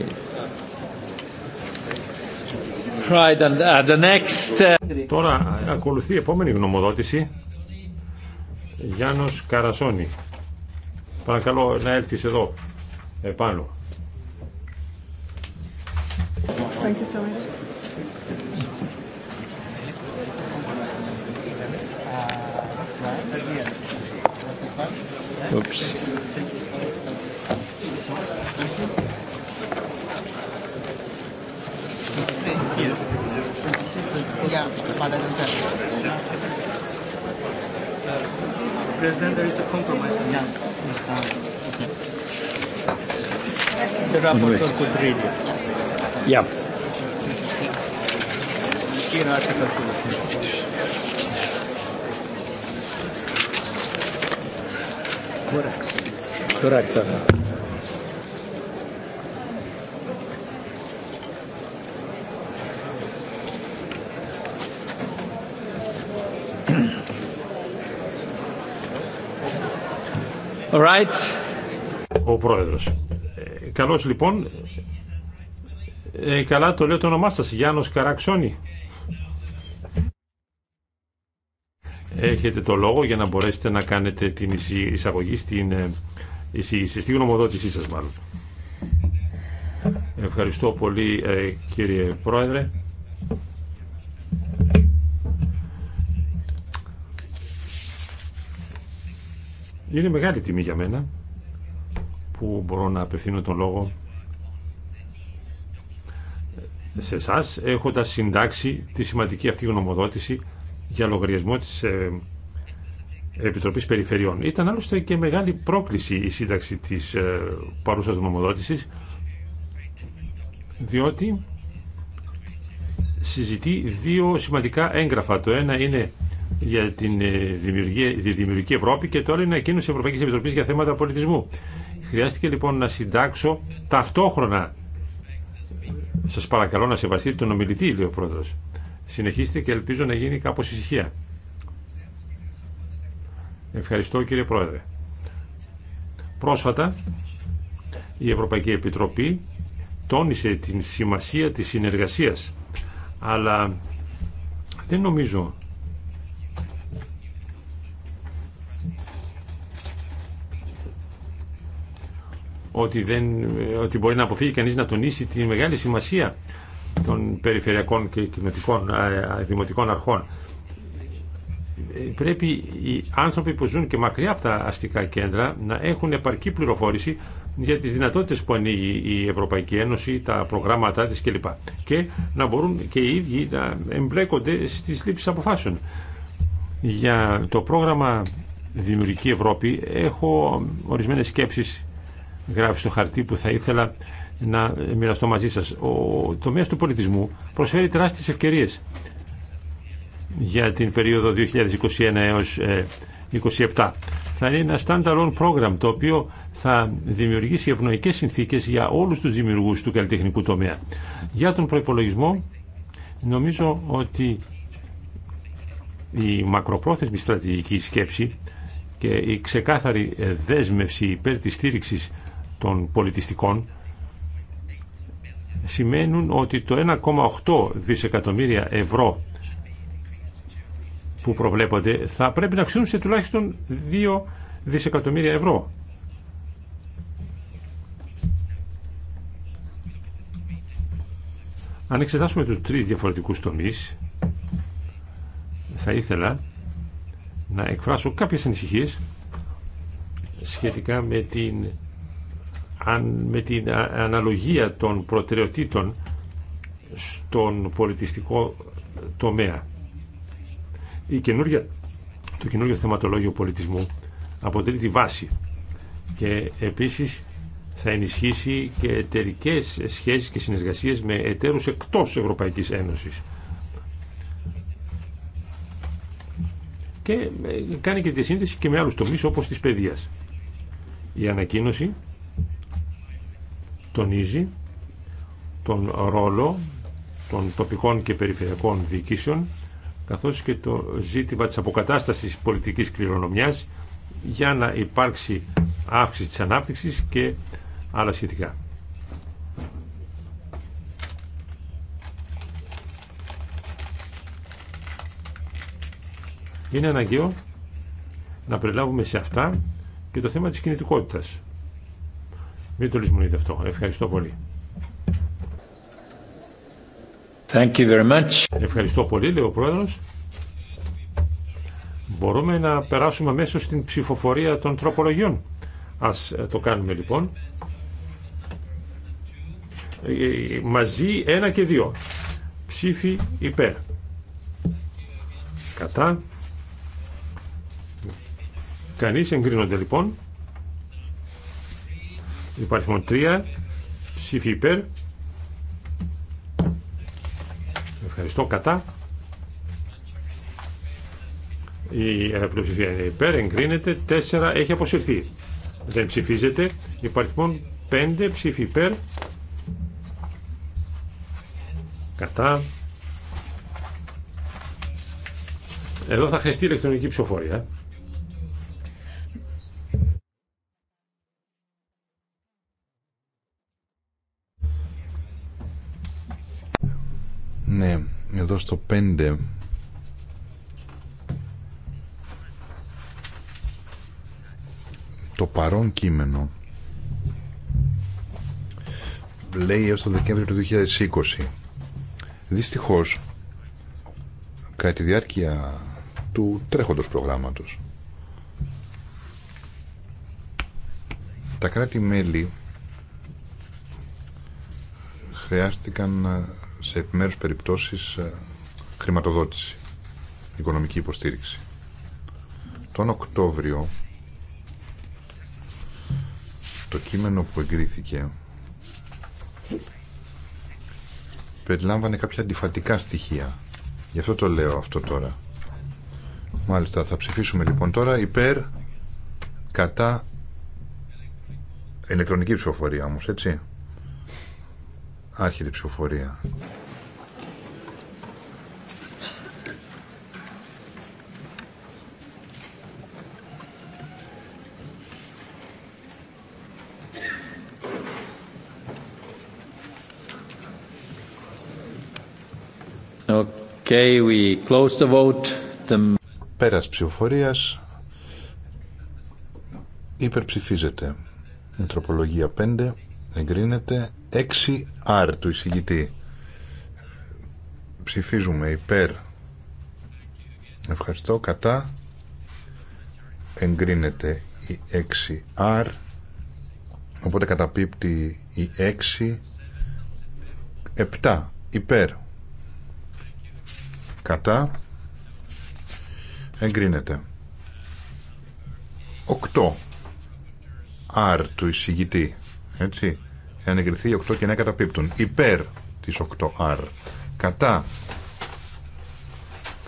Uh, uh, Τώρα ακολουθεί η επόμενη γνωμοδότηση. Γιάννος Καρασόνη. Παρακαλώ να έλθεις εδώ, επάνω. Thank Oops. gaps President, there is a compromise on The rapporteur could read it. Yeah. Correct. Correct, sir. Right. Ο πρόεδρος. Ε, Καλώ λοιπόν. Ε, καλά το λέω το όνομά σα. Γιάννος Καραξόνη. Έχετε το λόγο για να μπορέσετε να κάνετε την εισαγωγή στην ε, εισήγηση, στη γνωμοδότησή σας μάλλον. Ευχαριστώ πολύ ε, κύριε Πρόεδρε. Είναι μεγάλη τιμή για μένα που μπορώ να απευθύνω τον λόγο σε εσά έχοντας συντάξει τη σημαντική αυτή γνωμοδότηση για λογαριασμό της ε, Επιτροπής Περιφερειών. Ήταν άλλωστε και μεγάλη πρόκληση η σύνταξη της ε, παρούσας γνωμοδότησης διότι συζητεί δύο σημαντικά έγγραφα. Το ένα είναι για την ε, τη δημιουργική Ευρώπη και το άλλο είναι εκείνο τη Ευρωπαϊκή Επιτροπή για θέματα πολιτισμού. Χρειάστηκε λοιπόν να συντάξω ταυτόχρονα. Σα παρακαλώ να σεβαστείτε τον ομιλητή, λέει ο πρόεδρο. Συνεχίστε και ελπίζω να γίνει κάπω ησυχία. Ευχαριστώ κύριε Πρόεδρε. Πρόσφατα η Ευρωπαϊκή Επιτροπή τόνισε την σημασία της συνεργασίας αλλά δεν νομίζω ότι, δεν, ότι μπορεί να αποφύγει κανείς να τονίσει τη μεγάλη σημασία των περιφερειακών και ε, ε, δημοτικών αρχών. Πρέπει οι άνθρωποι που ζουν και μακριά από τα αστικά κέντρα να έχουν επαρκή πληροφόρηση για τις δυνατότητες που ανοίγει η Ευρωπαϊκή Ένωση, τα προγράμματά της κλπ. Και να μπορούν και οι ίδιοι να εμπλέκονται στις λήψεις αποφάσεων. Για το πρόγραμμα Δημιουργική Ευρώπη έχω ορισμένες σκέψεις γράψει στο χαρτί που θα ήθελα να μοιραστώ μαζί σας. Ο τομέας του πολιτισμού προσφέρει τεράστιες ευκαιρίες για την περίοδο 2021 έως ε, 27. Θα είναι ένα standalone program το οποίο θα δημιουργήσει ευνοϊκές συνθήκες για όλους τους δημιουργούς του καλλιτεχνικού τομέα. Για τον προϋπολογισμό νομίζω ότι η μακροπρόθεσμη στρατηγική σκέψη και η ξεκάθαρη δέσμευση υπέρ της στήριξης των πολιτιστικών σημαίνουν ότι το 1,8 δισεκατομμύρια ευρώ που προβλέπονται θα πρέπει να αυξηθούν σε τουλάχιστον 2 δισεκατομμύρια ευρώ. Αν εξετάσουμε τους τρεις διαφορετικούς τομείς, θα ήθελα να εκφράσω κάποιες ανησυχίες σχετικά με την, με την αναλογία των προτεραιοτήτων στον πολιτιστικό τομέα. Η το καινούργιο θεματολόγιο πολιτισμού αποτελεί τη βάση και επίσης θα ενισχύσει και εταιρικέ σχέσεις και συνεργασίες με εταίρους εκτός Ευρωπαϊκής Ένωσης. Και κάνει και τη σύνδεση και με άλλους τομείς όπως της παιδείας. Η ανακοίνωση τονίζει τον ρόλο των τοπικών και περιφερειακών διοικήσεων καθώς και το ζήτημα της αποκατάστασης πολιτικής κληρονομιάς για να υπάρξει αύξηση της ανάπτυξης και άλλα σχετικά. Είναι αναγκαίο να περιλάβουμε σε αυτά και το θέμα της κινητικότητας. Μην το λησμονείτε αυτό. Ευχαριστώ πολύ. Thank you very much. Ευχαριστώ πολύ, λέει ο πρόεδρο. Μπορούμε να περάσουμε αμέσω στην ψηφοφορία των τροπολογιών. Ας ε, το κάνουμε λοιπόν. Ε, ε, μαζί ένα και δύο. Ψήφι υπέρ. Κατά. Κανεί εγκρίνονται λοιπόν. Υπάρχουν τρία. Ψήφι υπέρ. Ευχαριστώ. Κατά. Η ε, πλειοψηφία είναι υπέρ. Εγκρίνεται. Τέσσερα. έχει αποσυρθεί. Δεν ψηφίζεται. Υπαριθμόν πέντε ψήφι υπέρ. Κατά. Εδώ θα χρειαστεί ηλεκτρονική ψηφοφορία. Ναι, εδώ στο 5 το παρόν κείμενο λέει έως το Δεκέμβριο του 2020. Δυστυχώς, κατά τη διάρκεια του τρέχοντος προγράμματος, τα κράτη-μέλη χρειάστηκαν να σε επιμέρους περιπτώσεις ε, χρηματοδότηση, οικονομική υποστήριξη. Τον Οκτώβριο το κείμενο που εγκρίθηκε περιλάμβανε κάποια αντιφατικά στοιχεία. Γι' αυτό το λέω αυτό τώρα. Μάλιστα, θα ψηφίσουμε λοιπόν τώρα υπέρ κατά ηλεκτρονική ψηφοφορία όμως, έτσι άρχιτη ψηφοφορία. Okay, we close the vote. The... Πέρας ψηφοφορίας υπερψηφίζεται. Η τροπολογία 5 εγκρίνεται 6R του εισηγητή. Ψηφίζουμε υπέρ. Ευχαριστώ. Κατά. Εγκρίνεται η 6R. Οπότε καταπίπτει η 6. 7. Υπέρ. Κατά. Εγκρίνεται. 8. R του εισηγητή. Έτσι εάν εγκριθεί 8 και 9 καταπίπτουν. Υπέρ της 8R. Κατά.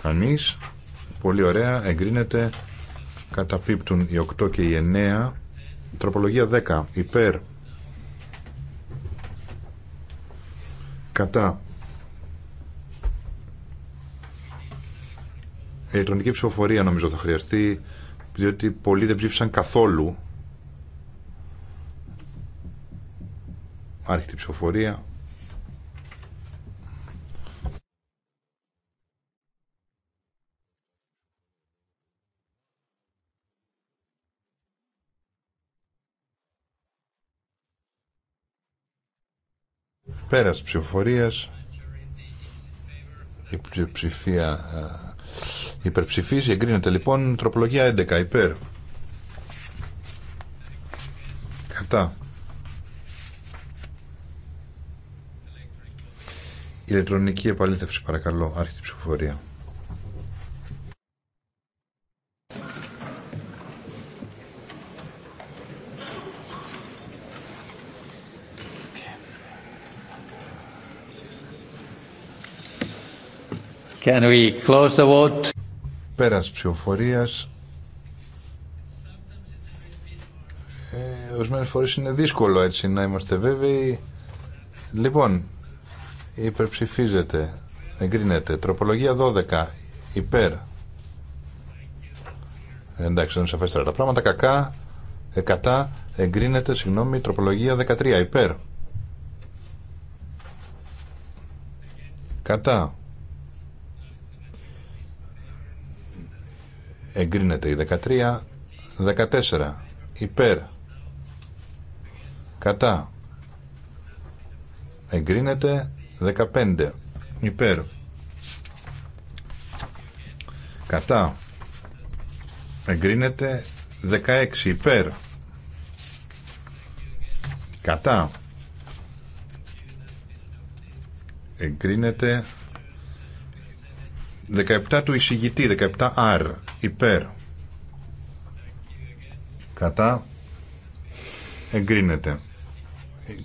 Κανείς. Πολύ ωραία. Εγκρίνεται. Καταπίπτουν οι 8 και οι 9. Τροπολογία 10. Υπέρ. Κατά. ηλεκτρονική ψηφοφορία νομίζω θα χρειαστεί, διότι πολλοί δεν ψήφισαν καθόλου Άρχιτη ψηφοφορία. Πέρας ψηφοφορίας η ψηφία ε, υπερψηφίζει εγκρίνεται λοιπόν τροπολογία 11 υπέρ κατά Ηλεκτρονική επαλήθευση παρακαλώ. Άρχιτη ψηφοφορία. Can we close the vote? Πέρας ψηφοφορίας. Ε, Ορισμένε φορέ είναι δύσκολο έτσι να είμαστε βέβαιοι. Λοιπόν, υπερψηφίζεται εγκρίνεται τροπολογία 12 υπέρ εντάξει δεν είναι σαφέστερα τα πράγματα κακά εκατά, εγκρίνεται συγγνώμη τροπολογία 13 υπέρ κατά εγκρίνεται η 13 14 υπέρ κατά εγκρίνεται 15 υπέρ κατά εγκρίνεται 16 υπέρ κατά εγκρίνεται 17 του εισηγητή 17R υπέρ κατά εγκρίνεται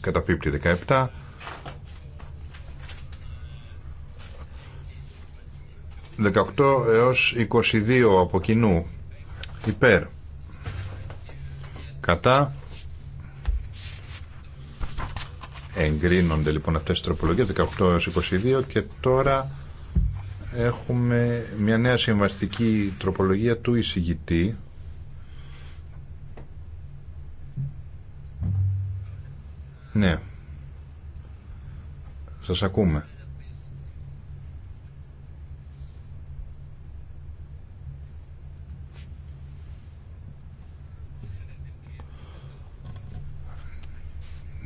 καταπίπτει 17 18 έως 22 από κοινού υπέρ κατά εγκρίνονται λοιπόν αυτές τις τροπολογίες 18 έως 22 και τώρα έχουμε μια νέα συμβαστική τροπολογία του εισηγητή ναι σας ακούμε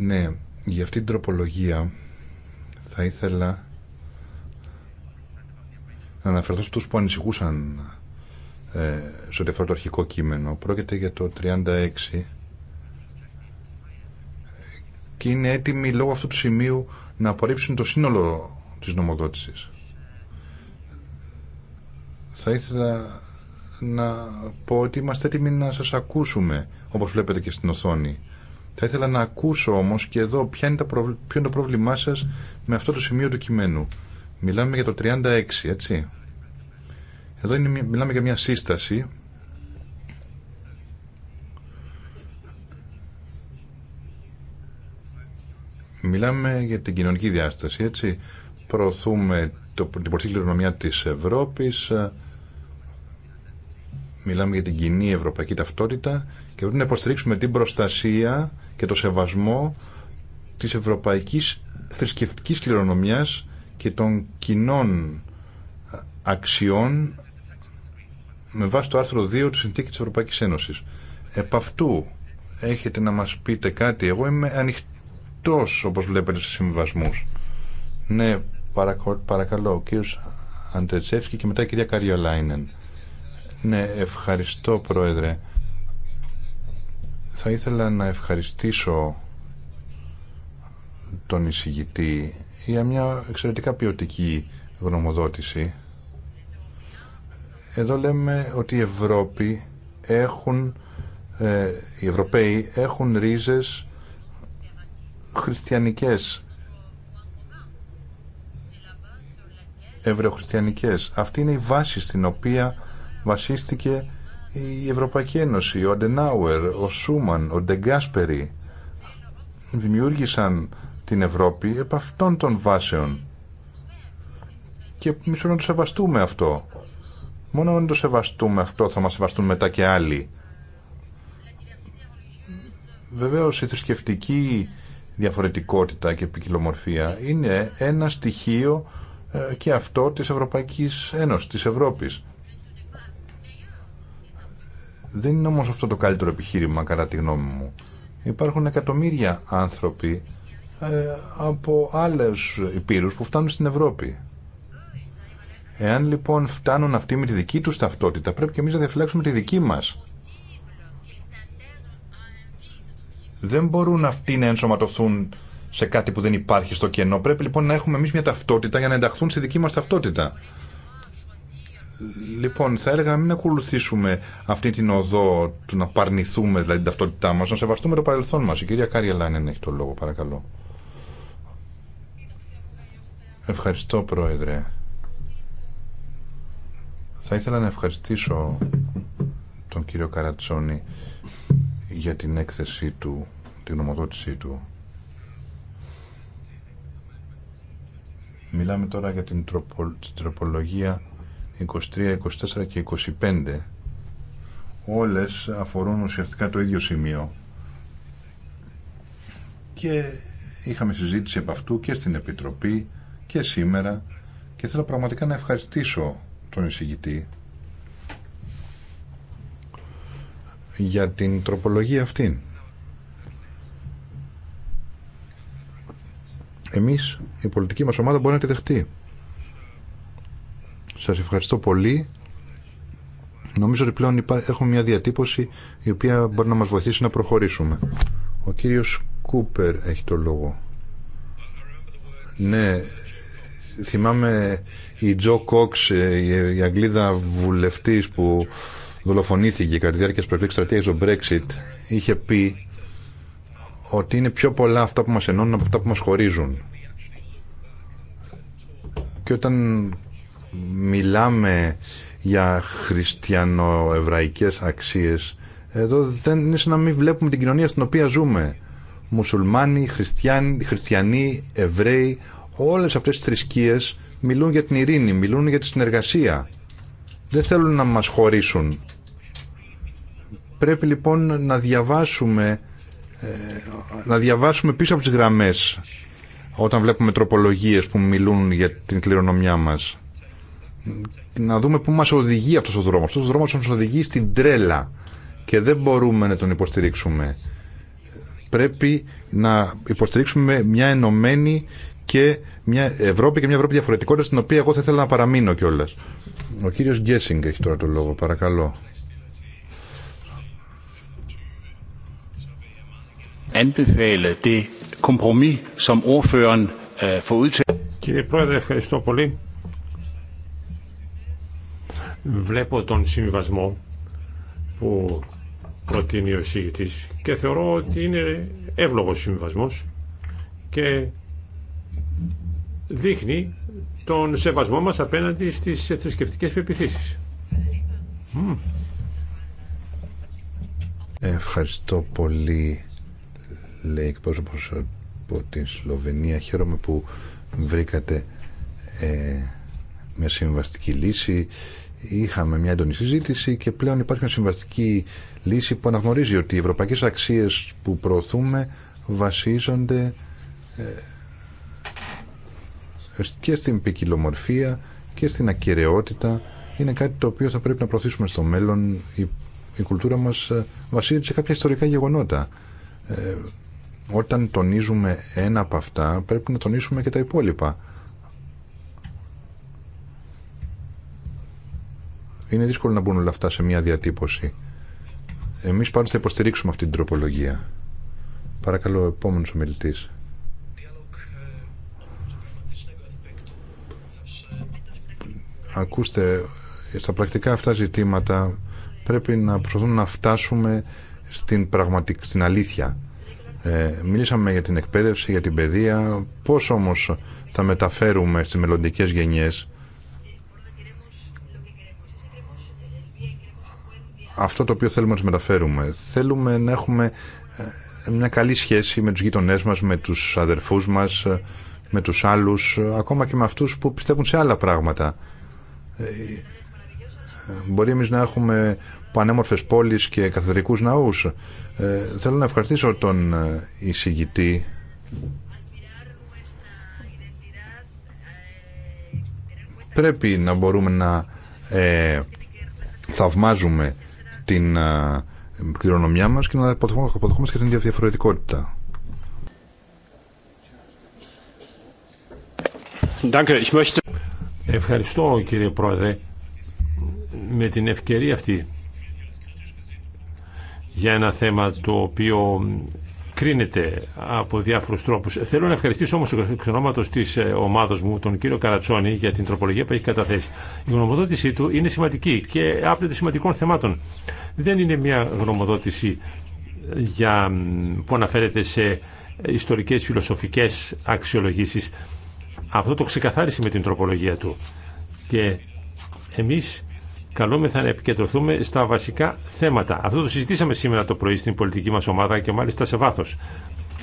Ναι, για αυτή την τροπολογία θα ήθελα να αναφερθώ στους που ανησυχούσαν ε, σε ό,τι αφορά το αρχικό κείμενο. Πρόκειται για το 36 και είναι έτοιμοι λόγω αυτού του σημείου να απορρίψουν το σύνολο της νομοδότησης. Θα ήθελα να πω ότι είμαστε έτοιμοι να σας ακούσουμε, όπως βλέπετε και στην οθόνη. Θα ήθελα να ακούσω όμως και εδώ ποια είναι ποιο είναι το πρόβλημά σας με αυτό το σημείο του κειμένου. Μιλάμε για το 36, έτσι. Εδώ είναι, μιλάμε για μια σύσταση Μιλάμε για την κοινωνική διάσταση, έτσι. Προωθούμε το, την πολιτική κληρονομιά της Ευρώπης, μιλάμε για την κοινή ευρωπαϊκή ταυτότητα και πρέπει να υποστηρίξουμε την προστασία και το σεβασμό της ευρωπαϊκής θρησκευτικής κληρονομιάς και των κοινών αξιών με βάση το άρθρο 2 του Συνθήκη της Ευρωπαϊκής Ένωσης. Επ' αυτού έχετε να μας πείτε κάτι. Εγώ είμαι ανοιχτός, όπως βλέπετε, σε συμβασμούς. Ναι, παρακαλώ, ο κύριος Αντρετσεύσκη και μετά η κυρία Καριολάινεν. Ναι, ευχαριστώ, Πρόεδρε. Θα ήθελα να ευχαριστήσω τον εισηγητή για μια εξαιρετικά ποιοτική γνωμοδότηση. Εδώ λέμε ότι οι Ευρώπη έχουν, ε, οι Ευρωπαίοι έχουν ρίζες χριστιανικές, ευρωχριστιανικές. Αυτή είναι η βάση στην οποία βασίστηκε η Ευρωπαϊκή Ένωση, ο Αντενάουερ, ο Σούμαν, ο Ντεγκάσπερι δημιούργησαν την Ευρώπη επ' αυτών των βάσεων. Και εμεί να το σεβαστούμε αυτό. Μόνο αν το σεβαστούμε αυτό θα μας σεβαστούν μετά και άλλοι. Βεβαίω, η θρησκευτική διαφορετικότητα και ποικιλομορφία είναι ένα στοιχείο ε, και αυτό της Ευρωπαϊκής Ένωσης, της Ευρώπης. Δεν είναι όμως αυτό το καλύτερο επιχείρημα κατά τη γνώμη μου. Υπάρχουν εκατομμύρια άνθρωποι ε, από άλλες υπήρους που φτάνουν στην Ευρώπη. Εάν λοιπόν φτάνουν αυτοί με τη δική τους ταυτότητα πρέπει και εμείς να διαφυλάξουμε τη δική μας. Δεν μπορούν αυτοί να ενσωματωθούν σε κάτι που δεν υπάρχει στο κενό. Πρέπει λοιπόν να έχουμε εμείς μια ταυτότητα για να ενταχθούν στη δική μα ταυτότητα. Λοιπόν, θα έλεγα να μην ακολουθήσουμε αυτή την οδό του να παρνηθούμε δηλαδή την ταυτότητά μας, να σεβαστούμε το παρελθόν μας. Η κυρία Κάρια Λάνεν έχει το λόγο, παρακαλώ. Ευχαριστώ, Πρόεδρε. Θα ήθελα να ευχαριστήσω τον κύριο Καρατσόνη για την έκθεσή του, την νομοδότησή του. Μιλάμε τώρα για την τροπολογία 23, 24 και 25 όλες αφορούν ουσιαστικά το ίδιο σημείο και είχαμε συζήτηση από αυτού και στην Επιτροπή και σήμερα και θέλω πραγματικά να ευχαριστήσω τον εισηγητή για την τροπολογία αυτήν. Εμείς, η πολιτική μας ομάδα μπορεί να τη δεχτεί. Σας ευχαριστώ πολύ. Νομίζω ότι πλέον έχουμε μια διατύπωση η οποία μπορεί να μας βοηθήσει να προχωρήσουμε. Ο κύριος Κούπερ έχει το λόγο. Ναι, θυμάμαι η Τζο Κόξ, ε, η Αγγλίδα βουλευτής που δολοφονήθηκε κατά τη διάρκεια της προεκλογικής του Brexit, είχε πει ότι είναι πιο πολλά αυτά που μας ενώνουν από αυτά που μας χωρίζουν. Και όταν μιλάμε για χριστιανοεβραϊκές αξίες εδώ δεν είναι σαν να μην βλέπουμε την κοινωνία στην οποία ζούμε μουσουλμάνοι, χριστιανοί, χριστιανοί εβραίοι όλες αυτές τις θρησκείες μιλούν για την ειρήνη, μιλούν για τη συνεργασία δεν θέλουν να μας χωρίσουν πρέπει λοιπόν να διαβάσουμε ε, να διαβάσουμε πίσω από τις γραμμές όταν βλέπουμε τροπολογίες που μιλούν για την κληρονομιά μας να δούμε πού μας οδηγεί αυτός ο δρόμος. Αυτός ο δρόμος μας οδηγεί στην τρέλα και δεν μπορούμε να τον υποστηρίξουμε. Πρέπει να υποστηρίξουμε μια ενωμένη και μια Ευρώπη και μια Ευρώπη διαφορετικότητα στην οποία εγώ θα ήθελα να παραμείνω κιόλα. Ο κύριος Γκέσιγκ έχει τώρα το λόγο, παρακαλώ. Øh, Κύριε Πρόεδρε, ευχαριστώ πολύ. Βλέπω τον συμβασμό που προτείνει ο εισηγητής και θεωρώ ότι είναι εύλογος συμβιβασμός και δείχνει τον σεβασμό μας απέναντι στις θρησκευτικέ πεπιθήσεις. Ευχαριστώ πολύ, λέει εκπρόσωπος από την Σλοβενία. Χαίρομαι που βρήκατε ε, με συμβαστική λύση είχαμε μια έντονη συζήτηση και πλέον υπάρχει μια συμβαστική λύση που αναγνωρίζει ότι οι ευρωπαϊκές αξίες που προωθούμε βασίζονται ε, και στην ποικιλομορφία και στην ακαιρεότητα είναι κάτι το οποίο θα πρέπει να προωθήσουμε στο μέλλον η, η κουλτούρα μας ε, βασίζεται σε κάποια ιστορικά γεγονότα ε, όταν τονίζουμε ένα από αυτά πρέπει να τονίσουμε και τα υπόλοιπα Είναι δύσκολο να μπουν όλα αυτά σε μια διατύπωση. Εμεί πάντω θα υποστηρίξουμε αυτή την τροπολογία. Παρακαλώ, επόμενος ομιλητής. Ακούστε, στα πρακτικά αυτά ζητήματα πρέπει να προσπαθούμε να φτάσουμε στην, πραγματικ... στην αλήθεια. Ε, μιλήσαμε για την εκπαίδευση, για την παιδεία. Πώς όμως θα μεταφέρουμε στις μελλοντικέ γενιές αυτό το οποίο θέλουμε να του μεταφέρουμε. Θέλουμε να έχουμε ε, μια καλή σχέση με τους γείτονές μας, με τους αδερφούς μας, ε, με τους άλλους, ε, ακόμα και με αυτούς που πιστεύουν σε άλλα πράγματα. Μπορεί εμείς να έχουμε πανέμορφες πόλεις και καθεδρικούς ναούς. Θέλω να ευχαριστήσω τον εισηγητή πρέπει να μπορούμε να ε, θαυμάζουμε την κληρονομιά μας και να αποδοχούμε και την διαφορετικότητα. Ευχαριστώ κύριε Πρόεδρε με την ευκαιρία αυτή για ένα θέμα το οποίο κρίνεται από διάφορου τρόπου. Θέλω να ευχαριστήσω όμω εξ ονόματο τη ε, ομάδα μου, τον κύριο Καρατσόνη, για την τροπολογία που έχει καταθέσει. Η γνωμοδότησή του είναι σημαντική και άπλεται σημαντικών θεμάτων. Δεν είναι μια γνωμοδότηση ε, για, που αναφέρεται σε ιστορικέ φιλοσοφικέ αξιολογήσει. Αυτό το ξεκαθάρισε με την τροπολογία του. Και εμείς καλούμεθα να επικεντρωθούμε στα βασικά θέματα. Αυτό το συζητήσαμε σήμερα το πρωί στην πολιτική μας ομάδα και μάλιστα σε βάθος.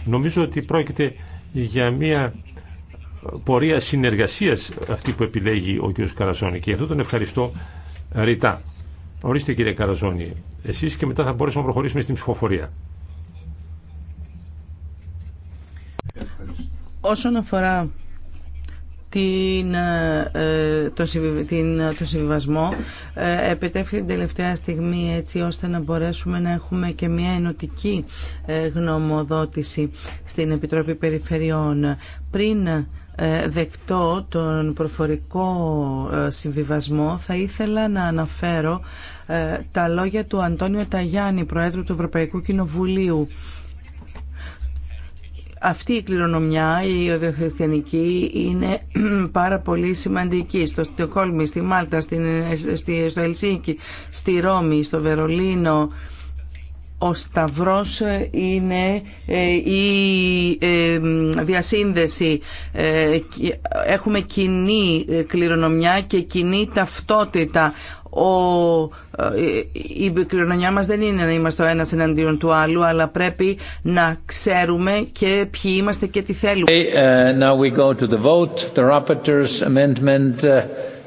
Νομίζω ότι πρόκειται για μια πορεία συνεργασίας αυτή που επιλέγει ο κ. Καραζόνη και αυτό τον ευχαριστώ ρητά. Ορίστε κύριε Καραζόνη, εσείς και μετά θα μπορέσουμε να προχωρήσουμε στην ψηφοφορία. Όσον αφορά την, ε, ε, το, ε, τον συμβιβασμό επετέφθη την τελευταία στιγμή έτσι ώστε να μπορέσουμε να έχουμε και μια ενωτική γνωμοδότηση στην Επιτροπή Περιφερειών. Πριν δεκτώ τον προφορικό συμβιβασμό θα ήθελα να αναφέρω τα λόγια του Αντώνιο Ταγιάννη, Προέδρου του Ευρωπαϊκού Κοινοβουλίου αυτή η κληρονομιά, η οδεοχριστιανική, είναι πάρα πολύ σημαντική. Στο Στοκόλμη, στη Μάλτα, στο Ελσίνκι, στη Ρώμη, στο Βερολίνο. Ο Σταυρός είναι ε, η ε, διασύνδεση. Ε, έχουμε κοινή κληρονομιά και κοινή ταυτότητα ο, η κληρονομιά μας δεν είναι να είμαστε ο ένας εναντίον του άλλου αλλά πρέπει να ξέρουμε και ποιοι είμαστε και τι θέλουμε. Okay, uh, now we go to the vote. The rapporteur's amendment uh,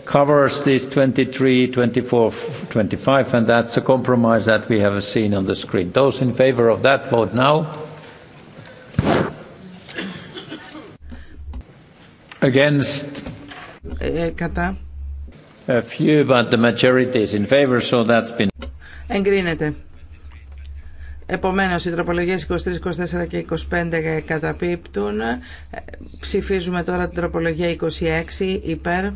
covers these 23, 24, 25 and that's the compromise that we have seen on the screen. Those in favor of that vote now. Against. Ε, Εγκρίνεται. Επομένως, οι τροπολογίες 23, 24 και 25 καταπίπτουν. Ε, ψηφίζουμε τώρα την τροπολογία 26 υπέρ.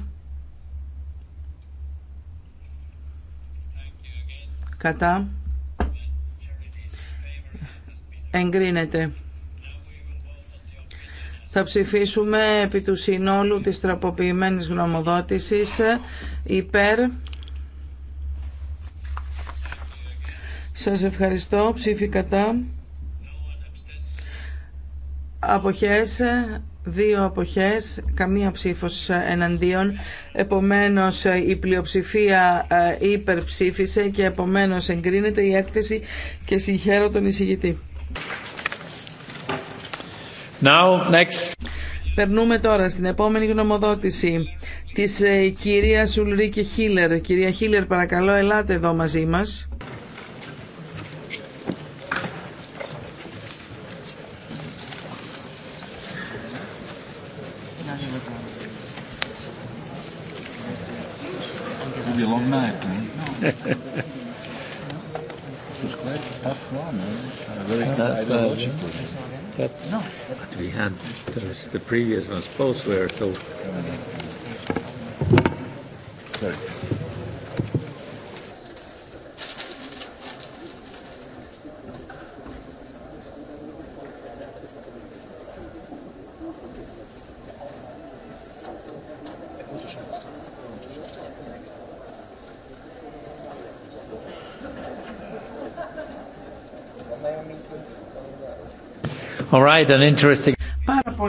Κατά. Εγκρίνεται. Θα ψηφίσουμε επί του συνόλου της τραποποιημένης γνωμοδότησης υπέρ. Σας ευχαριστώ. Ψήφι κατά. Αποχές, δύο αποχές, καμία ψήφος εναντίον. Επομένως η πλειοψηφία ε, υπερψήφισε και επομένως εγκρίνεται η έκθεση και συγχαίρω τον εισηγητή. Now, next. Περνούμε τώρα στην επόμενη γνωμοδότηση της ε, κυρίας Ουλρίκε Χίλερ. Κυρία Χίλερ, παρακαλώ, ελάτε εδώ μαζί μας. Eh? but No. But we had those, the previous ones both were so. Sorry.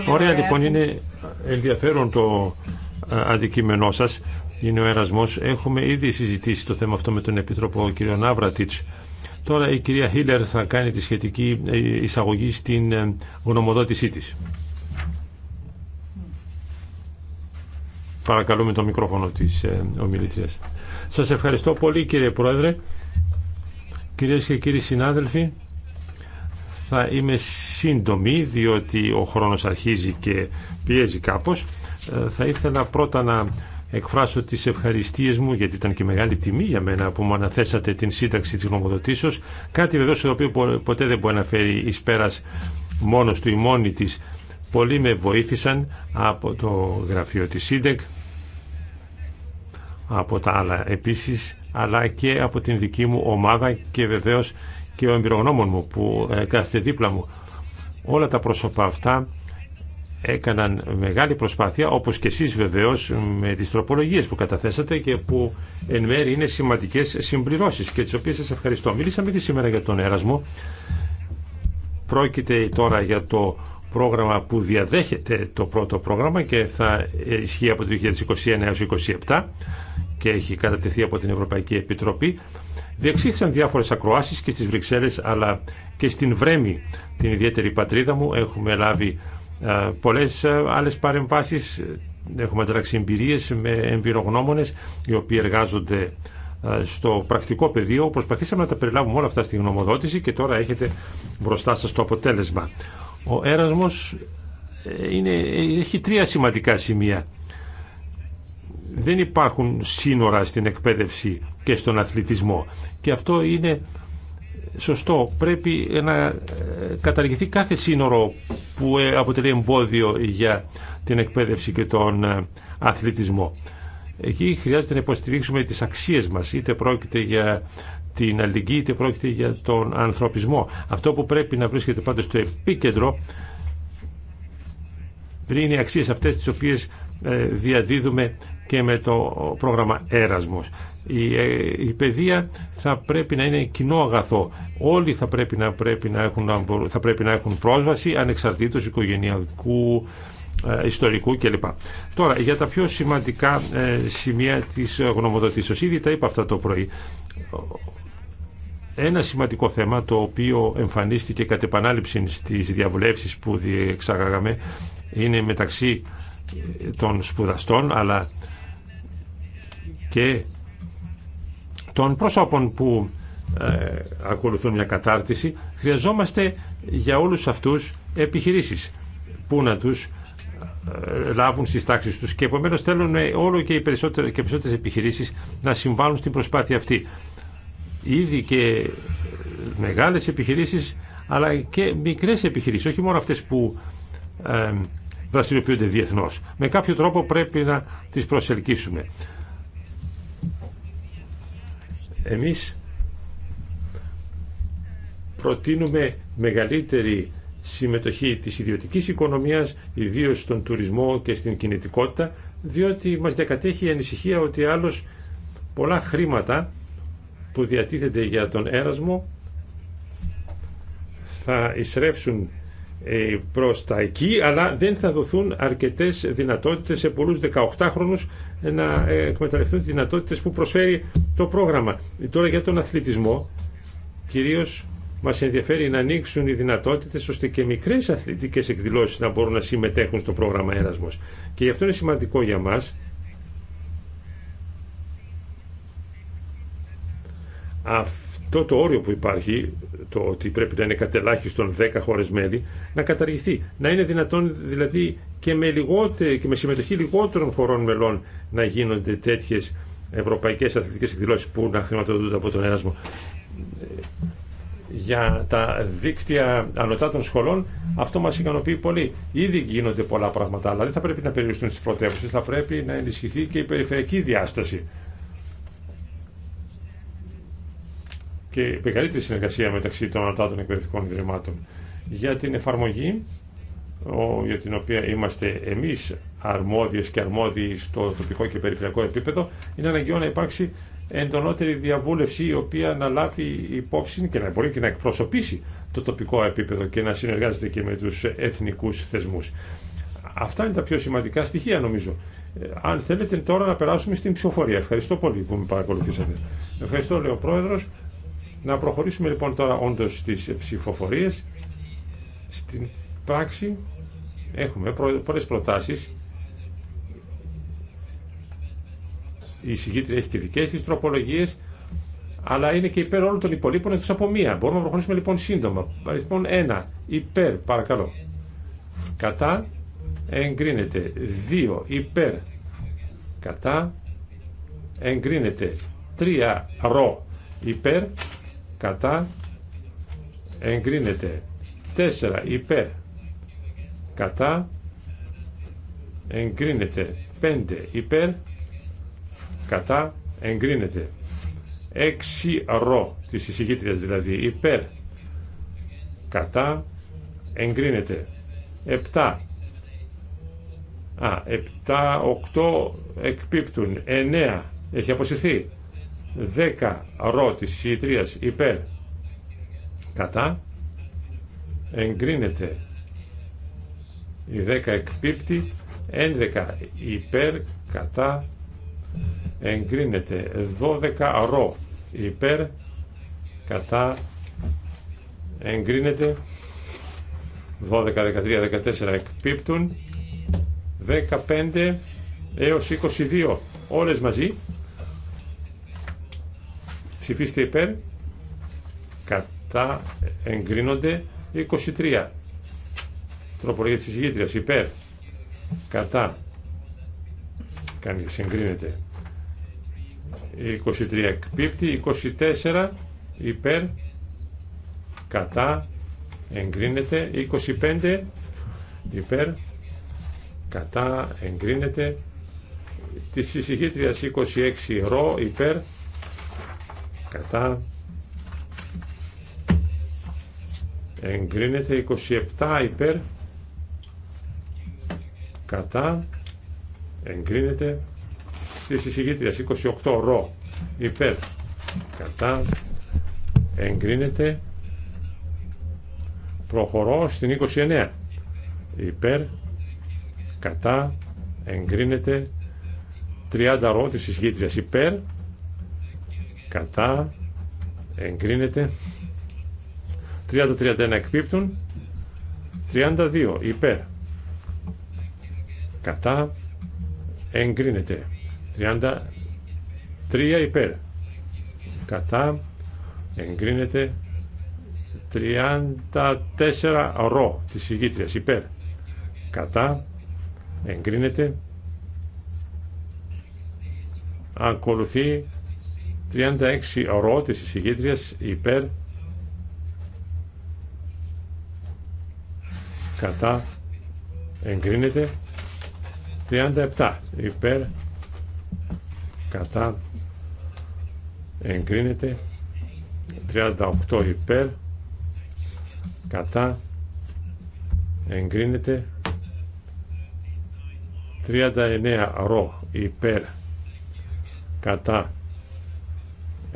Ωραία λοιπόν είναι ενδιαφέρον το ε, αντικείμενό σας είναι ο Ερασμός έχουμε ήδη συζητήσει το θέμα αυτό με τον Επίτροπο κ. Ναύρατιτς τώρα η κυρία Χίλερ θα κάνει τη σχετική ε, εισαγωγή στην ε, γνωμοδότησή της παρακαλούμε το μικρόφωνο της ομιλητρίας σας ευχαριστώ πολύ κύριε Πρόεδρε κυρίες και κύριοι συνάδελφοι θα είμαι σύντομη διότι ο χρόνος αρχίζει και πιέζει κάπως. Ε, θα ήθελα πρώτα να εκφράσω τις ευχαριστίες μου γιατί ήταν και μεγάλη τιμή για μένα που μου αναθέσατε την σύνταξη της γνωμοδοτήσεως κάτι βεβαίω το οποίο ποτέ δεν μπορεί να φέρει εις πέρας μόνος του ή μόνη της πολλοί με βοήθησαν από το γραφείο της ΣΥΝΤΕΚ από τα άλλα επίσης αλλά και από την δική μου ομάδα και βεβαίως και ο εμπειρογνώμων μου που ε, κάθεται δίπλα μου. Όλα τα πρόσωπα αυτά έκαναν μεγάλη προσπάθεια, όπως και εσείς βεβαίως, με τις τροπολογίες που καταθέσατε και που εν μέρει είναι σημαντικές συμπληρώσεις και τις οποίες σας ευχαριστώ. Μιλήσαμε και σήμερα για τον έρασμο. Πρόκειται τώρα για το πρόγραμμα που διαδέχεται το πρώτο πρόγραμμα και θα ισχύει από το 2021 έως 2027 και έχει κατατεθεί από την Ευρωπαϊκή Επιτροπή. Διεξήχθησαν διάφορες ακροάσεις και στις Βρυξέλλες αλλά και στην Βρέμη, την ιδιαίτερη πατρίδα μου. Έχουμε λάβει πολλές άλλες παρεμβάσεις, έχουμε ανταλλάξει εμπειρίες με εμπειρογνώμονες οι οποίοι εργάζονται στο πρακτικό πεδίο. Προσπαθήσαμε να τα περιλάβουμε όλα αυτά στη γνωμοδότηση και τώρα έχετε μπροστά σας το αποτέλεσμα. Ο έρασμος ε, είναι, έχει τρία σημαντικά σημεία. Δεν υπάρχουν σύνορα στην εκπαίδευση και στον αθλητισμό. Και αυτό είναι σωστό. Πρέπει να ε, καταργηθεί κάθε σύνορο που ε, αποτελεί εμπόδιο για την εκπαίδευση και τον αθλητισμό. Εκεί χρειάζεται να υποστηρίξουμε τις αξίες μας, είτε πρόκειται για την αλληλεγγύη είτε πρόκειται για τον ανθρωπισμό. Αυτό που πρέπει να βρίσκεται πάντα στο επίκεντρο πριν είναι οι αξίες αυτές τις οποίες ε, διαδίδουμε και με το πρόγραμμα Έρασμος. Ε, η, παιδεία θα πρέπει να είναι κοινό αγαθό. Όλοι θα πρέπει να, πρέπει να, έχουν, θα πρέπει να έχουν πρόσβαση ανεξαρτήτως οικογενειακού, ε, ιστορικού κλπ. Τώρα, για τα πιο σημαντικά σημεία της γνωμοδοτήσεως. Ήδη τα είπα αυτά το πρωί. Ένα σημαντικό θέμα το οποίο εμφανίστηκε κατ' επανάληψη στις διαβουλεύσεις που διεξαγάγαμε είναι μεταξύ των σπουδαστών αλλά και των πρόσωπων που ε, ακολουθούν μια κατάρτιση χρειαζόμαστε για όλους αυτούς επιχειρήσεις που να τους ε, λάβουν στις τάξεις τους και επομένως θέλουν όλο και οι περισσότερες, και περισσότερες επιχειρήσεις να συμβάλλουν στην προσπάθεια αυτή ήδη και μεγάλες επιχειρήσεις αλλά και μικρές επιχειρήσεις, όχι μόνο αυτές που δραστηριοποιούνται διεθνώς. Με κάποιο τρόπο πρέπει να τις προσελκύσουμε. Εμείς προτείνουμε μεγαλύτερη συμμετοχή της ιδιωτικής οικονομίας, ιδίως στον τουρισμό και στην κινητικότητα, διότι μας διακατέχει η ανησυχία ότι άλλος πολλά χρήματα που διατίθεται για τον έρασμο θα εισρεύσουν ε, προς τα εκεί, αλλά δεν θα δοθούν αρκετές δυνατότητες σε πολλούς 18χρονους ε, να ε, εκμεταλλευτούν τις δυνατότητες που προσφέρει το πρόγραμμα. Τώρα για τον αθλητισμό, κυρίως μας ενδιαφέρει να ανοίξουν οι δυνατότητες ώστε και μικρές αθλητικές εκδηλώσεις να μπορούν να συμμετέχουν στο πρόγραμμα έρασμο. Και γι' αυτό είναι σημαντικό για μας αυτό το όριο που υπάρχει, το ότι πρέπει να είναι κατελάχιστον 10 χώρε μέλη, να καταργηθεί. Να είναι δυνατόν δηλαδή και με, λιγότε, και με συμμετοχή λιγότερων χωρών μελών να γίνονται τέτοιε ευρωπαϊκέ αθλητικέ εκδηλώσει που να χρηματοδοτούνται από τον Εράσμο. Για τα δίκτυα των σχολών, αυτό μα ικανοποιεί πολύ. Ήδη γίνονται πολλά πράγματα, αλλά δεν θα πρέπει να περιοριστούν στι πρωτεύουσε, θα πρέπει να ενισχυθεί και η περιφερειακή διάσταση και μεγαλύτερη συνεργασία μεταξύ των ανωτάτων εκπαιδευτικών ιδρυμάτων για την εφαρμογή για την οποία είμαστε εμείς αρμόδιες και αρμόδιοι στο τοπικό και περιφερειακό επίπεδο είναι αναγκαίο να υπάρξει εντονότερη διαβούλευση η οποία να λάβει υπόψη και να μπορεί και να εκπροσωπήσει το τοπικό επίπεδο και να συνεργάζεται και με τους εθνικούς θεσμούς. Αυτά είναι τα πιο σημαντικά στοιχεία νομίζω. Ε, αν θέλετε τώρα να περάσουμε στην ψηφοφορία. Ευχαριστώ πολύ που με παρακολουθήσατε. Ευχαριστώ λέει ο Πρόεδρος. Να προχωρήσουμε λοιπόν τώρα όντως στις ψηφοφορίες. Στην πράξη έχουμε πολλές προτάσεις. Η συγκίτρια έχει και δικές της τροπολογίες, αλλά είναι και υπέρ όλων των υπολείπων εκτός από μία. Μπορούμε να προχωρήσουμε λοιπόν σύντομα. Λοιπόν, 1. Υπέρ, παρακαλώ. Κατά, εγκρίνεται. 2. Υπέρ. Κατά, εγκρίνεται. 3. Ρο. Υπέρ κατά εγκρίνεται 4 υπέρ κατά εγκρίνεται 5 υπέρ κατά εγκρίνεται 6 ρο της εισηγήτριας δηλαδή υπέρ κατά εγκρίνεται 7 Α, 7, 8 εκπίπτουν. 9 έχει αποσυρθεί. 10 ρο της συγητρίας υπέρ κατά εγκρίνεται η 10 εκπίπτει 11 υπέρ κατά εγκρίνεται 12 ρο υπέρ κατά εγκρίνεται 12, 13, 14 εκπίπτουν 15 έως 22 όλες μαζί Ψηφίστε υπέρ. Κατά εγκρίνονται 23. Τροπολογία της ηγήτριας υπέρ. Κατά. Κάνει εγκρίνεται. 23 εκπίπτει. 24 υπέρ. Κατά εγκρίνεται. 25 υπέρ. Κατά εγκρίνεται. τη εισηγήτριας 26 ρο υπέρ κατά εγκρίνεται 27 υπέρ κατά εγκρίνεται της εισηγήτριας 28 ρο υπέρ κατά εγκρίνεται προχωρώ στην 29 υπέρ κατά εγκρίνεται 30 ρο της εισηγήτριας υπέρ κατά εγκρίνεται 30-31 εκπίπτουν 32 υπέρ κατά εγκρίνεται 33 υπέρ κατά εγκρίνεται 34 ρο της ηγήτριας υπέρ κατά εγκρίνεται ακολουθεί 36 ορό της εισηγήτριας υπέρ κατά εγκρίνεται 37 υπέρ κατά εγκρίνεται 38 υπέρ κατά εγκρίνεται 39 ρο υπέρ κατά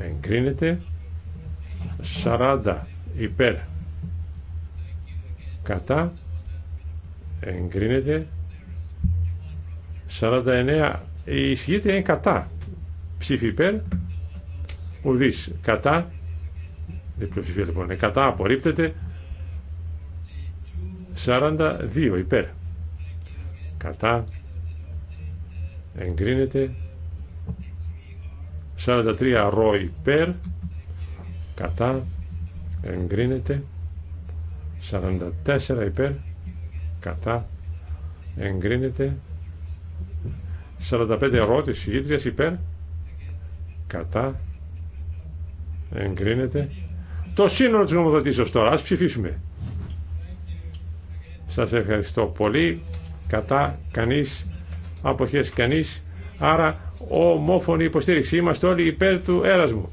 εγκρίνεται 40 υπέρ κατά εγκρίνεται 49 η εισηγήτρια είναι κατά ψήφι υπέρ ουδής κατά η πλειοψηφία λοιπόν είναι κατά απορρίπτεται 42 υπέρ κατά εγκρίνεται 43 ρο υπέρ κατά εγκρίνεται 44 υπέρ κατά εγκρίνεται 45 ρο της ηγήτριας υπέρ κατά εγκρίνεται το σύνολο της νομοδοτήσεως τώρα ας ψηφίσουμε σας ευχαριστώ πολύ κατά κανείς αποχές κανείς άρα ομόφωνη υποστήριξη. Είμαστε όλοι υπέρ του έρασμου.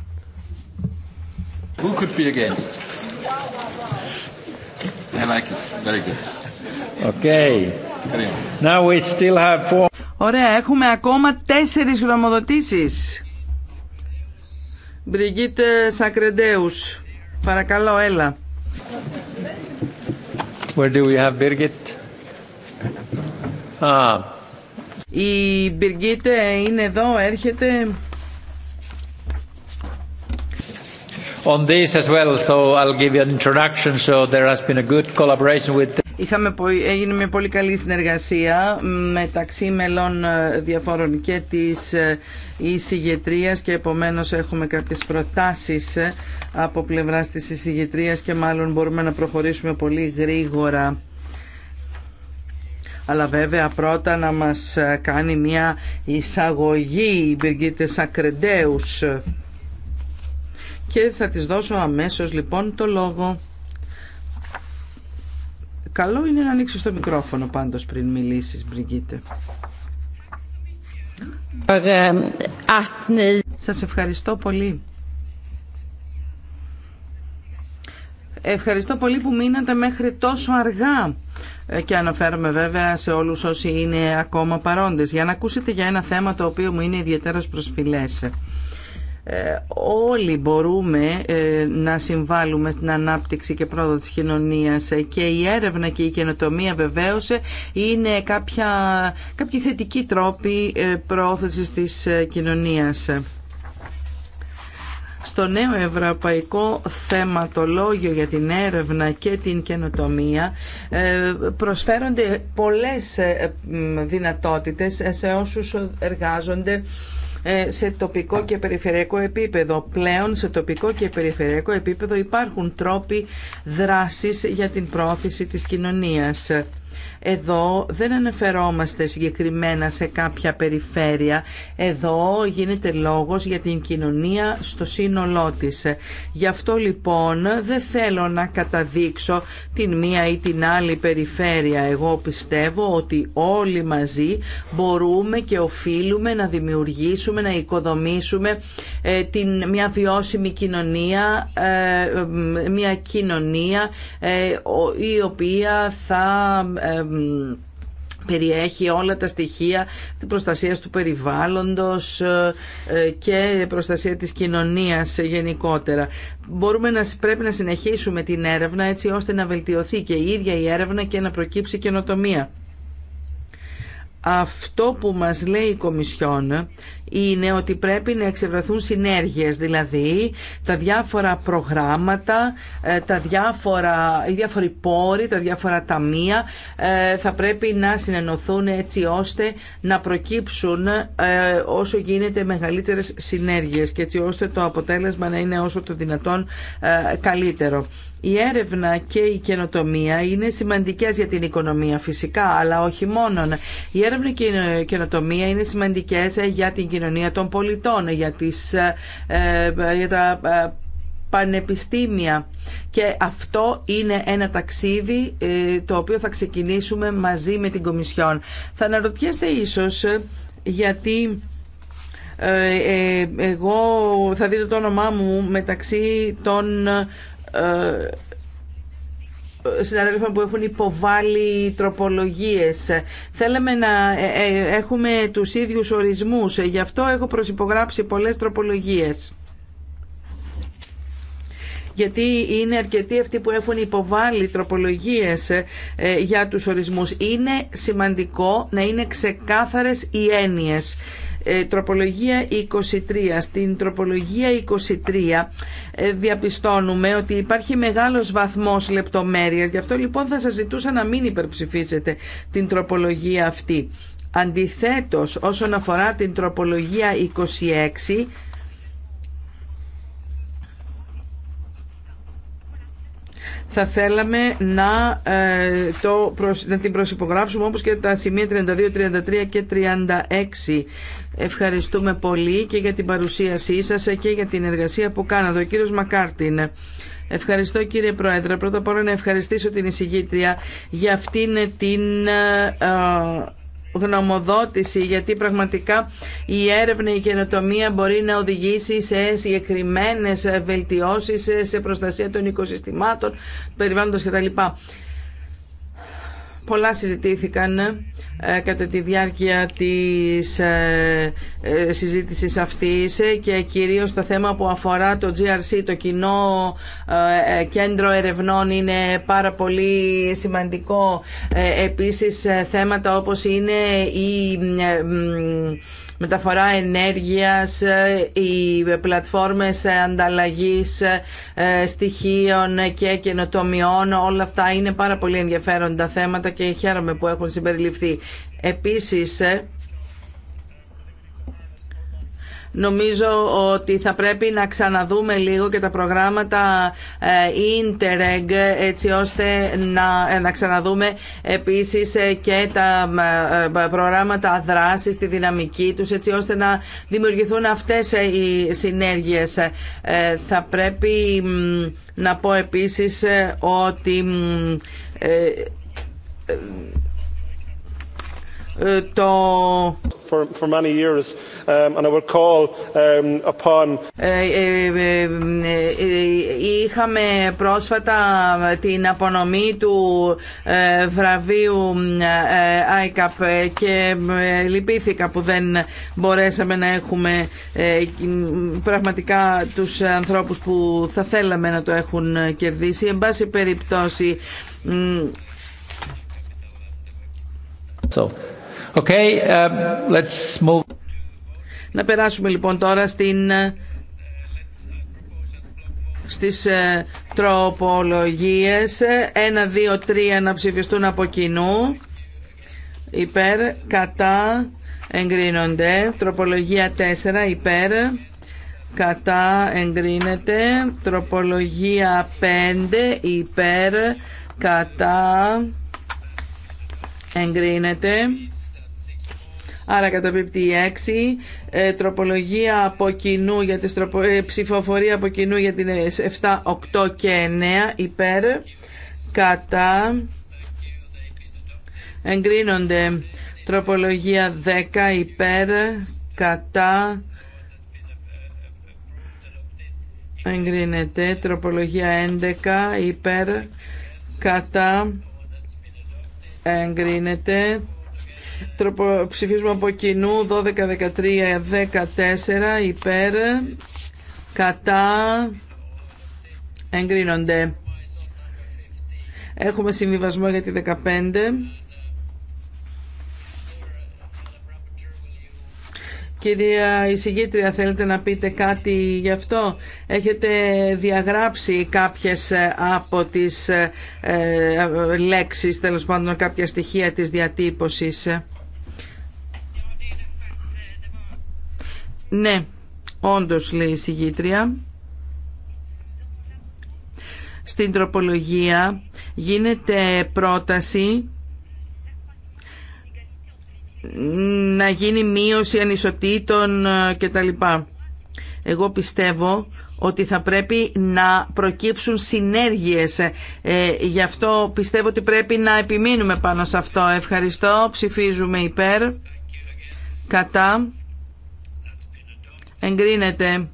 Ωραία, έχουμε ακόμα τέσσερις γραμμοδοτήσεις. Μπριγίτε Σακρεντέους, παρακαλώ, έλα. Where do we have Birgit? Ah, η Μπιργκίτε είναι εδώ, έρχεται. On this as introduction. So good Είχαμε, έγινε μια πολύ καλή συνεργασία μεταξύ μελών ε, διαφόρων και της ε, εισηγητρίας και επομένως έχουμε κάποιες προτάσεις ε, από πλευράς της εισηγητρίας και μάλλον μπορούμε να προχωρήσουμε πολύ γρήγορα αλλά βέβαια πρώτα να μας κάνει μια εισαγωγή η Μπυργίτε Σακρεντέους και θα της δώσω αμέσως λοιπόν το λόγο. Καλό είναι να ανοίξεις το μικρόφωνο πάντως πριν μιλήσεις Μπριγκίτε. Σας ευχαριστώ πολύ. Ευχαριστώ πολύ που μείνατε μέχρι τόσο αργά ε, και αναφέρομαι βέβαια σε όλους όσοι είναι ακόμα παρόντες για να ακούσετε για ένα θέμα το οποίο μου είναι ιδιαίτερα προσφυλές. Ε, όλοι μπορούμε ε, να συμβάλλουμε στην ανάπτυξη και πρόοδο της κοινωνίας και η έρευνα και η καινοτομία βεβαίως είναι κάποια, κάποιοι θετικοί τρόποι της κοινωνίας στο νέο ευρωπαϊκό θεματολόγιο για την έρευνα και την καινοτομία ε, προσφέρονται πολλές ε, δυνατότητες σε όσους εργάζονται ε, σε τοπικό και περιφερειακό επίπεδο. Πλέον σε τοπικό και περιφερειακό επίπεδο υπάρχουν τρόποι δράσης για την πρόθεση της κοινωνίας. Εδώ δεν αναφερόμαστε συγκεκριμένα σε κάποια περιφέρεια. Εδώ γίνεται λόγος για την κοινωνία στο σύνολό της. Γι' αυτό λοιπόν δεν θέλω να καταδείξω την μία ή την άλλη περιφέρεια. Εγώ πιστεύω ότι όλοι μαζί μπορούμε και οφείλουμε να δημιουργήσουμε, να οικοδομήσουμε ε, την, μια βιώσιμη κοινωνία, ε, μια κοινωνία ε, η οποία θα περιέχει όλα τα στοιχεία της προστασίας του περιβάλλοντος ε, ε, και προστασία της κοινωνίας γενικότερα. Μπορούμε να, πρέπει να συνεχίσουμε την έρευνα έτσι ώστε να βελτιωθεί και η ίδια η έρευνα και να προκύψει καινοτομία αυτό που μας λέει η Κομισιόν είναι ότι πρέπει να εξευρεθούν συνέργειες, δηλαδή τα διάφορα προγράμματα, ε, τα διάφορα, οι διάφοροι πόροι, τα διάφορα ταμεία ε, θα πρέπει να συνενωθούν έτσι ώστε να προκύψουν ε, όσο γίνεται μεγαλύτερες συνέργειες και έτσι ώστε το αποτέλεσμα να είναι όσο το δυνατόν καλύτερο. Η έρευνα και η καινοτομία είναι σημαντικές για την οικονομία φυσικά, αλλά όχι μόνον. Η έρευνα και η καινοτομία είναι σημαντικές για την κοινωνία των πολιτών, για, τις, ε, ε, για τα ε, πανεπιστήμια. Και αυτό είναι ένα ταξίδι το οποίο θα ξεκινήσουμε μαζί με την Κομισιόν. Θα αναρωτιέστε ίσως γιατί εγώ θα δείτε το όνομά μου μεταξύ των ε, ε, συναδέλφων που έχουν υποβάλει τροπολογίες. Θέλαμε να ε, έχουμε τους ίδιους ορισμούς. Γι' αυτό έχω προσυπογράψει πολλές τροπολογίες. Γιατί είναι αρκετοί αυτοί που έχουν υποβάλει τροπολογίες για τους ορισμούς. Είναι σημαντικό να είναι ξεκάθαρες οι έννοιες. Ε, τροπολογία 23. Στην τροπολογία 23 ε, διαπιστώνουμε ότι υπάρχει μεγάλος βαθμός λεπτομέρειας. Γι' αυτό λοιπόν θα σας ζητούσα να μην υπερψηφίσετε την τροπολογία αυτή. Αντιθέτως, όσον αφορά την τροπολογία 26, θα θέλαμε να, ε, το, να την προσυπογράψουμε όπως και τα σημεία 32, 33 και 36 Ευχαριστούμε πολύ και για την παρουσίασή σας και για την εργασία που κάνατε. Ο κύριος Μακάρτιν. Ευχαριστώ κύριε Πρόεδρε. Πρώτα απ' όλα να ευχαριστήσω την εισηγήτρια για αυτήν την ε, γνωμοδότηση γιατί πραγματικά η έρευνα, η καινοτομία μπορεί να οδηγήσει σε συγκεκριμένε βελτιώσεις, σε προστασία των οικοσυστημάτων, περιβάλλοντος κτλ. Πολλά συζητήθηκαν ε, κατά τη διάρκεια της ε, ε, συζήτησης αυτής και κυρίως το θέμα που αφορά το GRC, το κοινό κέντρο ερευνών είναι πάρα πολύ σημαντικό. Επίσης θέματα όπως είναι η μεταφορά ενέργειας, ε, οι πλατφόρμες ανταλλαγής ε, στοιχείων και καινοτομιών. Όλα αυτά είναι πάρα πολύ ενδιαφέροντα θέματα και χαίρομαι που έχουν συμπεριληφθεί. Επίσης, ε, Νομίζω ότι θα πρέπει να ξαναδούμε λίγο και τα προγράμματα ε, Interreg έτσι ώστε να, ε, να ξαναδούμε επίσης ε, και τα προγράμματα δράσης, τη δυναμική τους έτσι ώστε να δημιουργηθούν αυτές οι συνέργειες. Θα πρέπει να πω επίσης ότι το είχαμε πρόσφατα την απονομή του ε, βραβείου ε, Icap ε, και λυπήθηκα που δεν μπορέσαμε να έχουμε πραγματικά τους ανθρώπους που θα θέλαμε να το έχουν κερδίσει. Εν πάση περιπτώσει Um, να περάσουμε λοιπόν τώρα στην στις ε, τροπολογίες Ένα, δύο, τρία να ψηφιστούν από κοινού υπέρ, κατά εγκρίνονται τροπολογία 4 υπέρ κατά εγκρίνεται τροπολογία 5 υπέρ κατά εγκρίνεται Άρα καταπίπτει η 6. Ε, τροπολογία από κοινού για τις τροπο... Ε, ψηφοφορία από κοινού για την 7, ε, 8 και 9 υπέρ. Κατά. Εγκρίνονται. Τροπολογία 10 υπέρ. Κατά. Εγκρίνεται. Τροπολογία 11 υπέρ. Κατά εγκρίνεται Τροπο, ψηφίζουμε από κοινού 12, 13, 14 υπέρ κατά εγκρίνονται. Έχουμε συμβιβασμό για τη 15 Κυρία εισηγήτρια, θέλετε να πείτε κάτι γι' αυτό. Έχετε διαγράψει κάποιες ε, από τις ε, ε, λέξεις, τέλος πάντων κάποια στοιχεία της διατύπωσης. Ναι, όντως λέει η εισηγήτρια. Στην τροπολογία γίνεται πρόταση να γίνει μείωση ανισοτήτων ε, κτλ. Εγώ πιστεύω ότι θα πρέπει να προκύψουν συνέργειες. Ε, γι' αυτό πιστεύω ότι πρέπει να επιμείνουμε πάνω σε αυτό. Ευχαριστώ. Ψηφίζουμε υπέρ. Κατά. Εγκρίνεται.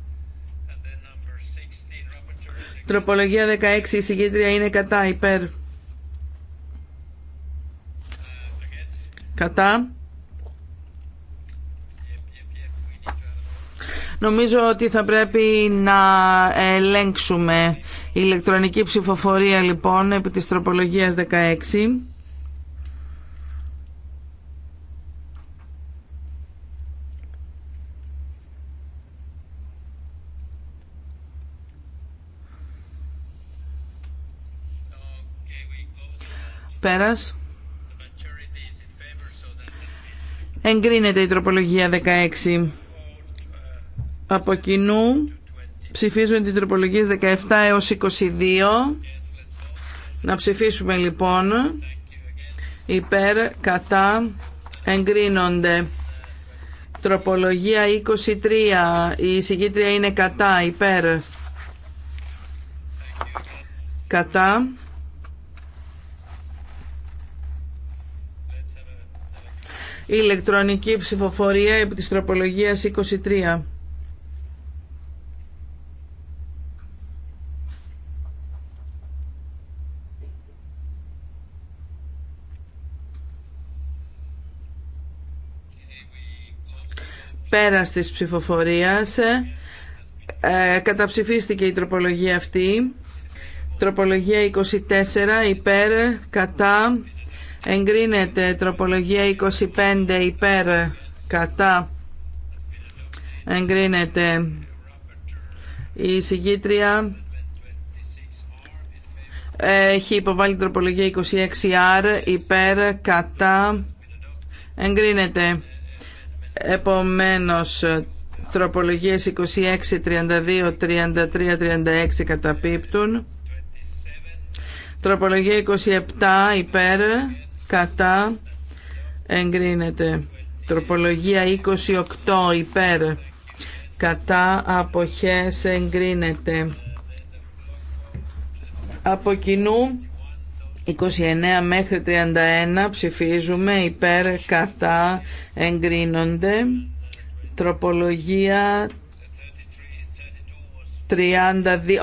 Τροπολογία 16. Η είναι κατά. Υπέρ. Κατά. Νομίζω ότι θα πρέπει να ελέγξουμε η ηλεκτρονική ψηφοφορία λοιπόν επί της τροπολογίας 16. Πέρας. Εγκρίνεται η τροπολογία 16. Από κοινού ψηφίζουν την τροπολογία 17 έως 22. Να ψηφίσουμε λοιπόν υπέρ, κατά, εγκρίνονται. Τροπολογία 23. Η εισηγήτρια είναι κατά, υπέρ. Κατά. Ηλεκτρονική ψηφοφορία επί της τροπολογίας 23. Πέρας της ψηφοφορίας ε, ε, καταψηφίστηκε η τροπολογία αυτή. Τροπολογία 24 υπέρ, κατά. Εγκρίνεται τροπολογία 25 υπέρ, κατά. Εγκρίνεται η συγκήτρια. Έχει υποβάλει τροπολογία 26R υπέρ, κατά. Εγκρίνεται. Επομένως, τροπολογίες 26, 32, 33, 36 καταπίπτουν. Τροπολογία 27 υπέρ, κατά, εγκρίνεται. Τροπολογία 28 υπέρ, κατά, αποχές, εγκρίνεται. Από κοινού 29 μέχρι 31 ψηφίζουμε υπέρ κατά εγκρίνονται. Τροπολογία 32,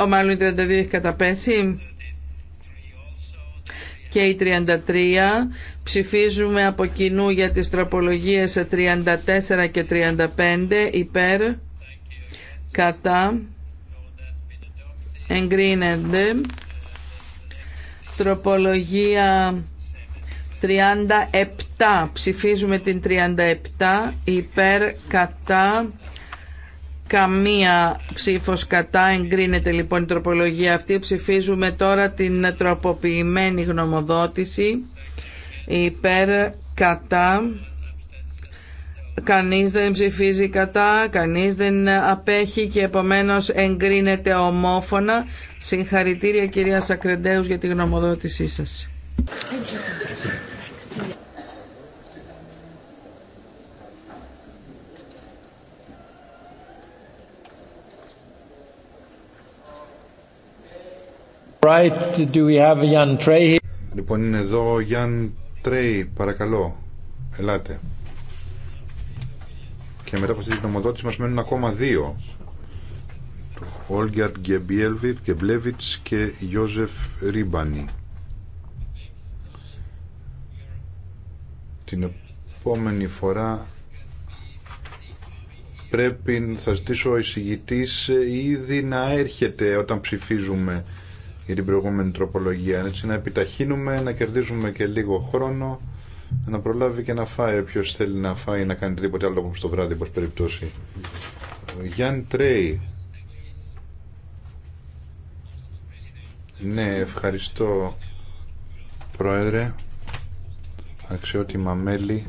ο μάλλον η 32 έχει καταπέσει και η 33 ψηφίζουμε από κοινού για τις τροπολογίες 34 και 35 υπέρ κατά εγκρίνονται Τροπολογία 37. Ψηφίζουμε την 37 υπέρ κατά καμία ψήφος κατά εγκρίνεται λοιπόν η τροπολογία αυτή. Ψηφίζουμε τώρα την τροποποιημένη γνωμοδότηση υπέρ κατά Κανείς δεν ψηφίζει κατά, κανείς δεν απέχει και επομένως εγκρίνεται ομόφωνα. Συγχαρητήρια κυρία Σακρεντέους για τη γνωμοδότησή σας. Right, do we have Jan Λοιπόν, είναι εδώ ο Γιάνν Τρέι, παρακαλώ. Ελάτε και μετά από αυτή την νομοδότηση μας μένουν ακόμα δύο. Όλγιαρτ Γκεμπλέβιτς και Γιώζεφ Ρίμπανη. Την επόμενη φορά πρέπει θα ζητήσω ο εισηγητής ήδη να έρχεται όταν ψηφίζουμε για την προηγούμενη τροπολογία. Έτσι να επιταχύνουμε, να κερδίζουμε και λίγο χρόνο να προλάβει και να φάει όποιος θέλει να φάει να κάνει τίποτε άλλο όπως το βράδυ, όπως περιπτώσει. Γιάν Τρέι. Ναι, ευχαριστώ Πρόεδρε, αξιότιμα μέλη.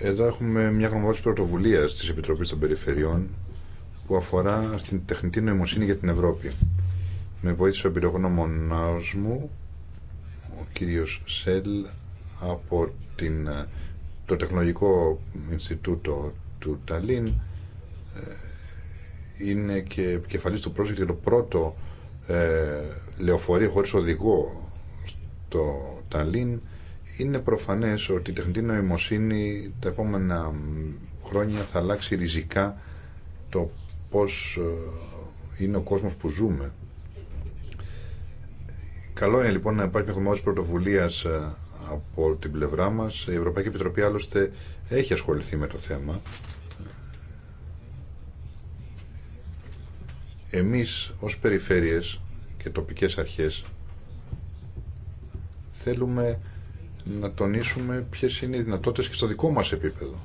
Εδώ έχουμε μια γνωμοδότηση πρωτοβουλία της Επιτροπή των Περιφερειών που αφορά στην τεχνητή νοημοσύνη για την Ευρώπη. Με βοήθησε ο εμπειρογνώμονα μου ο κύριος Σέλ από την, ε, το Τεχνολογικό Ινστιτούτο του Ταλίν ε, είναι και επικεφαλής του project για το πρώτο ε, λεωφορείο χωρίς οδηγό στο Ταλίν είναι προφανές ότι η τεχνητή νοημοσύνη τα επόμενα χρόνια θα αλλάξει ριζικά το πώς ε, είναι ο κόσμος που ζούμε Καλό είναι λοιπόν να υπάρχει μια χρωμάτωση πρωτοβουλία ε, από την πλευρά μα. Η Ευρωπαϊκή Επιτροπή άλλωστε έχει ασχοληθεί με το θέμα. Εμείς ως περιφέρειες και τοπικές αρχές θέλουμε να τονίσουμε ποιες είναι οι δυνατότητες και στο δικό μας επίπεδο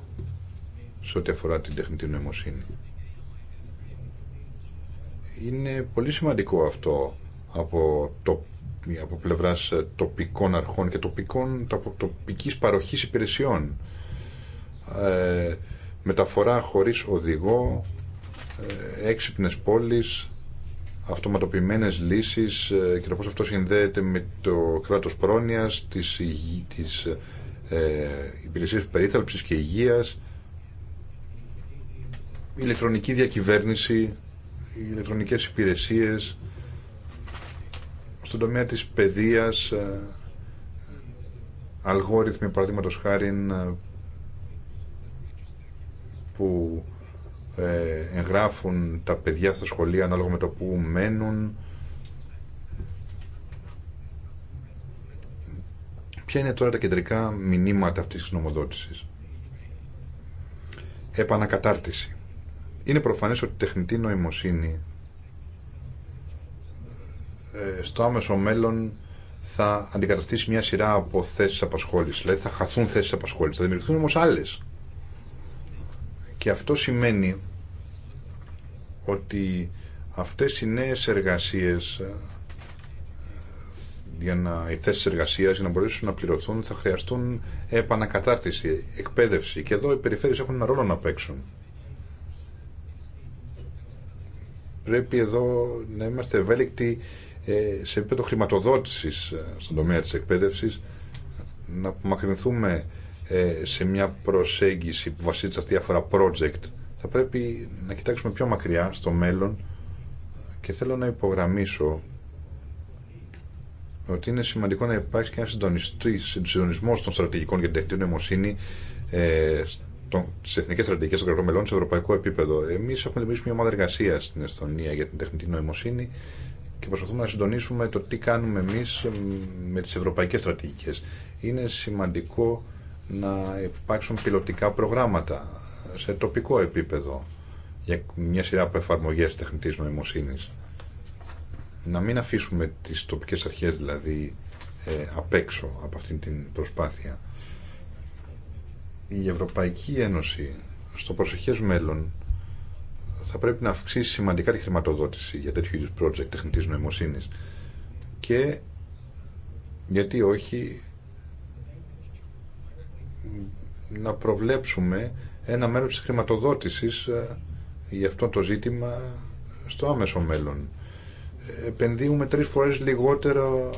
σε ό,τι αφορά την τεχνητή νοημοσύνη. Είναι πολύ σημαντικό αυτό από το από πλευρά ε, τοπικών αρχών και τοπικών, τοπικής παροχής υπηρεσιών. Ε, μεταφορά χωρίς οδηγό, ε, έξυπνες πόλεις, αυτοματοποιημένες λύσεις ε, και το πώς αυτό συνδέεται με το κράτος πρόνοιας, τις, τις ε, υπηρεσίες περίθαλψης και υγείας, ηλεκτρονική διακυβέρνηση, ηλεκτρονικές υπηρεσίες, στον τομέα της παιδείας ε, αλγόριθμοι παραδείγματος χάρη ε, που ε, εγγράφουν τα παιδιά στα σχολεία ανάλογα με το που μένουν Ποια είναι τώρα τα κεντρικά μηνύματα αυτής της νομοδότησης Επανακατάρτιση είναι προφανές ότι η τεχνητή νοημοσύνη ε, στο άμεσο μέλλον θα αντικαταστήσει μια σειρά από θέσει απασχόληση. Δηλαδή θα χαθούν θέσει απασχόληση. Θα δημιουργηθούν όμω άλλε. Και αυτό σημαίνει ότι αυτές οι νέες εργασίες ε, για να, οι θέσεις εργασίας για να μπορέσουν να πληρωθούν θα χρειαστούν επανακατάρτιση, εκπαίδευση και εδώ οι περιφέρειες έχουν ένα ρόλο να παίξουν. Πρέπει εδώ να είμαστε ευέλικτοι ε, σε επίπεδο χρηματοδότησης ε, στον τομέα της εκπαίδευσης να απομακρυνθούμε ε, σε μια προσέγγιση που βασίζεται σε αυτή διάφορα project θα πρέπει να κοιτάξουμε πιο μακριά στο μέλλον και θέλω να υπογραμμίσω ότι είναι σημαντικό να υπάρξει και ένα συντονισμό των στρατηγικών για την τεχνητή νοημοσύνη ε, στι εθνικέ στρατηγικέ των κρατών μελών σε ευρωπαϊκό επίπεδο. Εμεί έχουμε δημιουργήσει μια ομάδα εργασία στην Εσθονία για την τεχνητή νοημοσύνη και προσπαθούμε να συντονίσουμε το τι κάνουμε εμείς με τις ευρωπαϊκές στρατηγικές. Είναι σημαντικό να υπάρξουν πιλωτικά προγράμματα σε τοπικό επίπεδο για μια σειρά από εφαρμογές τεχνητής νοημοσύνης. Να μην αφήσουμε τις τοπικές αρχές δηλαδή ε, απ' έξω από αυτήν την προσπάθεια. Η Ευρωπαϊκή Ένωση στο προσεχές μέλλον θα πρέπει να αυξήσει σημαντικά τη χρηματοδότηση για τέτοιου είδου project τεχνητής νοημοσύνης και γιατί όχι να προβλέψουμε ένα μέρος της χρηματοδότησης ε, για αυτό το ζήτημα στο άμεσο μέλλον. Επενδύουμε τρεις φορές λιγότερο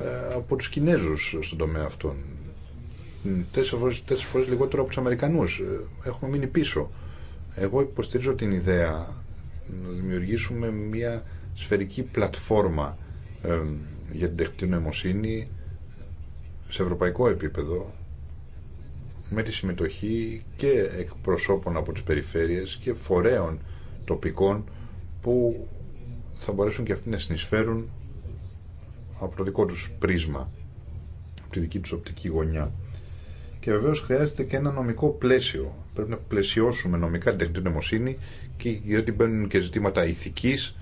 ε, από τους Κινέζους στον τομέα αυτόν. Τέσσερις φορές, λιγότερο από τους Αμερικανούς. Ε, έχουμε μείνει πίσω. Εγώ υποστηρίζω την ιδέα να δημιουργήσουμε μια σφαιρική πλατφόρμα για την τεχνητή νοημοσύνη σε ευρωπαϊκό επίπεδο με τη συμμετοχή και εκπροσώπων από τις περιφέρειες και φορέων τοπικών που θα μπορέσουν και αυτοί να συνεισφέρουν από το δικό τους πρίσμα, από τη δική τους οπτική γωνιά. Και βεβαίως χρειάζεται και ένα νομικό πλαίσιο πρέπει να πλαισιώσουμε νομικά την τεχνητή νοημοσύνη και γιατί μπαίνουν και ζητήματα ηθικής,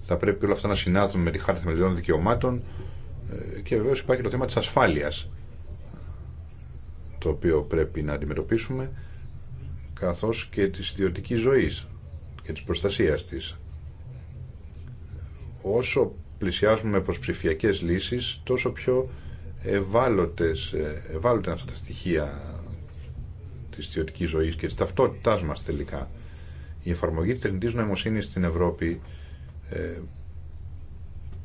θα πρέπει όλα αυτά να συνάδουν με τη χάρτη θεμελιών δικαιωμάτων ε, και βεβαίως υπάρχει το θέμα της ασφάλειας το οποίο πρέπει να αντιμετωπίσουμε καθώς και της ιδιωτικής ζωής και της προστασίας της. Όσο πλησιάζουμε προς ψηφιακές λύσεις, τόσο πιο ευάλωτες, ε, αυτά τα στοιχεία τη ιδιωτική ζωή και τη ταυτότητά μα τελικά. Η εφαρμογή τη τεχνητή νοημοσύνης στην Ευρώπη ε,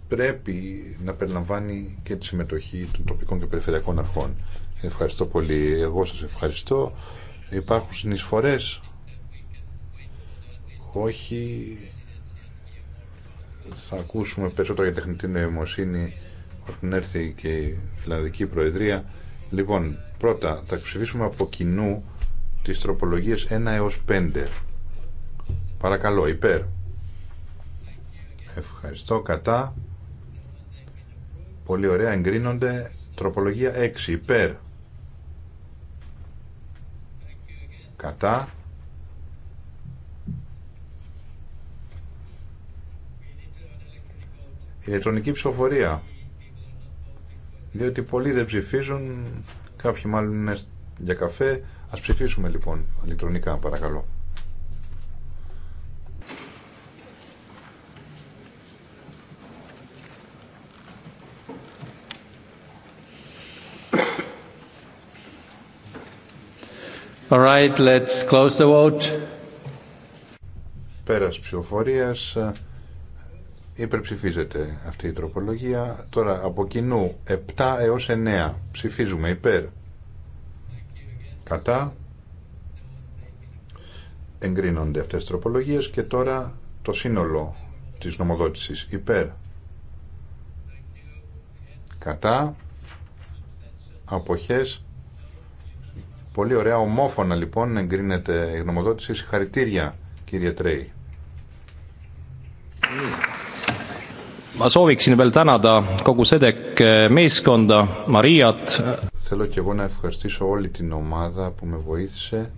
πρέπει να περιλαμβάνει και τη συμμετοχή των τοπικών και περιφερειακών αρχών. Ευχαριστώ πολύ. Εγώ σα ευχαριστώ. Υπάρχουν συνεισφορέ. Όχι. Θα ακούσουμε περισσότερο για τεχνητή νοημοσύνη όταν έρθει και η Φιλανδική Προεδρία. Λοιπόν, πρώτα θα ψηφίσουμε από κοινού τις τροπολογίες 1 έως 5. Παρακαλώ, υπέρ. Ευχαριστώ, κατά. Πολύ ωραία, εγκρίνονται. Τροπολογία 6, υπέρ. Κατά. Ηλεκτρονική ψηφοφορία. Διότι πολλοί δεν ψηφίζουν, κάποιοι μάλλον είναι για καφέ. Ας ψηφίσουμε λοιπόν ηλεκτρονικά παρακαλώ. All right, let's close the vote. Πέρας ψηφοφορίας υπερψηφίζεται αυτή η τροπολογία. Τώρα από κοινού 7 έως 9 ψηφίζουμε υπέρ κατά εγκρίνονται αυτές τις τροπολογίες και τώρα το σύνολο της νομοδότησης υπέρ κατά αποχές πολύ ωραία ομόφωνα λοιπόν εγκρίνεται η νομοδότηση συγχαρητήρια κύριε Τρέι Ma sooviksin veel tänada eh, Θέλω και εγώ να ευχαριστήσω όλη την ομάδα που με βοήθησε,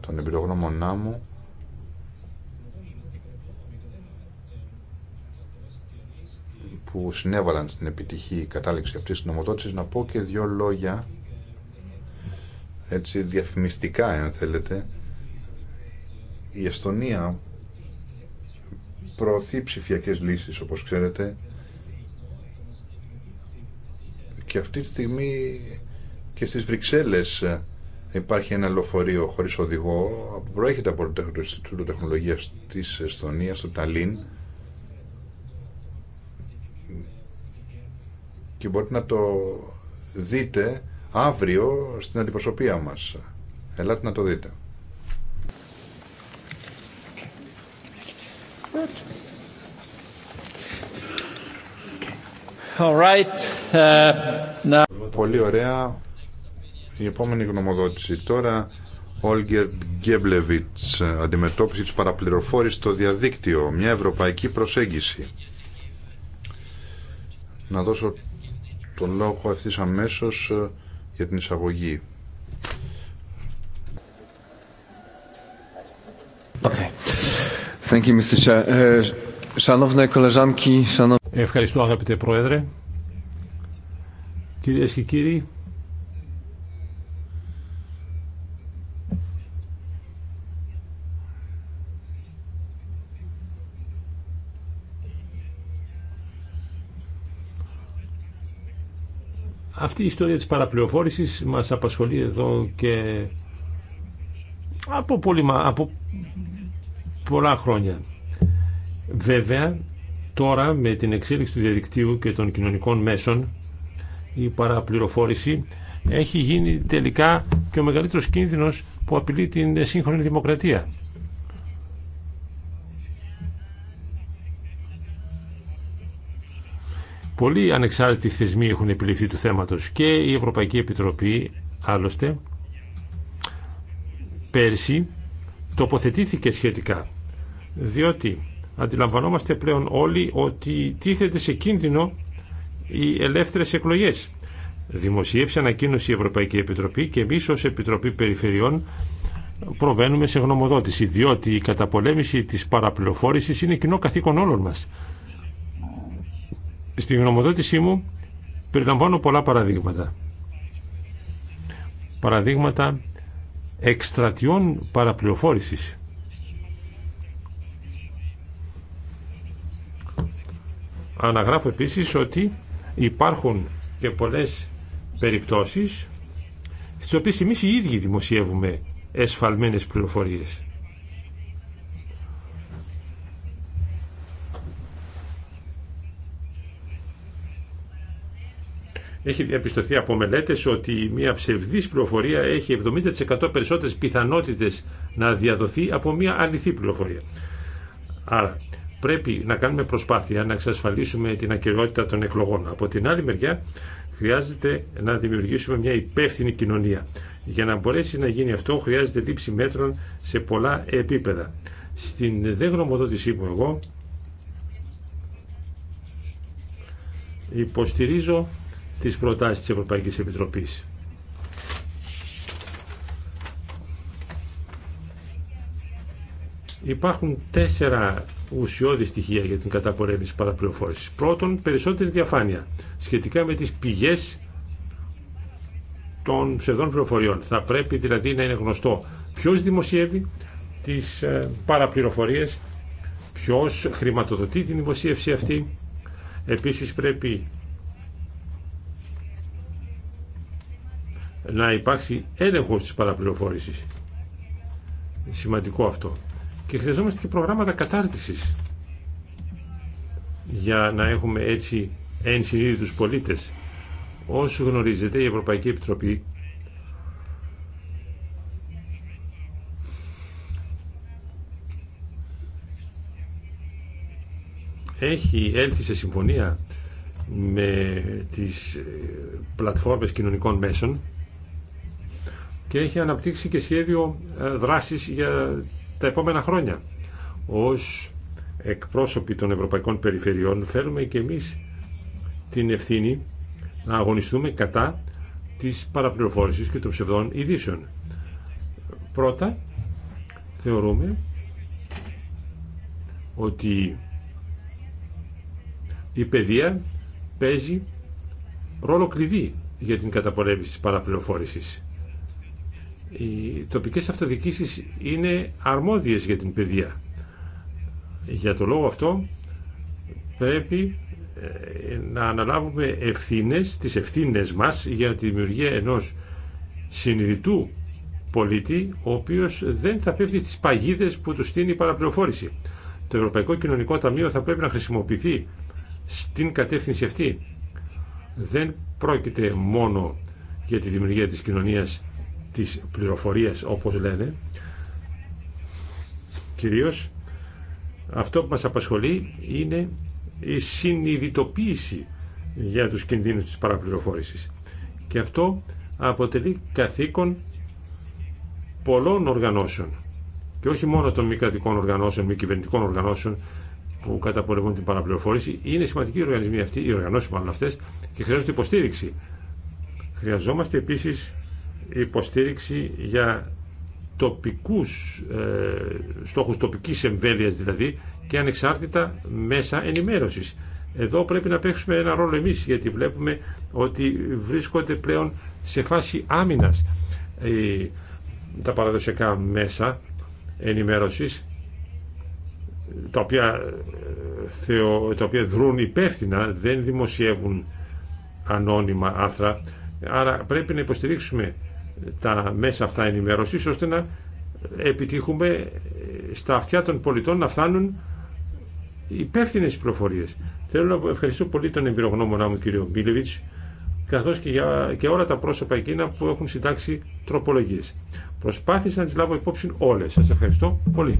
τον εμπειρογνώμονά μου. που συνέβαλαν στην επιτυχή κατάληξη αυτής της νομοδότησης να πω και δύο λόγια έτσι διαφημιστικά αν θέλετε η Εστονία προωθεί ψηφιακές λύσεις όπως ξέρετε και αυτή τη στιγμή και στις Βρυξέλλες ε, υπάρχει ένα λεωφορείο χωρίς οδηγό που προέρχεται από το Ινστιτούτο Τεχνολογίας της Εσθονίας, το Ταλίν και μπορείτε να το δείτε αύριο στην αντιπροσωπεία μας. Ελάτε να το δείτε. right. Uh, Πολύ ωραία. Η επόμενη γνωμοδότηση τώρα, Όλγερ Γκέμπλεβιτς, αντιμετώπιση της παραπληροφόρησης στο διαδίκτυο, μια ευρωπαϊκή προσέγγιση. Να δώσω τον λόγο ευθύς αμέσως ε, για την εισαγωγή. Okay. you, Mr. Ε, Ευχαριστώ αγαπητέ Πρόεδρε. Κυρίες και κύριοι, Αυτή η ιστορία της παραπληροφόρησης μας απασχολεί εδώ και από, πολύ, από πολλά χρόνια. Βέβαια, τώρα με την εξέλιξη του διαδικτύου και των κοινωνικών μέσων η παραπληροφόρηση έχει γίνει τελικά και ο μεγαλύτερος κίνδυνος που απειλεί την σύγχρονη δημοκρατία. Πολλοί ανεξάρτητοι θεσμοί έχουν επιληφθεί του θέματος και η Ευρωπαϊκή Επιτροπή άλλωστε πέρσι τοποθετήθηκε σχετικά διότι αντιλαμβανόμαστε πλέον όλοι ότι τίθεται σε κίνδυνο οι ελεύθερες εκλογές. Δημοσίευσε ανακοίνωση η Ευρωπαϊκή Επιτροπή και εμείς ως Επιτροπή Περιφερειών προβαίνουμε σε γνωμοδότηση διότι η καταπολέμηση της παραπληροφόρησης είναι κοινό καθήκον όλων μας. Στη γνωμοδότησή μου περιλαμβάνω πολλά παραδείγματα. Παραδείγματα εκστρατιών παραπληροφόρησης. Αναγράφω επίσης ότι υπάρχουν και πολλές περιπτώσεις στις οποίες εμείς οι ίδιοι δημοσιεύουμε εσφαλμένες πληροφορίες. Έχει διαπιστωθεί από μελέτε ότι μια ψευδής πληροφορία έχει 70% περισσότερες πιθανότητες να διαδοθεί από μια αληθή πληροφορία. Άρα πρέπει να κάνουμε προσπάθεια να εξασφαλίσουμε την ακεραιότητα των εκλογών. Από την άλλη μεριά χρειάζεται να δημιουργήσουμε μια υπεύθυνη κοινωνία. Για να μπορέσει να γίνει αυτό χρειάζεται λήψη μέτρων σε πολλά επίπεδα. Στην δε γνωμοδότησή μου εγώ υποστηρίζω τις προτάσεις της Ευρωπαϊκής Επιτροπής. Υπάρχουν τέσσερα ουσιώδη στοιχεία για την καταπολέμηση παραπληροφόρηση. Πρώτον, περισσότερη διαφάνεια σχετικά με τις πηγές των ψευδών πληροφοριών. Θα πρέπει δηλαδή να είναι γνωστό ποιος δημοσιεύει τις ε, παραπληροφορίες, ποιος χρηματοδοτεί την δημοσίευση αυτή. Επίσης πρέπει να υπάρξει έλεγχος της παραπληροφόρησης. Σημαντικό αυτό. Και χρειαζόμαστε και προγράμματα κατάρτισης για να έχουμε έτσι ενσυνείδητους πολίτες. Όσο γνωρίζετε η Ευρωπαϊκή Επιτροπή έχει έλθει σε συμφωνία με τις ε, πλατφόρμες κοινωνικών μέσων και έχει αναπτύξει και σχέδιο ε, δράσης για τα επόμενα χρόνια. Ως εκπρόσωποι των Ευρωπαϊκών Περιφερειών θέλουμε και εμείς την ευθύνη να αγωνιστούμε κατά της παραπληροφόρησης και των ψευδών ειδήσεων. Πρώτα, θεωρούμε ότι η παιδεία παίζει ρόλο κλειδί για την καταπολέμηση της παραπληροφόρησης. Οι τοπικές αυτοδιοίκησεις είναι αρμόδιες για την παιδεία. Για το λόγο αυτό πρέπει ε, να αναλάβουμε ευθύνες, τις ευθύνες μας για τη δημιουργία ενός συνειδητού πολίτη, ο οποίος δεν θα πέφτει στις παγίδες που του στείνει η παραπληροφόρηση. Το Ευρωπαϊκό Κοινωνικό Ταμείο θα πρέπει να χρησιμοποιηθεί στην κατεύθυνση αυτή. Δεν πρόκειται μόνο για τη δημιουργία της κοινωνίας τις πληροφορίες όπως λένε κυρίως αυτό που μας απασχολεί είναι η συνειδητοποίηση για τους κινδύνους της παραπληροφόρησης και αυτό αποτελεί καθήκον πολλών οργανώσεων και όχι μόνο των μη κρατικών οργανώσεων, μη κυβερνητικών οργανώσεων που καταπολεμούν την παραπληροφόρηση. Είναι σημαντικοί οι οργανισμοί αυτοί, οργανώσει μάλλον αυτέ, και χρειάζονται υποστήριξη. Χρειαζόμαστε επίση υποστήριξη για τοπικούς ε, στόχους τοπικής εμβέλειας δηλαδή και ανεξάρτητα μέσα ενημέρωσης. Εδώ πρέπει να παίξουμε ένα ρόλο εμείς γιατί βλέπουμε ότι βρίσκονται πλέον σε φάση άμυνας ε, τα παραδοσιακά μέσα ενημέρωσης τα οποία, ε, τα οποία δρούν υπεύθυνα, δεν δημοσιεύουν ανώνυμα άρθρα. Άρα πρέπει να υποστηρίξουμε τα μέσα αυτά ενημέρωση, ώστε να επιτύχουμε στα αυτιά των πολιτών να φτάνουν υπεύθυνε πληροφορίε. Θέλω να ευχαριστώ πολύ τον εμπειρογνώμονά μου κύριο Μπίλεβιτ, καθώς και, και όλα τα πρόσωπα εκείνα που έχουν συντάξει τροπολογίες. Προσπάθησα να τις λάβω υπόψη όλες. Σας ευχαριστώ πολύ.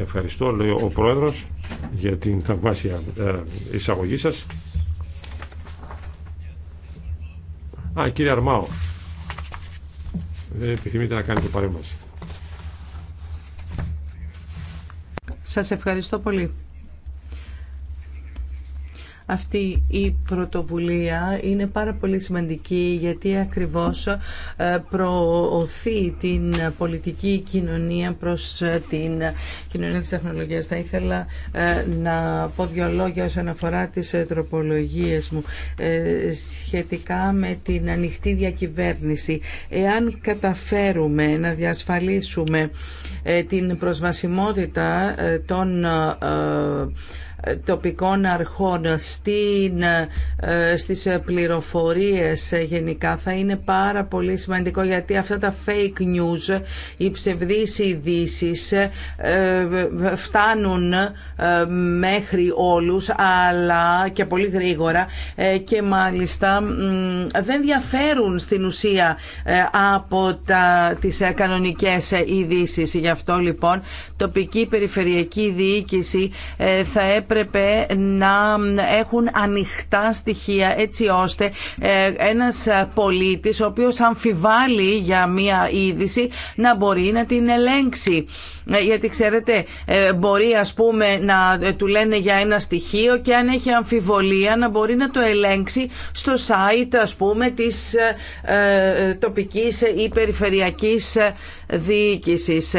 Ευχαριστώ, λέει ο Πρόεδρος, για την θαυμάσια ε, εισαγωγή σας. Α, κύριε Αρμάου δεν επιθυμείτε να κάνετε παρέμβαση. Σας ευχαριστώ πολύ. Αυτή η πρωτοβουλία είναι πάρα πολύ σημαντική γιατί ακριβώς ε, προωθεί την πολιτική κοινωνία προς ε, την κοινωνία της τεχνολογίας. Θα ήθελα ε, να πω δύο λόγια όσον αφορά τις τροπολογίες μου σχετικά με την ανοιχτή διακυβέρνηση. Εάν καταφέρουμε να διασφαλίσουμε την προσβασιμότητα των τοπικών αρχών στην, ε, στις πληροφορίες γενικά θα είναι πάρα πολύ σημαντικό γιατί αυτά τα fake news, οι ψευδείς ειδήσει ε, φτάνουν ε, μέχρι όλους αλλά και πολύ γρήγορα και μάλιστα δεν διαφέρουν στην ουσία από τα, τις κανονικές ειδήσει. Γι' αυτό λοιπόν τοπική περιφερειακή διοίκηση θα έπρεπε έπρεπε να έχουν ανοιχτά στοιχεία έτσι ώστε ε, ένας πολίτης ο οποίος αμφιβάλλει για μία είδηση να μπορεί να την ελέγξει. Ναι, γιατί ξέρετε ε, μπορεί ας πούμε να ε, του λένε για ένα στοιχείο και αν έχει αμφιβολία να μπορεί να το ελέγξει στο site ας πούμε της ε, τοπικής ή περιφερειακής διοίκησης.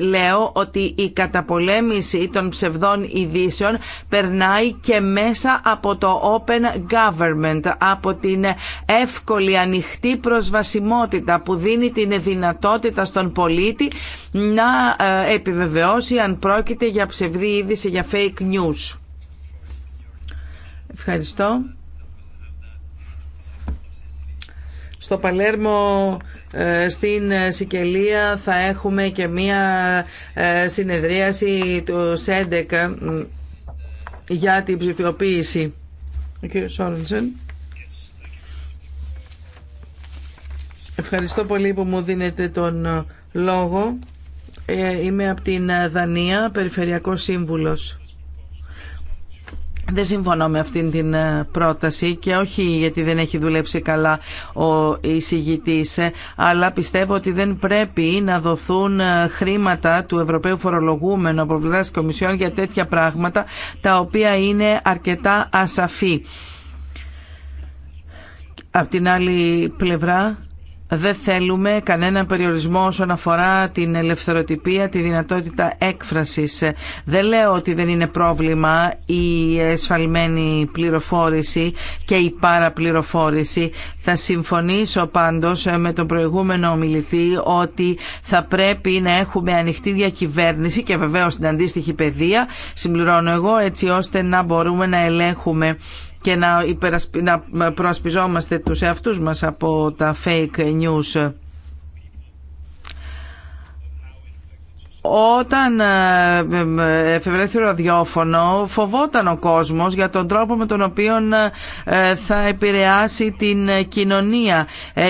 Λέω ότι η καταπολέμηση των ψευδών ειδήσεων περνάει και μέσα από το Open Government, από την εύκολη ανοιχτή προσβασιμότητα που δίνει την δυνατότητα στον πολίτη να ε, επιβεβαιώσει αν πρόκειται για ψευδή είδηση, για fake news. Ευχαριστώ. Στο Παλέρμο ε, στην ε, Σικελία θα έχουμε και μία συνεδρίαση του ΣΕΝΤΕΚ για την ψηφιοποίηση. Ευχαριστώ πολύ που μου δίνετε τον λόγο. Ε, είμαι από την Δανία, Περιφερειακός Σύμβουλος. Δεν συμφωνώ με αυτήν την ε, πρόταση και όχι γιατί δεν έχει δουλέψει καλά ο εισηγητής, ε, αλλά πιστεύω ότι δεν πρέπει να δοθούν χρήματα του Ευρωπαίου Φορολογούμενου από πλευράς Κομισιόν για τέτοια πράγματα τα οποία είναι αρκετά ασαφή. Απ' την άλλη πλευρά δεν θέλουμε κανένα περιορισμό όσον αφορά την ελευθεροτυπία, τη δυνατότητα έκφρασης. Δεν λέω ότι δεν είναι πρόβλημα η εσφαλμένη πληροφόρηση και η παραπληροφόρηση. Θα συμφωνήσω πάντως με τον προηγούμενο ομιλητή ότι θα πρέπει να έχουμε ανοιχτή διακυβέρνηση και βεβαίως την αντίστοιχη παιδεία, συμπληρώνω εγώ, έτσι ώστε να μπορούμε να ελέγχουμε και να, υπερασπι... να προασπιζόμαστε τους εαυτούς μας από τα fake news. Όταν εφευρέθη ε, ε, το ραδιόφωνο φοβόταν ο κόσμος για τον τρόπο με τον οποίο ε, θα επηρεάσει την κοινωνία.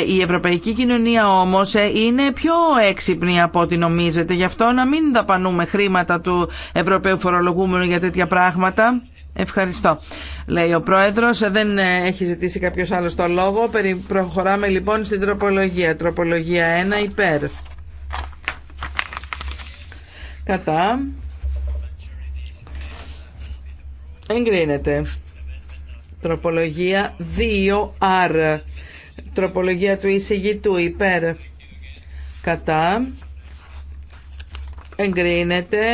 Η ευρωπαϊκή κοινωνία όμως είναι πιο έξυπνη από ό,τι νομίζετε. Γι' αυτό να μην δαπανούμε χρήματα του Ευρωπαίου Φορολογούμενου για τέτοια πράγματα Ευχαριστώ. Λέει ο Πρόεδρος, δεν ε, έχει ζητήσει κάποιος άλλος το λόγο. Προχωράμε λοιπόν στην τροπολογία. Τροπολογία 1 υπέρ. Κατά. Εγκρίνεται. Τροπολογία αρ. Τροπολογία του εισηγητού υπέρ. Κατά. Εγκρίνεται.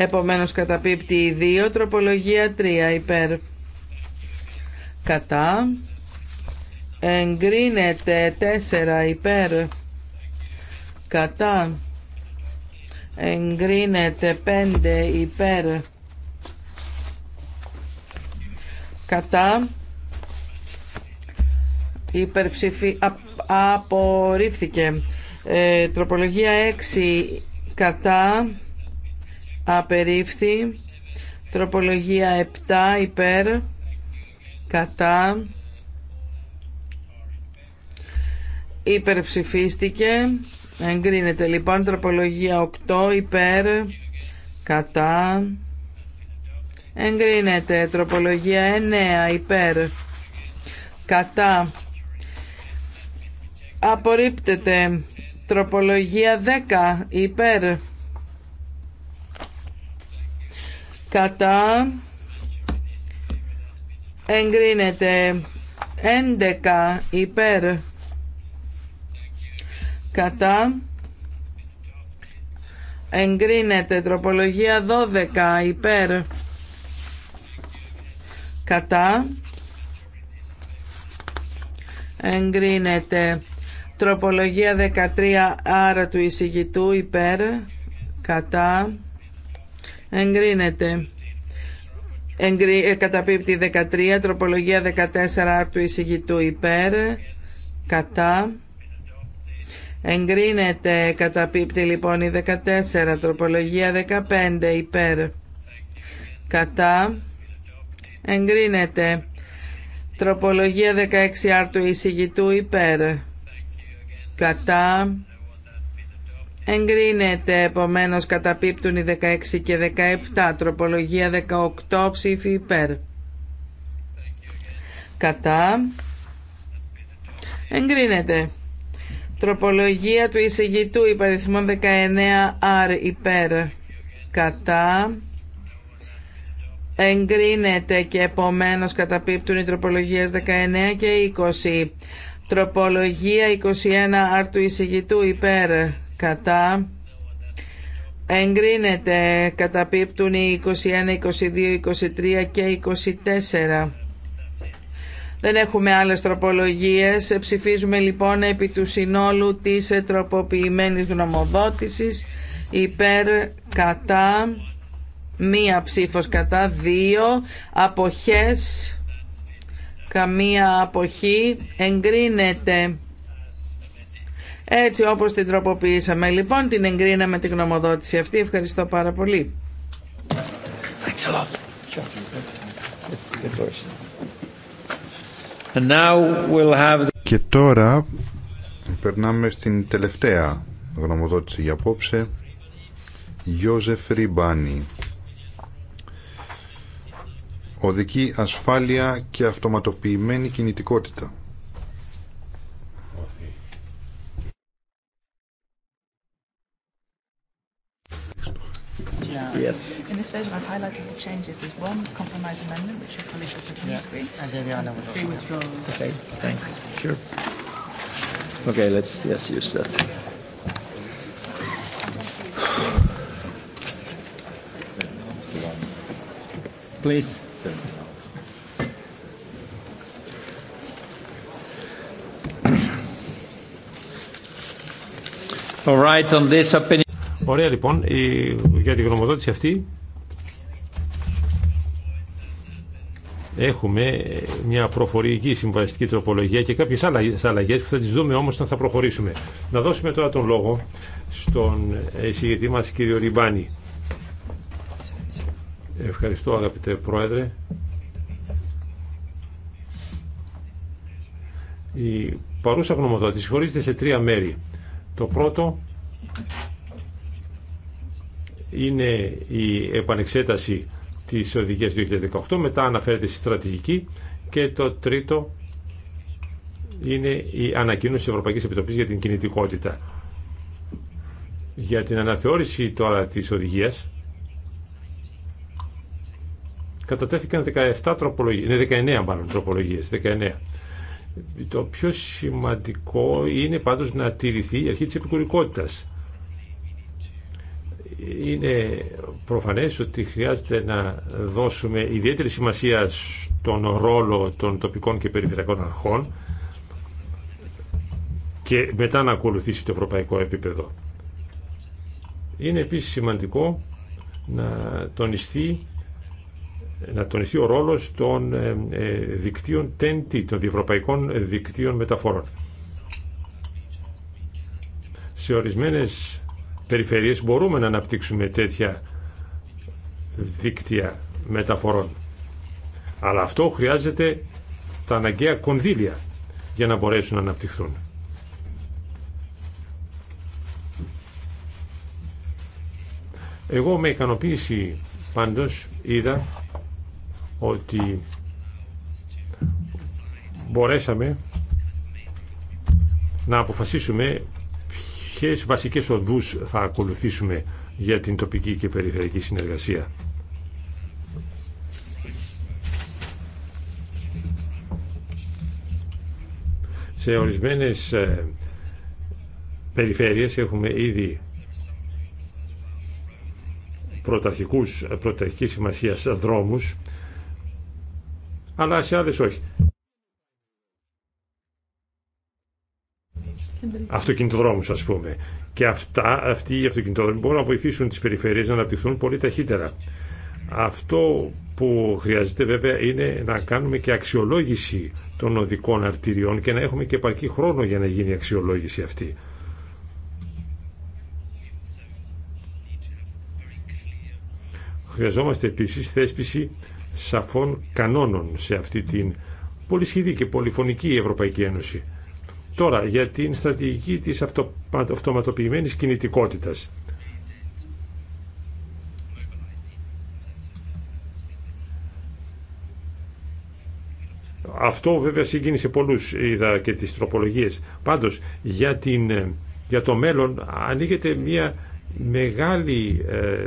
Επομένως καταπίπτει 2, τροπολογία 3 υπέρ κατά. Εγκρίνεται 4 υπέρ κατά. Εγκρίνεται 5 υπέρ κατά. Υπερψηφι... Α, απορρίφθηκε. Ε, τροπολογία 6 κατά απερίφθη τροπολογία 7 υπέρ κατά υπερψηφίστηκε εγκρίνεται λοιπόν τροπολογία 8 υπέρ κατά εγκρίνεται τροπολογία 9 υπέρ κατά απορρίπτεται τροπολογία 10 υπέρ κατά εγκρίνεται 11 υπέρ κατά εγκρίνεται τροπολογία 12 υπέρ κατά εγκρίνεται τροπολογία 13 άρα του εισηγητού υπέρ κατά εγκρίνεται. Εγκρι... Ε, καταπίπτει 13, τροπολογία 14 άρτου εισηγητού υπέρ, κατά. Εγκρίνεται, καταπίπτει λοιπόν η 14, τροπολογία 15 υπέρ, κατά. Εγκρίνεται, τροπολογία 16 άρτου εισηγητού υπέρ, κατά. Εγκρίνεται επομένως καταπίπτουν οι 16 και 17, τροπολογία 18 ψήφι υπέρ. Κατά. Εγκρίνεται. Τροπολογία του εισηγητού υπαριθμών 19R υπέρ. Κατά. Εγκρίνεται και επομένως καταπίπτουν οι τροπολογίες 19 και 20. Τροπολογία 21R του εισηγητού υπέρ κατά εγκρίνεται καταπίπτουν οι 21, 22, 23 και 24 δεν έχουμε άλλες τροπολογίες ψηφίζουμε λοιπόν επί του συνόλου της τροποποιημένης γνωμοδότησης υπέρ κατά μία ψήφος κατά δύο αποχές καμία αποχή εγκρίνεται έτσι όπως την τροποποιήσαμε. Λοιπόν, την εγκρίναμε την γνωμοδότηση αυτή. Ευχαριστώ πάρα πολύ. Και τώρα περνάμε στην τελευταία γνωμοδότηση για απόψε. Γιώζεφ Ριμπάνη. Οδική ασφάλεια και αυτοματοποιημένη κινητικότητα. Yes. In this version, I've highlighted the changes. There's one compromise amendment, which your colleague has put on the screen. And then the other one. Three withdrawals. Okay, thanks. Sure. Okay, let's yes use that. Please. All right, on this opinion. Ωραία λοιπόν για τη γνωμοδότηση αυτή έχουμε μια προφορική συμβαστική τροπολογία και κάποιες αλλαγές που θα τις δούμε όμως όταν θα προχωρήσουμε. Να δώσουμε τώρα τον λόγο στον εισηγητή μας κύριο Ριμπάνη. Ευχαριστώ αγαπητέ Πρόεδρε. Η παρούσα γνωμοδότηση χωρίζεται σε τρία μέρη. Το πρώτο είναι η επανεξέταση της οδηγίας 2018, μετά αναφέρεται στη στρατηγική και το τρίτο είναι η ανακοίνωση της Ευρωπαϊκής Επιτροπής για την κινητικότητα. Για την αναθεώρηση τώρα της οδηγίας κατατέθηκαν 17 τροπολογίες, 19 μάλλον τροπολογίες, 19. Το πιο σημαντικό είναι πάντως να τηρηθεί η αρχή της επικουρικότητας είναι προφανές ότι χρειάζεται να δώσουμε ιδιαίτερη σημασία στον ρόλο των τοπικών και περιφερειακών αρχών και μετά να ακολουθήσει το ευρωπαϊκό επίπεδο. Είναι επίσης σημαντικό να τονιστεί, να τονιστεί ο ρόλος των ε, ε, δικτύων TNT, των διευρωπαϊκών δικτύων μεταφορών. Σε ορισμένες περιφερειές μπορούμε να αναπτύξουμε τέτοια δίκτυα μεταφορών. Αλλά αυτό χρειάζεται τα αναγκαία κονδύλια για να μπορέσουν να αναπτυχθούν. Εγώ με ικανοποίηση πάντως είδα ότι μπορέσαμε να αποφασίσουμε και βασικές οδούς θα ακολουθήσουμε για την τοπική και περιφερειακή συνεργασία. Σε ορισμένες ε, περιφέρειες έχουμε ήδη πρωταρχικούς, ε, πρωταρχικής σημασίας δρόμους, αλλά σε άλλες όχι. αυτοκινητοδρόμους ας πούμε. Και αυτά, αυτοί οι αυτοκινητοδρόμοι μπορούν να βοηθήσουν τις περιφερειές να αναπτυχθούν πολύ ταχύτερα. Αυτό που χρειάζεται βέβαια είναι να κάνουμε και αξιολόγηση των οδικών αρτηριών και να έχουμε και επαρκή χρόνο για να γίνει η αξιολόγηση αυτή. Χρειαζόμαστε επίσης θέσπιση σαφών κανόνων σε αυτή την πολυσχηδή και πολυφωνική Ευρωπαϊκή Ένωση. Τώρα, για την στρατηγική της αυτο, αυτοματοποιημένης κινητικότητας. Αυτό βέβαια συγκίνησε πολλούς, είδα και τις τροπολογίες. Πάντως, για, την, ε, για το μέλλον ανοίγεται μια μεγάλη ε,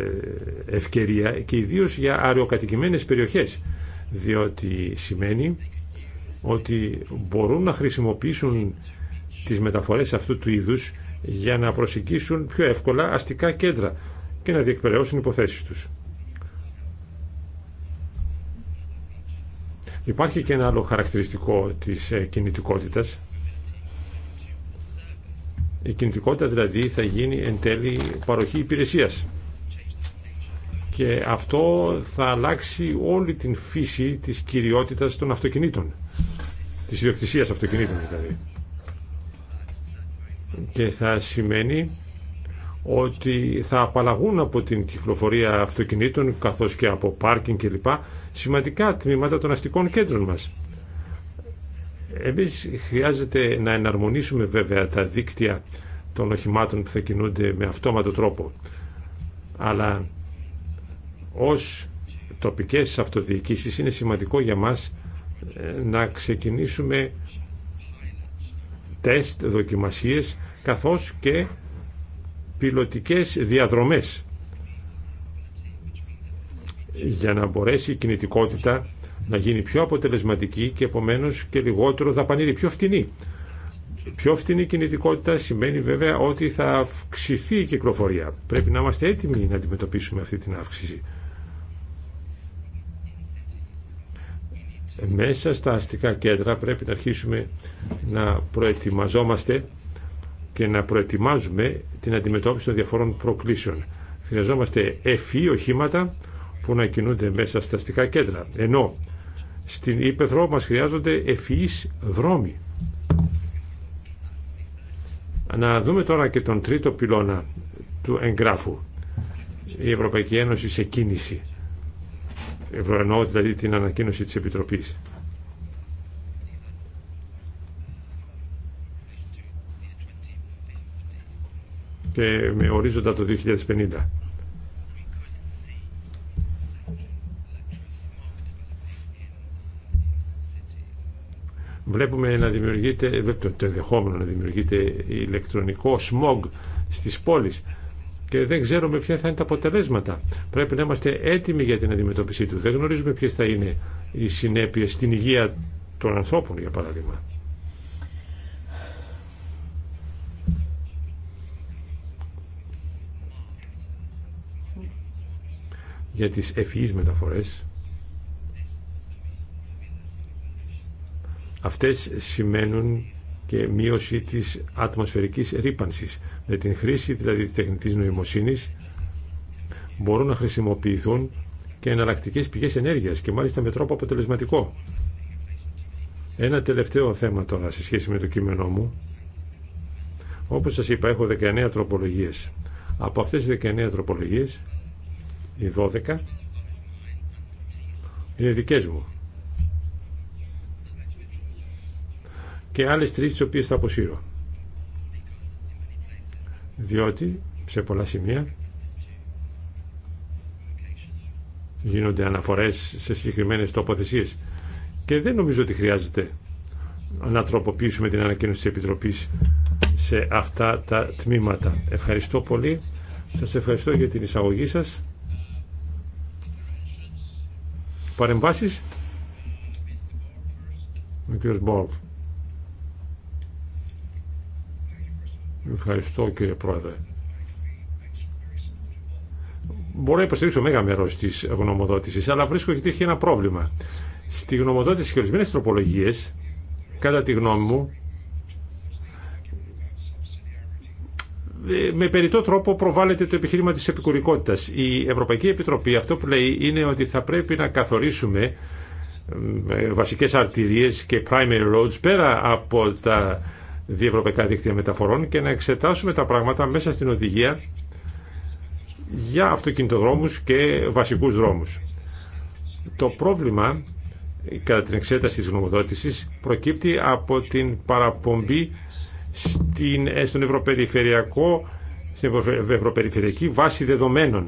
ευκαιρία και ιδίως για αεροκατοικημένες περιοχές, διότι σημαίνει ότι μπορούν να χρησιμοποιήσουν τις μεταφορές αυτού του είδους για να προσεγγίσουν πιο εύκολα αστικά κέντρα και να διεκπαιρεώσουν υποθέσεις τους. Υπάρχει και ένα άλλο χαρακτηριστικό της ε, κινητικότητας. Η κινητικότητα δηλαδή θα γίνει εν τέλει παροχή υπηρεσίας. Και αυτό θα αλλάξει όλη την φύση της κυριότητας των αυτοκινήτων. Της ιδιοκτησίας αυτοκινήτων δηλαδή και θα σημαίνει ότι θα απαλλαγούν από την κυκλοφορία αυτοκινήτων καθώς και από πάρκινγκ κλπ σημαντικά τμήματα των αστικών κέντρων μας. Εμείς χρειάζεται να εναρμονίσουμε βέβαια τα δίκτυα των οχημάτων που θα κινούνται με αυτόματο τρόπο αλλά ως τοπικές αυτοδιοίκησεις είναι σημαντικό για μας ε, να ξεκινήσουμε τεστ, δοκιμασίες, καθώς και πιλωτικές διαδρομές για να μπορέσει η κινητικότητα να γίνει πιο αποτελεσματική και επομένως και λιγότερο δαπανήρη, πιο φτηνή. Πιο φτηνή κινητικότητα σημαίνει βέβαια ότι θα αυξηθεί η κυκλοφορία. Πρέπει να είμαστε έτοιμοι να αντιμετωπίσουμε αυτή την αύξηση. μέσα στα αστικά κέντρα πρέπει να αρχίσουμε να προετοιμαζόμαστε και να προετοιμάζουμε την αντιμετώπιση των διαφορών προκλήσεων. Χρειαζόμαστε ευφύ οχήματα που να κινούνται μέσα στα αστικά κέντρα. Ενώ στην Ήπεθρο μας χρειάζονται ευφυείς δρόμοι. Να δούμε τώρα και τον τρίτο πυλώνα του εγγράφου. Η Ευρωπαϊκή Ένωση σε κίνηση. Ευρωενώ δηλαδή την ανακοίνωση της Επιτροπής. και με ορίζοντα το 2050. Βλέπουμε να δημιουργείται, το ενδεχόμενο να δημιουργείται ηλεκτρονικό σμόγ στις πόλεις και δεν ξέρουμε ποια θα είναι τα αποτελέσματα. Πρέπει να είμαστε έτοιμοι για την αντιμετώπιση του. Δεν γνωρίζουμε ποιε θα είναι οι συνέπειε στην υγεία των ανθρώπων, για παράδειγμα. για τις ευφυείς μεταφορές αυτές σημαίνουν και μείωση της ατμοσφαιρικής ρήπανσης. Με την χρήση δηλαδή της τεχνητής νοημοσύνης μπορούν να χρησιμοποιηθούν και εναλλακτικές πηγές ενέργειας και μάλιστα με τρόπο αποτελεσματικό. Ένα τελευταίο θέμα τώρα σε σχέση με το κείμενό μου. Όπως σας είπα έχω 19 τροπολογίες. Από αυτές τις 19 τροπολογίες οι 12 είναι δικές μου και άλλες τρεις τις οποίες θα αποσύρω. Διότι σε πολλά σημεία γίνονται αναφορές σε συγκεκριμένες τοποθεσίες και δεν νομίζω ότι χρειάζεται να τροποποιήσουμε την ανακοίνωση της Επιτροπής σε αυτά τα τμήματα. Ευχαριστώ πολύ. Σας ευχαριστώ για την εισαγωγή σας. Παρεμβάσεις. Ο κ. Ευχαριστώ κύριε Πρόεδρε. Μπορώ να υποστηρίξω μέγα μέρο τη γνωμοδότηση, αλλά βρίσκω ότι έχει ένα πρόβλημα. Στη γνωμοδότηση και ορισμένε τροπολογίε, κατά τη γνώμη μου, ε, με περιττό τρόπο προβάλλεται το επιχείρημα της επικουρικότητας. Η Ευρωπαϊκή Επιτροπή αυτό που λέει είναι ότι θα πρέπει να καθορίσουμε ε, ε, βασικές αρτηρίες και primary roads πέρα από τα διευρωπαϊκά δίκτυα μεταφορών και να εξετάσουμε τα πράγματα μέσα στην οδηγία για αυτοκινητοδρόμους και βασικούς δρόμους. Το πρόβλημα κατά την εξέταση της γνωμοδότησης προκύπτει από την παραπομπή στην, ε, στον ευρωπεριφερειακό, στην ευρωπεριφερειακή βάση δεδομένων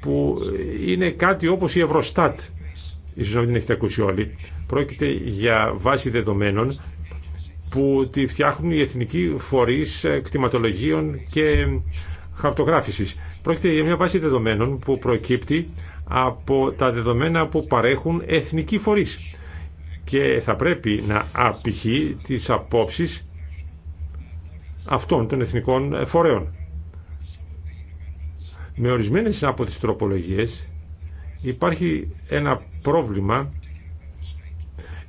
που είναι κάτι όπως η Ευρωστάτ ίσως να μην την έχετε ακούσει όλοι πρόκειται για βάση δεδομένων που τη φτιάχνουν οι εθνικοί φορείς ε, κτηματολογίων και χαρτογράφησης. Πρόκειται για μια βάση δεδομένων που προκύπτει από τα δεδομένα που παρέχουν εθνικοί φορείς και θα πρέπει να απηχεί τις απόψεις αυτών των εθνικών φορέων. Με ορισμένες από τις τροπολογίες υπάρχει ένα πρόβλημα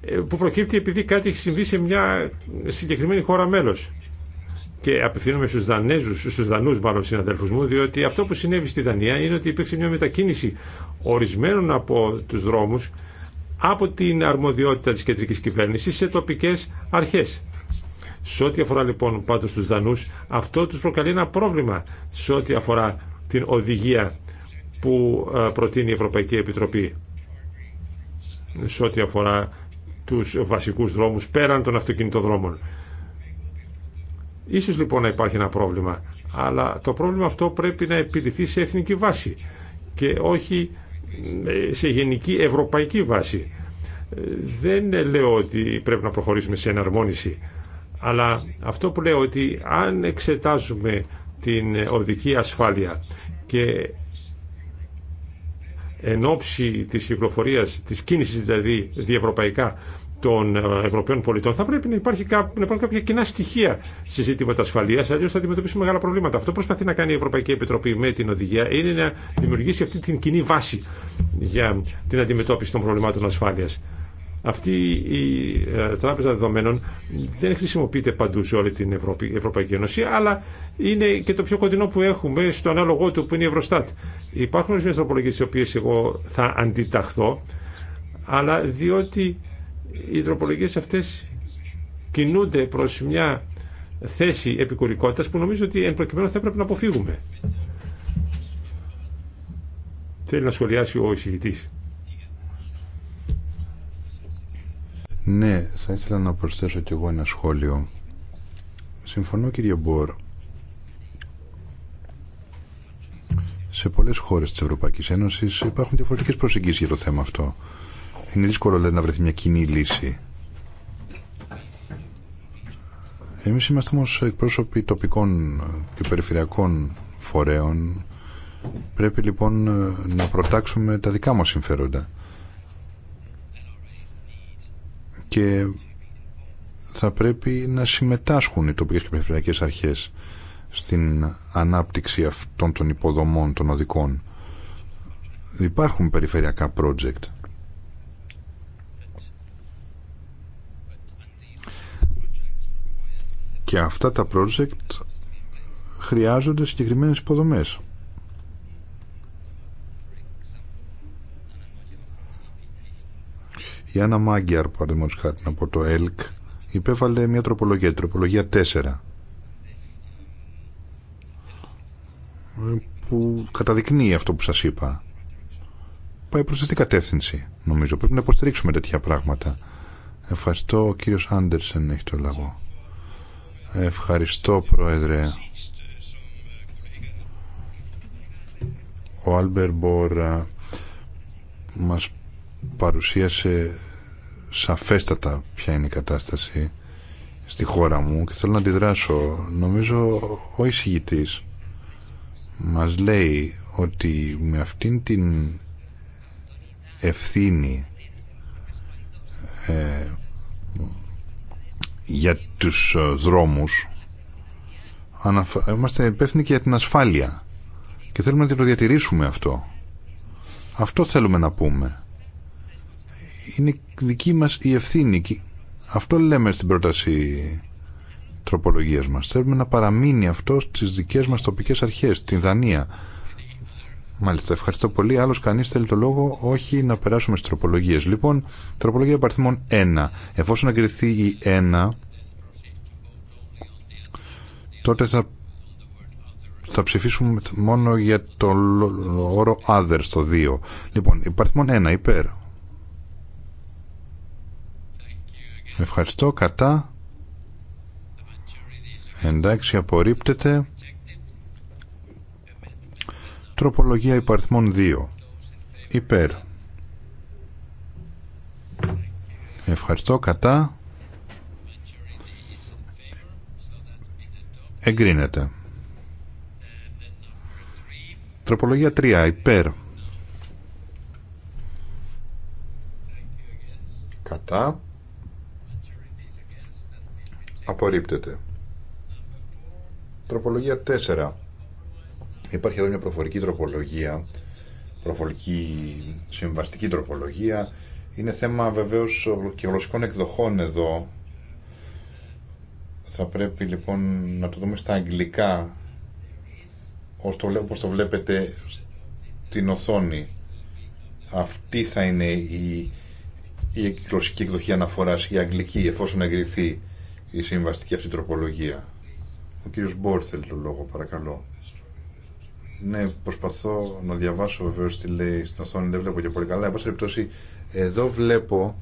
ε, που προκύπτει επειδή κάτι έχει συμβεί σε μια συγκεκριμένη χώρα μέλος. Και απευθύνομαι στους Δανέζους, στους Δανούς μάλλον συναδέλφους μου, διότι αυτό που συνέβη στη Δανία είναι ότι υπήρξε μια μετακίνηση ορισμένων από τους δρόμους από την αρμοδιότητα της κεντρικής κυβέρνησης σε τοπικές αρχές. Σε ό,τι αφορά λοιπόν πάντως τους Δανούς, αυτό τους προκαλεί ένα πρόβλημα σε ό,τι αφορά την οδηγία που ε, προτείνει η Ευρωπαϊκή Επιτροπή σε ό,τι αφορά τους βασικούς δρόμους πέραν των αυτοκινητοδρόμων. Ίσως λοιπόν να υπάρχει ένα πρόβλημα, αλλά το πρόβλημα αυτό πρέπει να επιληθεί σε εθνική βάση και όχι ε, σε γενική ευρωπαϊκή βάση. Ε, δεν λέω ότι πρέπει να προχωρήσουμε σε εναρμόνιση, αλλά αυτό που λέω ότι αν εξετάζουμε την οδική ασφάλεια και εν ώψη της κυκλοφορίας, της κίνησης δηλαδή διευρωπαϊκά των ε, Ευρωπαίων πολιτών, θα πρέπει να, υπάρχει, να υπάρχουν κάποια κοινά στοιχεία σε ζήτηματα ασφαλεία, αλλιώ θα αντιμετωπίσουμε μεγάλα προβλήματα. Αυτό προσπαθεί να κάνει η Ευρωπαϊκή Επιτροπή με την οδηγία είναι να δημιουργήσει αυτή την κοινή βάση για την αντιμετώπιση των προβλημάτων ασφάλεια. Αυτή η ε, τράπεζα δεδομένων δεν χρησιμοποιείται παντού σε όλη την Ευρωπη... Ευρωπαϊκή Ένωση, αλλά είναι και το πιο κοντινό που έχουμε στο ανάλογό του που είναι η Ευρωστάτ. Υπάρχουν ορισμένε τροπολογίε οι οποίε εγώ θα αντιταχθώ, αλλά διότι οι τροπολογίε αυτέ κινούνται προ μια θέση επικουρικότητας που νομίζω ότι εν προκειμένου θα έπρεπε να αποφύγουμε. Θέλει να σχολιάσει ο εισηγητής. Ναι, θα ήθελα να προσθέσω κι εγώ ένα σχόλιο. Συμφωνώ κύριε Μπορ. Σε πολλές χώρες της Ευρωπαϊκής Ένωσης υπάρχουν διαφορετικές προσεγγίσεις για το θέμα αυτό. Είναι δύσκολο λέει, να βρεθεί μια κοινή λύση. Εμείς είμαστε όμως εκπρόσωποι τοπικών και περιφερειακών φορέων. Πρέπει λοιπόν να προτάξουμε τα δικά μας συμφέροντα. και θα πρέπει να συμμετάσχουν οι τοπικές και περιφερειακές αρχές στην ανάπτυξη αυτών των υποδομών των οδικών. Υπάρχουν περιφερειακά project. Και αυτά τα project χρειάζονται συγκεκριμένες υποδομές. Η Άννα Μάγκιαρ, παραδείγματο χάρη από το ΕΛΚ, υπέβαλε μια τροπολογία, τροπολογία 4. που καταδεικνύει αυτό που σας είπα πάει προς αυτή κατεύθυνση νομίζω πρέπει να υποστηρίξουμε τέτοια πράγματα ευχαριστώ ο κύριος Άντερσεν έχει το λαό. ευχαριστώ πρόεδρε ο Άλμπερ Μπόρα μας παρουσίασε σαφέστατα ποια είναι η κατάσταση στη χώρα μου και θέλω να αντιδράσω. Νομίζω ο εισηγητής μας λέει ότι με αυτήν την ευθύνη ε, για τους ε, δρόμους είμαστε υπεύθυνοι και για την ασφάλεια και θέλουμε να το διατηρήσουμε αυτό αυτό θέλουμε να πούμε είναι δική μας η ευθύνη. Αυτό λέμε στην πρόταση τροπολογίας μας. Θέλουμε να παραμείνει αυτό στις δικές μας τοπικές αρχές, την Δανία. Μάλιστα, ευχαριστώ πολύ. Άλλος κανείς θέλει το λόγο, όχι να περάσουμε στις τροπολογίες. Λοιπόν, τροπολογία παρθυμών 1. Εφόσον αγκριθεί η 1, τότε θα, θα ψηφίσουμε μόνο για το όρο others στο 2. Λοιπόν, παρθυμών 1, υπέρ, Ευχαριστώ. Κατά. Εντάξει, απορρίπτεται. Τροπολογία υπαριθμών 2. Υπέρ. Ευχαριστώ. Κατά. Εγκρίνεται. Τροπολογία 3. Υπέρ. Κατά. Απορρίπτεται. Τροπολογία 4. Υπάρχει εδώ μια προφορική τροπολογία, προφορική συμβαστική τροπολογία. Είναι θέμα βεβαίως και γλωσσικών εκδοχών εδώ. Θα πρέπει λοιπόν να το δούμε στα αγγλικά, όπως το βλέπετε στην οθόνη. Αυτή θα είναι η, η γλωσσική εκδοχή αναφοράς, η αγγλική, εφόσον εγκριθεί η συμβαστική αυτή τροπολογία. Ο κύριος Μπόρ θέλει το λόγο, παρακαλώ. Ναι, προσπαθώ να διαβάσω βεβαίω τι λέει στην οθόνη, δεν βλέπω και πολύ καλά. Εν πάση περιπτώσει, εδώ βλέπω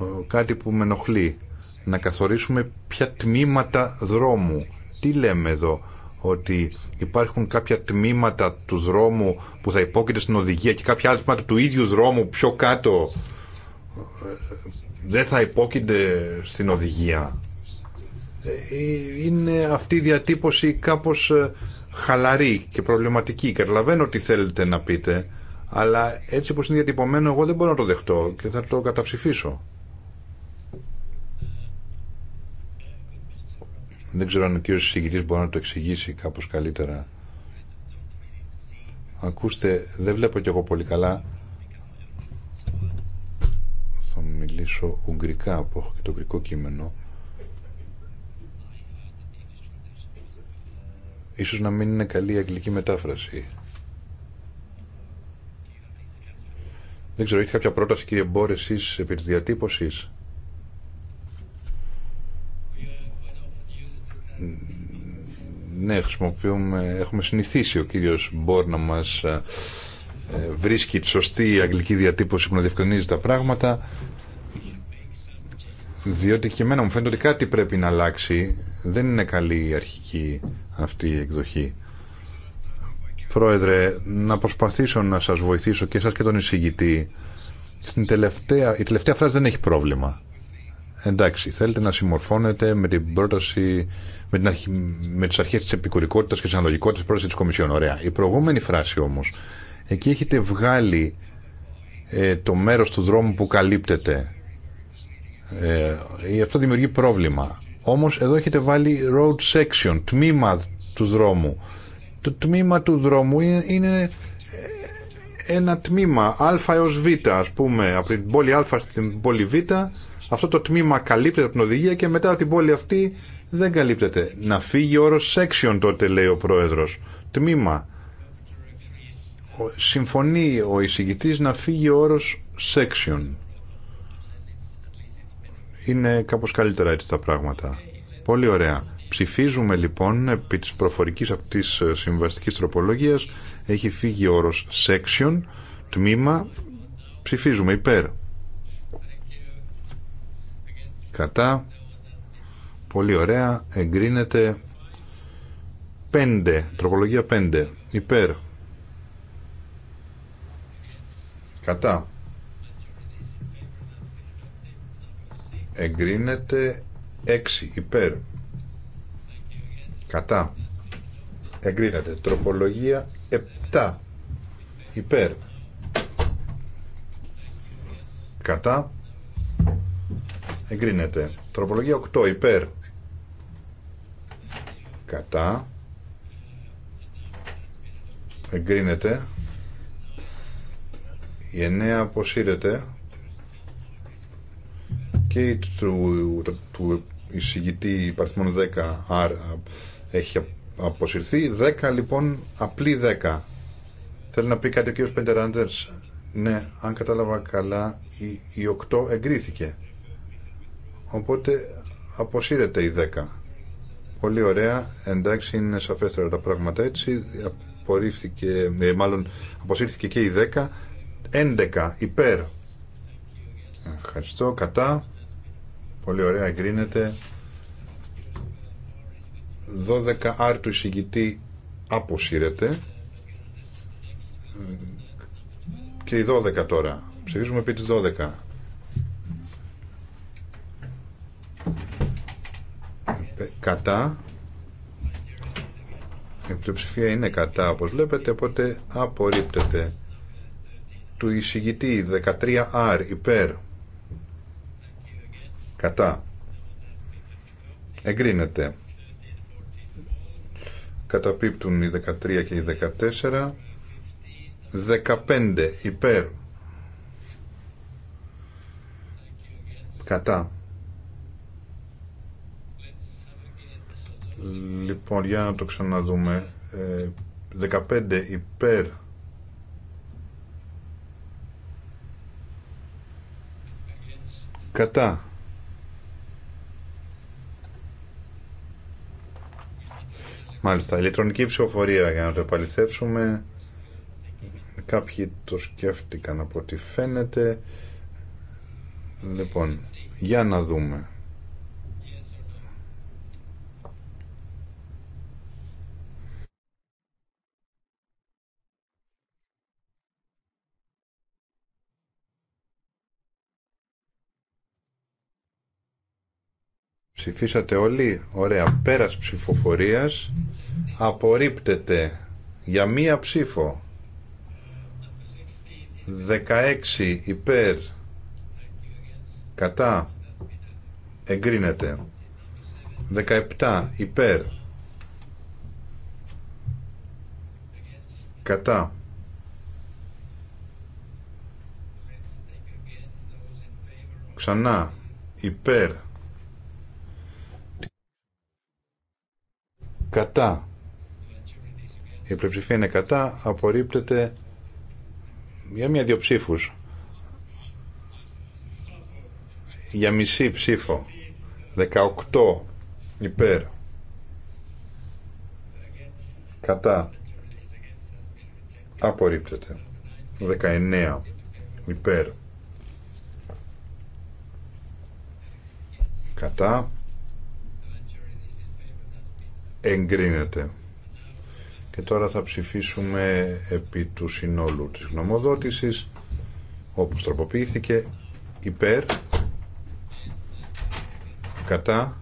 ε, κάτι που με ενοχλεί. Να καθορίσουμε ποια τμήματα δρόμου. Τι λέμε εδώ, ότι υπάρχουν κάποια τμήματα του δρόμου που θα υπόκειται στην οδηγία και κάποια άλλα τμήματα του ίδιου δρόμου πιο κάτω ε, ε, δεν θα υπόκειται στην οδηγία. Ε, είναι αυτή η διατύπωση κάπως ε, χαλαρή και προβληματική. Καταλαβαίνω τι θέλετε να πείτε, αλλά έτσι όπως είναι διατυπωμένο εγώ δεν μπορώ να το δεχτώ και θα το καταψηφίσω. Δεν ξέρω αν ο κύριος συγκητής μπορεί να το εξηγήσει κάπως καλύτερα. Ακούστε, δεν βλέπω κι εγώ πολύ καλά. Θα μιλήσω ουγγρικά, που έχω και το ουγγρικό κείμενο. Ίσως να μην είναι καλή η αγγλική μετάφραση. Δεν ξέρω, έχετε κάποια πρόταση κύριε Μπόρ εσείς επί της διατύπωσης. Ναι, χρησιμοποιούμε, έχουμε συνηθίσει ο κύριος Μπόρ να μας ε, βρίσκει τη σωστή αγγλική διατύπωση που να διευκρινίζει τα πράγματα διότι και εμένα μου φαίνεται ότι κάτι πρέπει να αλλάξει δεν είναι καλή η αρχική αυτή η εκδοχή. Πρόεδρε, να προσπαθήσω να σας βοηθήσω και σας και τον εισηγητή. Στην τελευταία, η τελευταία φράση δεν έχει πρόβλημα. Εντάξει, θέλετε να συμμορφώνετε με την πρόταση, με, την αρχή, με τις αρχές της επικουρικότητας και της αναλογικότητας πρόταση της Κομισιόν. Ωραία. Η προηγούμενη φράση όμως, εκεί έχετε βγάλει ε, το μέρος του δρόμου που καλύπτεται. Ε, αυτό δημιουργεί πρόβλημα. Όμως εδώ έχετε βάλει road section, τμήμα του δρόμου. Το τμήμα του δρόμου είναι ε, ένα τμήμα α έως β, ας πούμε, από την πόλη α στην πόλη β. Αυτό το τμήμα καλύπτεται από την οδηγία και μετά από την πόλη αυτή δεν καλύπτεται. Να φύγει ο όρος section τότε, λέει ο πρόεδρος. Τμήμα. Συμφωνεί ο εισηγητής να φύγει ο όρος section είναι κάπως καλύτερα έτσι τα πράγματα. Πολύ ωραία. Ψηφίζουμε λοιπόν επί της προφορικής αυτής ε, συμβαστικής τροπολογίας. Έχει φύγει ο όρος section, τμήμα. Ψηφίζουμε υπέρ. Κατά. Πολύ ωραία. Εγκρίνεται 5. Τροπολογία 5. Υπέρ. Κατά. εγκρίνεται 6 υπέρ κατά εγκρίνεται τροπολογία 7 υπέρ κατά εγκρίνεται τροπολογία 8 υπέρ κατά εγκρίνεται η 9 αποσύρεται και του, του, του εισηγητή υπαριθμών 10 άρα έχει αποσυρθεί 10 λοιπόν απλή 10 θέλει να πει κάτι ο κύριος Πεντεράντερς ναι αν κατάλαβα καλά η, η 8 εγκρίθηκε οπότε αποσύρεται η 10 πολύ ωραία εντάξει είναι σαφέστερα τα πράγματα έτσι απορρίφθηκε ε, μάλλον αποσύρθηκε και η 10 11 υπέρ Ευχαριστώ. Κατά. Πολύ ωραία, εγκρίνεται. 12 ...12R του εισηγητή αποσύρεται. Και η 12 τώρα. Ψηφίζουμε επί της 12. Ε, κατά. Η πλειοψηφία είναι κατά, όπως βλέπετε, οπότε απορρίπτεται. Του εισηγητή 13R υπέρ κατά εγκρίνεται καταπίπτουν οι 13 και οι 14 15 υπέρ κατά λοιπόν για να το ξαναδούμε 15 ε, υπέρ κατά Μάλιστα, ηλεκτρονική ψηφοφορία για να το επαληθεύσουμε. Κάποιοι το σκέφτηκαν από ό,τι φαίνεται. Λοιπόν, για να δούμε. Ψηφίσατε όλοι. Ωραία. Πέρας ψηφοφορίας απορρίπτεται για μία ψήφο. 16 υπέρ κατά εγκρίνεται. 17 υπέρ κατά ξανά υπέρ Κατά. Η πλειοψηφία είναι κατά. Απορρίπτεται για μία-δύο ψήφους. Για μισή ψήφο. 18 υπέρ. Κατά. Απορρίπτεται. 19 υπέρ. Κατά εγκρίνεται. Και τώρα θα ψηφίσουμε επί του συνόλου της γνωμοδότησης όπως τροποποιήθηκε υπέρ κατά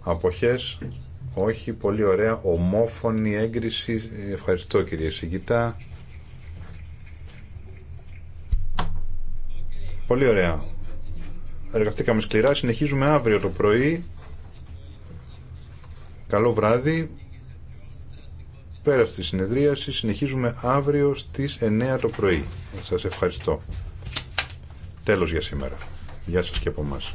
αποχές όχι πολύ ωραία ομόφωνη έγκριση ευχαριστώ κύριε Σιγητά πολύ ωραία εργαστήκαμε σκληρά συνεχίζουμε αύριο το πρωί Καλό βράδυ. Πέρα στη συνεδρίαση συνεχίζουμε αύριο στις 9 το πρωί. Σας ευχαριστώ. Τέλος για σήμερα. Γεια σας και από εμάς.